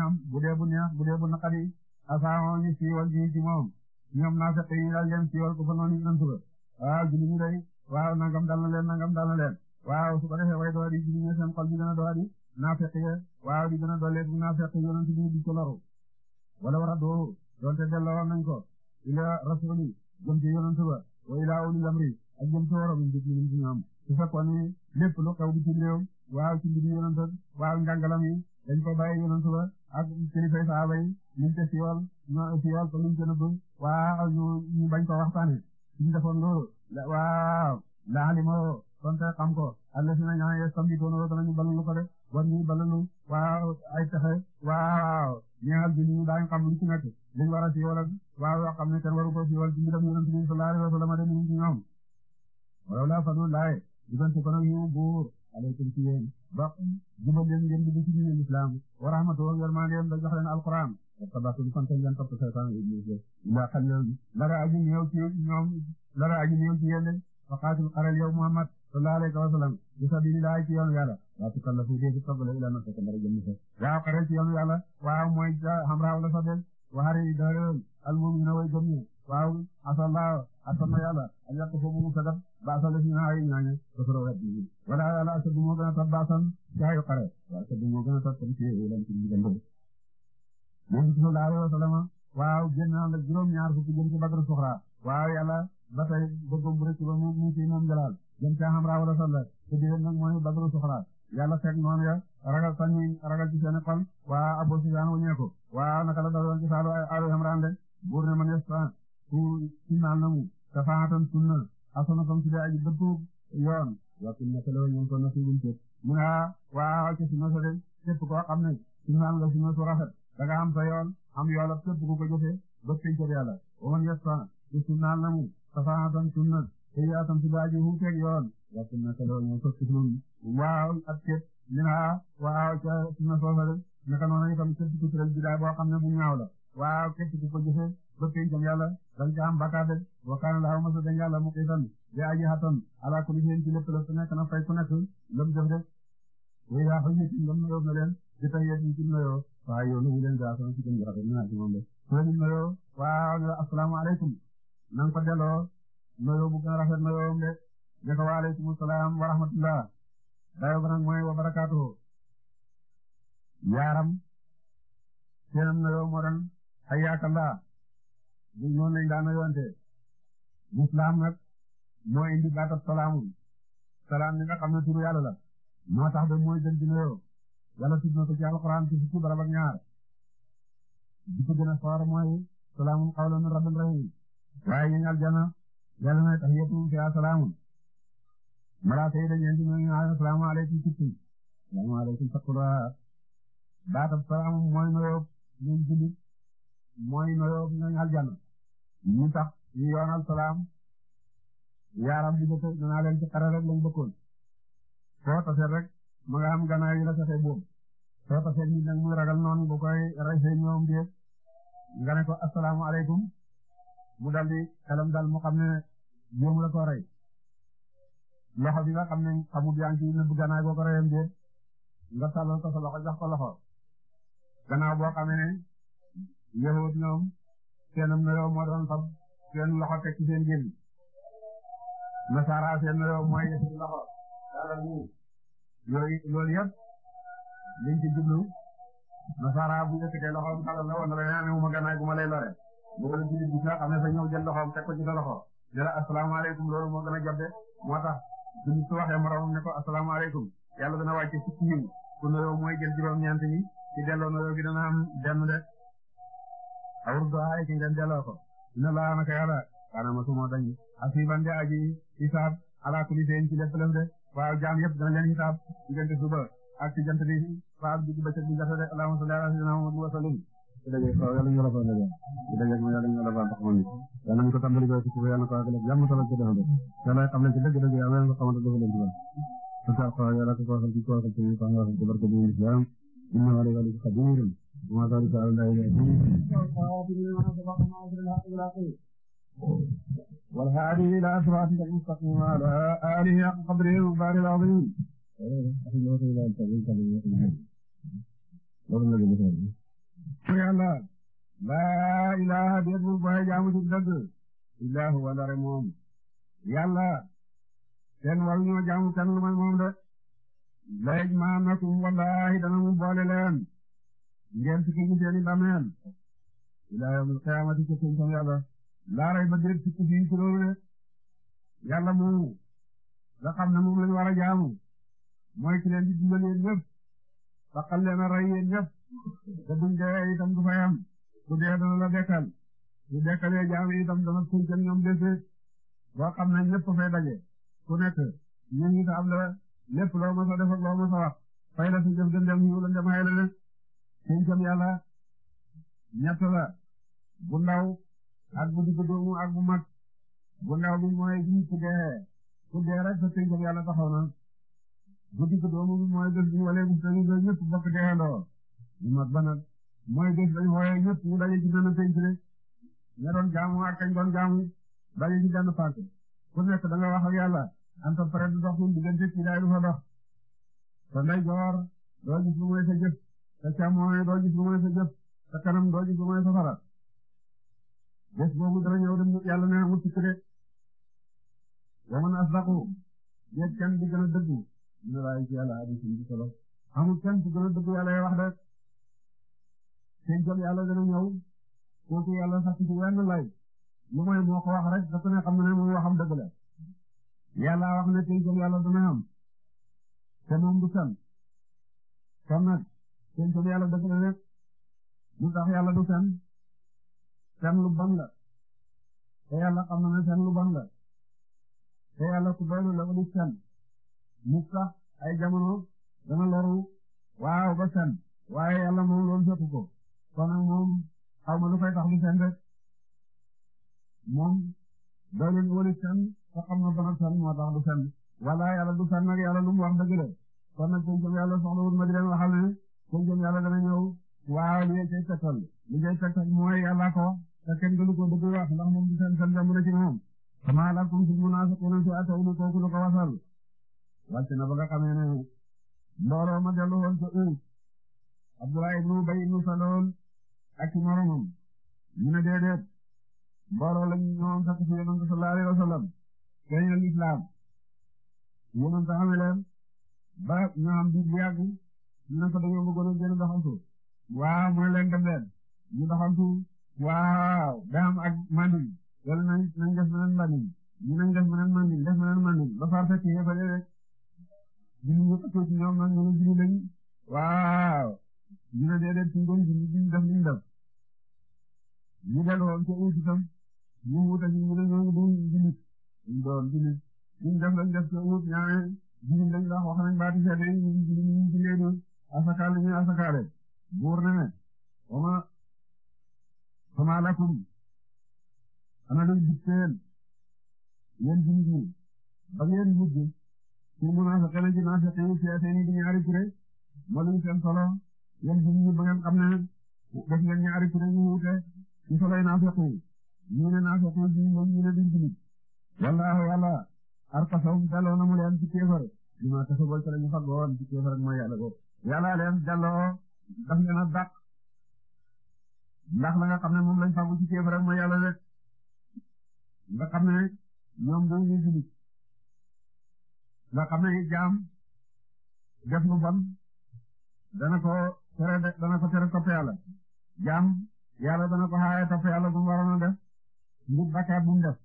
am bu dee bu neex bu dee bu naqari asaamoo ñu siiwal ji ci moom ñoom naa fekk yi daal siiwal ko fa noonu nantu la waaw julli ñu day waa nangam dal na leen nangam dal na leen waaw su ko defee way doy di jiw seen xol bi gën a doy di naafeq ya waaw di gën a doy leen naafeq yonent bi di ko loru wala war a doo donte delloo nañ ko ila rasuli jëm ci yonent ba wa ila ulil amri ak jëm ci waram nit ñi ci ñoom su fekkoon ni lépp lu xew bi ci réew waaw ci mbir yonent waaw njàngalam yi dañ ko bàyyi yonent ba ak kilifa saaba yi liñ te siyool ñoo siyool ko liñ te nëbb waaw ñu ñu bañ ko waxtaane waaw la alimo konte xam ko alla si na ñaa ye sambi doonoo danañu balalu ko de wan ñu balalu waaw ay texe waaw ñeexal bi ñu daañ xam luñ ci nekk liñ war a siiwal ak waaw yoo xam ne kenn waru ko siiwal ci mbiram yonent bi sallallahu alayhi wa sallam de ñu ci ñoom walaw laa fadlu laay digante ko nag yu buur alaykum ci yéen ba jubal leen ngeen dugg ci diine islam wa rahmatu wa yërmandeem da jox leen alquran sabatum sant ngeen topp seytaan iblis ila xam ne dara aji ñëw ci ñoom dara aji néew ci yéen de faqaatil xaral yow Muhammad sallallahu alayhi wa sallam bi sabilillahi ci yoonu yàlla laa tukallafu dee ci soble ila nafsika mbara jëm sa waaw xaral ci yoonu yàlla waaw mooy xam raaw la sobel waxari daral al mu'minu way gëm ñi waaw asalla asalla yàlla an yàq foofu mu sagat baasal si naa ay ñaañe dafaro wet bi wala yàlla asadu moo gën a tat baasan ci ayu xare waaw asadu moo gën a tat tam ci lan ci ñu dem moom sallallahu alayhi wa sallam waaw génn na la juróom ñaar fukki jëm ci badru suxra waaw yàlla ba tey bëggum bu rëcc ba mu mu ci moom jalaal jëm ca xam raawala salla te diwén nag mooy badru soxla yàlla fekk noonu ya ragal sañi ragal ci seen xol waa Abu Sufyaan wuñee ko waa naka la daloon ci saalu aalu Imraan de buur ne man yesta ku ci na mu safaatan sunna asanatam si dee aji dëppoo yoon wakkin naka la ñoom mu ne waa ci sunna sa de képp koo xam ne ci naal nga sunna su rafet am sa yoon am yoolab ko jëfe ba péncëb yàlla waman yesta ku safaatan sunna sayi'atan si baaji hu teg yoon wa sunnata loo ñëw sëkk noonu waaw ak cët minha waaw ca sunna soosale naka noonu itam képp ku tëral bidaa boo xam ne bu ñaaw la waaw képp ku ko jëfe ba pencam yàlla dañ ca am bakkaar de wa kaana laahu masa yàlla mu qiitan di aji hatan ala kulli shay'in ci lépp la su nekk na fay ku nekk lam jëf de way daa xëy nit ngam nuyoo na leen di tay yet yi ci nuyoo waaw yoonu wu leen gaa sama ci gën gi rafet naa ci moom de su leen nuyoo waaw asalaamaaleykum na ko delloo nuyoo bu gën a rafet nuyoom de ne ko wa rahmatullah dayo ba nag wa barakaatu yaaram seenam nuyoo moo doon hayyaakallah du noonu lañ daa nuyoonte lislaam nag moo indi baatab salaamum salaam ni nga xam ne turu yàlla la moo tax ba mooy gën di nuyoo yàlla tudd na ko ci alquran ci fukki barab ak a soor mooy salaamum qawlan min rabbin rahim waaye ñu ñal jana yàlla na tahiyyatuhum fiihaa salaamun malaaka yi dañu leen di nuyu assalaamu aleykum tukki assalaamu aleykum taqwa baatab salaam mooy noyoob ñu jullit mooy noyoob ñu ñal jana ñu tax ñu yoonal salaam yaaram bi jëkk naa leen ci xare rek lañ bëkkoon soo tase rek ma nga am ganaay yi la saxee boobu soo tase nit nag muy ragal noonu bu koy rey see ñoom déet nga ne ko assalaamu aleykum mu dal di xelam dal mu xam ne jéem la ko rey loxo bi nga xam ne xamut yaa ngi ciy nëbb gannaaw boo ko reyam déet nga tàllal ko sa loxo jox ko loxo gannaaw boo xamee ne yowut ñoom seenam na yow moo doon fab seen loxo teg ci seen génn nasaara seen na yow mooy yëkkati loxo tàllal nii yooyu loolu yëpp liñ ci jublu nasaara bu yëkkatee loxo tàllal la woon na la yaa ne mu ma gannaaw gu ma lay lore loolu jullit bi nga xam ne fa ñëw jël loxoom teg ko ci sa loxo ne la asalaamaaleykum loolu moo gën a jàpp de moo tax jullit su waxee moroomam ne ko asalaamaaleykum yàlla dana wàcce ci ci ñun ku nuyoo mooy jël juróom-ñeent yi ci delloo nuyoo gi dana am benn de awur do ay ci ngeen delloo ko dina laa naka yàlla kana masumoo dañ asiban de aji hisaab ala kulli seen ci lépp lépp de waaw jaam yëpp dana leen hisaab diggante suba ak ci jant bi waaw digg bëccëg bi gasa de allahumma salli ala sayyidina muhammad wa sallim ci dajeeg kaw yàlla ñu yàlla baal leen ci dajeeg moom yàlla ñu yàlla baal taxawoon ni yàlla ñu ko tàmbali ko ci suuf yàlla ko àggale jàmm solo ci defal yàlla xam ne ci dëgg dëgg yàlla nga xamante defal leen ci ban parce que kaw yàlla ko ko waxal ci ko waxal ci ko waxal ci barke bi ñu ci yàlla inna wa lillahi qadirun wa ma zalika ala allahi yaqin والهادي إلى صراطك المستقيم وعلى آله حق قدره ومقداره العظيم. ku yàlla laa ilaaha déet bu baay jaamu ci dëgg illaa huwa ndare moom yàlla kenn waru ñoo jaamu kenn lu may moom de lay maanakum wallaahi dana mu boole leen ngeen ci ci seeni bàmmeel ilaa yawmil qiyaamati ci kum yàlla laa rayba jaamu mooy ki di dimbali yéen ñëpp taqal leen a te buñ dee itam du fa yam ku dee dana la dekkal su dekkalee jaam itam dana tënk ñoom dese boo xam ne ñëpp fay daje ku nekk ñun it am la lépp loo mën sa def ak loo mën sa wax fay la sa jëf dëndëm ñu la dem xëy na tënkam yàlla ñett la bu ndaw ak bu digg doomu ak bu mag bu ndaw bi mooy bi ku dee ku dee rek sa tënkam yàlla taxaw na bu digg doomu bi mooy bés bu walee bu tënk ñëpp bokk deewandoo. bu mag mooy bés lañ wooyee ñëpp ñu daje ci benn penc ne ña doon jaamu ak kañ doon jaamu daje ci benn pàcc ku nekk da nga wax ak yàlla am sa pare du dox ñun diggante ci daay du fa dox sa ndeyjoor doo gis lu mooy sa jëf sa càmmooñ doo gis lu mooy sa jëf sa kanam doo gis lu mooy sa farat bés boobu di gën a dëggu ñu laay ci yàlla hadiis bi solo a dëggu kuy gëm yàlla dana ñëw kooku yàlla sax ci wenn lay lu mooy moo ko wax rek da ko ne xam ne muy waxam dëgg la yàlla wax ne kuy gëm yàlla dana am te moom du fen kon nag kuy gëm yàlla dëgg la rek lu tax yàlla du fen fen lu bon la te yàlla xam na ne fen lu bon la te yàlla ku doylu la ko di fen mu sax ay jamono dana loru waaw ba fen waaye yàlla moom loolu fekk ko kon nag moom xaw ma lu koy tax lu seen rek moom doole ñu wële seen te xam na ban seen moo tax lu seen wala yàlla du seen nag yàlla lu mu wax dëgg la kon nag pencum yàlla soxla wut ma di leen waxal ne pencum yàlla dana ñëw waaw li ngay cay tegtal li ngay tegtal mooy yàlla ko te kenn du ko dëgg wax ndax moom du seen seen jàmm na ci moom. xamaa lakum fil munaafiqiina fi'atayni kooku la ko wasal wàcc na ba nga xamee ne mbooloo ma dellu woon ca Uhud Abdullah ibnu Ubay ibnu Salul ak ci moromam ñu ne déedéet mbooloo lañ ñëwoon fekk ci yonent sallallahu alayhi wasallam feeñal islam yonent xame leen ba ñu am biir bu yàgg ñu ne ko dañoo bëggoon a gën a doxantu waaw mu ne leen dem leen ñu doxantu waaw ba am ak mandil wala nañ nañ def meneen mandil ñu nañ def meneen mandil def meneen mandil ba far fekk yéen ba léegi rek ñu ñu ko ci ñoom nag ñu ne julli lañ waaw ñu ne déedéet suñ doon julli def liñ def ñu delluwoon ca Égypte tam ñu wut ak ñu ne ñoom duñ jullit ñu doon jullit ñu def lañ def ca wut ñaare jullit lañ la wax nañ baati seede yi ñu jullit ñu jullee du asakaal ñu asakaale buur ne ne wama fama lakum ana luñ dikkeen yéen jullit ñi ba ngeen mujj ci munaafiq na ci naafiq yi ci seeni di ñaari kuré ma luñ seen solo yéen jullit ñi ba ngeen xam ne def ngeen ñaari kuré ñu wute ci solay naafeq yi ñu ne naafeq yi moom ñu ne duñ jullit wallaahi yàlla arkasawum delloo na mu leen ci kéefar li ma tasabal ci la ñu fagoo woon ci kéefar ak mooy yàlla boobu yàlla leen delloo daf leen a dàq ndax la nga xam ne moom lañ fagu ci kéefar ak mooy yàlla rek nga xam ne ñoom duñ ñu jullit nga xam ne jaam def lu bon dana ko tere dana ko tere topp yàlla jaam yàlla dana ko xaaree topp yàlla bu mu waroon a def ngir bàkkaar bu mu def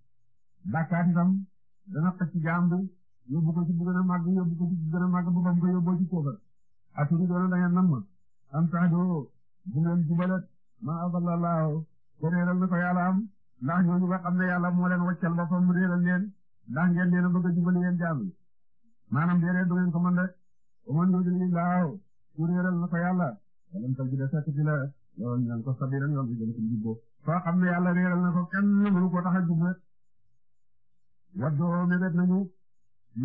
bàkkaar itam dana xëcc jaam bi yóbbu ko ci a màgg yóbbu ko ci bu a màgg ko yóbboo ci kóobar aturi doona da ngeen nam ma am tax doo bu ngeen jubalet ma adallallahu ko ne yàlla moo leen waccal boppam mu ko mën de aman yódili laaw ku réeral na ko yàlla walam ta jida sett ti la loolu ñu ko sabiran yoon bi jëm ci jubbo soo xam ne yàlla réeral na ko kenn mënu ko tax a jub rek waddoo mébét nañu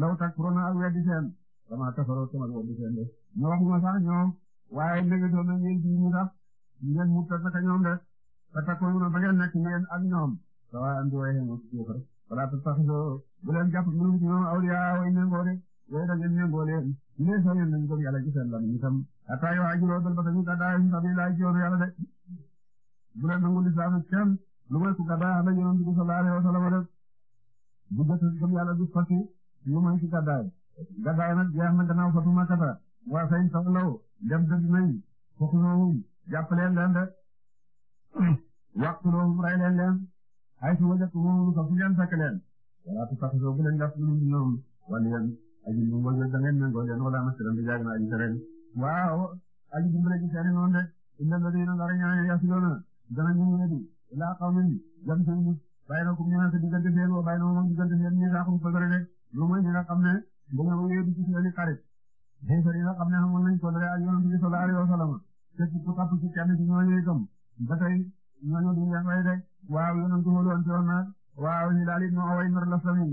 law takkuruna ak weddi seen dama kafaroo tamit weddi seen de ñu waxuma sax ñoom waaye mébétoon na ngeen jii ñu tax ngeen mu tëdd naka ñoom de te takkuruna ba ngeen nekk ngeen ak ñoom sawa andi way heen ci suuf rek wala tattaxidoo bu leen jàpp mënu ci ñoom awliyaa way méngoo de yooyu da ngeen méngoo leen léegi soo yëngu ñu gëm yàlla ci seen lan yi itam attaaya waa ji loolu ba tamit attaaya yi tamit laaj yoonu yàlla de bu leen nangu lislaam kenn lu may ku gàddaay ànd ak yonent bi sallallahu alayhi wa du fasi lu may ci gàddaay dem dëgg nañ foqloohum jàppaleen leen de waqtuloohum rey leen leen ay su wajatumuhum fa fu leen fekk leen wala tu faqisoo bu leen def lu aji bu mbool nag da ngeen méngoo leen wala masalan bi jaag na aji tereen waaw aji dimbale ji seeni noonu de illa alladina ndara ñooñu yasiloona danañu ñu di laa xaw min jam seen nit bàyyi na ko ñu ne sa diggante seen wa bàyyi na moom diggante seen ñi saaxum kóllëre de lu mooy ñi nga xam ne bu nga wéyee di ci seeni xarit xeefar yi nga xam ne xamoon nañ kóllëre ak yonent bi sallallahu alayhi wa sallam te ci ku xapp ci kenn ci ñooñu itam ba tey ñooñu duñ leen fay de waaw yonent xooloon ci woon na waaw ñu daal it ma way mar la sami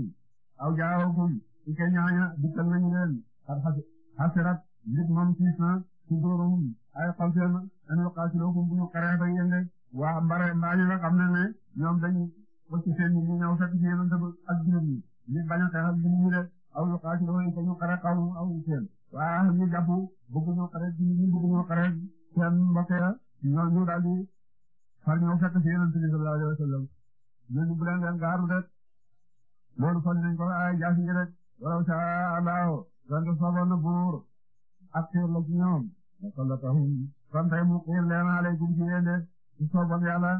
aw jaawakum ci ka ñooña dikkal nañu leen xasirat lit moom tiis na ci dóorum ay xol seen an yuqaatilukum bu ñu xareex ak yéen de waa mbare mbaañu la xam ne ne ñoom dañ ko ci seen ñu ñëw fekk ci yéen ak jullit ñi nit bañ a xeex ak jullit ñi de aw yuqaatilukum ko ñu xare xaw aw seen waa ñu jàpp bëgguñu xare jullit ñi bëgguñu xare seen mbokk ya ñooñu daal di far ñëw fekk ci yéen sallallahu alayhi wa sallam ñooñu bu leen leen gaaru de loolu fan nañ ko ay jaasi rek walaw shaa Allahu donte sooboon na buur ak xéer la ci ñoom lasallatahum kon tey mu xiir leen aleykum ci yéen de su sooboon yàlla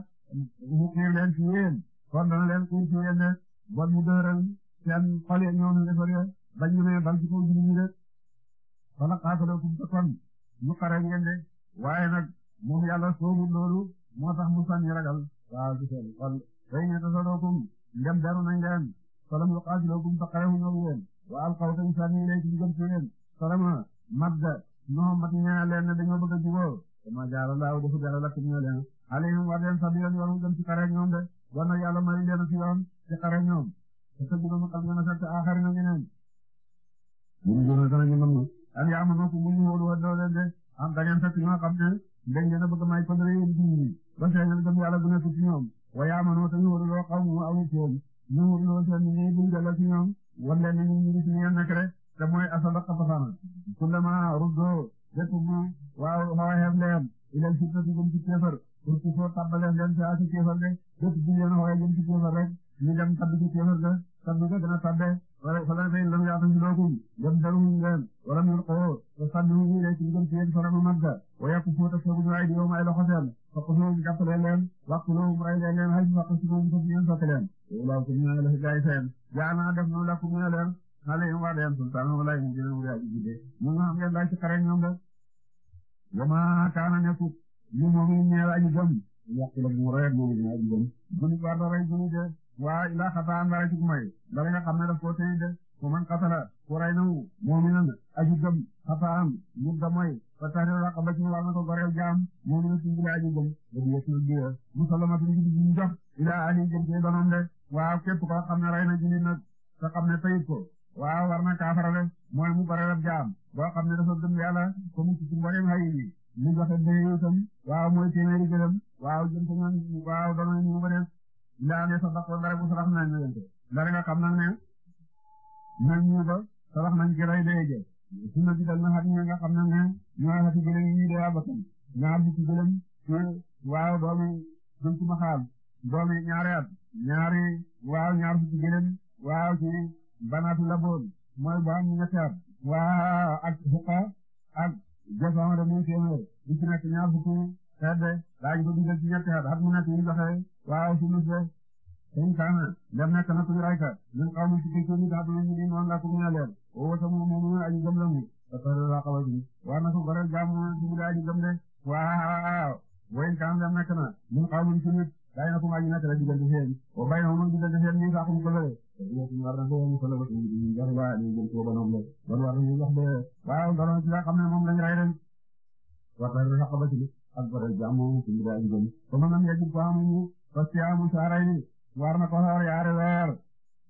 mu xiir leen ci yéen kon dana leen xiir ci yéen de bon mu dëral seen xol ya ñoom defaree bañ ñu ne bal ci kaw julli ñi de fala qaatalakum te kon ñu xare ngeen de waaye nag moom yàlla soobul loolu moo tax mu sànni ragal waaw di seen kon day ne tasalookum ndem daru nañ leen falam yuqaatilakum te xare wu ñoom yéen waaw xaw tañ sànni lay ci jëm ci leen sarama madda noo mat ñaa leen ne dañoo bëgg a juboo ma jaara laaw dafa dara lakk ñoo leen alayhim war leen sabilan yoonu jëm ci xare ñoom de bon nag yàlla may leen ci yoon ci xare ñoom te sa dugama xam nga na sax axari na ñeneen ñun dona tana ñu mën an yaa ma ko mu ñu wóolu wa doo leen de am da ngeen fekk ñoo xam ne dañ leen a bëgg may ko dara yéen diñi ba seenal gëm yàlla gu nekk ci ñoom wa yaa ma noo tañu wóolu loo xaw mu amu ci ñoom ñu wóolu loo seen ñi buñ jëlee ci ñoom wala li ñu ngi si ñoom nag rek te mooy asala xabasaana kullama ruddo lépp bu waaw xawaxeef leen ilal si tëdd jëm ci kéefar pour que soo tabbaleef leen ci asi kéefar de lépp bu leen xawee jëm ci kéefar rek ñu dem tabbi ci kéefar de tabbi ko dana tabbe wala fa la fay lam yaatu si lookum dem daruñ leen wala mu xoo te sànni wu ñu ne ci jëm ci yéen fa ramu madda wa yàqu fóota fegu ñu ay di yow ma ay loxo seen faqsuhum jàppale leen wàqtuluhum ray leen leen xay faqsuhum fa ñeen sokk leen jaana def nu lakum ñeel leen alayhim alayhim sultaan wala ñu gën a wuri aji gide ñu nga xam ngeen daa ci xare ñoom de wama kaana nekkut li moomi ñeel aji gëm yàqila mu rek moom dina aji gëm juni war na rey juni de waa ilaa xataan dara ci may dara nga xam ne daf koo tey de ku man xatala ku rey na mu moominan aji gëm xataan ñu gamoy fa tahriiru raqabatin war na ko goreew jaam moomi na sumbule aji gëm dañu yëkkil biir musalamatin ji ñu jox ilaa ali jëm ci donom de waaw képp koo xam ne rey na jullit nag te xam ne tayit ko waaw war na kaafara de mooy mu bare ab jaam boo xam ne dafa gëm yàlla ko mu ci waaw mooy téeméeri waaw jëm ko ñoom waaw doon ñu ko def laa ne sa baqo dara bu salax nañ leen ko dara nga xam nag ne ñoom ñu ko salax nañ ci rey dee jë sunna bi dal na xat ñi nga xam nag ne ñooy xati gëlëm yi dee abatam ñaar bu ci gëlëm waaw doomi gëm ci ma xaal doomi ñaari at ñaari waaw ñaar fukki gëlëm waaw ci banaatu laboon mooy bu am ñetti at waaw ak xuqa ak jëfam da muy téeméer li ci nekk ñaar fukki xedde daañu ko dugal ci ñetti at at mu nekk ñu joxe waaw ci musle in kaana dem nekk na tuñ rayka min qawmi si ko ni daa dina ñu ni noonu la ko ñu leen o wota mu mu mu aji gëm la mu dafa la xawal bi waa na ko goreel jaamu ci mu aji gëm de waaw wayin kaana dem nekk na min qawmi si nit bàyyi na ko waa ñu nekk rek di leen di seet ba bàyyi na moom di leen di seet ñun saako mu ko lële. ñu war na ko ñu ko lële ñu jël waa ñu jël koo ba noonu la loolu war nañu wax ba waaw loolu ci la xam ne moom lañ ray ren wax dëgg yàlla xamal ci li ak bëre jàmm moom suñu daal di gën ba mën nañu yegg ko amuñu parce que amu saa ray ni war na ko xaar yaari weer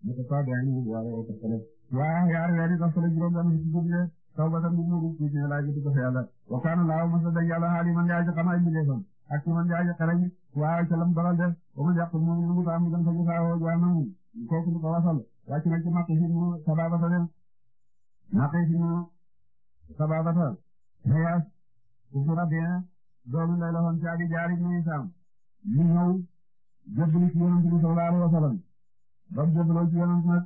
ñu ko faa gaañ ñu war a tëkkale waaw yaari weer yi tax fële juróom benn ci dugub de taw ba tam bu mu ci ñu laaj di ko fa yàlla wa kaana laahu masada yàlla xaaliman yaa ci xamaa ak ci man yaa ci xelañ waaw ca lam dogal de amul yàq mu ngi mu am gën sa gisaawoo jaanam kooku lu ko wasal wàcc na ci maq si mu sababata de maq si mu sababata xeyaas usu rabien doomu lay la xoon ci abi jaari mu isaam mu ñëw jébbalu ci yonent bi sallallahu alayhi wa sallam ba mu jébbaloo ci yonent nag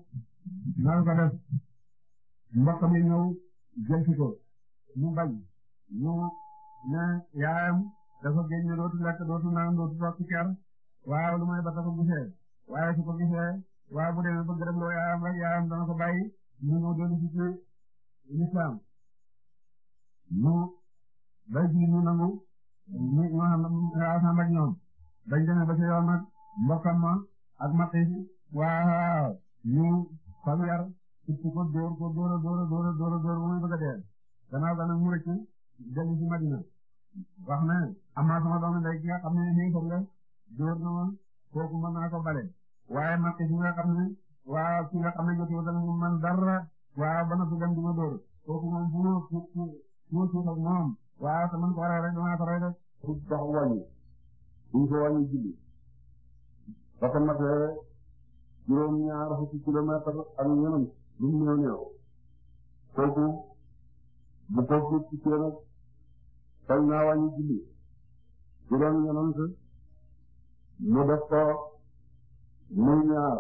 nar ko def mbokk mi ñëw jël ci ko mu bañ mu ne yaayam dafa géej ne dootu lekk dootu naan dootu toog ci kër waaw lu may ba dafa gisee waaye su ko gisee waaw bu demee ba gërëm loo yaayam rek yaayam dana ko bàyyi mu ñëw dellu si ci lislaam mu bay ji mu nangu ñu ñoo xam ak ñoom dañ demee ba ci yoon nag mbokkam ma ak matti waaw ñu fam yar ci ko dóor ko dóor a dóor a dóor a dóor a dóor bu muy bëgg a dee gannaaw ga nag mu rëcc dellu si Madina wax na amaa sama doomu ndey gi nga xam ne nii foofu la door na ma kooku mën naa ko bale waaye man ki nga xam ne waaw ki nga xam ne jotul dal mu man dara waaw ba na fi dem di ma door kooku moom fu mu fu mu fu mu suuf ak moom waaw te man ko waree rek damaa ko rey rek. pour tax wàññi duñ ko wàññi julli ba ko matee juróom-ñaar fukki kilomètre ak ñeneen lu mu néew néew kooku bu ko fukki sañ naa wàññi julli juróom ñenant def ko muy ñaar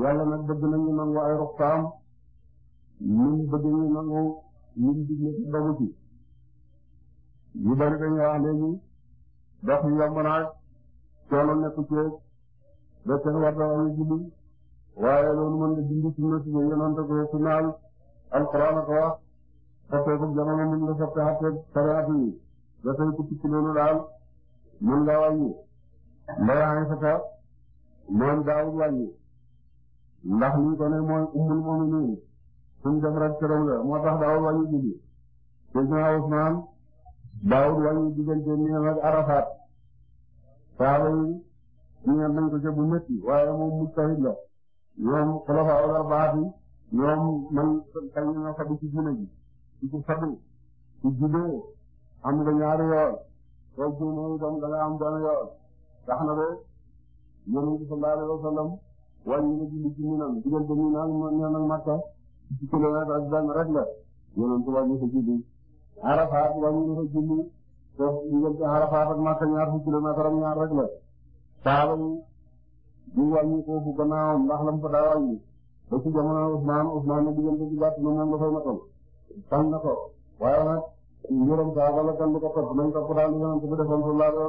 yàlla nag bëgg nañu nangu ay ruxtaam ñun bëgg ñu nangu ñun digle ci dogu ci yu bari dañu wax léegi dox yi yomb naag coono nekk ceeg da seen war da wàññi julli waaye loolu mën nga dindi sunna si yonante ko sunnaal alquran ko wax parce que jamono mën nga soppeeku ak tariat yi dafay tukki ci loolu daal mën nga wàññi. daawul wàññi ndax liñ ko ne mooy ummul mu'minin suñ def rek këram moo tax daawul wàññi julli. Seydina Usmaan daawul wàññi diggante Mina ak Arafat saaba yi ñeent nañ ko ca bu métti waaye moom mujtahid la ñoom xulafaa wala baati ñoom man kañ ñoo xam ci diine ji. di ci sabu di jullee am nga ñaari yoon soo juumee itam da nga am benn yoon tax na ba yonent bi sallallahu alayhi wasallam wàññi na julli ci Minan diggante Minan Minan ak Makka ci kilomètre ak benn rek la yonent bi wàññi sa julli Arafat wàññi na sa julli te diggante Arafat ak Makka ñaar fu kilomètre ak ñaar rek la saaba yi di wàññi ko fu gannaawam ndax lam fa daa ba ci jamono Usmaan Usmaan sant na ko waaye nag njëriñ saaba la kenn du ko topp nañ topp daal di yonent bi defoon sallallahu alayhi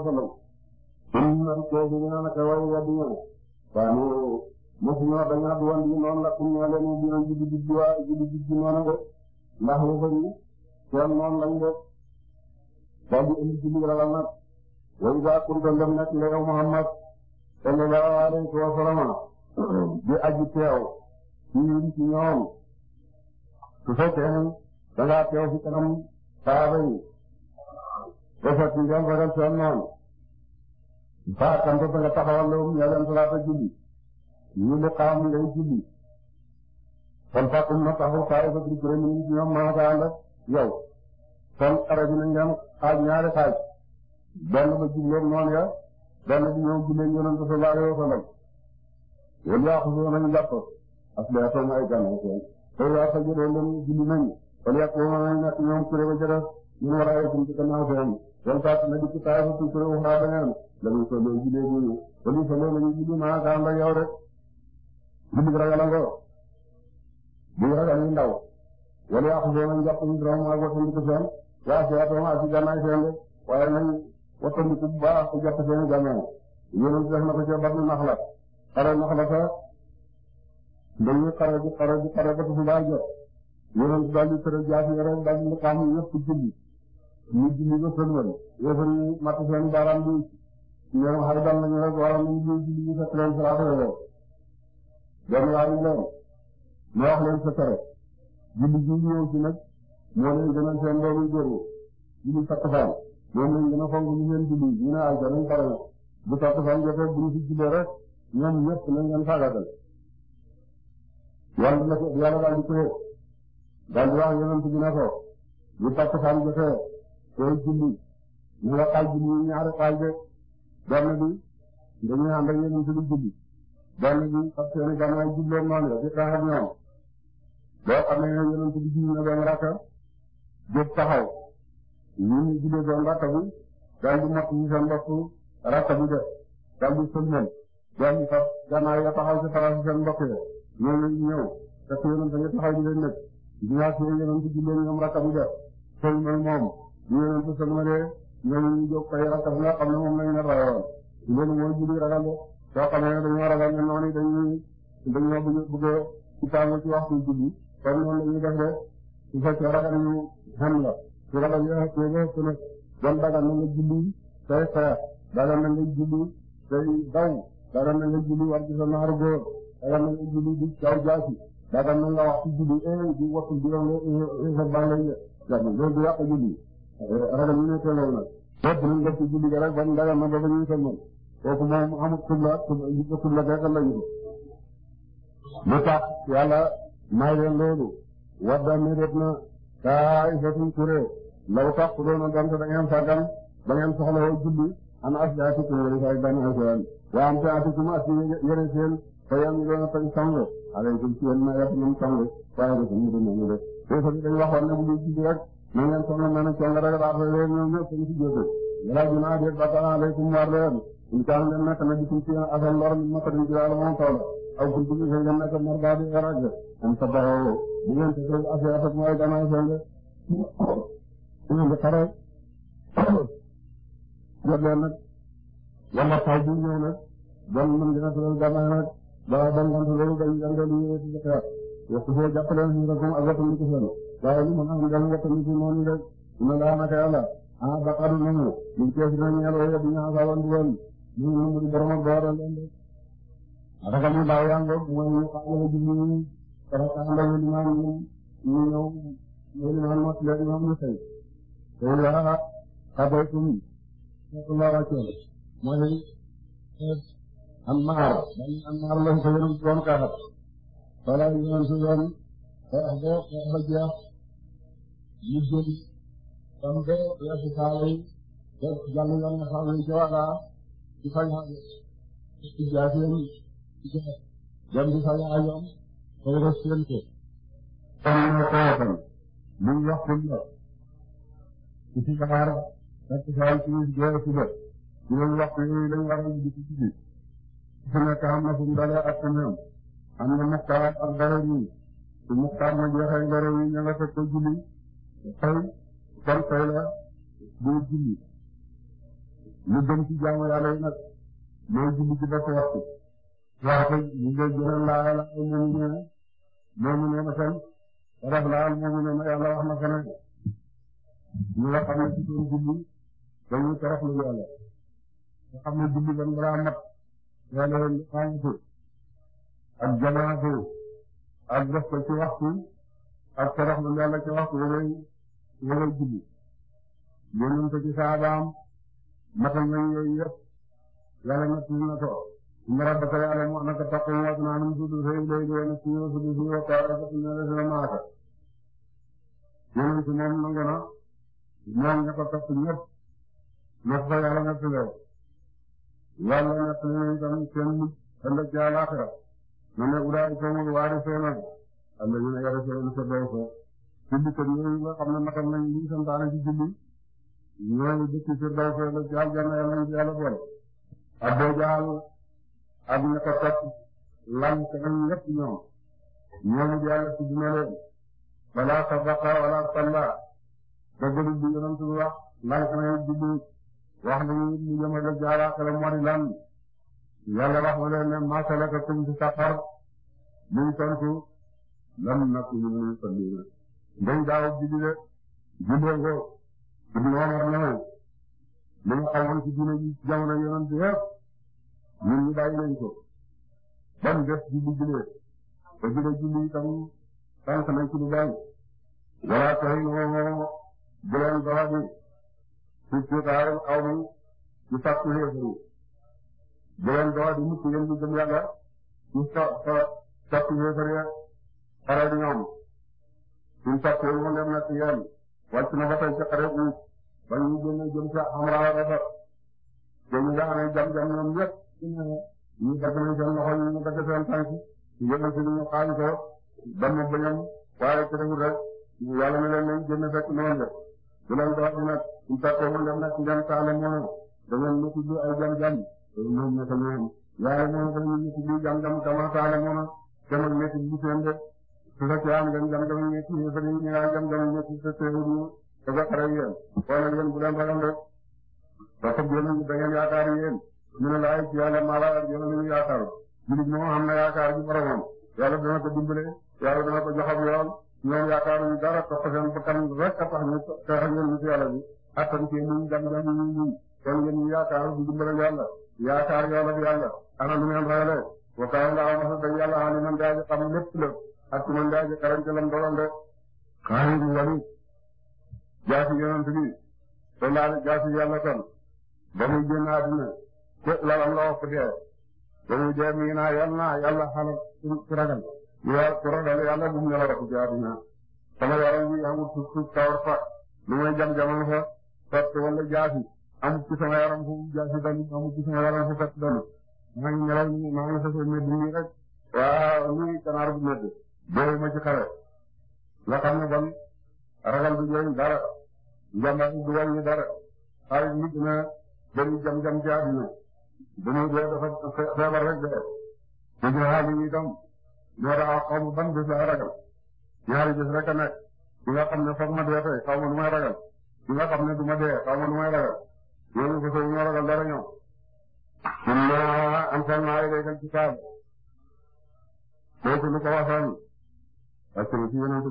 wa na koo si ñu naan kay way weddi ngeen. waaw ñu mosu ñu wax la suñu ñëwee ñu dinañ ji di ji waa ji di ji noonu de ndax lu ko ñu seen indi ci biir alal nag. loolu daal pour que dem nag nga yow Muhammad sallallahu alayhi wa sallam di aji teew ci ñun dangaa teew fi kanam saaba yi ba sotti ngeen ragal seen noonu ba nga taxawal lawum ya leen salaata julli ñu li xaam ngay julli na taxaw saay sa ànd ak yow kon xare bi wa sallam yéen yaa xusoon nañu jàpp ak day xaw ma ay gànnaaw tey tey yaa kon yàq moom mooy nekk ñoom kuré ba jëra ñu war a yegg ci gannaaw seen wala sax na dikk taay la muy solo ji lee ñu ba muy maa gaa la rek bu dugg ragal ngoo bu ragal ñu ndaw wala yàq soo si atoo ma si gannaay seen de waaye nañ wattandiku bu baax na ko ci bat nax la xare nax la sa dañuy xare yonent daal di tere jaasi yore daal di xam yëpp julli ñu julli ba sëlmal yéefar yi matt seen baaraam bi ñoom xar dal nañu rek wala ñu julli ñu fekk leen salaatu rek doon laa ñu leen ma wax leen sa tere julli ji ñëw ci nag moo leen gën a seen doomu góor julli takkusaan moom lañ gën a fonk ñu leen julli ñu ne ay jariñ pare na bu rek ñoom ñëpp nañ leen faagatal yàlla la ko yàlla daal di tere daal di wax yonent bi ne ko ñu takkusaan jotee sooy julli ñu nga xaaj julli ñaari xaaj de bi dañuy ànd ak yonent bi julli bi parce que ni gannaaw julloo noonu na rakka jóg taxaw ñun ñu jullee rakka bi daal di mokk ñu rakka bi de daal di sëlmal daal di fab gannaaw ya taxaw ci faral seen bopp ya ñoo ñëw te yonent bi taxaw di leen di wax si yeneen ci jullee ñoom rakam ja sol mooy moom ñu yeneen ci sëlmalee ñoom ñu jóg koy rakam moom lañu na rayoon loolu mooy julli ragal soo xamee ne dañoo ragal ne noonu dañuy dañoo bëgg bëgg a ci tàng ci waxtu julli comme noonu lañuy def rek su fekkee ragal ñu xam la su ragal yoo xam ne boo ko nekk bon dagal na nga julli say xeex dagal na nga julli say daw dagal na nga war ci sa naaru góor dagal na nga julli di jaasi dagan na nga wax ci julli eh di wax ci juróom eh eh sa la loolu du yàq julli eh, ragal ñu ne teeloo nag lépp nañ def ci julli ga rek ban dagan na ba ba ñuy sëlmal kooku moom amul xibla xibla gàttal lu tax yàlla may leen loolu wadda mérét na taa ifatum kuré law tax ku doon a donte da ngeen sàggan da ngeen soxla woo julli an asdaatikum wala saay bani asiran wa am taatikum as yëre seen fa yam doon a tañ sango alaykum ci yéen ma yàq ñoom sangu waaye dafa ñu dem ñu def te ñu dañ waxoon ne bu ñu ci rek na ngeen sonal na ne cong rek raafe leen ñoom ñëpp ñu ci jóge yàlla junaa déet bakara alaykum war leen ñu taan leen nekk na gisum ci asal lor mi ma ko dem ci yàlla moom tool aw bu ñu fay ngeen nekk mar daa di rag am sa baxoo bu ngeen te seen affaire affaire mooy gannaaw seen ñu ngi xare jot leen nag wala taw bi ñëw nag bon mën dina sëlal gannaaw nag looloo ba ngeen di loolu dañuy yëngal ah ñu ngi ci xeex waxtu foo jàppale ñu ngi ko ak wattandiku seen waaye li mu xam dañu wattandiku noonu rek ñu laa naka yàlla ah baqadu nañu ñu tees na ñeel waaye bu ñu xasaloon di leen ñu ñu mu di borom ak doora leen rek ataka mu daaw yaa ngoog mooy ñu xaale ji ñu raka ndaw li maam ñu ñu ñëw ñu li maam mot leen ñoom ñu fay te yaa xabaytum sallallahu alayhi wa sallam mooy Anmaar dañuy Anmaar lañ ko yónn doon Kaxat balaa ñu doon si yoon xeex ba xeex ba jeex ñu jël tam ba weesu saala yi ba jàll yoon nga xam ne ci wàllu ci fañ a ci jaaseen ci jaaseen dem di fañ a ñoom te def seen kër. kon ñoo ko waxal lu mu wax pour ñor ci si Dakar ak ci saa yu si biir si bët ci lañ wax yooyu lañ war a indi ci biir. su nekk am na fu mu dalee ak fu mu yem am na muxtaar ak dara yi su muxtaar ma jeexee dara yi ña nga fekk ko julli fay kon fay la boo julli lu gën ci jaamu yàlla yi nag mooy julli ci bopp waxtu waxtu ñu ngi gën a laal ak moomu ne moomu ne ma fen daf laal moomu ne ma yàlla wax na feneen ñu nga xam ne ci seen julli dañuy toroxlu yàlla nga xam ne julli ban balaa mat yàlla leen di xaayatu ak jamaatu ak def ci waxtu ak torox lu yàlla ci waxtu walay walay julli yonent ci saabaam matal nañ yooyu yëpp yàlla ñett na ko inna rabbaka ya'lamu annaka taqumu adnaa suduusay layli wa nisfahu wa suduusahu wa taa'ifatan mina allaziina ma'aka yonent moom nangu na ñaan ña ko topp ñëpp ña ko yàlla natt nañu itam seen ëllëg ca àllaaxira ma ne ulaa'ika humul waarisuuna allaziina yarisunaa al-firdawsa jullikat ñooñu nga xam ne matal nañ liñ santaane ci julli ñooñu dëkk firdawsa ëllëg ca aljanna yàlla nañ ci yàlla boole. Abu Jahl lan keneen ñëpp ñoom ñooñu di yàlla tudd na leen balaa sadaqa wala salla dëgg lu bi yonent bi wax lan keneen wax nañu ñu jëmale jaara xel moo di lan yàlla wax na leen ne masalakakum fi saqar muy tontu lam nak ñu muy salliina ngay daaw julli de jullee ko ibnu li nga xamoon ci diine ji jamono yonent yëpp ñun ñu bàyyi ban def julli jullee te julli julli itam tànk wala tey moo bu leen dawadi suuf si taal xaw ma ñu fàttali xeex yi bu leen doon di mucc ngeen di gëm yàlla ñu fa fa fàttali xeex rek xaral ñoom suñ fàttali mu dem nag yéen wàcc na ba tey ca jam-jam ñoom ñëpp ñu dagg nañ seen loxo yi ñu dagg seen tànk ñu génne si ñu xaalis waaye ci rek yàlla na leen nañ génn fekk noonu la bu leen doon nag. su fekkoon ngeen nag ngeen taale moom da ngeen ñu tudd ay jam-jam moom naka moom yàlla moom dañuy ñu tudd jam-jam kama taale moom jamono métti bi seen de su fekkee am ngeen jam-jam métti yi fa ñu ñaan ah jam-jam métti sa teewu ñu dafa xare yéen wala yéen bu leen baram rek parce que yéen da ngeen yaakaar yéen ñu ne laay ci yàlla mala yéen ñu yaakaaru jullit moom am na yaakaar ci boromam yàlla dana ko dimbale yàlla dana ko joxam yoon ñoom yaakaaruñu dara topp seen bakkan rek a tax ñu tax ngeen ci yàlla bi attan ci muñ gan gan ñu muñ kon ngeen ñu yaakaar ci dimbalal yàlla yaakaar yool ak yàlla ana lu ngeen rayale wa kaana laa masatan yàlla aliman daaji xam lépp la ak man daaji xarañ ca lam dogal de xaalidu wali jaasi yonent bi te laal jaasi yàlla kon ba muy génn àddina te lalam la wax ko dee ba muy dee mii naa yal naa yàlla xalal ku ragal yaa ku ragal yàlla bu mu nelaw ko ci àddina sama yaram wi amul suuf suuf kawar fa lu may jam jamono fa fett wala jaasi amul ci sama yaram fu jaasi dalu amul ci sama yaram fu fett dalu maa ngi ñëwaat maa ngi fas yéene nii rek waaw nii ganaar bu métti boobu ma ci xale nga xam ne bon ragal du ñëw dara njàmbaar du wàññi dara xaalis nit na dañuy jam jam ci àdduna dañuy dee dafa feebar rek dee te ñu xaar ñu itam moo tax xaw ma ban bés laa ragal ñaari bés rek a nekk bi nga xam ne foog ma dee tey xaw ma lu may ragal. di nga xam ne du ma dee xaw ma nu may ragal yéen ko soog ma ragal dara ñëw. inna anzalna ilaykal kitaab lu ko waxoon parce que ne. ba nga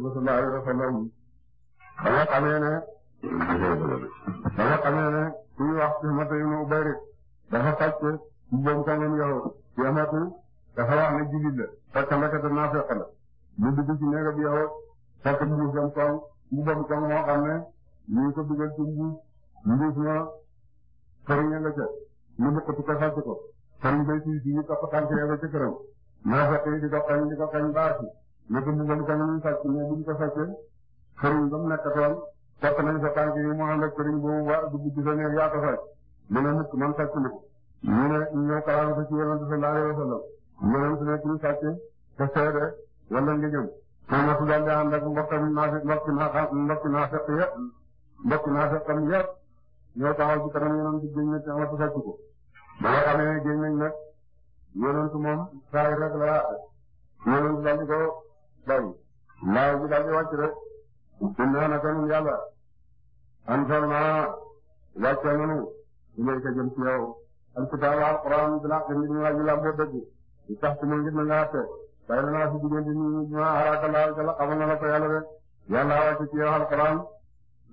xamee ne suñu wax Suhmatu ibnu Ubayr dafa sàcc ci boobu ñu ko dugal ci mbuus mbuus ma fariñ a nga ca ñu ko fàcc ko fariñ bay suy si ñu topp tànk ya nga ca këram naa di ko xañ baasi na ko mbugal ko nañu sàcc mais buñ ko sàccee fariñ ba mu nekk toon topp nañ sa sa neer yaa ko mu ne mukk man sàcc na ñu ne ñëw kalaama ko ci yonente sallallahu alayhi wa sallam mu ne su ne kuy sàcc te seede wala nga jëm. moom la su daal di ànd ak mbokk naafeq mbokk naa sax tam yëpp ñoo taxaw ci kanam yonent bi géej nañ ci amatu fekk ko ba nga xamee ne la yonent daal di ko bàyyi. laay bi daal di wàcc rek. innaa naka nun yàlla. anzalnaa wàcce nanu ilayka jëm ci yow. alkitaaba alquran bi laq nit ñi waa ji lamboo dëgg. na nga atte. bàyyi naa si diggante nit ñi ñu araaka laal ca la ci yow alquran.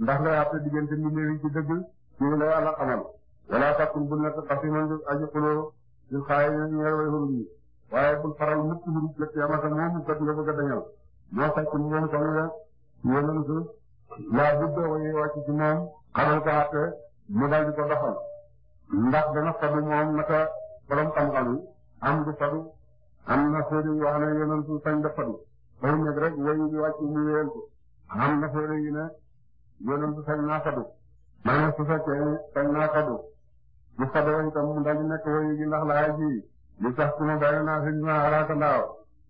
ndax nga yaatu diggante ñu néew ci dëgg ci la yàlla xamal wala takkul bu nekk xasiman di aji xuloo di xaay ñu ñeel way xurub yi waaye bul faral mukk xurub la kiyamata moomu kat nga bëgg a dañal moo sàcc mu moom kon la yonent laa budda waye wàcc ci moom xamal ko àtte mu daal di ko doxal ndax dana fadu moom naka borom xam-xam yi am du fadu am na séeréer yi wax ne yonent sañ da fadu fay nekk rek wayu di wàcc mu yeel ko am na séeréer yi ne yonent sañ naa fadu maanaam su fekkee sañ naa fadu bu fadoo itam mu daal di nekk woyu gi ndax laay ji li tax su ma bàyyi naa fi ma araaka ndaaw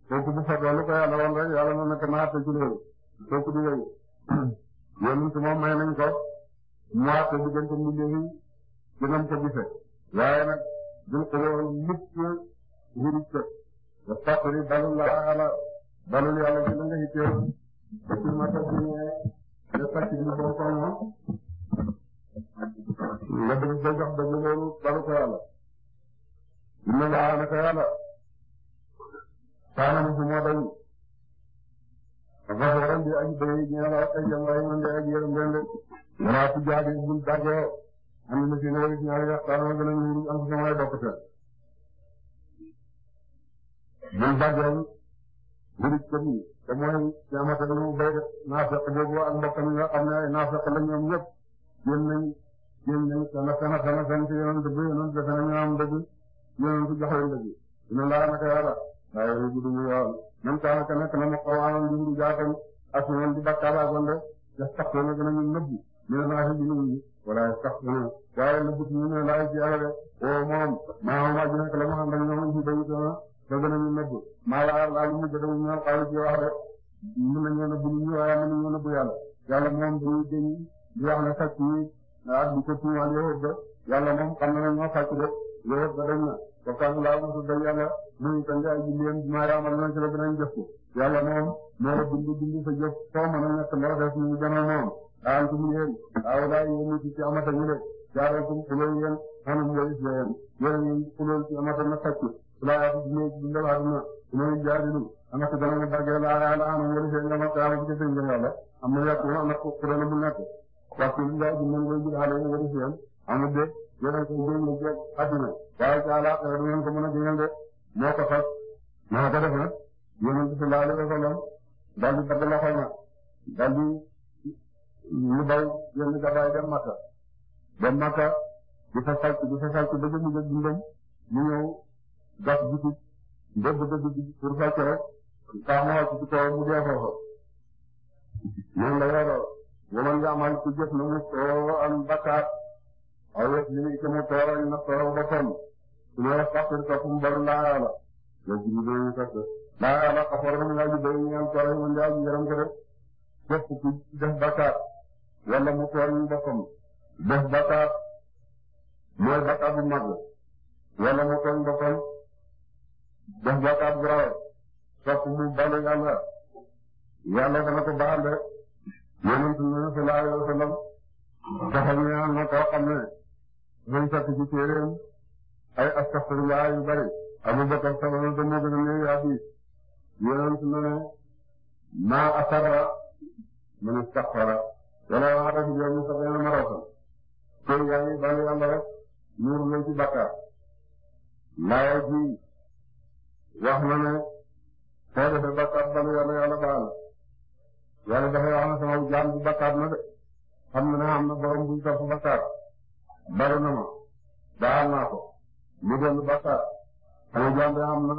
kooku bu fadoo lu ko yàlla woon rek yàlla na nekk naa te ci loolu kooku di woyu yonent moom may nañ ko mu àtte diggante nga sàcc ñu boo ko amoon nga def ba jox dëgg loolu balu ko yàlla. dina laa naka yàlla. saa na mu fi moo doon. dafa waroon di aji béy ñu ne la ay jëm waaye man de aji yërëm benn. nga laa fi jaagee bul dàggoo. am na si ne rek ñaari waxtaan ma gën a ñuul am sama ay bokk seen. bul dàggoo. mbiri kër yi. te mooy jamataglu bay naafeq boobu ak mbokk mi nga xam ne ay naafeq la ñoom ñëpp génn nañ génn nañ sama sama sama sant yonent bi laa naka yàlla waaye yooyu duñu yoon man kaanaka nekk na ma xawaanan lim di ak ñoom di bakkaala gonde ya sax na gën a ñu nëbbu ñu ne naa fi jigéen ñi wala sax na waaye nëbbu ñu ne laay ci yàlla de moom maa ma ji nekk la ma xam ne ñoom ñu dañu te danañu nëbbu maa la laal mu jënd mu ñëw xaalis yoo xam ne mën nañu nëbbu ñu ñu waaye mën bu ñu gën ah, moom xam nañu ñoo sàcc de yowut ba dañ la dinañ jëf ko yàlla moom moo la bind bind sa jëf soo mën a ñett na sàcc laa ne ndawaatina inay jaadilu ana ko dana barke laa laa na wala seen ngama taamu ci seen yàlla am na yàqu ana ko kuréel bu nekk parce que laa di mën ngay jël xale yi wala seen amul de yéen ko jëm la jëm àddina waaye ci àllaa xeer du ngeen ko mën a jëngeen de moo ko fas moo ko def nag yéen ci sallallahu alayhi wa sallam daal di dagg loxo na daal di lu bay yenn gabaay dem Makka dem Makka di fa sàcc di fa sàcc ba jëm jëm dundam mu ñëw gas bitig ndëbb dëbb bi pour sàcc rek tax mu mu dee foofa moom la yoroo waman yaamal ku jëf na mu soo am bakkaat aw yëf li ngi ci mu toorañ na soow ba sonn su ma la fàqir mu baru laa yàlla yow ci ñu doon ñu fekk laa yàlla xafor na mu laa ji doon ñu am toorañ mu ndaa ji yaram ko def képp ku def bakkaat wala mu toorañ boppam def bakkaat mooy bakkaat bu mag wala mu tooñ boppam def bàkkaar bu raw sopp mu bale yàlla yàlla dana ko baal de yonent bi sallallahu alayhi wa sallam taxañee na koo xam ne dañ fekk ci téeréem ay astaxfirullah yu bari Abu Bakar sabana da moo gën a néew hadiis yonent na ne maa asarra man istaxfara wala waxata fi yow mi sabana maratan te yaa ngi bale yàlla rek nuur lay ci bàkkaar laa ji wax na ne soo defee bakkaat ba mu war na yàlla baal yàlla dafay wax na sama jaam bi bakkaat na de xam na ne am na borom buy topp bakkaat bari na ma baal naa ko mu dellu bakkaat sama jaam bi am na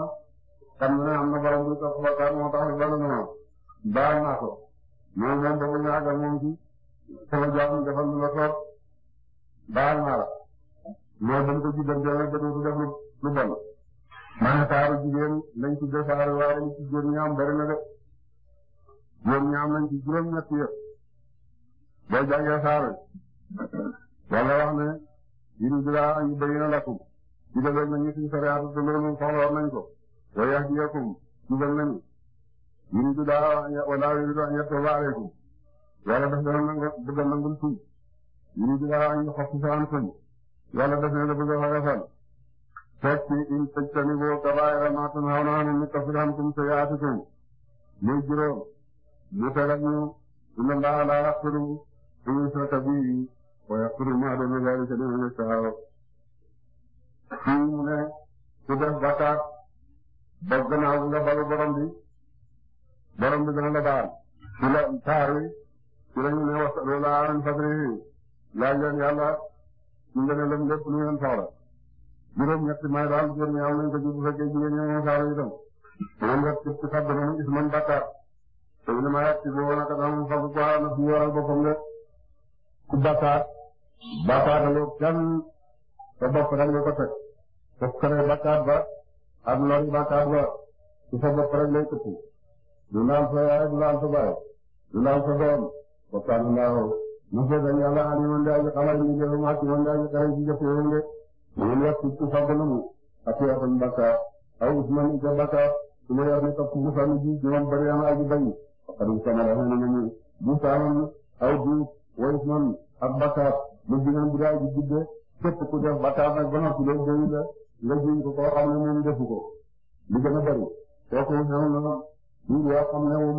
xam na ne am na borom buy topp bakkaat moo tax bari na ma baal naa ko moom moom dafa ñaaga moom ci sama jaam bi defal na la soob baal naa la mais dañ ko ci dem def lu lu bon man taaru jigéen lañ ci defaare waaye lañ ci góor ñaam bari de góor ñaam lañ ci juróom ñett yëpp boo jàngee wax ne yuridu laa an yubayyina lakum jubal nañu suñu sariyaatu te loolu soxla nañ ko wa yahdiyakum jubal nañu yuridu laa wala yuridu an yatuba alaykum yàlla daf leen nangu bëgg nangul yuridu laa an yuxaffisa ankum yàlla daf leen bëgg a xoyofal fekk in tajtanibuu kabaa'ira maa tunhawna anhu nukaffir ankum sayyi'aatikum muy juróom mu tegal ñu inna Allaaha laa yaghfiru an yushraka bihi wa yaghfiru maa duuna zaalika liman yashaa' fii mu ne ku def bàkkaar ba gannaaw nga balu borom bi borom bi dana la baal ci la taari ci la ñu ne was'alu Allaaha an fadlihi laaj leen yàlla ñu gën a lëm lépp lu ngeen soxla juróom ñetti may daal góor ñi am nañ ko jub bu fekkee jigéen ñi moom saaro itam man nga képp ku sàdd man gis man bàkkaar te bu ne ma yàq ci boobu naka dama fagu ko na fi waral boppam de ku bàkkaar bàkkaar daloo kenn sa bopp rek nga ko teg sa kare bàkkaar ba ak lori bàkkaar ba ci sa bopp rek lay tëpp du laal sa yaay du laal sa baay du laal sa doom bokkaan laaw mu fekk yàlla aliman de aji xamal ñu jëfam ak man de aji xaral ci jëf yooyu de moom la ci ci fagg na mu atiwaatuñ bakkaar aw usman ite bakkaar su la yor ji juróom bari am aji bañ xadim sama dafa ne nañu bu saaman aw bu wa usman ak bakkaar lu jinan bu daa ji gudde képp ku def bakkaar nag ba nga jiñ ko koo xam ne moom ko li gën a bari kooku xew na ñu loo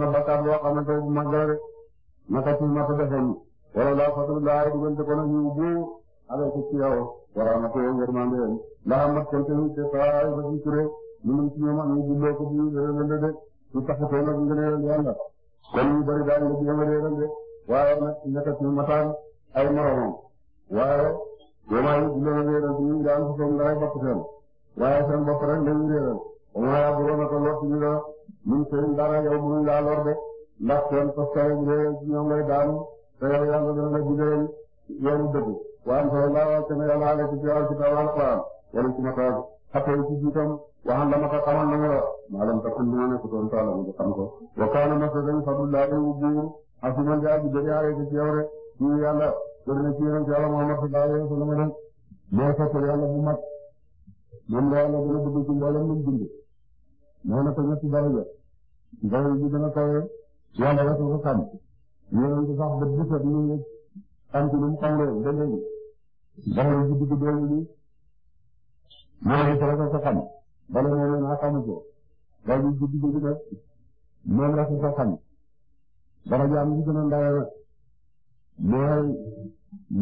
na bakkaar loo xam la rek ma ko laa fatul laa diggante ko nag aleykum ci yow wa rahmatullahi wa barakatuh laa maskantahum te saay ba ci kuré ñu mën ci ñoom ak ñu julloo ko fi réerande de su taxatoo nag ngëneelal yàlla kon ñu bari daañ la jéem a réerande waaye nag nekkat mataan ay moromam waaye yomaa yi di leen réeral bi ñu ko lor ci ñu la ñun seen dara yow mënuñ laa lor de ndax seen tos kare bi réeral ci ñoom lay daanu a waaye Moussa Diagne yàlla a nekk ci wàllu ci taw wala ci ma toog xatee ci jiitam waxal la ma ko xamal la ma wax maa leen takku li ma nekk doon taal ma nga xam ko. wa kaana masalan fadlullahi wu buur asuma jaa a na ci yéen ci yàlla Muhammad sallallahu alayhi wa sallam rek moo soppal yàlla bu mat moom la yàlla gën a bëgg ci mboolem ñu bind. moo nekk ñetti a a jamono ji digg doomu bi moom itam la ko xam bala moo leen a xamu ko waaye ji digg bi nag moom la ko xam dara jaam ji gën a ndaw nag mooy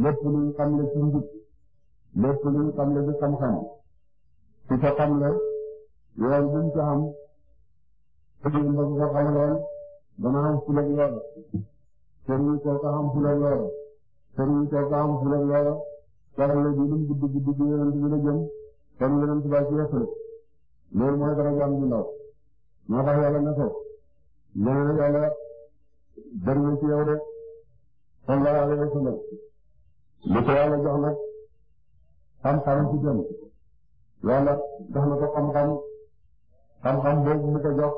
lépp lu ñu xam la ci njub lépp lu ñu xam la ci xam-xam su ko xam la yoon bu ñu ko xam suñu mbokk ko xam lool dana am fulam lool sëriñ ko ko xam fulam lool sëriñ ko ko xam fulam lool soxla ji lum guddi guddi gi yonent bi la jëm kon yonent ba ci yëpp loolu mooy dara jàmm ju ndaw moo tax yàlla ne ko leneen yàlla bëri na ci yow de sallallahu alayhi wa sallam li ko yàlla jox nag xam-xam ci jëm yàlla jox na ko xam-xam xam-xam boobu mu ko jox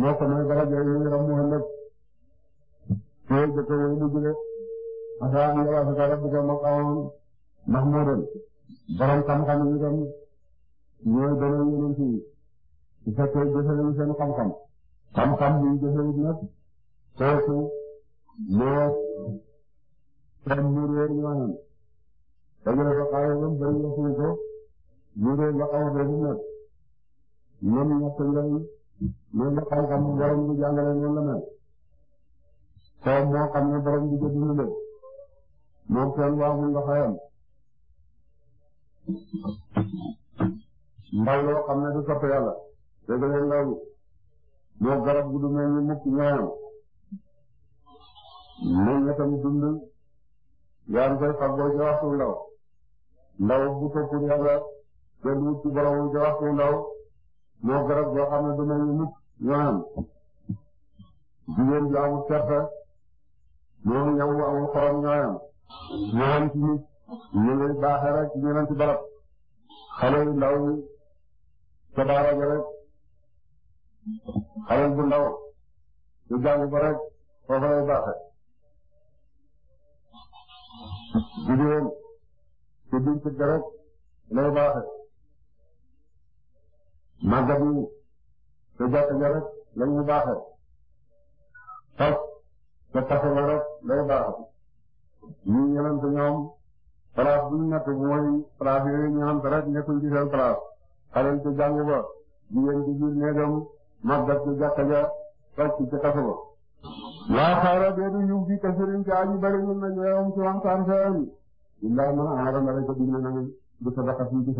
moo ko may dara jëy ñu yaram mu ëllëg te jëkkër yooyu mu jóge asaa an yàlla sa rabbuka maqaam ndax moo doon borom xam-xam yi doon ñooy doon yeneen fii su fekkee jëfewuñ seen xam-xam xam-xam buñ jëfewut nag kooku moo seen mur wéer ñooñam dajale ko xawee ba mu bëri yëfuñ ko ñu doon la xaw a bëri nag ñoom ñett ngay loolu la xam-xam borom bi jàngale noonu la mel koo moo xam ne borom bi jënd moom seen waa mun la xayam ndaw loo xam ne du sopp yàlla te dañu ndaw moo garab gu du mel ni mukk ñooyam meññatam dund yaa ngi koy fàggoo ci waxtu ndaw ndaw bu toppul yàlla te du ci borom ci waxtu moo garab goo xam ne du mel mukk ñooyam jigéen ju amul certe moo ñaw amul xorom ñooyam ñooyam ci ñu ngi baaxee rek ñu leen ci barab xale yu ndaw yi ca daara ja rek xale bu ndaw ñu jàng ba rek foofa lay baaxee. jigéen ci biir kër ga rek lay baaxee màggat yi ca jàkka ja rek la ñu baaxee tas ca tasa ba rek lay baaxee ñi ñeneen ñoom. place bu ñu natt mooy place yooyu ñu xam dara nekkuñ ci seen place xaleel ci jàng ba jigéen ci biir néegam màggat ci jàkka ja kasirin ci aji bari ñun na ñeewam ci illaa man aara ndara ko digna nañu du sadaqatin ci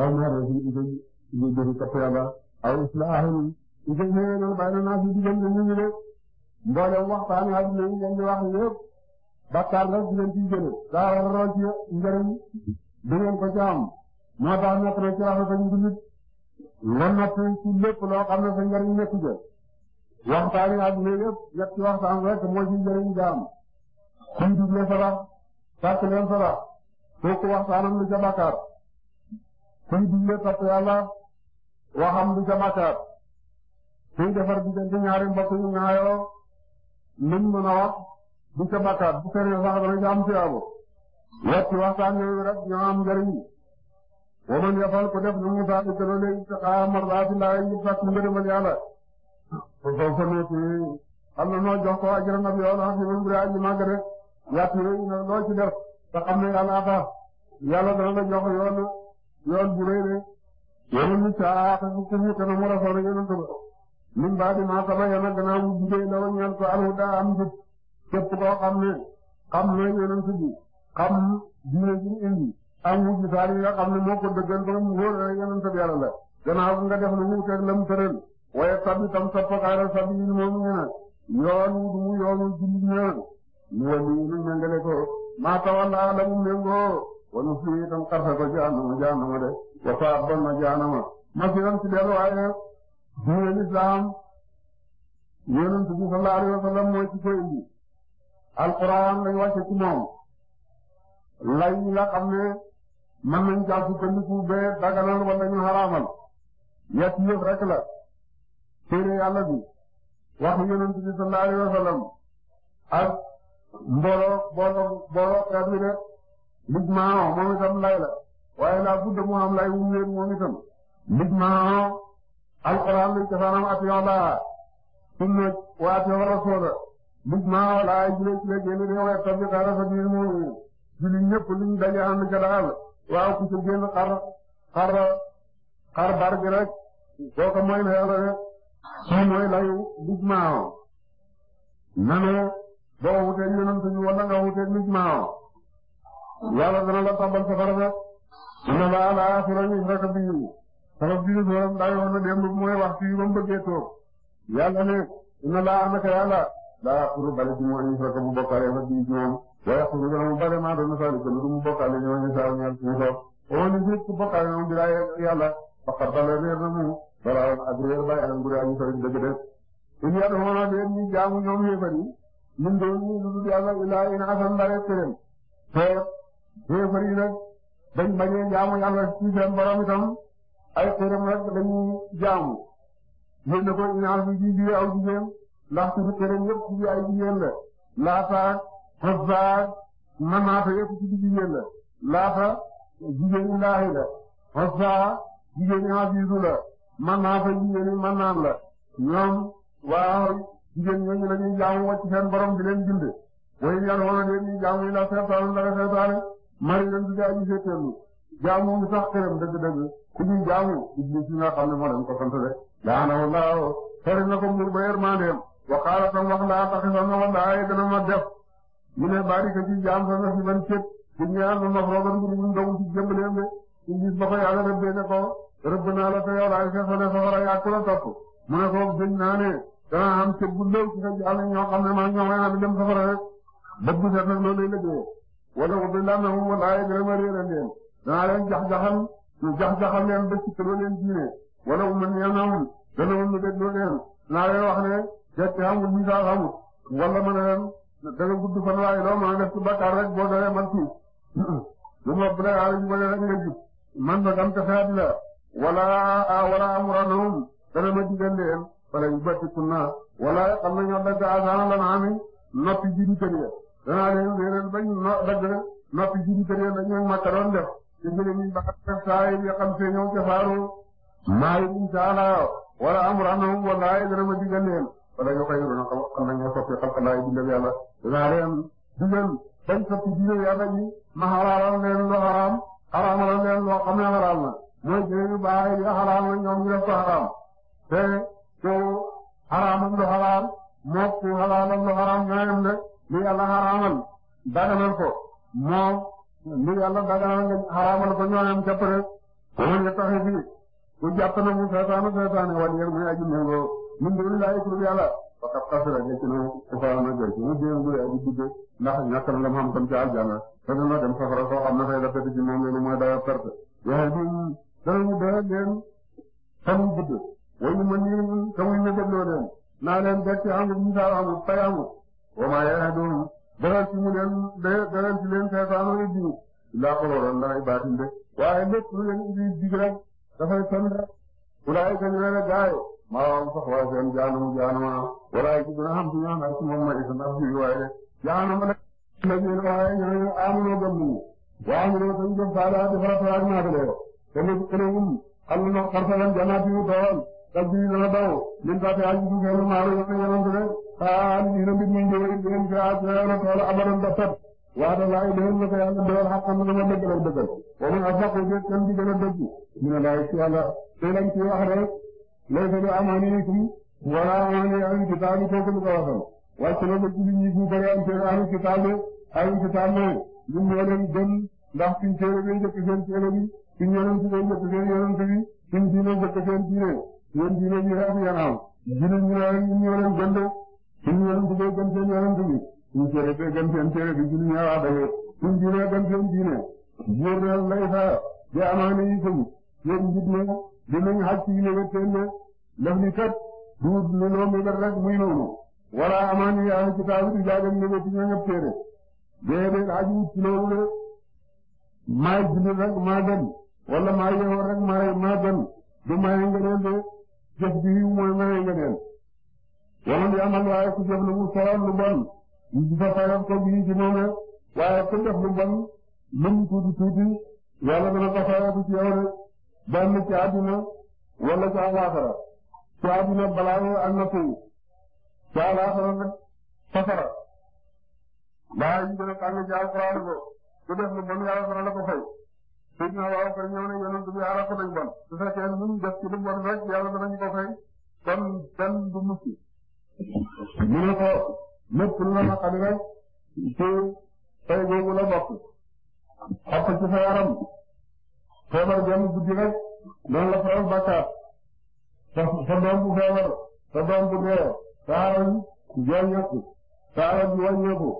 aw ma'rufin itam ñu jëfi na naa fi diggante ñu ñu de mboolem waxtaan yi àdduna yi ngeen di wax bakkaar la di leen ciy jëlee. dara ci njëriñ da ngeen ko ci am moo tax nekk na ci rafet ak nit nga natt ci lépp loo xam ne sa njëriñ nekk ca waxtaan yi ak léegi yëpp ñetti waxtaan rek moo ci njëriñ jaam kuy digle sarax sàkk leen sarax kooku waxtaanam lu ca bakkaar kuy digle topp yàlla waxam lu ca bakkaar kuy defar diggante ñaari mbokk yu ñaayoo luñ mën a wax bu ca bakkaat bu sori sax dana ca am tuyaabo wàcc waxtaan yooyu rek ñoo am njëriñ wa man yafal ko def nu mu saa di gënoon léegi ca xaar mardaati laa yi ñu ah, sàkk ngërëmal yàlla pour soo ko nekk xam na noo jox ko ajran ab yoon xam ah, ne moom bu dee aji màgg rek yàq yooyu nag loo ci def te xam ne yàlla tax yàlla dana la jox yoon yoon bu rëy rek yoonu ah, ñu caa te fu mu te ne mu rafetlu yéen a tëb. min baadi maa tabayyana gannaaw bu jugee la woon ñaan ko alhudaa am jub képp koo xam ne xam na yonent bi xam diine ji ñu indi ak mujjisaar yi nga xam ne moo ko dëggal nga def lu mu teg la mu tëral waaye sabi tam sappakaara sabi yi moom ñu ne yoon wu mu yoonu jullit ña ñu wàllu ñu méngale ko maa tawalla la mu méngoo wanu fi itam xarfe ko jaanama jaanama de wasaab bon na jaanama masiran alquran lañ wàcce ci moom lay yi nga ne mën nañ caa sukkandiku bee daganal wala ñu xaraamal yett yëf rek la téere yàlla bi waxu yonent bi sallallahu alayhi wa sallam ak mbooloo booloo booloo xeet wi de lijmaao moom itam lay la budda mu am lay wu wéen moom itam lijmaao alquran lañ cosaanam atiyo laa sunna wa atiyo rasula mouvement wala ay jule jule génn di wax tabi xara fa biir moomu julli ñëpp luñ daje ànd ca daal waaw ku ci génn xar xar bar gi rek kooku mooy la rek soo mooy layu mouvement nanu boo wuteeg yonent bi wala nga wuteeg mouvement yàlla dana la tabal safara rek dana la ala surañu rek biir sabab biir borom daa yoon na démb mooy wax ci ba mu bëggee toog yàlla ne dina laa naka yàlla laa yaqulu bale ci mooy ko bu bokkaale fa ci ñoom laa yaqulu maa doon saali ko lu mu bokkaale ñoo ñu saa ñaan na mu balaa ak réer bàyyi na ngure añu sori dëgg dëgg in yàlla maa leen jaamu ñoom xéefar yi ñun doon ñu lu dul yàlla ilaa in asan la rek këram te xéefar jaamu yàlla ci seen borom itam ay këram rek dañuy jaamu yéen ko in asan ji aw jigéen ndax suñu tere yëpp ci ay jigéen la laataak xosdaak manaata yëpp ci jigéen la laata jigéeni laahi la xosdaa jigéeni hafiisu la manaata jigéeni manaan la ñoom waa jigéen ñooñu la ñuy jaamu wàcc seen borom di leen bind yar woona deen ñi jaamu yi la seetaanu la seetaane mari leen di daa ji jaamu ñu sax këram dëgg-dëgg jaamu iblis yi nga xam ne moo leen de daana wallaahu tere ko mbir ba yërmandeem waxaala tam wax laa taxisa ma wallaahi dana ma def mu ne barika ci jaam sa nasiban cëpp bu ñaan lu mafroogan bu ñu dogu ci jëmbaleem de ci gis ba ko yàlla rëbbee ne ko rëbb naa la te yow laay feesale safara yàkku la topp mu ne ko gëñ ne dana am cëpp bu ci sa jàll ñoo xam ne maa ñoo may na di dem safara rek bët bu set nag loolu lay lëggee wala wut laa ne moom wallaahi ma réeral leen danaa leen jax-jaxal ñu jax-jaxal leen ba ci wax ne jekk amul misaal amul wala ma ne leen da gudd fan waaye loo mën a def ci boo doyee man tuub lu ma bu dee aar ñu bëri man nag am te xeet la wala wala dana ma leen wala ñu bëtti kunna wala xam nañu dagg asaana la ma ami noppi ji leen réeral bañ no dagg noppi ji di tëddee dañu ak makka doon def te jëlee ñu ba saa yi xam see ñëw ca faaru maa yi incha allah wala dana ma wala ñoo koy yëngu xam xam nañ ñoo soppi xalqalaay bindam yàlla dinaa leen digal bañ soppi diine yàlla yi ma xaraaral leen lu xaraam xaraamal leen loo xam ne xaraam na mooy jëriñu baax yi xaraam ñoom ñu ko xaraam te te xaraamam lu xaraam moom ci xaraamam lu xaraam ñoo yem li yàlla xaraamal daganal ko moom li yàlla daganal ko ñoo yem ca peut-être. bu ku jàpp na mu seetaanu seetaane wala yéen muy aji méngoo min dunillahi ku yàlla faqad xasira yëkkëloo xasaaru na gerte mu dee mu yaay di dugg ndax ñàkk na la mu am tam ci aljana te dana dem safara soo xam ne fay rafet ci moom loolu mooy daaw perte. yaa ngi danañu doyal leen xamuñ gudd wala ñu mën ñu leen naa leen gerte amul misaal amul fay wa maa yaay doon ci leen de dara ci leen seetaanu indi laa ko waroon ndax ay baatin de waaye lépp lu leen indi dig rek dafay la gaayo maanaam sax waaye seen jaanuma jaanuma walaay ci gën a xam si ñoom ak si moom mooy itam ak jiw waaye jaanuma nag. ñoom waaye ñooñu amuñu gëm ñu waaw ñu ne suñu jëm Saada di farat waay maa ngi lay wax. te lu ci keneen ñun xam nañu xarfalen jannaat yu tawal ak bii dana daw ñun daal di àgg si kenn maa ngi leen yoroon rek xaaral ñu ne mbir mi ngi jógee ngeen fi àgg yàlla tool abadan ba tëb. waaw daal laay dégg nga ko yàlla doyal xam xam nga ma dëgg la dëggal. waaw man ak mbokku gi kenn di gën a dëgg ñu ne laay ci yàlla tey lañ ci wax rek laysa bi amaaniyikum wala amaani ahlil kitaabi kooku lu ko waxal wàcc na ba ci nit ñi bu bëri am seen ahlil kitaab ahlil kitaab ñun ñoo leen gën ndax suñ téere bi njëkk seen téere bi suñ yonent bi njëkk seen yonent bi suñ diine njëkk seen diine yéen diine bi xeetu yanaaw jullit ñu ne ñun ñoo leen gën de suñ yonent bi gën seen yonent bi suñ téere bi gën seen téere bi jullit ñaa wax dëgg suñ diine gën seen diine buur leen lay fa bi amaaniyikum yéen nit ñi dinañ xaj ci yéen seen ndax ni kat du lu loo mébét rek muy noonu wala amaani ahlu kitaab di jaagam yi ñëpp téere déedéet aju ci loolu de maay jullit rek maa dem wala maay yeewoo rek maay maa dem du maay ngëneel de jëf bi mooy maay ngëneel wala di amal waaye ku jëf lu mu solal lu bon ñu fa fayal ko bii ci moom rek waaye ku jëf lu bon lu mu tuuti tuuti yàlla dana ko fayal ci yow de benn ci àddina wala ci àllaaxira ci àddina balaa ak natt yi ci àllaaxira nag safara daa ñu gën a tàng ci alxuraan ko ku def lu bon yàlla dana la ko fay suñ na waaw kay ñëw ne yonent bi ala ko nañ bon su fekkee luñ def ci lu bon rek yàlla danañ ko fay kon kenn du mucc mu ne ko lépp lu la naqari rek ci fay googu la bokk xapp ci sa yaram feebar benn guddi rek noonu la faral bàkkaar sa sa doom bu feebar sa doom bu dee sa alal jooñeeku sa alal ji wàññeeku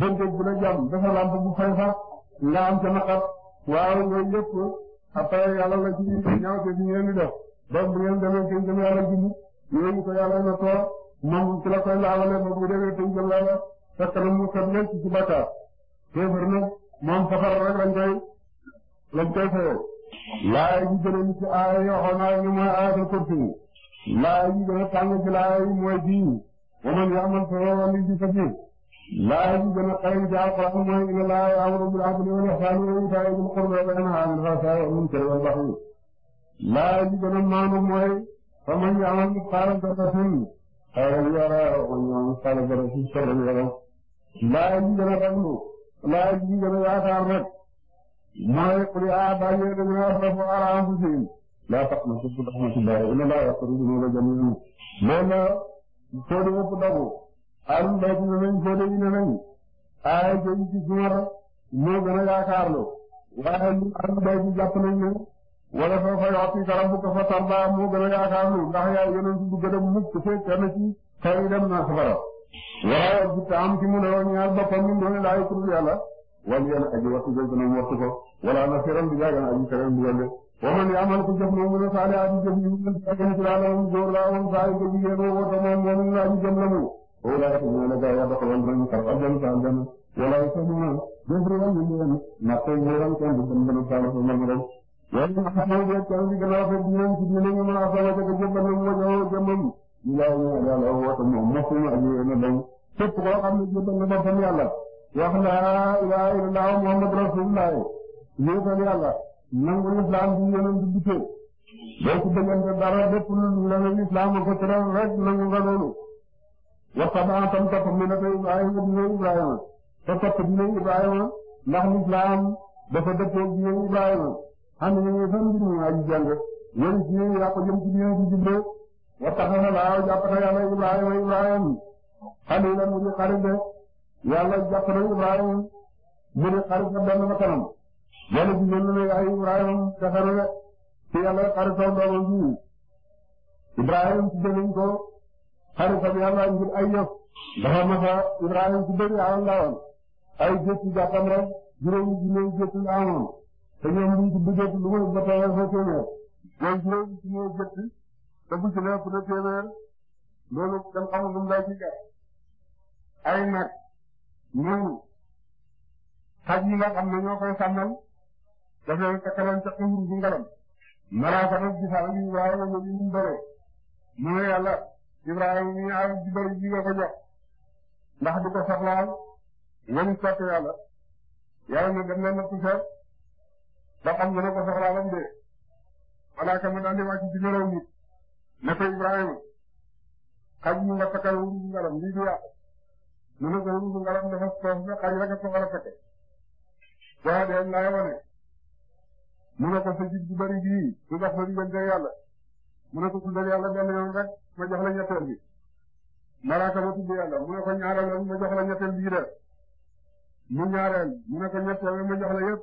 bëccëg bu la jàmm dafa lamp bu fay sax nga am ca naqar waaw yooyu yëpp après yàlla la ci ñawte fi ngeen di def donc bu ngeen demee seen jëm yàlla jublu yooyu ko yàlla na ko moom ci la koy laawale ba bu demee seen jëm yàlla fekk na mu set leen ci ci bakkaar kéefar na moom safara rek lañ koy lañ koy fayoo laay yi gën a nit ci aaya waxoon naa ñu mooy aaya kursi laay yi gën a tàng ci laay yi mooy bii wa man ya'mal suu'an yujzi bihi laay yi gën a xëy ci alxuraan mooy inna llaaha ya'muru bil adli wal ihsaani wa iitaa'i zil qurbaa wa yanhaa anil fahshaa'i wal munkari wal baghi laay yi gën a maandu mooy fa man ya'mal mithqaala darratin xayran yaraa wa man ya'mal mithqaala darratin sharran yaraa laay yi gën a raglu laay yi gën a yaakaar rek mooy qul yaa abaa yéen a yasrafu alaa anfusihim laa taqnatu min rahmatillaah inna llaaha yaghfiru dunuuba jamii'an loolu fóode yëpp dogu alum baytu ne nañ fóode yi ne nañ aay jëñ ci góor moo gën a yaakaarlu waaye ñun alum baytu jàpp nañ ne wala sawfa yu'tika rabbuka fatardaa moo gën a yaakaarlu ndax yaay yonent bu gëdëm mukk fekk na ci xëy dem na safara waaye am ci mu ne woon ñaar boppam ñu doon laay tur wal yan aji wattu jël dana wattu ko wala na feram bi yaagan aji feram bi wande waman yaamal ku jëf moomu ne saale aji jëf yi ngeen ci laa moom góor laa woon saa yi jëf yi ngeen woo moom moom la aji jëf la mu oo laa ko ñu la gaa ya doxal woon nañu xar ajan sa ajan wala yi sa muna jëf ri wan ñu leen na ko wóoran ko bu sam dana saala ko man rek yàlla na xam ne bee kan bi gannaaw fekk dinañ ci dinañ mën a sama ko jëf la mu wajoo jëmmam ñu laa ñu yàlla woote moom mosuma aji yéen a dañ képp koo xam ne jëf na ba fam yàlla wax laa ilaaha illallaah muhammad rasuulullaah wéetal yàlla nangu lislaam bi yonent bi dikkee doo ci dëggante dara lépp lu la ne lislaam ko tëral rek nangu nga loolu wattabaa tam topp millata ibrahima dina ibrahima te topp dina ibrahima ndax lislaam dafa dëppoo dina ibrahima xam ne ñu fan mbir mi aji jàng yéen ci yéen yàq jëm ci dina ci jubloo wattaxala laa jàppata yàlla ibrahima ibrahima xalilan mu di yàlla jàpp na Ibrahima mu ne xarit sa benn ba kanam yàlla gis nañ ne ay Ibrahima jafe na de te yàlla xarit sa doomam ji Ibrahima tuddee nañ ko xarit sa bi yàlla ngir ay yëf dafa masa Ibrahima tuddee bi ay ndawam ay gëstu jàppam rek juróomi junne gëstu la amoon te ñoom bu ñu tudd gëstu lu muy ba tawee fa téeméer loolu juróomi junne gëstu te bu ci nekk na téeméer loolu kenn xamul lu mu lay ci ay nag ñoom xaj yi nga xam ne ñoo koy sàmmal dafay tekkaloon ca xungur bu ngalam malaaka nag gisaal li Ibrahima ñu ni mu mu ne yàlla Ibrahima ñu ji bëri ji nga ko du ko soxlaal yéen sotti yàlla yàlla na dem na nattu seet ba xam dana ko soxlaalam de malaaka ma daal di ci melow nit ne ko xaj yi nga tekkal wurgu ngalam lii du yàq ñu ne ko ñu ngalam dafa foofu nga xaj a ko war a fekke waaye de laay wane mu ko sa jib bu bari gii du dox sa diggante yàlla mu ko tuddal yàlla benn yoon rek ma jox la ñetteel bi malaaka ma tudd yàlla mu ne ko ñaareel rek ma jox la ñetteel bii mu ñaareel mu ne ko ñetteel ma jox la yëpp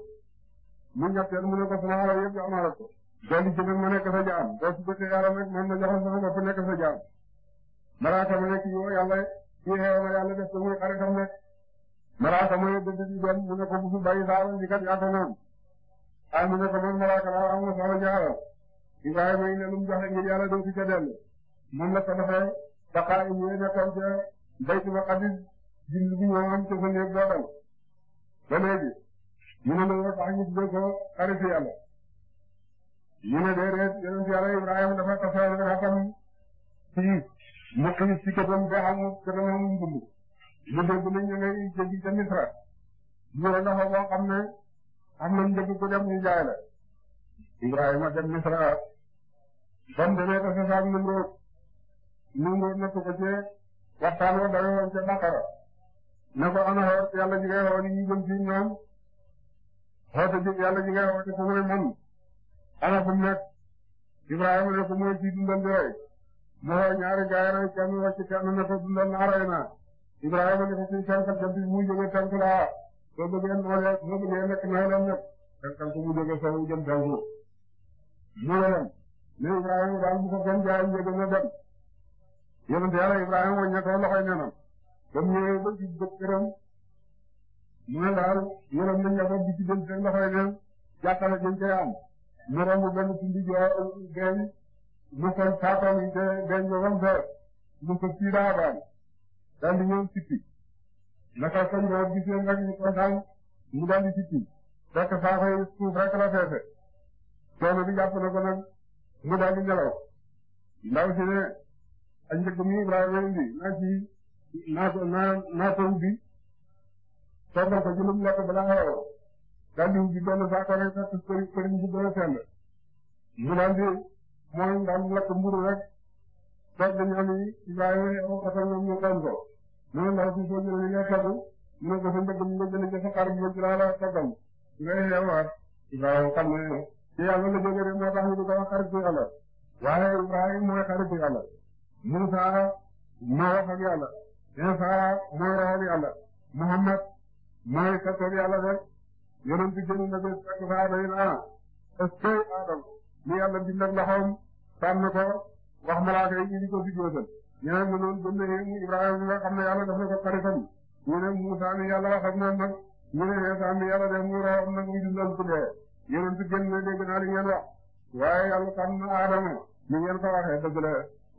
mu ñetteel mu ne ko sama alal yëpp jox naa la ma nekk sa jaam doo ci bëgg rek man ma jox la sama bopp nekk sa jaam malaaka ma nekk yow ci xew ma yàlla def ko muy xaritam ne malaaka mooy dëgg ko bu fi bàyyi saaran di kat yaa ko moom ko man malaaka laa am na soxla jaxalal Ibrahima yi ne lu doo ci ca dellu la ko defee baqaa yi ñëwee nekkoon ca baytu maqdis julli bi ñëwoon ca sa néeg boobal ba léegi ñu ne loolu tax ñu tuddee ko xaritu yàlla ñu ne déedéet yonent yàlla Ibrahima dafa tasaare xatam ci nekk na ci katam ba amul katam amul mbind. ñu dégg ne ñu ngay jéggi ca Misra. yore loxo boo xam ne am na njëg ku dem ñu jaay la. Ibrahima dem Misra. ba mu demee ba sa saag Nimrod. Nimrod nekk ko cee waxtaan wa dawe woon ca Baqara. ne ko ana xool yàlla ji ngay xool yi jëm ci ñoom. xoote ji yàlla ji ngay xoote ku muy moom. ana fu mu nekk. Ibrahima ne ku muy ci dundam bi roy. moo ñaari gaay rey kenn wacc kenn ne ko dundal naa rey na Ibrahima ne ko suñ mu jógee tànk laa soo bëggee noole soo bëggee nekk nekk tànk mu jógee sow jëm mu leen ne Ibrahima daal bu ko kenn na dem yonent Yàlla Ibrahima wañ ne ko loxoy nenam ba ba ci dëkk këram mu daal yërëm nañ la ko bi dem seen loxoy nen jàppale dañ koy am mu romb benn tund joo mu fees mosal sii daa baal daal di ñëw sikki naka sëñ boobu gis ngeen rek ñu kontaan mu daal di sikki fekk bi jàpp na ko mu daal nelaw ndaw si ne ak njëkk mi Ibrahima naa ci naa ko naa naa ko ubbi toogal ko jëlum lekk balaa xew daal di ubbi benn saako rek fekk përiñ përiñ a mu daal moom daan lekk mburu rek toog dañu xam ne Ibrahima oto ñoom ñu doon ko. noonu la suuf soo jëlee nga tegu mu ko fa mbëgg mu nga jëlee sa xar nga jëlaat ak toggam nga yeewaat Ibrahima xam ne ci yàlla la jógee moo tax ñu di ko wax xarit ci yàlla waaye Ibrahima mooy xarit ci yàlla Musaa moo wax ak yàlla Isa mooy wax ak yàlla Muhammad mooy kattan yàlla rek yonent bi jënd na ko ak saaba yi naan est-ce que Adam li yàlla bind ak loxoom sànni ko wax malaaka yi indi ko si jootal ma noonu gëm nañu ne Ibrahima nga xam ne yàlla def na ko xaritam ñu ne Muusaa mi yàlla wax ak moom nag ñu ne Iisaa mi yàlla def mu raw am nag mu dundal ku dee yéen a ngi gën ne dégg naa li ngeen wax waaye yàlla xam na Aadama ni ngeen ko waxee dëgg la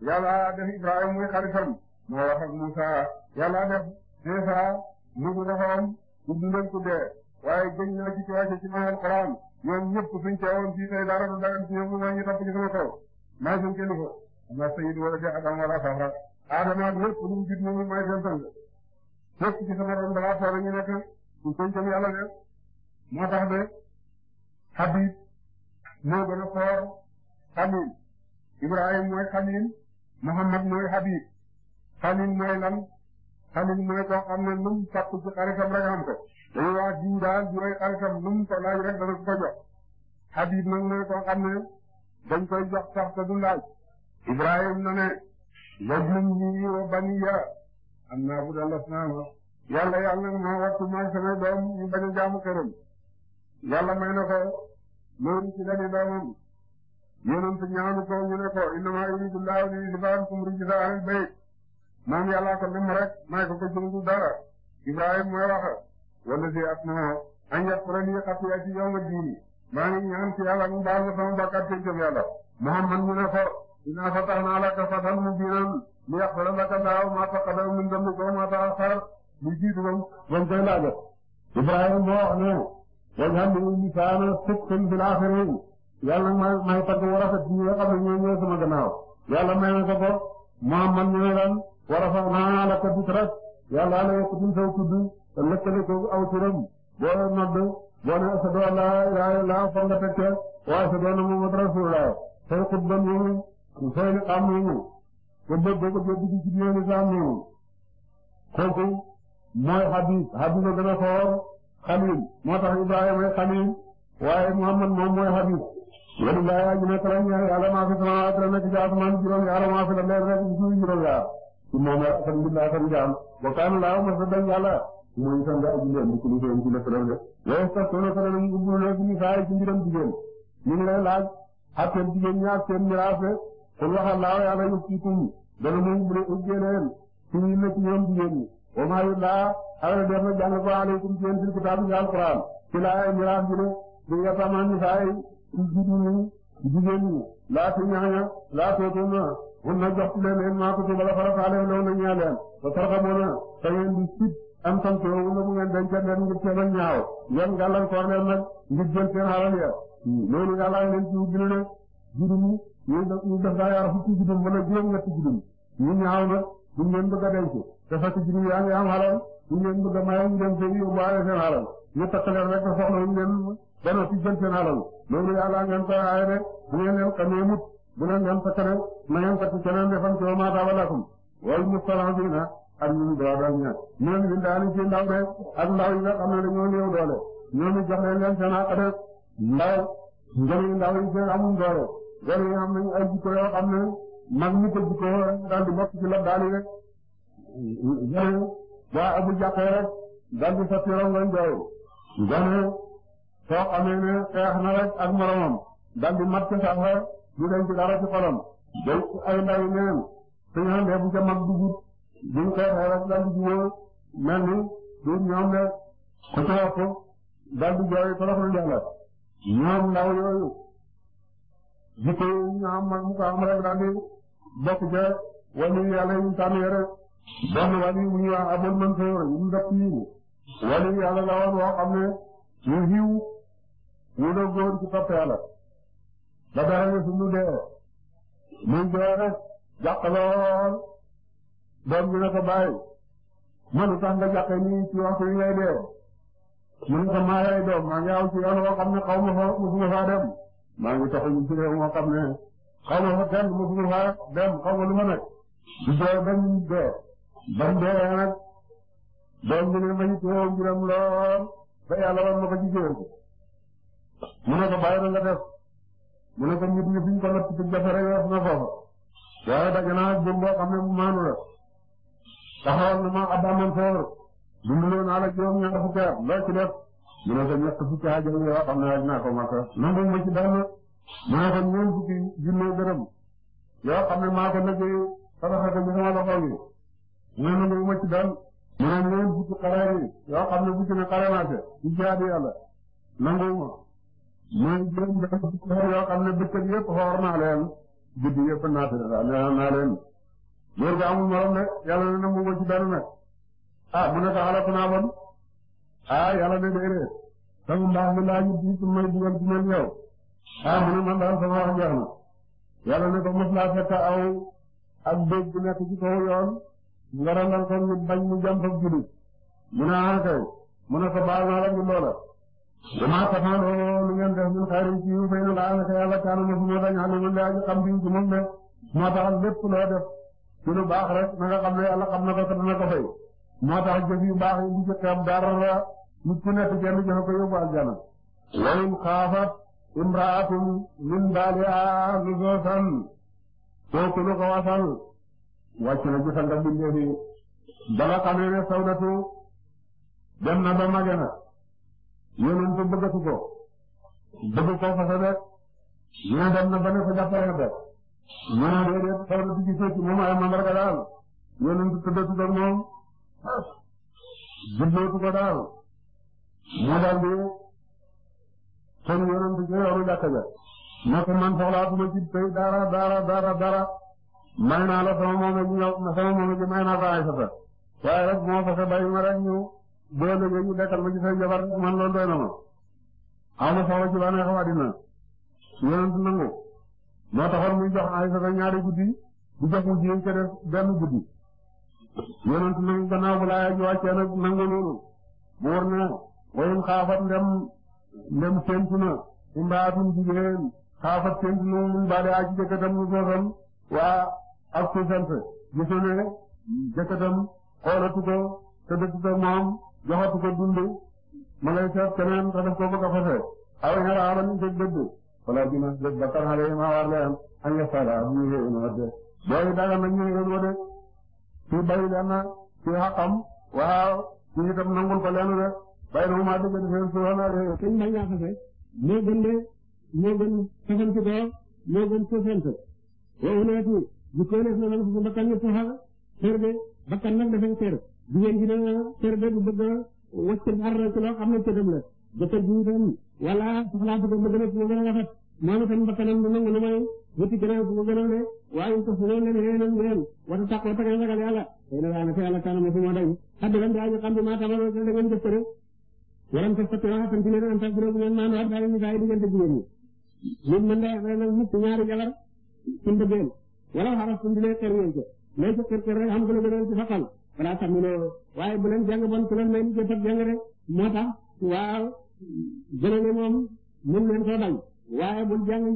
yàlla def Ibrahima muy xaritam moo wax ak Muusaa yàlla def Iisaa mu ngi doxoon mu dundal ku dee waaye gën naa ci ci wàcce ci ñoom ñëpp suñ teewoon fii tey dara du dagan ci ñoom ñoo ñu topp ci sama kaw maay seen kilifa ma sayid wala di adam wala safra adama ak lépp lu mu jub moom maay seen sang lépp ci sama ron dama soore ñu nekk ñu koy jëm yàlla de moo tax de Habib moo gën a foor Xalil Ibrahim mooy Xalil Muhammad mooy Habib Xalil mooy lan Xalil mooy koo xam ne lu mu sàpp ci xaritam rek am ko waa jiw daal jiw alkam lu mu dana ko jox Habib nag mooy koo xam ne dañ koy jox sax te du laaj Ibrahim na ne yajlum li wa baniya am naa bu dal asnaama yàlla yàlla moo wattu maa sama doom ñu bañ a jaamu këram yàlla may na ko loolu ci dani doomam yonent ñaanu ko ñu ne ko innamaa yuridu llaahu li yuzhiba ankum rijsa ahlal bayt moom yàllaa ko lim rek may ko ko jëndu dara Ibrahim mooy waxa wala si at moo an yaqura li xatiya ci yawma diini maa ngi ñaan ci yàlla mu baal ma sama bakkaat ci jëm yàlla Muhammad mu ne ko inna fatahna laka fatan mubiinan li yaqfara laka Allahu ma taqaddama min dambika wa ma ta'akhkhara lu jiitu ba mu koy laaja Ibrahima moo wax ne waj'alni lisaana sidqin fil aaxiriin yàlla may may tagg war a fa ci ñi nga xam ne ñoo ñëw sama gannaaw yàlla may na ko ko Muhammad ñu ne lan wa rafa'naa laka dhikrak yàlla la yokk ci sa tudd te lëkkale ko aw turam boo nodd boo ne ashhadu an laa ilaaha illallaah fa nga teg wa ashhadu anna muhammadan rasuulullaah fay xutba moomu fay liqaam moomu te bët boo ko jël dugg ci biir liqaam moomu kooku mooy xadiis xadiis a gën a foor xaliil moo tax Ibrahima ay xaliil waaye Muhammad moom mooy xadiis walillaahi aji nekk la ñeex yàlla maa fi samaawaati la nekk ci asamaan juróom yaar maa fi la leer nekk ci suuf juróom yaar moom la alhamdulilah seen jaam wa kaana laahu masdaran yàlla mooy sànq ak jigéen bi kilifa yi ci dëkk doon def loolu sax soo nekk nañu bu ñu ñu saa yi ci mbiram jigéen ñu ngi lay laaj ak seen jigéen ñaar seen miraas rek kon waxal laaw yàlla yëf ci kum dana muy bu dee génneen suñuy nekk ñoom wa maa laa xale def na jàng ko aleykum ci yéen fil kitaab ci alquran ci laa ay miraas bi ne di nga tamaan ñu saa yi ci jiitu ñi jigéen ñi laa ci na mun na jox leen maa ko tuubal a faral saa leen la ñu ñaa leen ba tarxamoon na te ngeen am tam too wala bu ngeen denc leen ngir teelal ñaaw ngeen gàllankoor leen nag ngir jël seen xalal loolu yàlla leen ci ubbi ne judum ñu ñu def daa yar fukki judum wala juróom-ñetti nag duñ leen bëgg a denc te fekk judum yaa ngi am xalal duñ leen bëgg a maye ñu dem seen yóbbaale seen xalal ñu takk leen rek soxla wuñ ba noppi jël seen xalal loolu yàlla ngeen koy bu ngeen leen xamee mut bu leen ngeen takk rek na ngeen ak ñun doole ña ñooñu daanu ci ndaw rek ak ndaw yi nga xam ne dañoo néew doole ñooñu jox leen leen seen àq rek ndaw njëriñ ndaw yi seen amul doole gone yi am nañu ay jikko yoo xam ne mag ñi ko jikko daal di bokk ci la daal di rek gone waa abu jàqee rek daal di sotti rongoñ jooy gone soo xamee ne xeex na rek ak moromam daal di mat ca sax ñu denc dara ci xolam day ay ndaw yi neen su ñu xam ne bu ca mag dugub buñ koy xoolal daal di jubóo mel ni du ñoom la ko ca wax ko daal di jooy toroxlu yàlla ñoom ndaw yooyu jikko yi ñu am mu ko am rek daal di bokk ca wàllu yàlla yi ñu tànn yore benn wàll yi mu ñuy wax Abul Mansur yi mu def nii wàllu yàlla la woon woo xam ne ñu xiw ñu doon góor ci topp yàlla ba dara ñu suñu dee muy dee rek jàq lool doom bi na man lu tax nga jàqe nii ci waxtu wi ngay dee mu ne ko ne xaw fa musuma faa dem maa ngi taxawu ci réew ne xaw fa kenn musuma faa dem xaw ma lu di doom bi ne ma yittewoo mbiram lool ba yàlla war na nga def mu ne ko nit ñi fi na foofa waaye daje naa ak ne mu taxawal na moom Abba Mansour dundaloo naa la juróom ñaar fukki loo ci def mu ne ko ñett fukki at jëm yoo xam ne aj naa ko Makka nangu ma ci dara mu ne ko ñeent fukki junne dërëm yoo xam ne maa ko liggéey sadaxa ci sama loxo gi mu ne nangu ma ci yoo xam ne bu ci ne xare naa ca ci jaadu yàlla nangu leen góor ga amul morom de na nangu ko ci benn nag ah mu ne ko ala kunaa bon ah yàlla de day réer sama mbaax mi laa ñu man yow ah mu man daal sama wax jeex na yàlla ne ko mos laa fekk aw ak béy bu nekk ci nga randal ko ñu bañ mu jàmp ak jullit mu ne ah kay mu ne baal naa la ñu loola. damaa safaanoo lu ngeen def min xayrin ci yu fay na laa nga yàlla kaanu mosuma dañ xam ne man daa ñu xam bi ci moom de moo tax lépp loo def. ci lu baax rek na nga xam ne moo tax jëf yu baax yi du ci xeeb dara nit ku nekk kenn joxe ko aljana wa in xaafat imraatun min baaliha nusoosan foofu lu ko wasal wàcc na ci sanga bindee fi dala xamee ne sawdatu dem ba mage na yonentu bëggatu ko bëgg ko fase de ñu ne dem na ba ne ko mën naa déedéet xaw moom ay mandarga daal yonent bi tëddatu ak moom jublootu ko daal moo daal di kon yonent ci yoonu jàkka ja ne ko man soxlaatuma ci tey dara dara dara dara may naa la sama moom ak ñëw sama moom ak may naa ko ay sata waaye rek moo fas a bàyyi ma rek ñu boo léegi ñu dekkal ma ci seen jabar man loolu doy na ma aw ma soxla ci bànneexu àddina yonent nangu moo taxoon muy jox Aysata ñaari guddi di jox mu jigéen ca def guddi yonent nag gannaaw bu laaya ji wàccee nag nangu noonu mu war na xaafat ndem ndem séntu na imbaatum xaafat séntu na mun baale aji nu soosam waa ak su sant gis na ne jëkkatam xoolatu ko te dëkk ko moom joxatu ko ko bëgg a fase aw ñara aban te dëdd wala dina def ba tax a leen ma war a bu ñu yee ma de booy dara ma ñu yee ma de ci bay leen na ci xaqam waaw ci itam nangul ko leen de na mu maa dëgg defee su xanaa de. kenn mën ngaa fexe moo gën de moo gën fexante ko moo gën fexante waaw naatu bu ko def na nag bakkan ñu saxal ter de bakkan nag dafay ter jigéen ji dana ter de bu bëgg a wàcc ar ci loo xam ne tëddam la jëkkër ji itam wala soxlaa bu gën a bu gën a rafet moom itam bakkanam du nangu lu may wëtti gën a bu gën a de waaye ko fu leen leen leen leen wata taqoo te ngeen ragal yàlla xëy na daanaka yàlla tànn ma fi a dañ xaddi lan daañu maa da ngeen jëf ko de walam ta sotti waa tam ci leen am tax bu ngeen maan waat daal ni daay diggante jigéen ñi nit mën day amee nag mukk ñaari jabar ci mbëggeel wala xaras tum di lee xer ngeen ko lay ko xer xer rek xam ko la gënal ci faqal wala tamuloo waaye bu jëlale moom mën leen koo bañ waaye bul jàng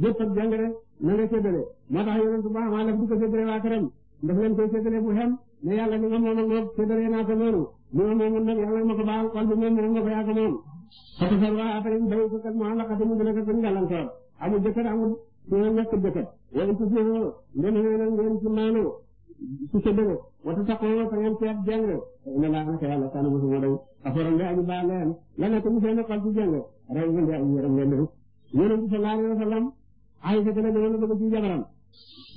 jëpp ak jàng rek na nga séddale moo tax yonent bu baax maa def di ko séddale waa këram ndax leen koy séddale bu xem ne yàlla ni nga moom a moom séddale naa ko noonu ni nga moomul nag yàlla ma ko baal xol bi moom moom nga ko yaa ko moom fatosal waa après bay ko kat mu àllaqati mu gën a kat bañ gàllankoor amul jëkkër amul su ngeen ñàkk jëkkër wa in tuslihu ngeen xëy na su ca dëgg wata taxawoo sa ngeen seet jàng ina laa naka yàlla kaanu mosu moo daw afaram la aji baa leen la nekk mu seen xol ci jàng rey ngeen yaa yaram leen def yonent bi sallallahu alayhi wa sallam ay sa gën a gën a bëgg ci jabaram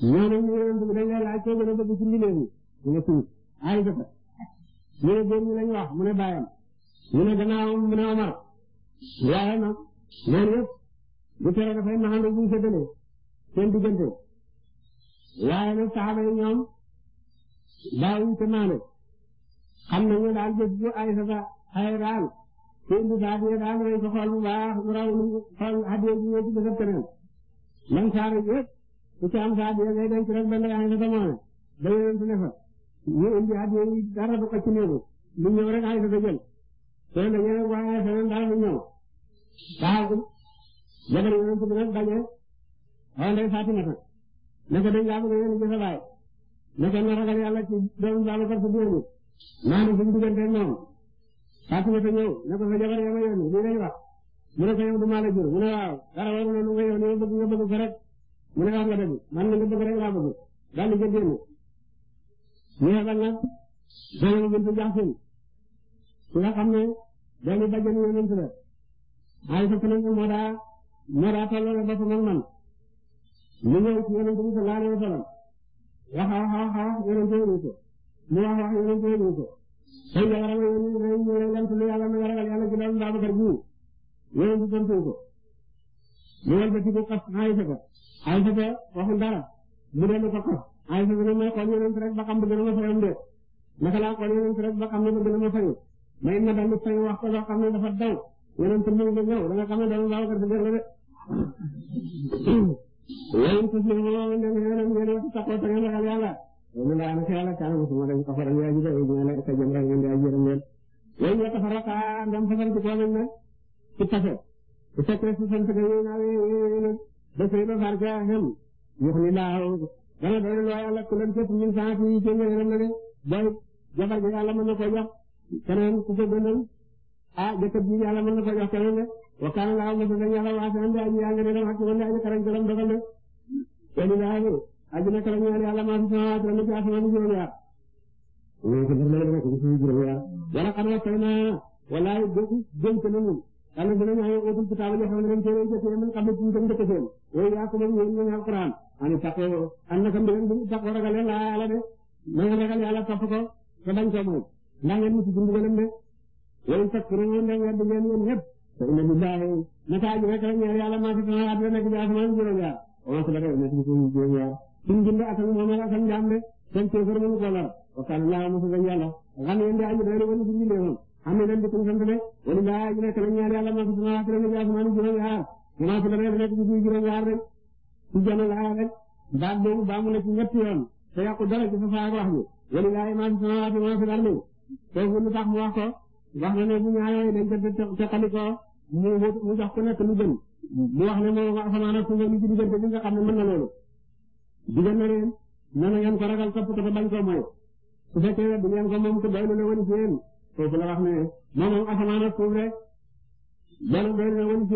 ñoo ne ñu yonent bi dañ lay laaj koo gën a bëgg ci mbindeef yi mu ne suuf ay sa ñu ne góor ñi lañ wax mu ne bàyyam ñu ne gannaawam mu ne Omar waaye nag loolu yëpp bu tere dafay naxandu buñ séddalee seen diggante waaye nag saxaaba yi ñoom daawuñ ko maanoo xam nañu daal jëf bu ay sa ba ay daal seen bi daal mu raw lu xool addiya ji ñëw ci dëkk keneen man saa rek ku ci am saa addiya ngay denc rek benn ay moone ba yéen su fa ñu indi addiya yi dara du ko ci néegu lu ñëw rek ay sa ba jël seen dañu ne waa ay sa leen daal lu ñëw daal jabar yéen su bi nag dañee xool day Fatimata ne ko dañ laa bëgg yéen ci sa naka nga ragal yàlla ci doomu Babacar Sadiour mi maanaam suñu diggante ñoom Fatima te ñëw ne ko sa jabar ya ma yónni lii lay wax mu ne ko yow du maa la jur mu ne waaw dara waru na lu nga yónni bëgg nga bëgg ko rek mu ne wax nga dëgg man la nga bëgg rek laa bëgg daal di jël génn ñu yebal nag dañu bintu jaxsin ki nga xam ne dañu bàjjan yonent la ay sa feneen moo daa moo daa tolloo na boppam ak man lu ñëw ci yonent bi sallallahu alayhi wa sallam wax a wax a wax yonente yi ñu ko mu wax wax yonente yi ñu ko tey nga war a wane ñu ne ñu ne leen lu yàlla na yàlla yàlla ginnaaw bi Babacar bii yonente tontu ko mu wal ba ci ko xas Aysa ko Aysa ko waxul dara mu dellu ko xas Aysa ko ne may xool yonente rek ba xam ne gën a ma fayam de naka laa xool yonente rek ba xam ne gën a ma fayu may ma dalu fay wax ko loo xam ne dafa daw yonente mu ngi ñëw da nga xam ne doomu Babacar si def la de yéen suuf si ñoom da ngeen a ngeen a taxaw da ngeen ragal yàlla yéen daanaka yàlla caa la mosuma dañu ko faral di ajju dañu ñëw rek sa jëm rek ngeen di ajju rek ngeen. yéen ñoo taxaw rek ah ndam fasal ci kawam nag ci tase bu fekkee si sant ga yéen a yéen a dafay ba far ca xam yux ni laaw dana doon loo yàlla ku leen képp ñun sant yi ci ngeen na de booy jafar gi yàlla mën na ko jox keneen ku ko gënal ah jëkkër ji yàlla mën na ko jox keneen de وكان الله عز وجل يعلم عسان بأن يعلم لهم حق وأن أجل كرم كلام بغلنا ولله أجل كرم يعني على ما في السماوات لم يكن أسمان الجميع ولقد وصلنا ولا جنت لهم قال لهم أي أوتوا الكتاب يحمل لهم شيئا كثيرا من قبل كنتم تكفرون وإياكم أن يؤمنوا من القرآن أن اتقوا أنكم بهم تقوى رجل لا يعلم ما رجل يعلم تفقوا فبنكم لا يمسكون بغلنا وإن تكفرون لا يبدو أن يمسكون te ina lillahi naka ji rek rek ñeel yàlla maa fi sama yaat la nekk ci asamaan juróom la koy nekk ci juróom-ñaar suñ jënd ak moom ak ak jaam de seen kéefar mënu ko wa kana laa mosu gañ yàlla xam yéen de aji doyru wala suñ jëndee woon am na leen di ko sant de wala laa aji rek rek ñeel yàlla maa la nekk ci asamaan juróom-ñaar maa la koy nekk ci juróom-ñaar rek rek baat na ci ñetti yoon te bi mu na ne bu ñaar yooyu dañ ko teqali mu mu jox ku nekk lu gën mu wax ne moom asamaan ak suuf ci diggante bi nga xam ne mën na loolu digal na leen nee na ngeen ko ragal topp ko te bañ koo mooy su fekkee du ngeen ko moom te doy na woon ci la wax ne moom moom asamaan ak loolu na woon ci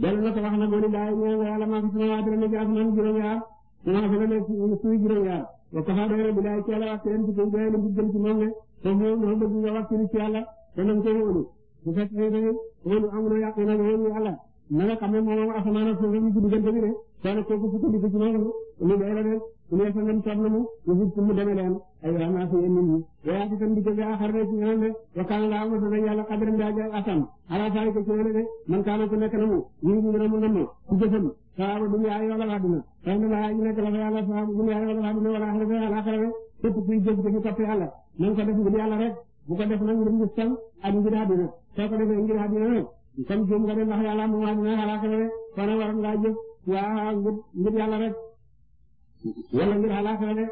yéen na ko wax nag woni daay ñëw yàlla maa ko samawaati rek ci asamaan juróom-ñaar maa ko nekk suuf juróom doy na bi daay ci yàlla wax ci yéen ci suuf doy na ci gën ci wax te nañ ko wóolu loolu amuloo yàqu na loolu yàlla na nga xam ne moom asamaan ak suuf ñu ci diggante bi de soxna kooku sukkandiku ci moom lu doy la de lu yëfa ngeen soob na mu yëfu ci mu demee leen ay ramas yéen nit ñi waaye ci seen diggante axar na ci ñeneen de wa kaana laa amul sax yàlla xadiran daa jaay atam ala saay ko ci wala de man kaana ku nekk na mu ñu ngi gën a mu namm ci jëfam sawaaba dunya yoo la wax dina xëy na laa ñu nekk la fa yàlla sawaaba dunya yoo la wax dina wala axara de alaxara de képp kuy jëf jëfu topp yàlla na nga ko def ngir yàlla rek bu ko def nag ngir gis tam ak ngir àddina soo ko defee ngir àddina nag itam jéem nga de ndax yàlla moom àddina xalaatale de kon war ngaa jëf waa ngir ngir yàlla rek wala ngir xalaatale de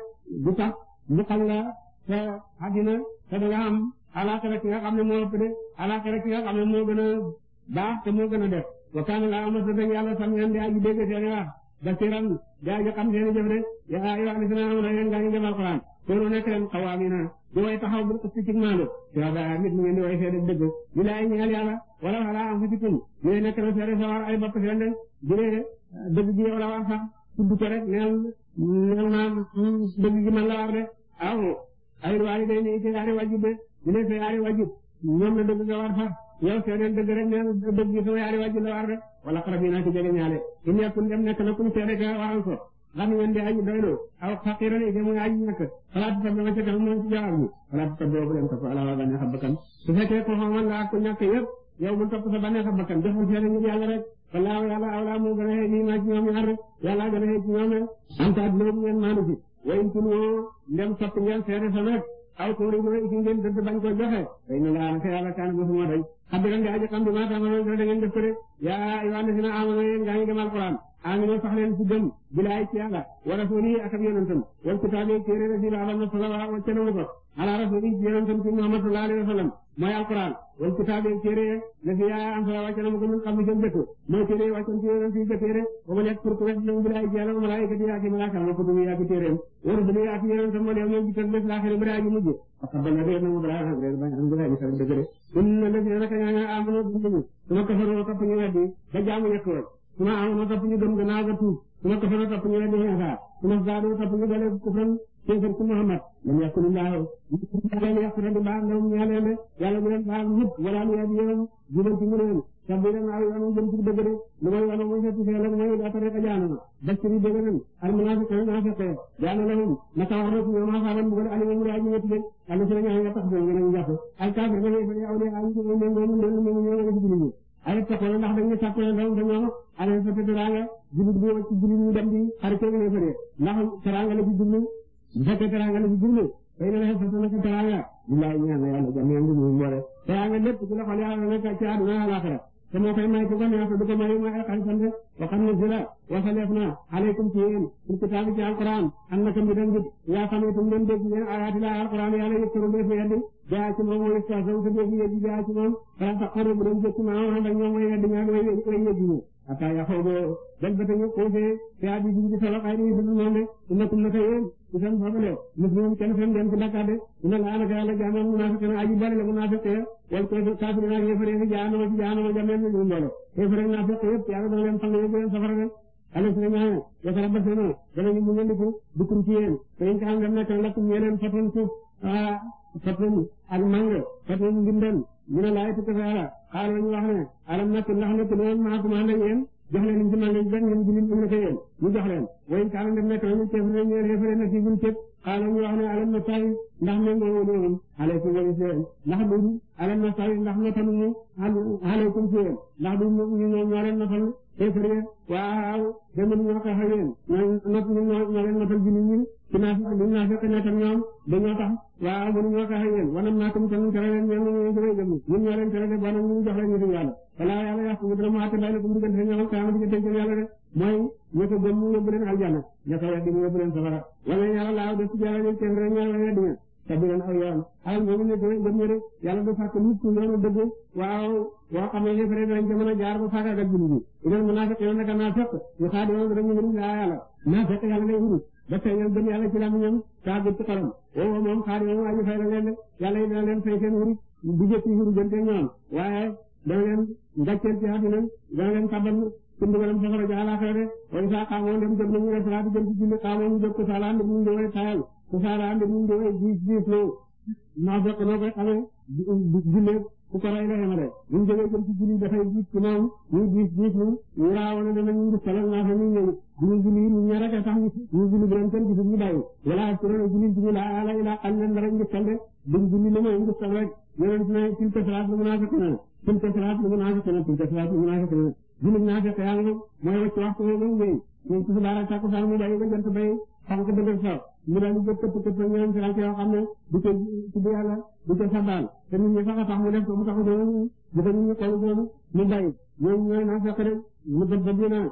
du tax mu xam la sa àddina te da nga am xalaatale ki nga xam ne moo ëpp de xalaatale ki nga xam ne moo gën a baax te moo gën a def wa kaana laa amasa dëgg yàlla samiyan di aji dégg seeni wax basiran di aji xam seeni jëf de yaa ayyuhal lazina aamanu yéen ngaa ngi dem alquran konu nekk xawaamina di way taxaw bu ko ci ci maandu saba nit mu ngeen di way seede dëgg na seede sawar ay bopp seen de di ne dëgg gi yow la war sax tudd ko rek la war de aw ay waali day ne ci yaari wajib de ñu ne sa yaari wajib ñoom la dëgg nga war sax yow seedeel dëgg rek neel dëgg gi sama yaari wajib la war de wala xarab yi naa ci jege ñaale su nekkul nekk na ku seede ka waral ko xam ngeen de aji doyloo aw faqiran yi demuy aji ñàkk xalaat fa dama ca kanam mooy ci jawaab bi xalaat fa boobu leen topp ala waa bànneex a bakkan su fekkee ko xoomal la ak ko ñàkk yëpp yow bu topp sa bànneex a bakkan defal fee ngir yàlla rek wallaahu yàlla awlaa moo gën a ñoom ñaar rek yàlla gën a xëy ci ñoom rek antaat loolu maanu ci wayin kun woo ndem topp ngeen seede sa rek aw tóori mooy ci ngeen dëdd bañ ko joxe day na laa naka yàlla kaan bosuma day xam bi ran di aji amina sax leen ci gëm bilaay ci yàlla wa rasuuli ak ab yonentam wal kitaabi téere la ci laalam na sallallahu wa sallam ko ala rasuuli ci yonentam ci Muhammad sallallahu alayhi wa sallam mooy alquran wal kitaabi téere la fi yaa am sala wàcce na mu ko min xam ne jëm dëkk mooy téere wàccoon ci yonent yi jëkkee rek ba mu nekk pour que wes nañ bilaay ci yàlla wa malaayikati yaa ki malaaka ma kutubu yaa ki téereem wa rasuuli yaa ki yonentam ma leew ñoo jital bés laaxira bilaay ji mujj فقبل غيرنا وبرعنا غير بين عن غير مثل بدر إن الذين لك يا آمنوا بالله ثم كفروا وكفروا يدي فجعلوا يكفروا na aw na topp ñu gëm gannaaw ga tuub su na kafara topp ñu weddi xeesaa su na zaadu topp ñu gale kufran kéefar ku Muhammad lam yakunillaahu leen yaqira di baax ndawum ñaa leen de yàlla bu leen baax ñëpp wala yoon jubal ci mu leen sabbi leen aw yoon wu jëm ci dëgg de lu may yoon wu seeti fee lag mooy tariqa jaanama bashiri dëgg nañ al munaafiqiina naafiqee jaana lahum naka wax na bugal alimam raa ñu wëtti de àlla si la ñaa nga tax de ngeen ñu jàpp al kaafir dañuy fay awliyaa yi ñu leen leen leen leen leen leen ay pexe ndax dañuy sàppale ndaw dañoo amee sa teraanga jullit bi ci jullit ñu dem di xarit kër yoo fële ndax teraanga la ci jublu bu fekkee teraanga la ci jublu day ne la fas na sa teraanga. bilaay na yàlla jàmm yàlla ñu ngi boole teraanga lépp ci loxol yàlla nekk ci àdduna àllaaxira te moo koy may ku ko neex du ko may mooy ay xaritam rek waxam ne jëla wasaleef na aleykum ci yéen ci kitaabi ci alquran am na ko mi dem guddi yaa xam tum doon dégg ngeen ayaati la alquran yàlla yëpp tëru def yedd jaa ci moom mooy sa saw sa dégg yedd jaa ci moom fara sa xore bu doon jëkk maa ànd ak ñoom mooy yedd ñaar way way yedd ñu ata yaxoo boo bel ba te ñu xuusee te addi jiñ ci solo xay ni dudul moom de innakum naka yéen ku fen fabaloo muslimum kenn fen den ko dakka de ina laana ka yàlla jaama munafiqina aji bari la munafiq ya wal kafirina ak yéefar yi jaanama ci jaanama jameen ni mbooloo yéefar ak nafiq yëpp yàlla dana leen fang yóbbu leen safara de ala si ñaane yasara basena danañu mu ngëndiku dukkum ci yéen te in kaan ngam nekk lakum yeneen fatun suuf a fatun ak mang fatun mbindan mina laay tukka sa yàlla xaaloñu wax ne alam nak ndax nekk leen maakum ànd ak jox leen ci mel ne benn ngeen jullit ñu ne ko yéen ñu jox leen waaye kaanu dem nekk nañu ceeb nañu ñëw xeefale na ci buñ ceeb xaaral ñu wax ne alam na tawi ndax méngoo woon yéen aleykum wa islam ndax duñ alam na tawi ndax na tanu ñu aleykum ci yéen ndax duñ ñu ñoom ñoo leen natal xeefale waaw dem dinaa fi dinaa fekk nekk ak ñoom dañoo tax waaw mënuñoo tax ak yéen wanam naa comme tamit tere leen ñoom ñoo ci lay jëm ñun ñoo leen tere de ba ñu jox leen nitu yàlla balaa yàlla yàq mu dina mu àtte bàyyi la ko mu diggante ñoom ak kaama diggante ak yàlla de mooy ña ko gëm mu yóbbu leen aljanna ña ko weddi mu yóbbu leen safara wala yàlla laaw def ci yàlla ñu kenn rek ñaar la weddi ña te bu leen aw yoon ay ñoom ne gëm gëm rek yàlla du fàkk nit ku yoonu dëgg waaw boo xam ne yëfare dañ ca mën a jaar ba faagaagal jullit yi idan munaafiq yoon naka naa fekk yu xaadi yoon dañu wuru laa yàlla naa fekk yàlla lay wuru ba feeñal gëm yàlla ci làmmiñam saa bu ci xolam woowa oh, moom xaar moom aji fay la leen de yàlla dana leen fay seen wurus du jëkk wurus gën teg ñoom waaye dana leen gàcceel ci àddina dana leen sabal ci mbugalam safara ja àllaaxira de way saa xaamoo ndem jëm nañu ne salaatu jëm ci julli xaamoo ñu jóg ko saala ndem ñu ngi way tayal ko saala ndem ñu ngi way diis diis loo naa fekk noo koy xamee jullee ku ko rey la yemale buñ jógee jëm ci julli dafay gis ci moom ñu gis gis ñu ñu raawoon danañu ngi salal naa fa ñu ñëw ñu julli ñu ñaraka sax ñu julli bu leen kenn gisul ñu bàyyi wala asturona julli julli la ala ila xallan dara ngi sal rek buñ julli lu mooy ngi sal rek yonent ne tilka salaat lu munaafiquna tilka salaat lu munaafiquna tilka salaat lu munaafiquna julli munaafiq yaa ngi mooy wacc waxtu woo gëm wéy ñoom tisbaar ak takkusaan mu bàyyi ba jant bay tànk ba def soow mu daal di jël këpp këpp ñeneen ci ràcce yoo xam ne du ca tudd yàlla du ca sabbaal te ñi sax a tax mu def ko mu taxut a yëngu bu ko nit ñi xool mu bàyyi ñooñu ñooy naa fekk rek mu bët bët ñu naan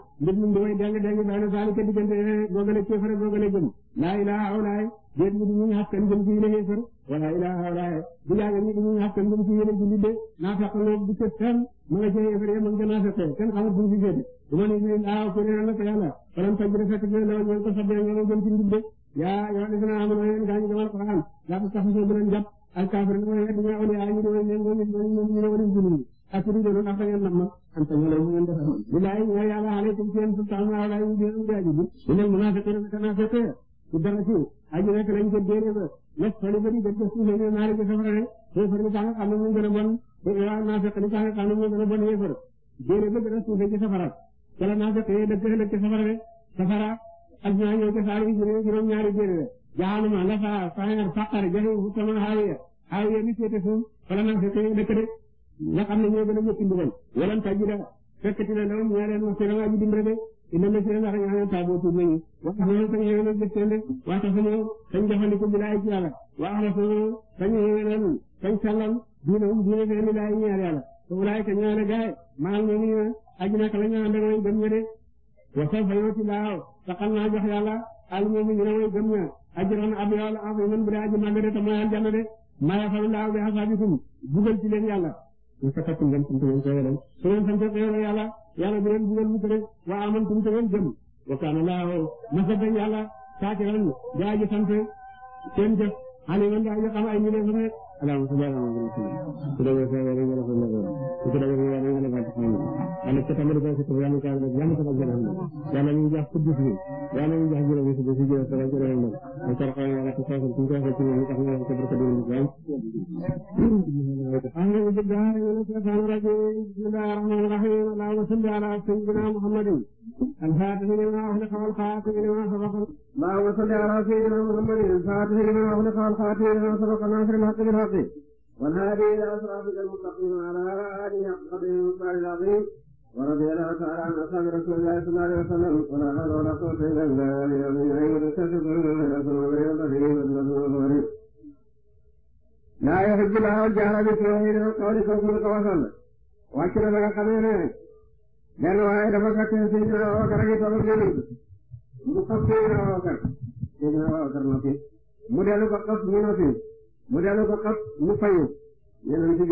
mbir mi damay deng deng baana baana ca diggante googale kéefar ak googale gëm laa ilaha awlaay déet ñi di ñu xaskan jëm ci yéne kéefar wala ilaha awlaay bu yàgg ñi di ñu xaskan jëm ci yéne ci lidde naafeq loolu bu ca fenn mu nga ca yéefar ya mu nga ca naafeqe kenn xamul fu ñu féete bu ma ne ah ku réeral la ko yàlla falam fajjre fekk ne law ñoon ko sabbe ñoom jëm ci lidde yaa yoo defe naa amoon yéen gaa ñu demal ko xam laa tax tax bu leen jàpp al kaafir ñu wéy ñu wéy awliyaa ñu wéy leen ñu wéy ñu wéy aturi de na xañal nam am tan la ñu defal billahi wa ya'ala alaykum seen sultaan wa ala yu deen gaaji bi ñu munafiqina kana fete ci dara ci aji rek lañ ko déere ba la fali bari de ko ñu ñu naari ci safara ne ko fari ba nga xam ne mu gën a bon ko ya nafiq ni ka xam ne mu gën a bon ye far déere ba dara suufé ci safara kala nafiq ye de gëna ci safara ne safara ak ñaa ñoo ko saari ñu juróom ñaari déere jahannama la fa fa faqar jahi fu nga xam ne ñoo gën a ñëpp mbugal walan tajida fekkati na lawum ñaareel wax seen waa ji dimbale de ina na seen wax ñaareel taaboo tuub nañu wax ñoo sañ ñëwee nag def seen de waa tax ñoo sañ jafandiku bi laay ci yàlla waa ala sa ñoo sañ ñaar yàlla soo laay ka ñoo ne gaay maal ñoo ni na aji naka la ñoo ànd way gëm ña de wa soo fa yoo ci laaw a naa jox yàlla al ñoo mi ñu ne way gëm ña ajran ab yàlla en man bu dee aji màgg de te a aljanna de maa yafalu laaw bi asaabikum bugal ci leen yàlla ñu fekk ngeen sant ngeen xéewalam su ngeen sant xéewal yàlla yàlla bu leen bugal mu tëre wa amantum te ngeen gëm wa kaana laahu masabban yàlla saakiran daa ji sant seen jëf aliman daa ji xam ay ñu اللهم صل على محمد صلى الله عليه وسلم صلى الله عليه وسلم انا كتمل بس تبيان كان لم تبجل هم يعني من جاه قدس لي يعني من جاه جل وعلا بس جاه صلى الله عليه وسلم وترقى على قصاص الكنجة فكل من تحمل كبر كبير الإسلام أعوذ بالله من الشيطان الرجيم بسم الله الرحمن الرحيم اللهم صل على سيدنا محمد الفاتحة لما أغلق والخاتم لما سبق اللهم صل على سيدنا محمد الفاتحة لما أغلق والخاتم لما سبق ناصر الحق بالحق والهادي إلى صراطك المستقيم وعلى آله حق قدره المختار العظيم ورضي الله تعالى عن أصحاب رسول الله صلى الله عليه وسلم ولا حول ولا قوة إلا بالله العلي العظيم وتستغفر الله رسول الله العظيم والرسول لا يحب الله الجهر بسوء إلى القول فوق وصل وأكد لك قبيله benn waaye dafa fekk Seydina Abubakar a ngi toog ak yonent mu xas Seydina Abubakar Seydina Abubakar noppi mu dellu ko xas mu noppi mu dellu ko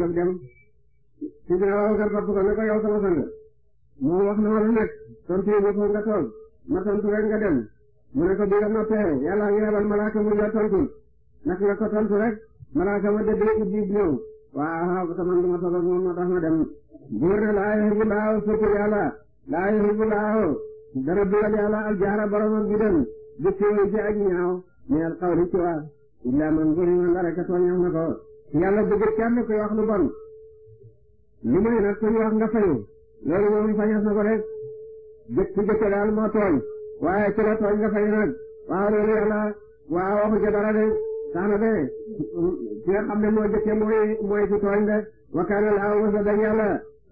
dem Seydina Abubakar topp ko ne ko yow sama sang mu wax na ma lu nekk tontu yi ñu ko nga toog ma tontu rek nga dem mu ne bi nga noppee yàlla ngi yebal malaaka mu nga tontu nak nga ko tontu rek malaaka ma dëdd ubbi ñëw waaw waaw sama ndu ma toog ak moom moo tax ma dem buur ne laa yuhibbu laahu soppu yàlla laa yuhibbu laahu dara bëggal yàlla aljaara boromam bi dem bu siiwee ci ak ñaaw ñeel xawli ci waa illaa man zulima dara ka tooñal na ko yàlla bëgg kenn koy wax lu bon lu may nag koy wax nga fayu loolu moom fañas na ko rek jëkk jëkk daal moo tooñ waaye ci la tooñ nga fay nag waaw loolu yàlla waaw waxu ca dara de tax na ki nga xam ne moo jëkkee mooy mooy ci tooñ de wakkaane laaw wasa dañ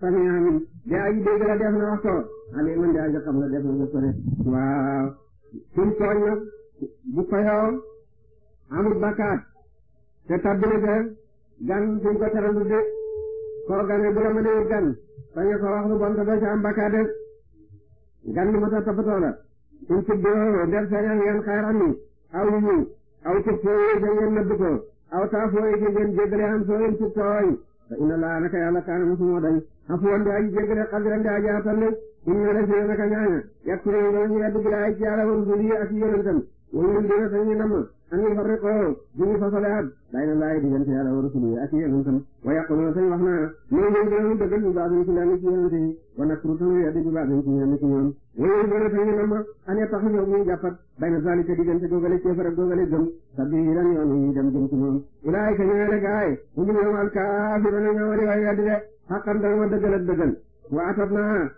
sami'an de aji dégg la def na wax ko aliman de aji xam la def na wax ko waaw kum tooñ nag bu fayoo amul bakkaat te tabbina de gan suñ ko teral du de koo gane bu la gan bañ a ko bon te doo am bakkaat de gan lu ma ta toppatoo la in tuddoo def seen ngeen xayran ni aw yiw aw tukkoo yi da ngeen nëbb ko aw taafoo yi da ngeen jéggale am soo in tukkooy te inna laa naka yàlla kaana mos moo day afuwan di aji jéggale xadiran di aji atande in ñoo def na naka ñaaña yàq na danañu weddi bilaay ci yàlla woon suli ak yonentam wañun dina farriqoo bu ñu fasale at day na laay diggante yàlla woon suli ak yonentam wa yaquluna tañ wax naa ñoo ñëw dinañu dëggal bi baax ci lenn ci yonente yi wa nakru tañu bi baax ci ñenn ci ñoom wéyéy bërëb yi la ma anee tax ñoom ñuy jàppat bay na a diggante googale kéefar ak googale gëm sabbi yi lan yoon yi dem jëm ci moom ilaay a ñëwee rek aay umul yoom alkaafiruna ñoo wari way weddi de xaqan dana ma dëggal ak dëggal wa atat naa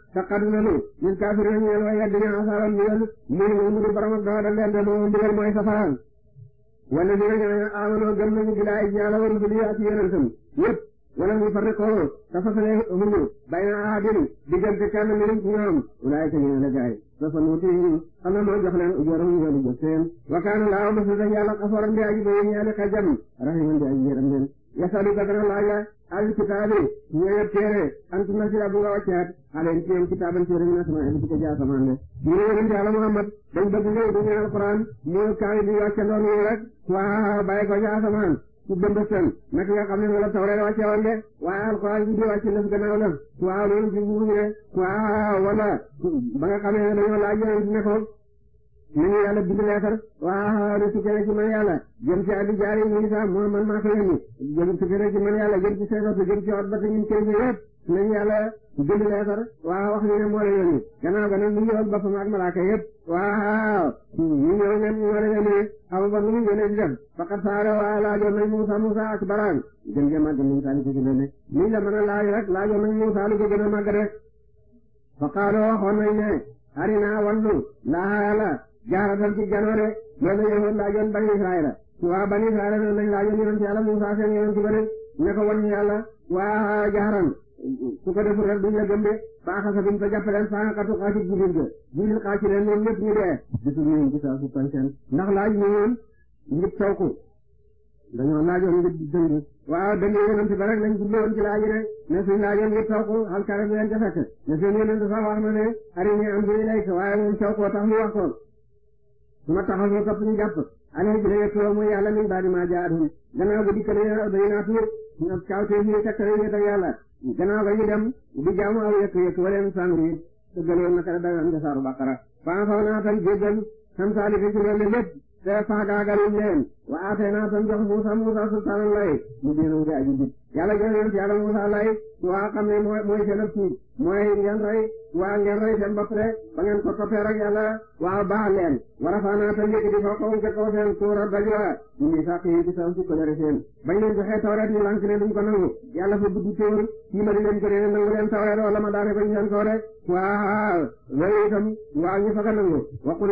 nanu lil kaafirina ñeel way weddi ne asaabal mbugal mbir moom di borom ak dawada leen de moom mbugal mooy safaan wala mu farriqoo tafasalee hum bayna ahadin diggante kenn minum ci ñoom ulaayika ñu la gaay sa fa nuutihim xam na moo jox leen ujarahum yoolu jëf seen wa kaana laahu basi da yàlla xafaran di aji bay ñaali xajam rahiman di aji yërëm leen yasaluka dana laaja al kitaabi ñëwet téere an tunasila bu nga wàccaat aleen ci yéen kitaaban téere mina sama indi ci ko jaa samaan le ñu ne yonent yàlla Muhammad dañ bëgg ngay mu kaay bi wàccandoon yi rek waa bàyyi ko jaa samaan ci bënd seen naka nga xam ne moom la tawreet wàcce woon de waaye alxuraan na fi gannaaw la waaw loolu ci buubu ne waaw wala ba nga xamee ne dañoo laaj yonent ne ko nañu yàlla bind leetar waaw ne tukkee ci man yàlla jëm ci abi jaari Isa Muhammad maa ko yónni jëm tukkee ci man yàlla jëm ci seexatu ot ba te ñun kay nañ yàlla bind leetar waaw wax ni ne moo la yónni gannaaw ga nag mu ñëwal boppam ak malaaka yëpp waaw ñu ñëw ne moo la yónni abu bakar lu mu yónnee di dem faqat saare waaw laajoon nañ Muusa Muusa ak baraan gën gën màgg Muusa li ko gën a ne nii la mën a laaj rek laajoon nañ Muusa li ko gën a janoore loolu la laajoon bani Israayila waa bani Israayila noonu lañ laajoon yonent yàlla Muusa seen yonent ba ne ne ko wan yàlla waa jaaran su ko deful rek duñ la gëm de baax a fa duñ ko jàppaleel faa nga xatu xaati a ga jibril xaa ci leen ñoom ñëpp ñu dee pancen ndax laaj ma woon ngib taw ko dañoo laajoon ngib dëng waaw dëng yonent ba rek lañ jubloon ci laaj rek ne suñ laajoon ngib taw ko alkara bi leen ca fekk ne suñ yonent sax wax na ne arini am bi lay ko waaye moom taw ko tax mu wax ko su ma taxaw topp ñu jàpp alee ji lañu too tuur kawtee fii tegtale gannaaw a ñu dem a jaamu aw yëkk yëkk wala yenn sang yi dëggaloon na ka dagan de saaru baqara faa faw naa tan jéggal sam saali fi ci loolu lépp te faagaagalul leen waa tey naa tam jox Moussa Moussa sultaanan lay mu diinu gaa ji jub yàlla jox yonent yàlla Moussa lay waa xam ne mooy mooy seen ak mooy ngeen rey waa ngeen rey seen bopp rek ba ngeen ko toppee rek yàlla waa baax leen wala faa naa tam yëkkati foo ko ca kaw seen tuura dajoo ñu ngi sàq yi ci saw si kolere seen bañ leen joxee tawret ñu lànk ne duñ ko nangu yàlla fa buddu téwr yi ma di ko ne seen kaw rek waa loolu itam waa ñu faga nangu waqul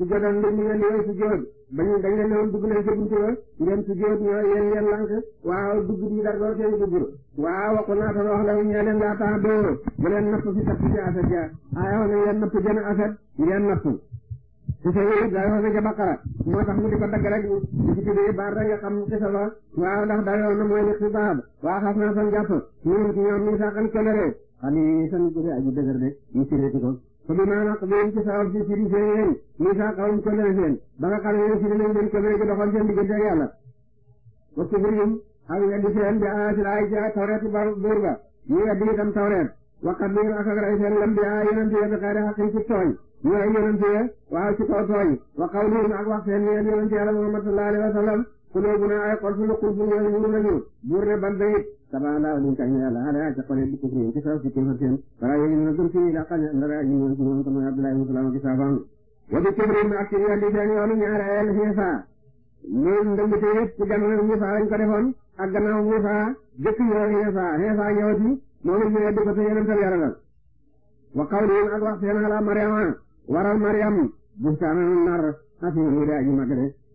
su jotoon mbir mi ngeen di woy su joot ba ñu dañ leen woon dugg leen ca buntu ba ngeen su joot ñoo yéen yéen lànk waaw dugg bi dara doo seen dugg waaw waxu naa ta wax lawu ñee leen laa tax doo bu leen napp fi tapp ci asat ja aaya wax na ngeen napp jën asat ngeen napp su fekkee it daal wax na ca baqara moo tax mu di ko dagg rek di ci tuddee baar da nga xam xisa ba waaw ndax dayoon na mooy li xibaab waa xas naa san jàpp ñun ci ñoom mi saaxan coloré xam yi san guddi aji dëgër de ñu siriti ko comme maanaam xam ngeen ci saa si firi seen yéen nii saa xawum colère seen ba nga xam ne firi nañ leen colère gi doxal seen diggante ak yàlla ba ku bëriwul ak weddi seen bi aati laay ca tawreet ba buur ba ñu weddi itam tawreet waxat li ngeen ak ak lam bi a yonent ya bi xaari xaqin ci tooñ ñu ay yonent ya ci kaw tooñ wa qawlihim ak wax seen yéen yonent yàlla Muhammad sallallahu alayhi wa sallam kulóobu na ay xol fu bu ngeen wuru nañu buur ne ban bayit saban laa luñ kañ yàlla ala ca xole bi kufri ci saw ci kéefar seen wala yéegi na dum fi la xañ ndara ñu ñu ñu sama abdullah ibn salam ci saban wa bi kufri ma ak yàlla di dañu wala ñaara yàlla fi fa ñu ndam te yépp ci jamono ñu fa lañ ko defoon ak gannaaw ñu fa jëkk ñu ñu fa ñu fa ñëwati mo ñu ñëw di ko te yéne tam yàlla la wa qawlun ak wax seen ala maryama waral maryam bu tanan nar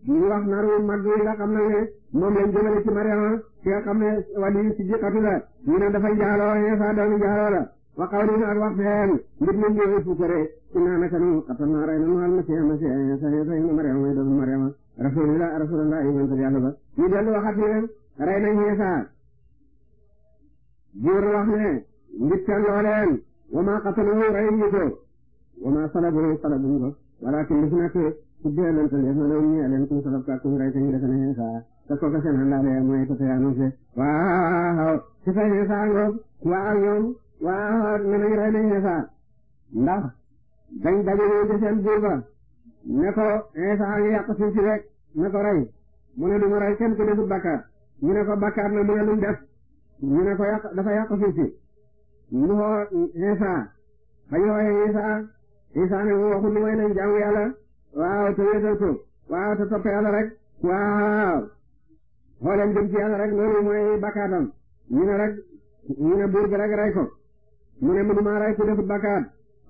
ñu wax nar yu mag yi nga xam ne moom lañ jëmale ci Mariama ki nga xam ne wali si jiqatu la ñu ne dafay jaaloo Iisaa doomi jaaloo la wa qawlihim ak wax seen ngir ñu ñëwee fukkare inna naka nu qatalnaa rey nanu al-masiiha masiiha Iisaa Iisaa ibnu Mariama mooy doomu Mariama rasulullah rasulullah yonent Yàlla ba ñu dellu waxati leen rey nañ Iisaa buur wax ne mbittan loo leen wa maa qataluhu rey ñu ko wa maa salabuhu salabuñu ko walaakin li fi nekk uddeeloon ko def loolu ñu leen ko sabab ka ko ray tan def na hen saa te ko ko seen handaale mooy ko te annoncé waaw ci fay hen saa ngoog waaw ñoom waaw ne nañ ray nañ hen saa ndax dañ dajaloo ci seen buur ba ne ko hen saa ngi yàq si rek ne ko ne du ma ray kenn ko defut bakkaar ne ko bakkaar mu ne lu mu def ñu ne ko dafa yàq suuf si mu xoo hen saa bañ xooye hen saa hen saa ne waxul lu may nañ jaamu waaw te wéetal ko waaw te topp yàlla waaw xooleen dem ci yàlla loolu mooy bakkaatam ñu ne rek ñu ne buur bi rek ko mu ne mënuma rey ku defut bakkaat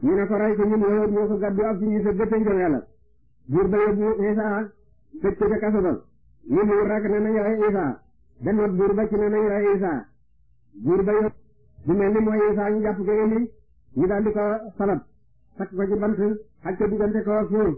ñu ne ko rey ko ñun yowut ñoo ko gàddu ak suñu sa gëttañ ko yàlla buur ba buur rek buur ba ci ne ni mooy Isa ñu jàpp ko ñu daal di ko salab takk ko ci bant xaj ko diggante ko ak fóor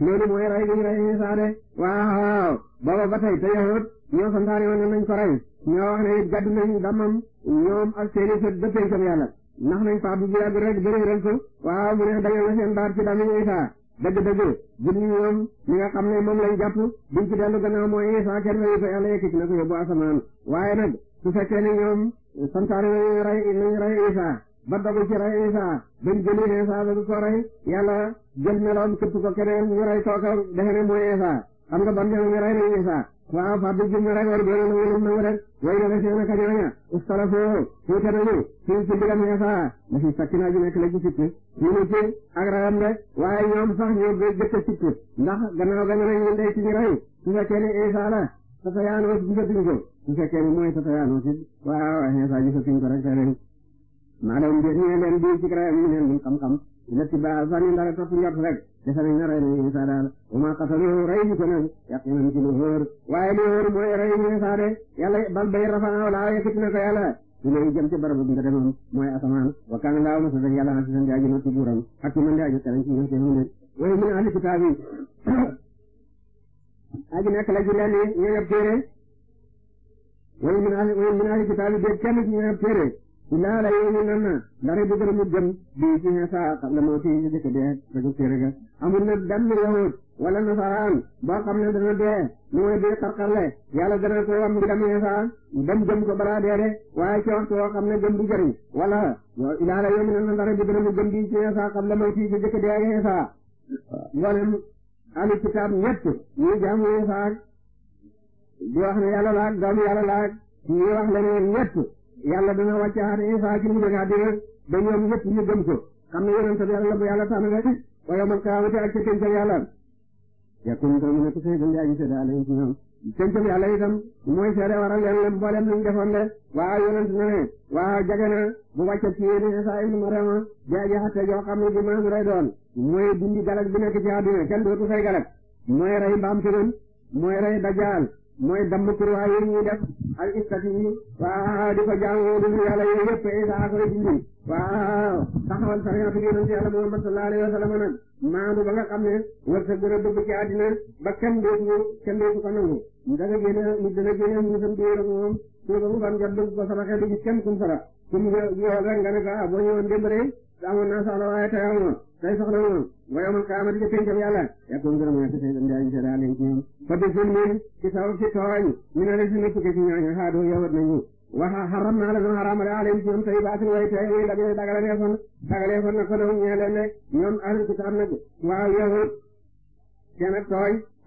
loolu mooy rey bi ñu rey waaw booba ba tey te yahut ñoo santaane woon ne nañ ko rey ñoo wax ne it gàddu nañ damam ñoom a seeni sët ba pencam yàlla ndax nañ faa bu yàgg rek bëréeral ko waaw mu ne dajal na seen baat ci dami Isa dëgg-dëgg bu ñu ñoom li nga xam ne moom lañ jàpp buñ ci dellu gannaaw mooy Isa kenn reyu ko yàlla yëkkati na ko yóbbu asamaan waaye nag su fekkee ñoom santaane nañ rey nañ rey ba dogu ci rey Isa bañ jëli Isa ba ko rey yàlla jël meloom képp ko keneen ñu rey kooka defe ne mooy Isa xam nga ban yoon nga rey nañ Isa waaw Fatou Biou Diouf rek war nañu nangu nangu rek waaye dafay seen ak a ñooña ustarafoo suute nañu suñ ci digam Isa la fi sakki naa ji nekk la ci sipp ñu ne ci ak rek waaye ñoom sax ñoo gën jëkk sipp ndax gannaaw ga ñu ñu ndey ci ñu rey su fekkee ne Isa la sa tayaanoo gisatuñ ko su fekkee ne mooy sa tayaanoo si waaw Isa gisatuñ ko maa leen di ñëwee leen di ci kër yi leen di xam-xam lépp ba sànni dara topp njort rek defe nañ ne rey nañu Isa daal wa maa qataluu rey ñu ko nag yaqinan ci lu wóor waaye li wóor mooy rey ñu Isa de yàlla bal bay rafa'ahu laa yëkkit na ko yàlla su lay jëm ci barabu bi nga demoon mooy asamaan wa kaana laahu masa yàlla na si san diaji na tubuuram ak ci man di aji teran ci ñëw seen ne waaye min ahli kitaab yi aji nekk la ji leen ñoo yab téere waaye min ahli waaye min ahli kitaab yi dégg kenn ci ñoo yab téere illaa la yooyu nan na ndare gëm bii ci xeesa xabla mawti ñu jëkk dee rek téere ga amul na benn yahud wala nasaraan boo xam ne dana dee lu mooy dee xarxarle yàlla dana ko wam ngidam xeesa dem gëm ko balaa dee de waaye ci waxtu woo xam ne gëm du jëriñ wala illaa la yooyu nan na ndare bu gërëmu gëm bii ci xeesa xabla mawti ñu jëkk dee xeesa mboolem ahlu kitaab ñett ñuy jaamu xeesa di wax ne yàlla laag doomu yàlla laag ñuy wax leneen ñett yàlla dana wàccaat Isa ci mu jóge àddina ba ñoom ñëpp ñu gëm ko xam ne yonent bi yàlla la bu yàlla tànn la ci wa yawmal qiyaamati ak ca pencam yàlla yakun dana nekk seedal yaa ngi seede alayhi ci ñoom pencam mooy seede waral leen la mboolem luñ defoon de waaw yonent na ne waaw jage na bu wàccat ci yéen Isa ibnu Maryama jaaji xatte joo xam ne bi maandu lay doon mooy dindi galak bi nekk ci àddina kenn dootu fay galak mooy rey mbaam turam mooy mooy damm kurwa ko jaamoo dul yàlla yooyu yëpp daa koy dindi waaw taxawal sariatu yonent yàlla Muhammad sallallahu alayhi wa sallam nag maanu ba nga xam ne war sa gën a dëbb ci àddina ba kenn dootu kenn dootu ko nangu danga génne nit dana génne muusam biir du gis kenn kum sara kum yow rek nga ne ko ah boo ñëwoon démb rek amoon naa soxla waaye tey amoo tey soxla woon mooy amul kaama di ca pencam yàlla yàppoon gën a mën a fexe dem sa daal ci ñoom fa def seen meen ci saw ci tooñ ñu ne la si nekk ci ñooñu xaadoo yawat nañu wax xaram naa la doon xaraamale aleen ci ñoom tey baatin way tey muy dagale dagale fon dagale fon na ko doon ñee leen rek ñoom ahlul kitaab nag waaw yawat seen ak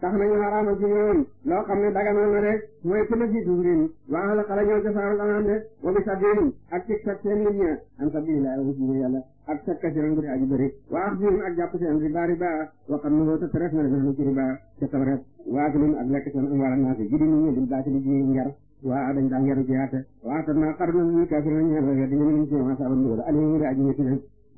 tax nañu xaraama ci ñoom loo xam ne daganal na rek mooy ku nekk ci duurin waaw la xala ñëw ca saarul anaam de wa bi sabin ak ci sag seen nit ña an sabilillah wa jubé yàlla ak sag ka seen ngudi aji bëri waax biin ak jàpp seen riba riba wa xam ne woo ta teres na refna ci riba ca tawret waasilin ak lekk seen am wala ji njar waa dañ daa ngeru ci yaate waatanaa xar na ñu kafir na ñeel wa yeddi ñu ngi ci ma saaba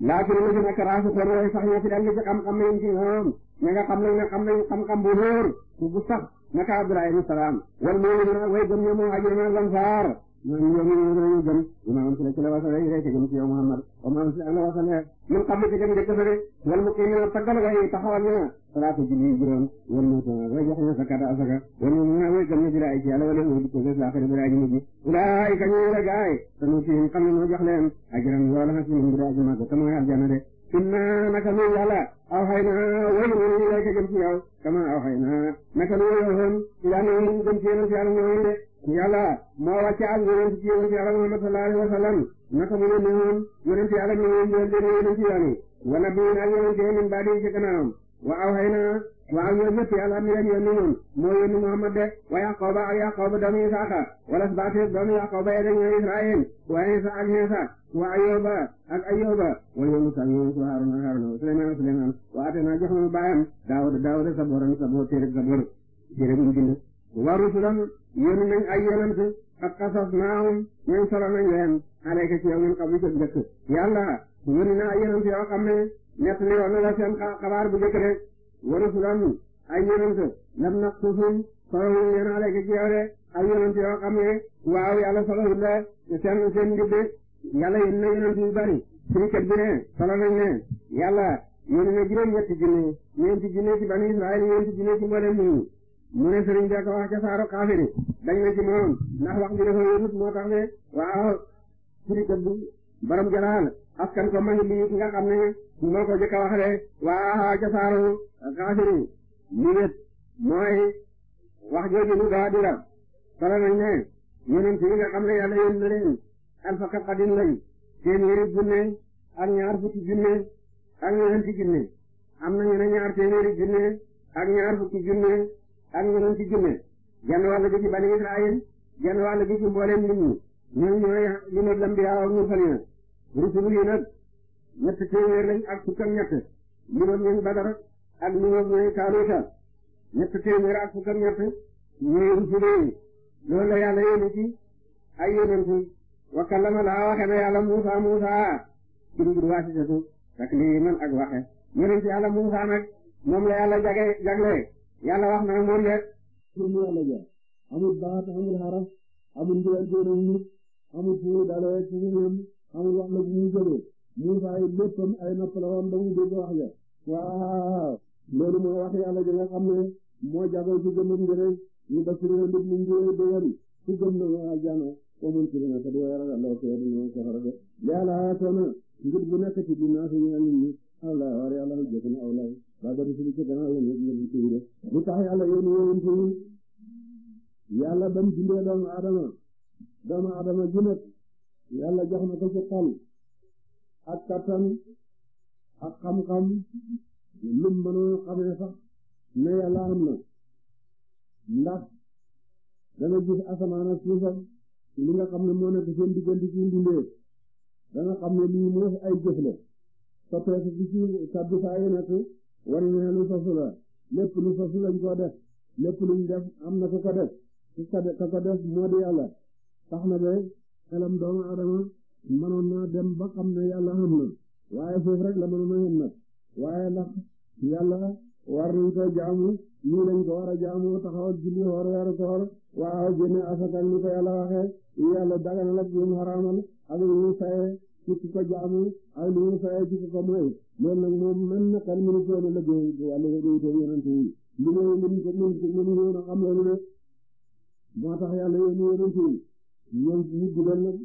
laakin la ci nekk raafikoon yooyu sax ñoo ci dellu ci xam-xam yi ci moom ña nga xam nañ ne xam nañ xam-xam bu wóor bu sax naka Abdullah ibn Salaam wal mu'minuna way gëm ña moo aji na lansaar ñooñu ñooñu ñooñu ñooñu gën li ma am si la ci la wasalee yéen a jëm ci yow Muhammad wa ma am si la la wasalee man xam nga ci jëm dëkk ba de wal mu kii na taggal way taxawal na salaatu julli juróom wal mu tawal way jox na zakat asaka wal mu na way gëm na ci la ay ci yàlla wala mu di ko des la xëy na aji mujj ulaay ka ñu la gaay te ñu ci xam ne noo jox leen ajiran yoo la xas ñu ngi aji màgg te mooy aljana de inna naka nu yàlla aw xay naa way ñu lay ka jëm ci yow kama aw xay naa naka nu yoon ila ñu jëm ci yéen ci yàlla ñoo de yàlla moo wàcce ak yonent ci ci gannaawam wa awhaynaa waaw Muhammad de wa wala asbaati doomu Yaquba yi dañoo Israayil wa Iisa ak Iisa wa Ayyuba ak Ayyuba wa Yunus wa Haaruna ak Haaruna wa Suleymaan ak Suleymaan wa baayam Daawuda Daawuda sabuuran sabuur téere sabuur téere bu ñu bind wa rusulan yónni nañ ay yonent ak qasasnaahum ñun solo nañ leen alayka ci yow min qablu ca njëkk na ay yonent yoo xam ne la seen xabaar bu njëkk de wa rusulan ay yonent lam solo nañ leen alayka ci yow de ay yonent yoo xam ne waaw seen seen ndig de yónni na yonent yu bari suñu solo nañ leen yàlla yónni na juróom-ñetti junne ñeenti junne ci bani Israël ñeenti junne ci mboolem mu ne sëriñ bi ak wax ca saaro kaafiri dañ na ci moom ndax wax bi dafa wérut moo tax ne waaw kiri gëdd baram jalaal askan ko may lii nga xam ne moo ko jëkk a wax de waaw ca saaro kaafiri mu wét mooy wax jooju lu daa di la solo nañ ne yonent yi nga xam ne yàlla yónni na leen alfa kapadin lañ téeméeri junne ak ñaar fukki junne ak ñeenti junne am na ñu ne ñaar téeméeri junne ak ñaar fukki junne ak yeneen ci jinne genn wàll gi ci bani Israël genn wàll gi ci mbooleem nit ñi ñooy ñooy li ma lambiyaa ak mursalina yi nag ñett téeméer lañ ak fukk ak ñett limam ñooy Badar ak limam ñooy Kaaluuta ñett téeméer ak fukk ak ñett ñooy rusul yi loolu la yàlla yónni ci ay yonent wa kallama laa waxe na yàlla Muusa Muusa ci ngir waasitatu takliiman ak waxe yonent yàlla Muusa nag moom la yàlla jage yàlla wax na moom rek pour mu yàlla jël la wax ja waaw na waa jana yàlla la ko yàlla nekk ba dara ci ci dana yéen ci wuro lu tax yàlla yéen doomu adama doomu adama ju nekk jox na ko ci xol ak kattan ak xam-xam lim mënoo xamee sax ne yàlla na ndax dana gis asamaan ak suufam nga xam ne moo nekk seen diggante ci dundee dana ne lii mooy ay jëf la soppeeku ci ci sabbi saa yu waruñu lu fasu la lépp lu fasu lañ koo def lépp luñ def am na ku ko def ku ko def moo di yàlla tax na ba xelam doomu adama mënoon na dem ba xam ne yàlla xam na waaye suuf rek la mënoon na xam na waaye ndax yàlla war nañ ko jaamu nii lañ ko war a jaamu taxawal julli xoor weeru koor waaw génne asaka ni ko yàlla waxee yàlla daganal ak yu xaraamal ak yu mu saye ci ku ko jaamu ay lu mu fayee ci ku ko mooy loolu nag moom na kan mënu ko woon a liggéey yàlla yooyu te yonent yi liggéey mënu ko mënu woon a xam loolu nag moo tax yàlla yooyu yonent yi ñoom ñu dugal nag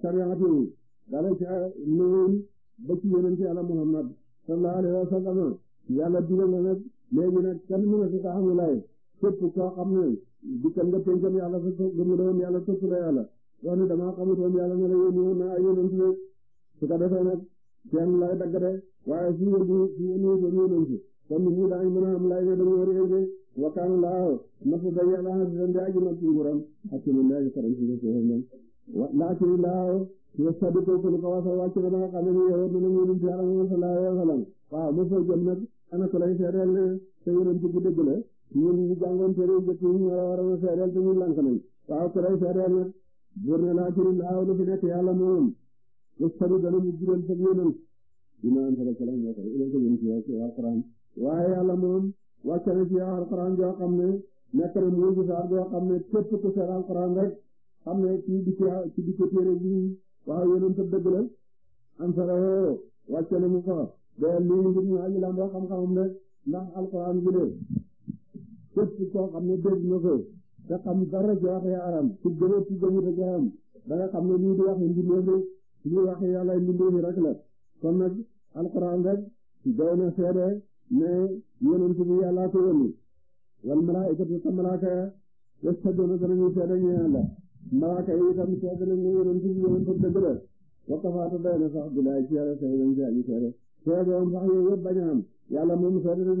sariyaatu eh, yi dara ca noon ba ci yonent yàlla Muhammad sallallahu alayhi wa sallam yàlla dugal na nag léegi nag kan mënu ko xam lay képp koo sa gëm doon yàlla topp la yàlla wax ne damaa xamutoon yàlla ne la yónni woon na ay yonent su ko defee nag seen lay dagg waaye su ñu su ñu ko ñu leen ci kon ñu daañu mën a am lay ne dañoo réer de wakkaan laaw nafu ba yàlla hasidan de aji noppi nguram ak ñu lay faram ci ko ñu laakin laaw yastadiqu kun qawasa wàcc na nga xam ne ñu yewat na ñu leen ci yaram sallallahu alayhi wa sallam waaw mu fa jëm nag ana ne te yonent bi dëgg la ñun ñu jàngoon tere jëkk ñu war a war a seedeel te ñu lank nañ waaw ko lay seedeel nag buur ne laakin laaw lu fi yàlla yastari dana mu jural sa yonent dina am yaa ci moom wàcce na ci alquran joo xam ne nekk na mu gisaar joo xam ne képp ku seet alquran rek xam ne ci dikki ci dikki téere bi waaw yonent dëgg la am na mu ko ba lii ngir ñu aji lam xam rek ndax alquran bi de képp koo xam ne dégg na te xam dara ci waxee aram su gëna ci gëmu te jaram da nga ne lii di wax mbir yëngu suñu wax yàlla mbindeefi rek la kon nag alquran rek doy na seede ne yonent bi yàlla ko yónni wal malaa'ikatu malaaka ya yashhaduuna danañu seede ñu malaaka yi itam seede na sax billaay ci yàlla shahiidan ci aji seede seede moom sax yooyu yëpp bañ a am yàlla moom seede na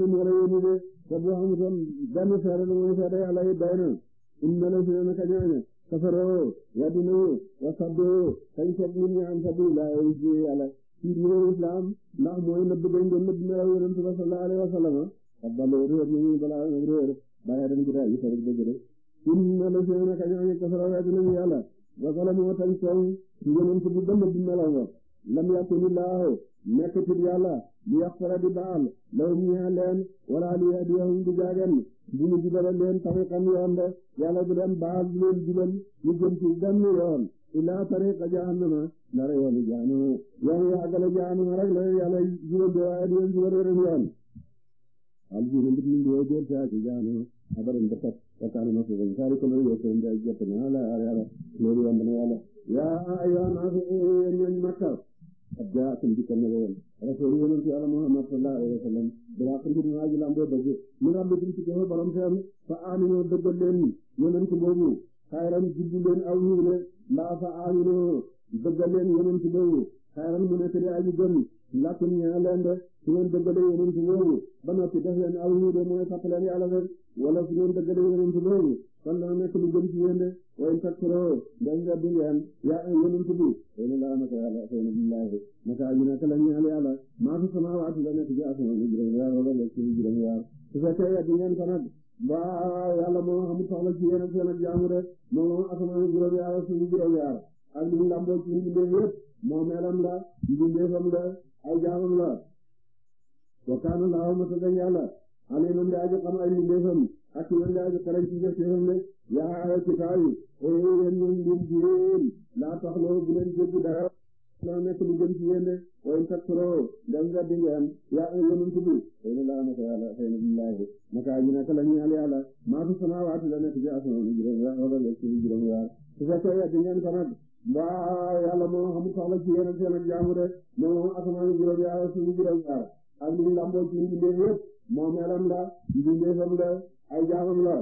ni safaroo waddinoo wasaddoo kañ soog nit ñi am sabilillah ay ji yàlla ci diine islam ndax mooy nëbb gañ doon nëbb melaw yonent ba sallallahu alayhi wa sallam abdaloo réer ñu ñuy balaa réer bàyyi dañ guddaa yi sarik dëgg rek in na la seen kañ añu kafaroo waddinañu yàlla wasala moo tañ soog yonent bi ba nëbb melaw nga lam yàkku ni laaw nekkatul yàlla li yaqtara di baal law ñuyaa leen wala li yahdiyahum di jaagen bu ñu jubale leen tariqan yoon de yàlla du leen baal du leen jubal ñu jëm ci benn yoon illaa tariqa jahannama ndara yoonu jahannama yoonu yàggale jahannama rek la yàlla jubal de waaye du leen jubal weneen yoon al jina mbit min diwoy déel saa ci jahannama abaran defat wakkaana masuuban saari ko lay yokkoon day jëpp na ala yàlla loolu yomb na yàlla yaa ayyuhan naasu yéen ñooñ makkal ak jaakum dikkal na leen rasul yonent yàlla Muhammad sallallahu alayhi wa sallam balaa ko ngir ñaa ji lamboo dëgg mu ne rabbikum ci joxe borom seen fa aminoo dëggal leen yonent boobu xayran jubbu leen aw yiw ne laa fa aminoo dëggal leen yonent boobu xayran mu nekk di aji gën lakum ñaa leen de su ngeen dëggale yonent boobu ba noppi def leen aw yiw de mooy fàtt leen yàlla rek wala su ngeen dëggale yonent boobu kon dana nekk lu gën ci yéen de waaye sax trop ndax nga dund yàlla yaa ngi leen di tudd xëy na laa naka yàlla xëy na billahi bi naka aju naka la ñaan yàlla maa fi sama waat la nekk ci asamaan bi juróom yaar wala nekk ci juróom yaar su fekkee yàgg ngeen ko nag ba yàlla moo xamul soxla ci yéen ak seen ak jaamu de moom moom asamaan juróom yaar ak suñu juróom yaar ak li mu lamboo ci mbindeef yëpp moo melam la mbindeefam la ay jaamam la wa kaana laa ma tëdd yàlla alimam daa ji xam ay mbindeefam ak yéen daal di faral di def yéen rek yaa awa ci kaw yi yéen ñoom ñoom juróom laa tax loo bu leen jéggi dara loo nekk lu gën ci yéen rek way sax trop ndem nga di ngeen yaa ngi leen di tudd xëy na laa nekk yàlla xëy na billaahi naka ñu nekk la ñu ñaan yàlla maa fi samaawaati la nekk ci asamaan juróom-ñaar wala nekk ci juróom-ñaar su fekkee yàgg ngeen ko nag mbaa yàlla moo xamul soxla ci yéen ak seen ak jaamu de la ay jaamam la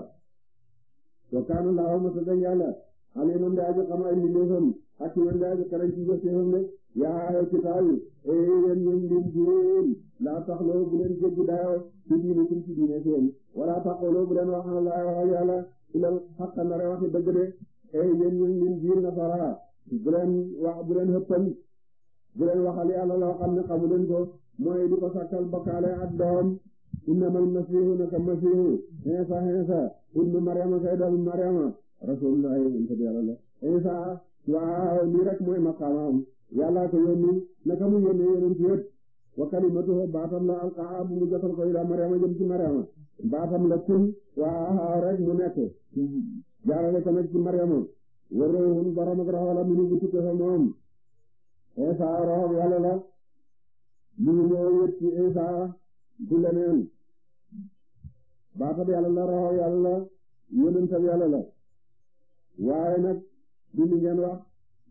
wa kaana Allaahu mos a denc yàlla aliiman daa ji xam ay mbindeefam hakiiman daa ji xarañ ci jëfeefam de yaa ahlal kitaab e yéen ñoom lim jiwéen laa taxloo bu leen jéggi dayoo ci diinikum ci diine seen wala taqooloo bu leen waxal laa waxal yàlla ilal xaqa nare waxi dëgg de e yéen ñoom lim jiir bu leen wax bu leen hëppal bu leen waxal yàlla loo xam ne xamu leen ko mooy di ko sàkkal bokkaale ak doom innamal masiihu naka masiihu Iisa Iisa ibnu Maryama kay doomu Maryama rasulullah yàlla la Iisa waaw lii rek mooy maqaamam yàlla ko yónni naka mu yónni yonent yëpp wa kalimatuhu baatam la alqaa bu mu jotal ko ila Maryama jëm baatam la kun waaw rek mu nekk jaarale ko nag ci Maryama waroon borom mu ngi tukke fa moom Iisa roxo mu ngi ñëw yëpp du leneen baatab yàlla la roxo yàlla la yonentam yàlla la waaye wax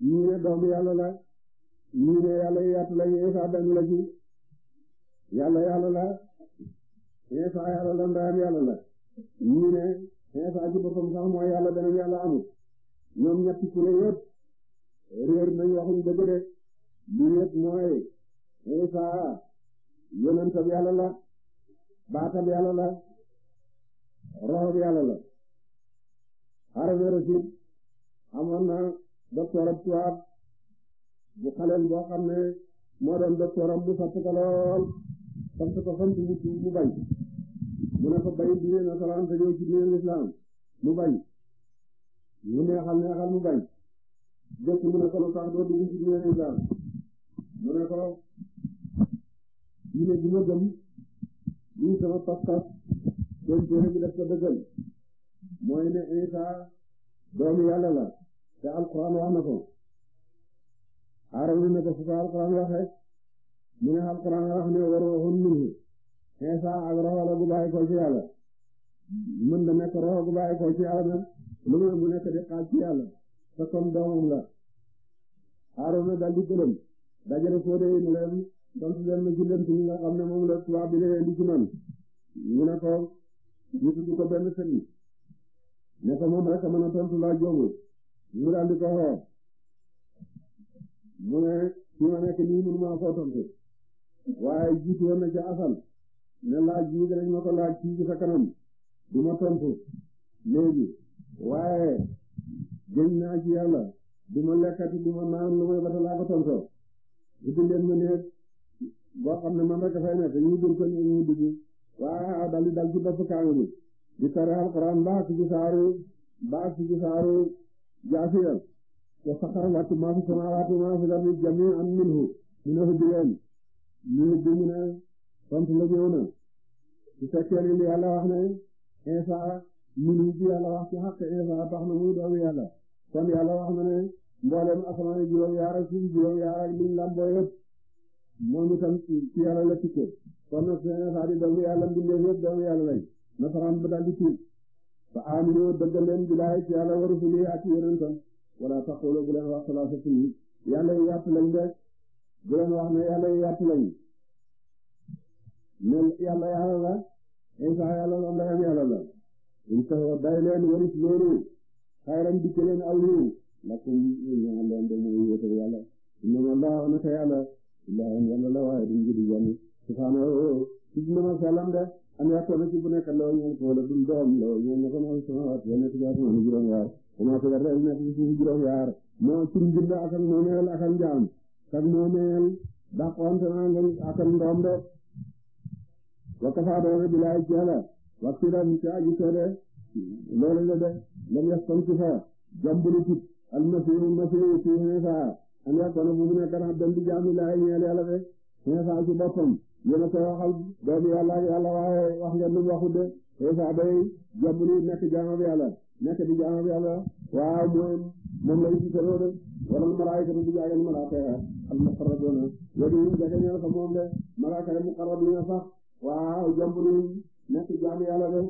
ñii ne doomu yàlla la ñii ne yàlla yaatu la ñu Isa benn la ci yàlla yàlla la Isa yàlla baatam yàlla la roxob yàlla la Harun Rashid amoon na docteur ab tubaab bu xaleel boo xam ne moo doon docteur am bu fatt ko lool fatt ko fam ci wut mu bañ mu ne ko bañ diine nasaraan te ñëw ci diine lislaam mu bañ mu neexal neexal mu bañ jëkk mu ne ko lu tax doo dugg ci diine lislaam mu ne ko diine bi ma gëm lii sama pas-pas seen téere bi daf ko mooy ne Isa doomu yàlla la te alquran wax na ko aaroon na ko fu ko alquran waxee mu ne alquran wax ne waruuhun minhu Isa ak roxo la gu bàyyi ko ci yàlla mën na nekk roxo gu bàyyi ko ci yàlla nag lu muy mu nekk di xaal ci yàlla la aaroon na daldi gëlëm dajale fóode yi mu sant leen na julleen ci ñi nga xam ne moom la tubaab bi leen di ci man ñu ne ko ko benn sëriñ ne ko moom rek a mën a tontu laaj boobu mu daal di ko xoo mu ne fi ma nekk nii mënu maa koo tontu waaye jiitu woon na ca ne laaj bii danañ ma ko laaj fii ci sa du ma tontu léegi waaye gën naa ci du ma lekkati du ma naan lu may bata laa ko tontoo bu leen ma ne boo xam ne moom rek dafay nekk ñu jël ko ñu dugg waaw dal di dal ci bopp kaang bi di tare alxuraan baax ci saaru baax ci saaru jaasiyal te saxar wàcc maa fi samaawaati maa fi lardi jamii'an minhu minhu bileen ñu bi mu ne sant la ñëw na ci fekkee li yàlla wax ne Isa minu ci yàlla wax ci xaq Isa tax na muy doomu yàlla kon yàlla wax na ne mboolem asamaan juróom yaar ak suuf juróom yaar ak liñ lamboo yëpp moom itam ci yàlla la tukkee kon nag seen saa di doomu yàlla mbindeef yëpp doomu yàlla lañ ba daal di tuub fa aaminu dëggal leen billaay ci yàlla wa rusuli ak yonentam wala taqulu bu leen wax salaasa sunni yàlla yi de bu wax ne yàlla yi yàpp lañ ne la Isa yàlla la ndeyam yàlla la in taxaw loolu xayran dikk leen aw yiw lakum ñaan leen de mooy wéetal yàlla inna Allah na te yàlla ilaahun yàlla la waaye duñ judi jàmm subhaanahu a salam de am yattooba ci bu nekk law ñeen ko la dum doom law ñeen ne kon ay samawat yene ci jaatu ñu juróom yaar ama ko dara ne ci moomeel ak ak njaam moomeel dàqonte naa ngeen ak ak de wa kafaa doona bilaay ci yàlla waxtu ram ci aji seede de lam yastam ci fa jambulu tut al masihu masihu fi ne saa an yakuna mu nekk na dem di jaamu laa ñeel yàlla fe Iisaa ci boppam yéen a ko waxal doomu yàlla ak yàlla wax ngeen lu mu waxut de Iisaa day jàmm li nekk jaamu yàlla nekk di jaamu yàlla waaw moom moom lay gisaroo de wala malaayika du jaagal malaaka ya al muqarrabuuna yooyu ñu jege ñeel nekk jaamu yàlla de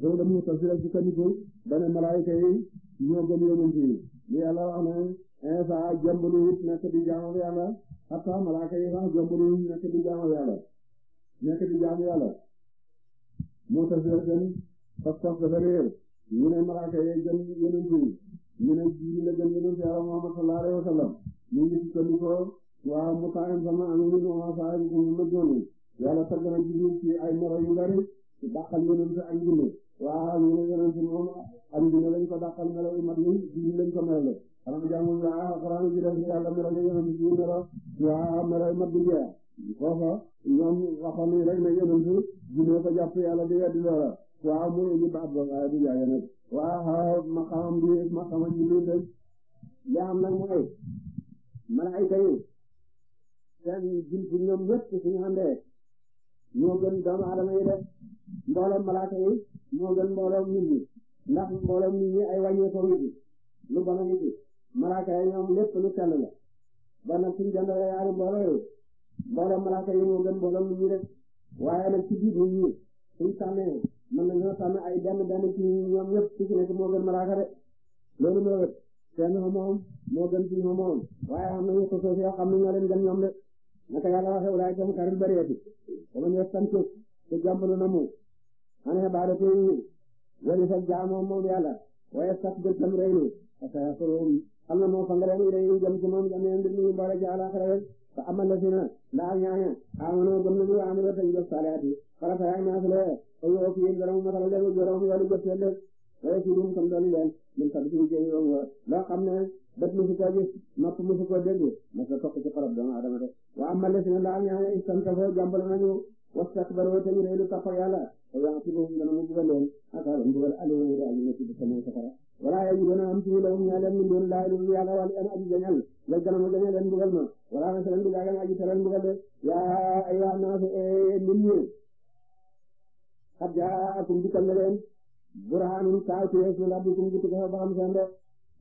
loolu la mu tasira ci kaniku dana malaayika yi ñoo gën yonent yi li yàlla wax na Insa jombaluwut nekk di jaamu yàlla hatta malaaka yi sax jombaluwut nekk di jaamu yàlla nekk di jaamu yàlla mutasila seen pas-pas dafa réer ñu ne malaaka yi gën yonent yi ñu ne ñu la gën yonent yàlla mu taxin sama am ñu waa saa yi mu mëjoonu yàlla tagg na jibril ci ay melo yu bari ci dàqal yonent ak jinne waaw ñu ne yonent moom ak jinne lañ ko dàqal melo yu mat ni jibril ko melale xaram jaamu yaa xaram ji def yàlla melo ne yonent bi melo yaa melo mat bi jeex foofa ñoom waxoon nañ rek ne yonent bi ne ko jàpp yàlla di weddi loola waaw mu ñu baat ba waaye du jaage nag waaw ma xamam bi ma xamam ji lii rek li am nag mooy malaayka yi seen jumtu ñoom ñëpp suñu àndee ñoo gën doomu aadama yi def mboolem malaaka yi moo gën mboolem nit ñi ndax mboolem nit ñi ay wàññee ko nit ñi lu bon a nit ñi malaaka yi ñoom lépp lu sell la ba nag suñ jëndee yaari mbooloo yooyu mbooloo malaaka yi moo gën mbooloo nit ñi rek waaye nag ci biir nit ñi suñ sànnee mën nañoo sànn ay benn benn ci ñoom ñëpp ci nekk moo gën malaaka de loolu moo wét seen xamoom moo gën suñ xamoom waaye xam nañu ko soos yoo xam ne ñoo gën ñoom de naka yàlla waxe wulaay kam karil bariati dama ñëw santos te jàmbalo na mu xane baada tey wali sa jaamoom moom yàlla waaye sax dël tam rëy am na moo sangaleen yi day jëm ci moom jam neen mbir mi boole ci alaxira rek fa amal la si na ndax ñaaña amono gëm nañu amalo tañ jëf saalihat yi xala faya ñaasle oyo fi daramu matala leen jorom yoolu jëf seen def waye si dum kam dooni leen min sabi suñu jëy yoon wa loo xam ne bët musu ko gis nopp musu ko dégg mas la toq ci xolob doomu adama de wa amal la si na ndax ñaaña istantafo jàmbal nañu wastakbaru tañu rëylu taxo yàlla oyo si buum dana mu bugal leen akaarum bugal alimu daa ñu ne ci bu sama safara wala yaa ngi am ci loolu ñu leen doon laaj lu yàlla wàllu an aji jañal la gën a ma gën a ma wala na seen dugal an aji seen dugal de yaa ayyuha naas nit ñi xat jaakum dikkal na leen ba xam seen de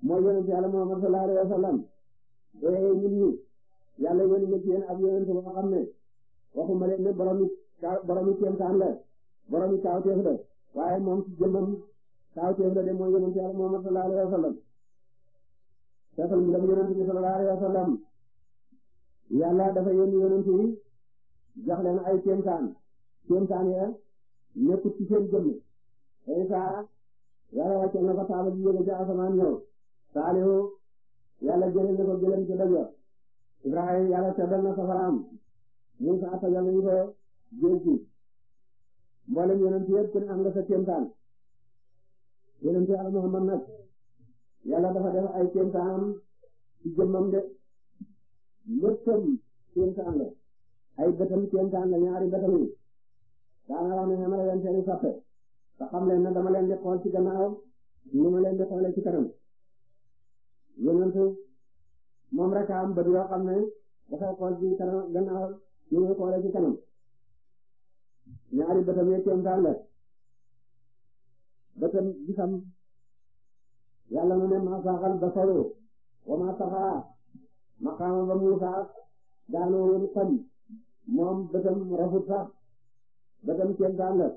mooy yonent yàlla Muhammad sallallahu alayhi wa sallam ee nit ñi yàlla yónni na ci yéen ab yonent boo xam la boromi kaawteef la waaye moom kaw teef la de mooy yonent Yàlla Muhammad sallallahu alayhi wa sallam feesal mu dem yonent bi sallallahu alayhi wa sallam yàlla dafa yónni yonent yi jox leen ay kéemtaan kéemtaan ya nekkut ci seen jëmm Isa yàlla wàcce na ko saaba ji jóge ci asamaan ñëw Saalihu yàlla jëlee na ko gëlëm ci dëgër Ibrahima yàlla seddal na safaraam Musaa tajal nañ ko géej gi mboolem yonent yëpp ku ne am nga sa kéemtaan yonent Yàlla Muhammad nag yàlla dafa def ay kéemtaanam ci jëmmam de léppam kéemtaan la ay bëtam kéemtaan la ñaari bëtam yi daana wax ne xamala leen seeni soppe te xam leen na dama leen di xool ci gannaaw ni ma leen di xoolee ci kanam yonent moom rek am bët yoo xam ne dafay xool ci gannaaw ni muy xoolee ci kanam ñaari bëtam yi kéemtaan la bëtam gisam yàlla mu ne maa saaxal basaru wa maa saxaa maqaama ba mu sax daanoo woon xañ moom bëtam rafut sax bëtam kéemtaan la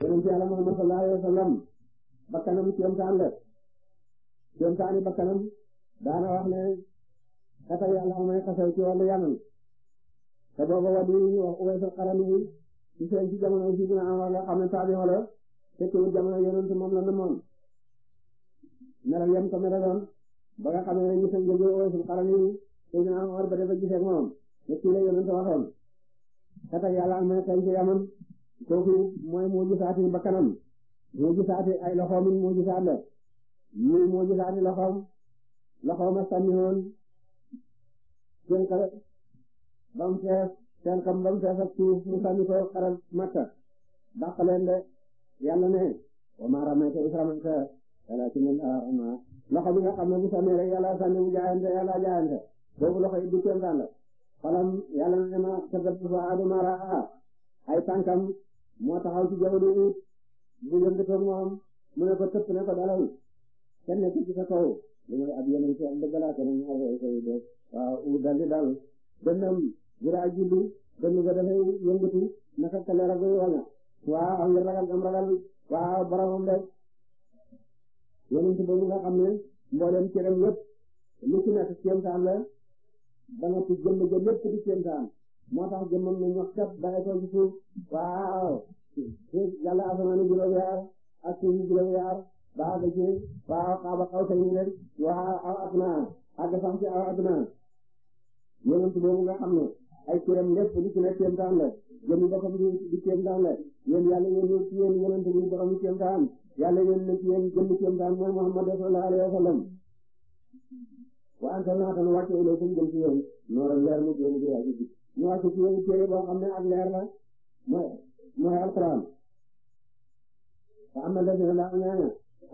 yonent yàlla Muhammad sallallahu alayhi wa sallam bakkanam kéemtaan la kéemtaani bakkanam daana wax ne xasal yàlla may xasal ci wàllu yaman te booba wàllu yi ñuy wax Uways al-Qarani ci seen ci jamono si dina am wala xam ne taabi wala fekkewul jamono yonent moom la namoon melal yam ko melaloon ba nga xamee ne ñu seen jóge Oysul Qarni Seydina Omar ba dafa gisee moom ne kii la yonent ci yaman kooku mooy moo gisaati ba kanam moo gisaati ay loxoom moo gisaat la ñii moo gisaati loxoom loxoom a sànni woon seen kala ba mu fees seen xam ba mu fees ak suuf mu sànni ko xaral Makka dàq leen de yàlla ne wa ma ramayta is ramayta walakinna Allaha loxo bi nga xam ne bu sànnee rek yàlla sànni bu jaayante yàlla jaayante boobu loxo yi du kéemtaan yàlla ne ma tadabba adama raa ay tànkam moo taxaw ci jaww ji bu yëngatoog moom mu ne ko tëpp ne ko dalal kenn nekk sa kaw li muy ab yeneen ci am dëgg laa kenn ñaar yooyu koy def waaw u dal di dal dënnam bu daa julli dënn ba dafay yëngatu naka ka leer a goy wala waaw ak ragal am ragal waaw boromam rek yonent boobu nga xam ne mboolem cëram yëpp lu ci nekk kéemtaan la ba nga ci jëmm ja lépp di kéemtaan moo tax jëmmam ne ñox kat ba école ci suuf waaw yàlla ba àgg ci waaw xaaba xaw sañu leen waaw aw ak naa àgg sax aw ak naa yonent boobu nga xam ne ay cëram lépp lu ci nekk kéemtaan la jënd dafa di kéem daan la yéen yàlla yéen ñëw ci yéen yonent bi borom kéem daan yàlla yéen na ci yéen jënd kéem daan mooy Muhammad sallallahu alayhi wa sallam wa anzalnaa tan wàcce ilaykum jëm ci yéen nooral leer mu génn bi yàgg ci ñu wàcce ci yéen téere boo xam ne ak leer la mooy mooy alquran fa am na lasina la ñaaña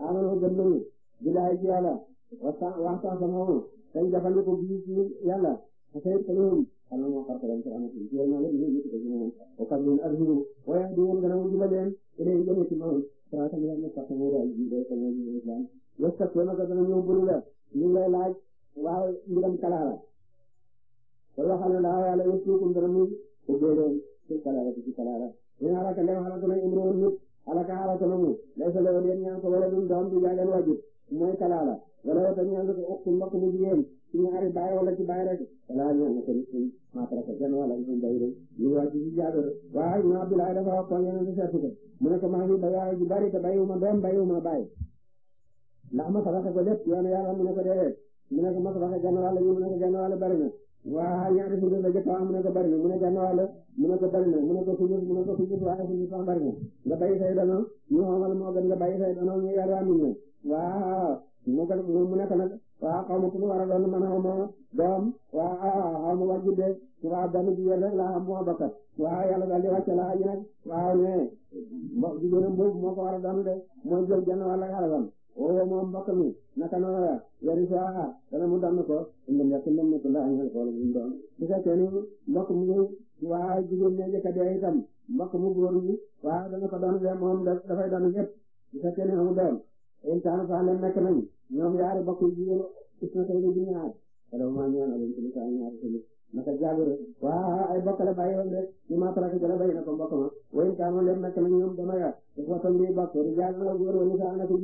amano gëm nañu bilaay ci yàlla waxtaan waxtaan sama tañ jafandiku bii ci yàlla a sayit kañoom xanaa moom xar ko ci amati ci yéen a ngi leen di dégg ne arjulu waaye du ngeen gën a wujj ba daal di day ko ñu ñu islam yesta ko ma gëna ñu buru la ñu lay laaj waaye mbiram kalaala wala xana la wala yestukum dara mu ko gëleen ci kalaala ci kalaala ñu ala ka le wala ko imroon nit ala ka ala ko mu lay sa leewal wala dum doom du jaagal wajib mooy kalaala wala wata ñaan ko okku mbokk mu jigéen ci ñaari baay wala ci baay rek wala ñoo ko ci ma tara ko jeno wala ñu day rek ñu wax ci jaado waaye ibn abdullah dafa wax ko ñene ci setu ko mu ne ko maa ngi bayaay ju bari te bayuma baay ndax ma tabax ko lépp yoon yàlla mu ne ko déedéet mu ne ko ma tabax genn wàll ñu mu ne ko genn wàll bari na waa ñaari sujud la jëkk mu ne ko bari na mu ne ko bari na mu ne ko sujud mu ne ko sujud waaye sujud sax bari na nga bàyyi say dono ñu xoomal moo gën nga bàyyi say dono ñu yàlla mi ñu waa mu ne ko nag waaw xaw ma ku mu war a doon man xaw ma doom waaw ah, ah xaw ma wàcc beeg waaw benn jigéen rek laa xam moo bakkat waaw yàlla daal di wàcce laa ji nag waaw mais mbo jigéenam boobu moo ko war a doon de mooy jël genn wàll ak alalam oo moom mbokk mi naka noonu la yari si waaxa ah dana mu doon ko ndam ya ndam ne ko laa ñu xool bu ñu doon su fekkee ni mbokk mu waaw jigéen ne jëkk dee itam mbokk mu góor ñi waaw dana ko doon de moom dafay doon lépp su fekkee ni amu doom insaan fa leen nekk nañ ñoom yaari bokk jigéen isna tey ni ñaar wala ma ñaan ala ci sa ñaar ci naka jaabir waa ay bokk la bàyyi ni ma parati la bàyyi na ma way ka no leen nak la ñoom dama ya ko tam li bokk ri jaal na góor wala sa na ko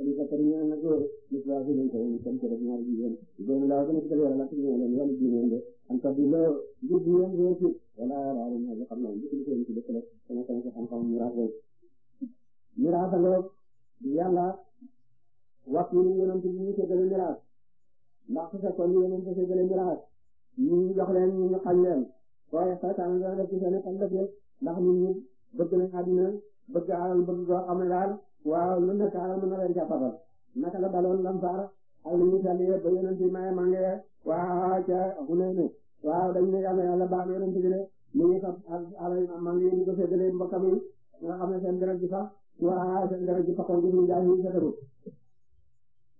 ni sa tan ni sa fi ñu tay tam ko ñaar jigéen doon la ko ni ko la ko ñaan leen wala jigéen de an ta bi la jigéen ñoo wala raal na la xam na ci ci ci def la sama sama waxtu ni yonent bi ñu seddale miraas ndax su fekkoon ni yonent bi seddale ñu jox leen ñu xañ leen waaye saytaan dana def ci seen xel def yëpp ndax ñun ñu bëgg nañ àddina bëgg alal bëgg doo xam ne daal waaw lu nekk alal mën na leen jàppatal naka la daloon lamsaar ak lu ñu saliyee ba yonent bi maye mangee waaw ca xunee ne waaw dañ ne yàlla yàlla baal yonent bi de ñu ngi fab alal mangi ñu ko seddalee mbokkam yi nga xam ne seen deret ji sax waaw seen deret ji faxoon gi ñu jaay ñu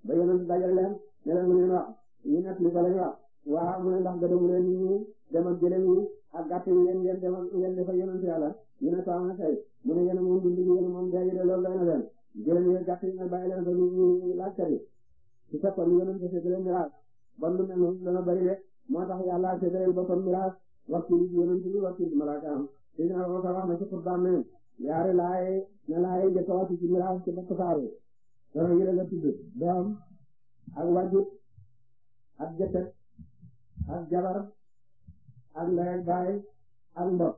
ba yonent dajal leen ne leen lu ngeen wax ñu nekk li ko lañ wax waaw mu ne ndax gërëmu leen nit ñi demal jëlem yi ak gàtt yi ngeen ngeen demal ngeen defal yonent yàlla ñu ne soo na tey mu ne yéen moom dund yéen moom dee de loolu doy na leen jëlem yi gàtt yi nga bàyyi leen ko nit ñi laajkat yi su fekkoon yonent séddale miraas bon lu mel noonu dana bëri rek moo tax yàlla séddale boppam miraas wax ci yonent yi wax ci malaakaam dina ko wax na ci xutbaam ne yaari laay na laay njëkk a wàcc ci miraas ci bokk saaru dara yi doom ak wajut ak jëkkër ak jabar ak ndey baay ak mbokk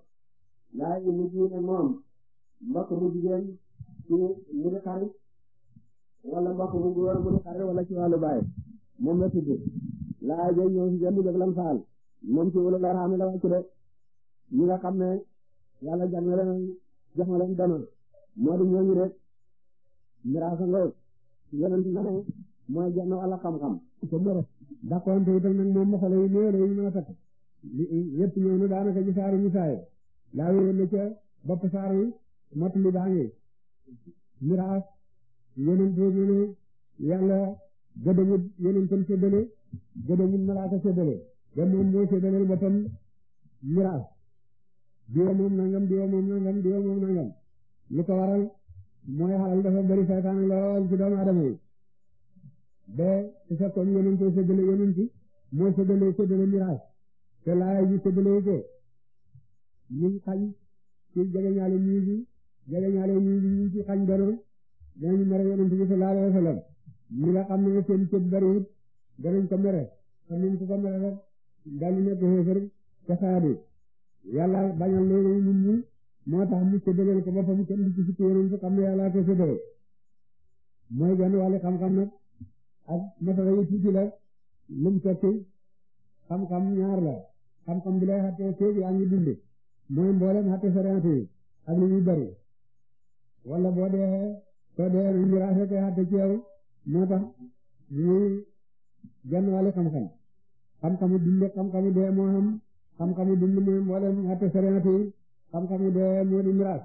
laay yi mujj moom mbokk mu jigéen ci mu di xarit wala mbokk mu góor mu di xarit wala ci wàllu baay moom la tudd laay jay ñëw si jënd dëgg lan faal moom ci wala loo xam la wàcc de ñi nga xam ne yàlla jàmm leen jox ma dana moo di ñooñu rek miraasa ngoog yeneen bi nga ne mooy genn wala xam-xam te mere dàqonte itam nag moom masala yi néew layu mën a fekk yëpp ñëw na daanaka ci saaru misaaye laa wéyoon na ca bopp saaru mott li baa ngi miraas yeneen te mu ne yàlla gëdëmut yeneen tam séddale gëdëmut malaaka séddale te moom moo séddaleel boppam miraas diwa moom nangam diwa moom nangam diwa moom nangam lu ko waral mooy xalal dafa bari saytaane lool ci doomu adama yi ba su fekkoon yonente séddale yonente mooy séddale séddale miraas te laay ji séddale ko ñu xañ ci jegeñaale ñii bi jegeñaale ci xañ dono danañu mere yonente bi sallallahu alayhi wasallam mi nga xam ne seen cëb bariwut danañ ko mere xam nañ ko ko mere rek dañu nekk xéefar te saadu yàlla bañal loolu ñun ñi moo tax mu séddaleel ko boppam kenn du ci fukki yeneen su xam mooy genn wàllu xam-xam nag ak matala tuuti la lum tekki xam-xam ñaar la xam-xam bi lay xattee yaa ngi dund mooy mboolem xatte sariante yi ak lu ñuy bari wala boo dee soo dee lu ñu raafee koy xatte ci moo tax ñuy genn wàllu xam-xam xam-xamu dund xam-xamu dee moo xam xam-xamu dund mooy mboolem xatte sariante yi xam-xamu dee moo di miraas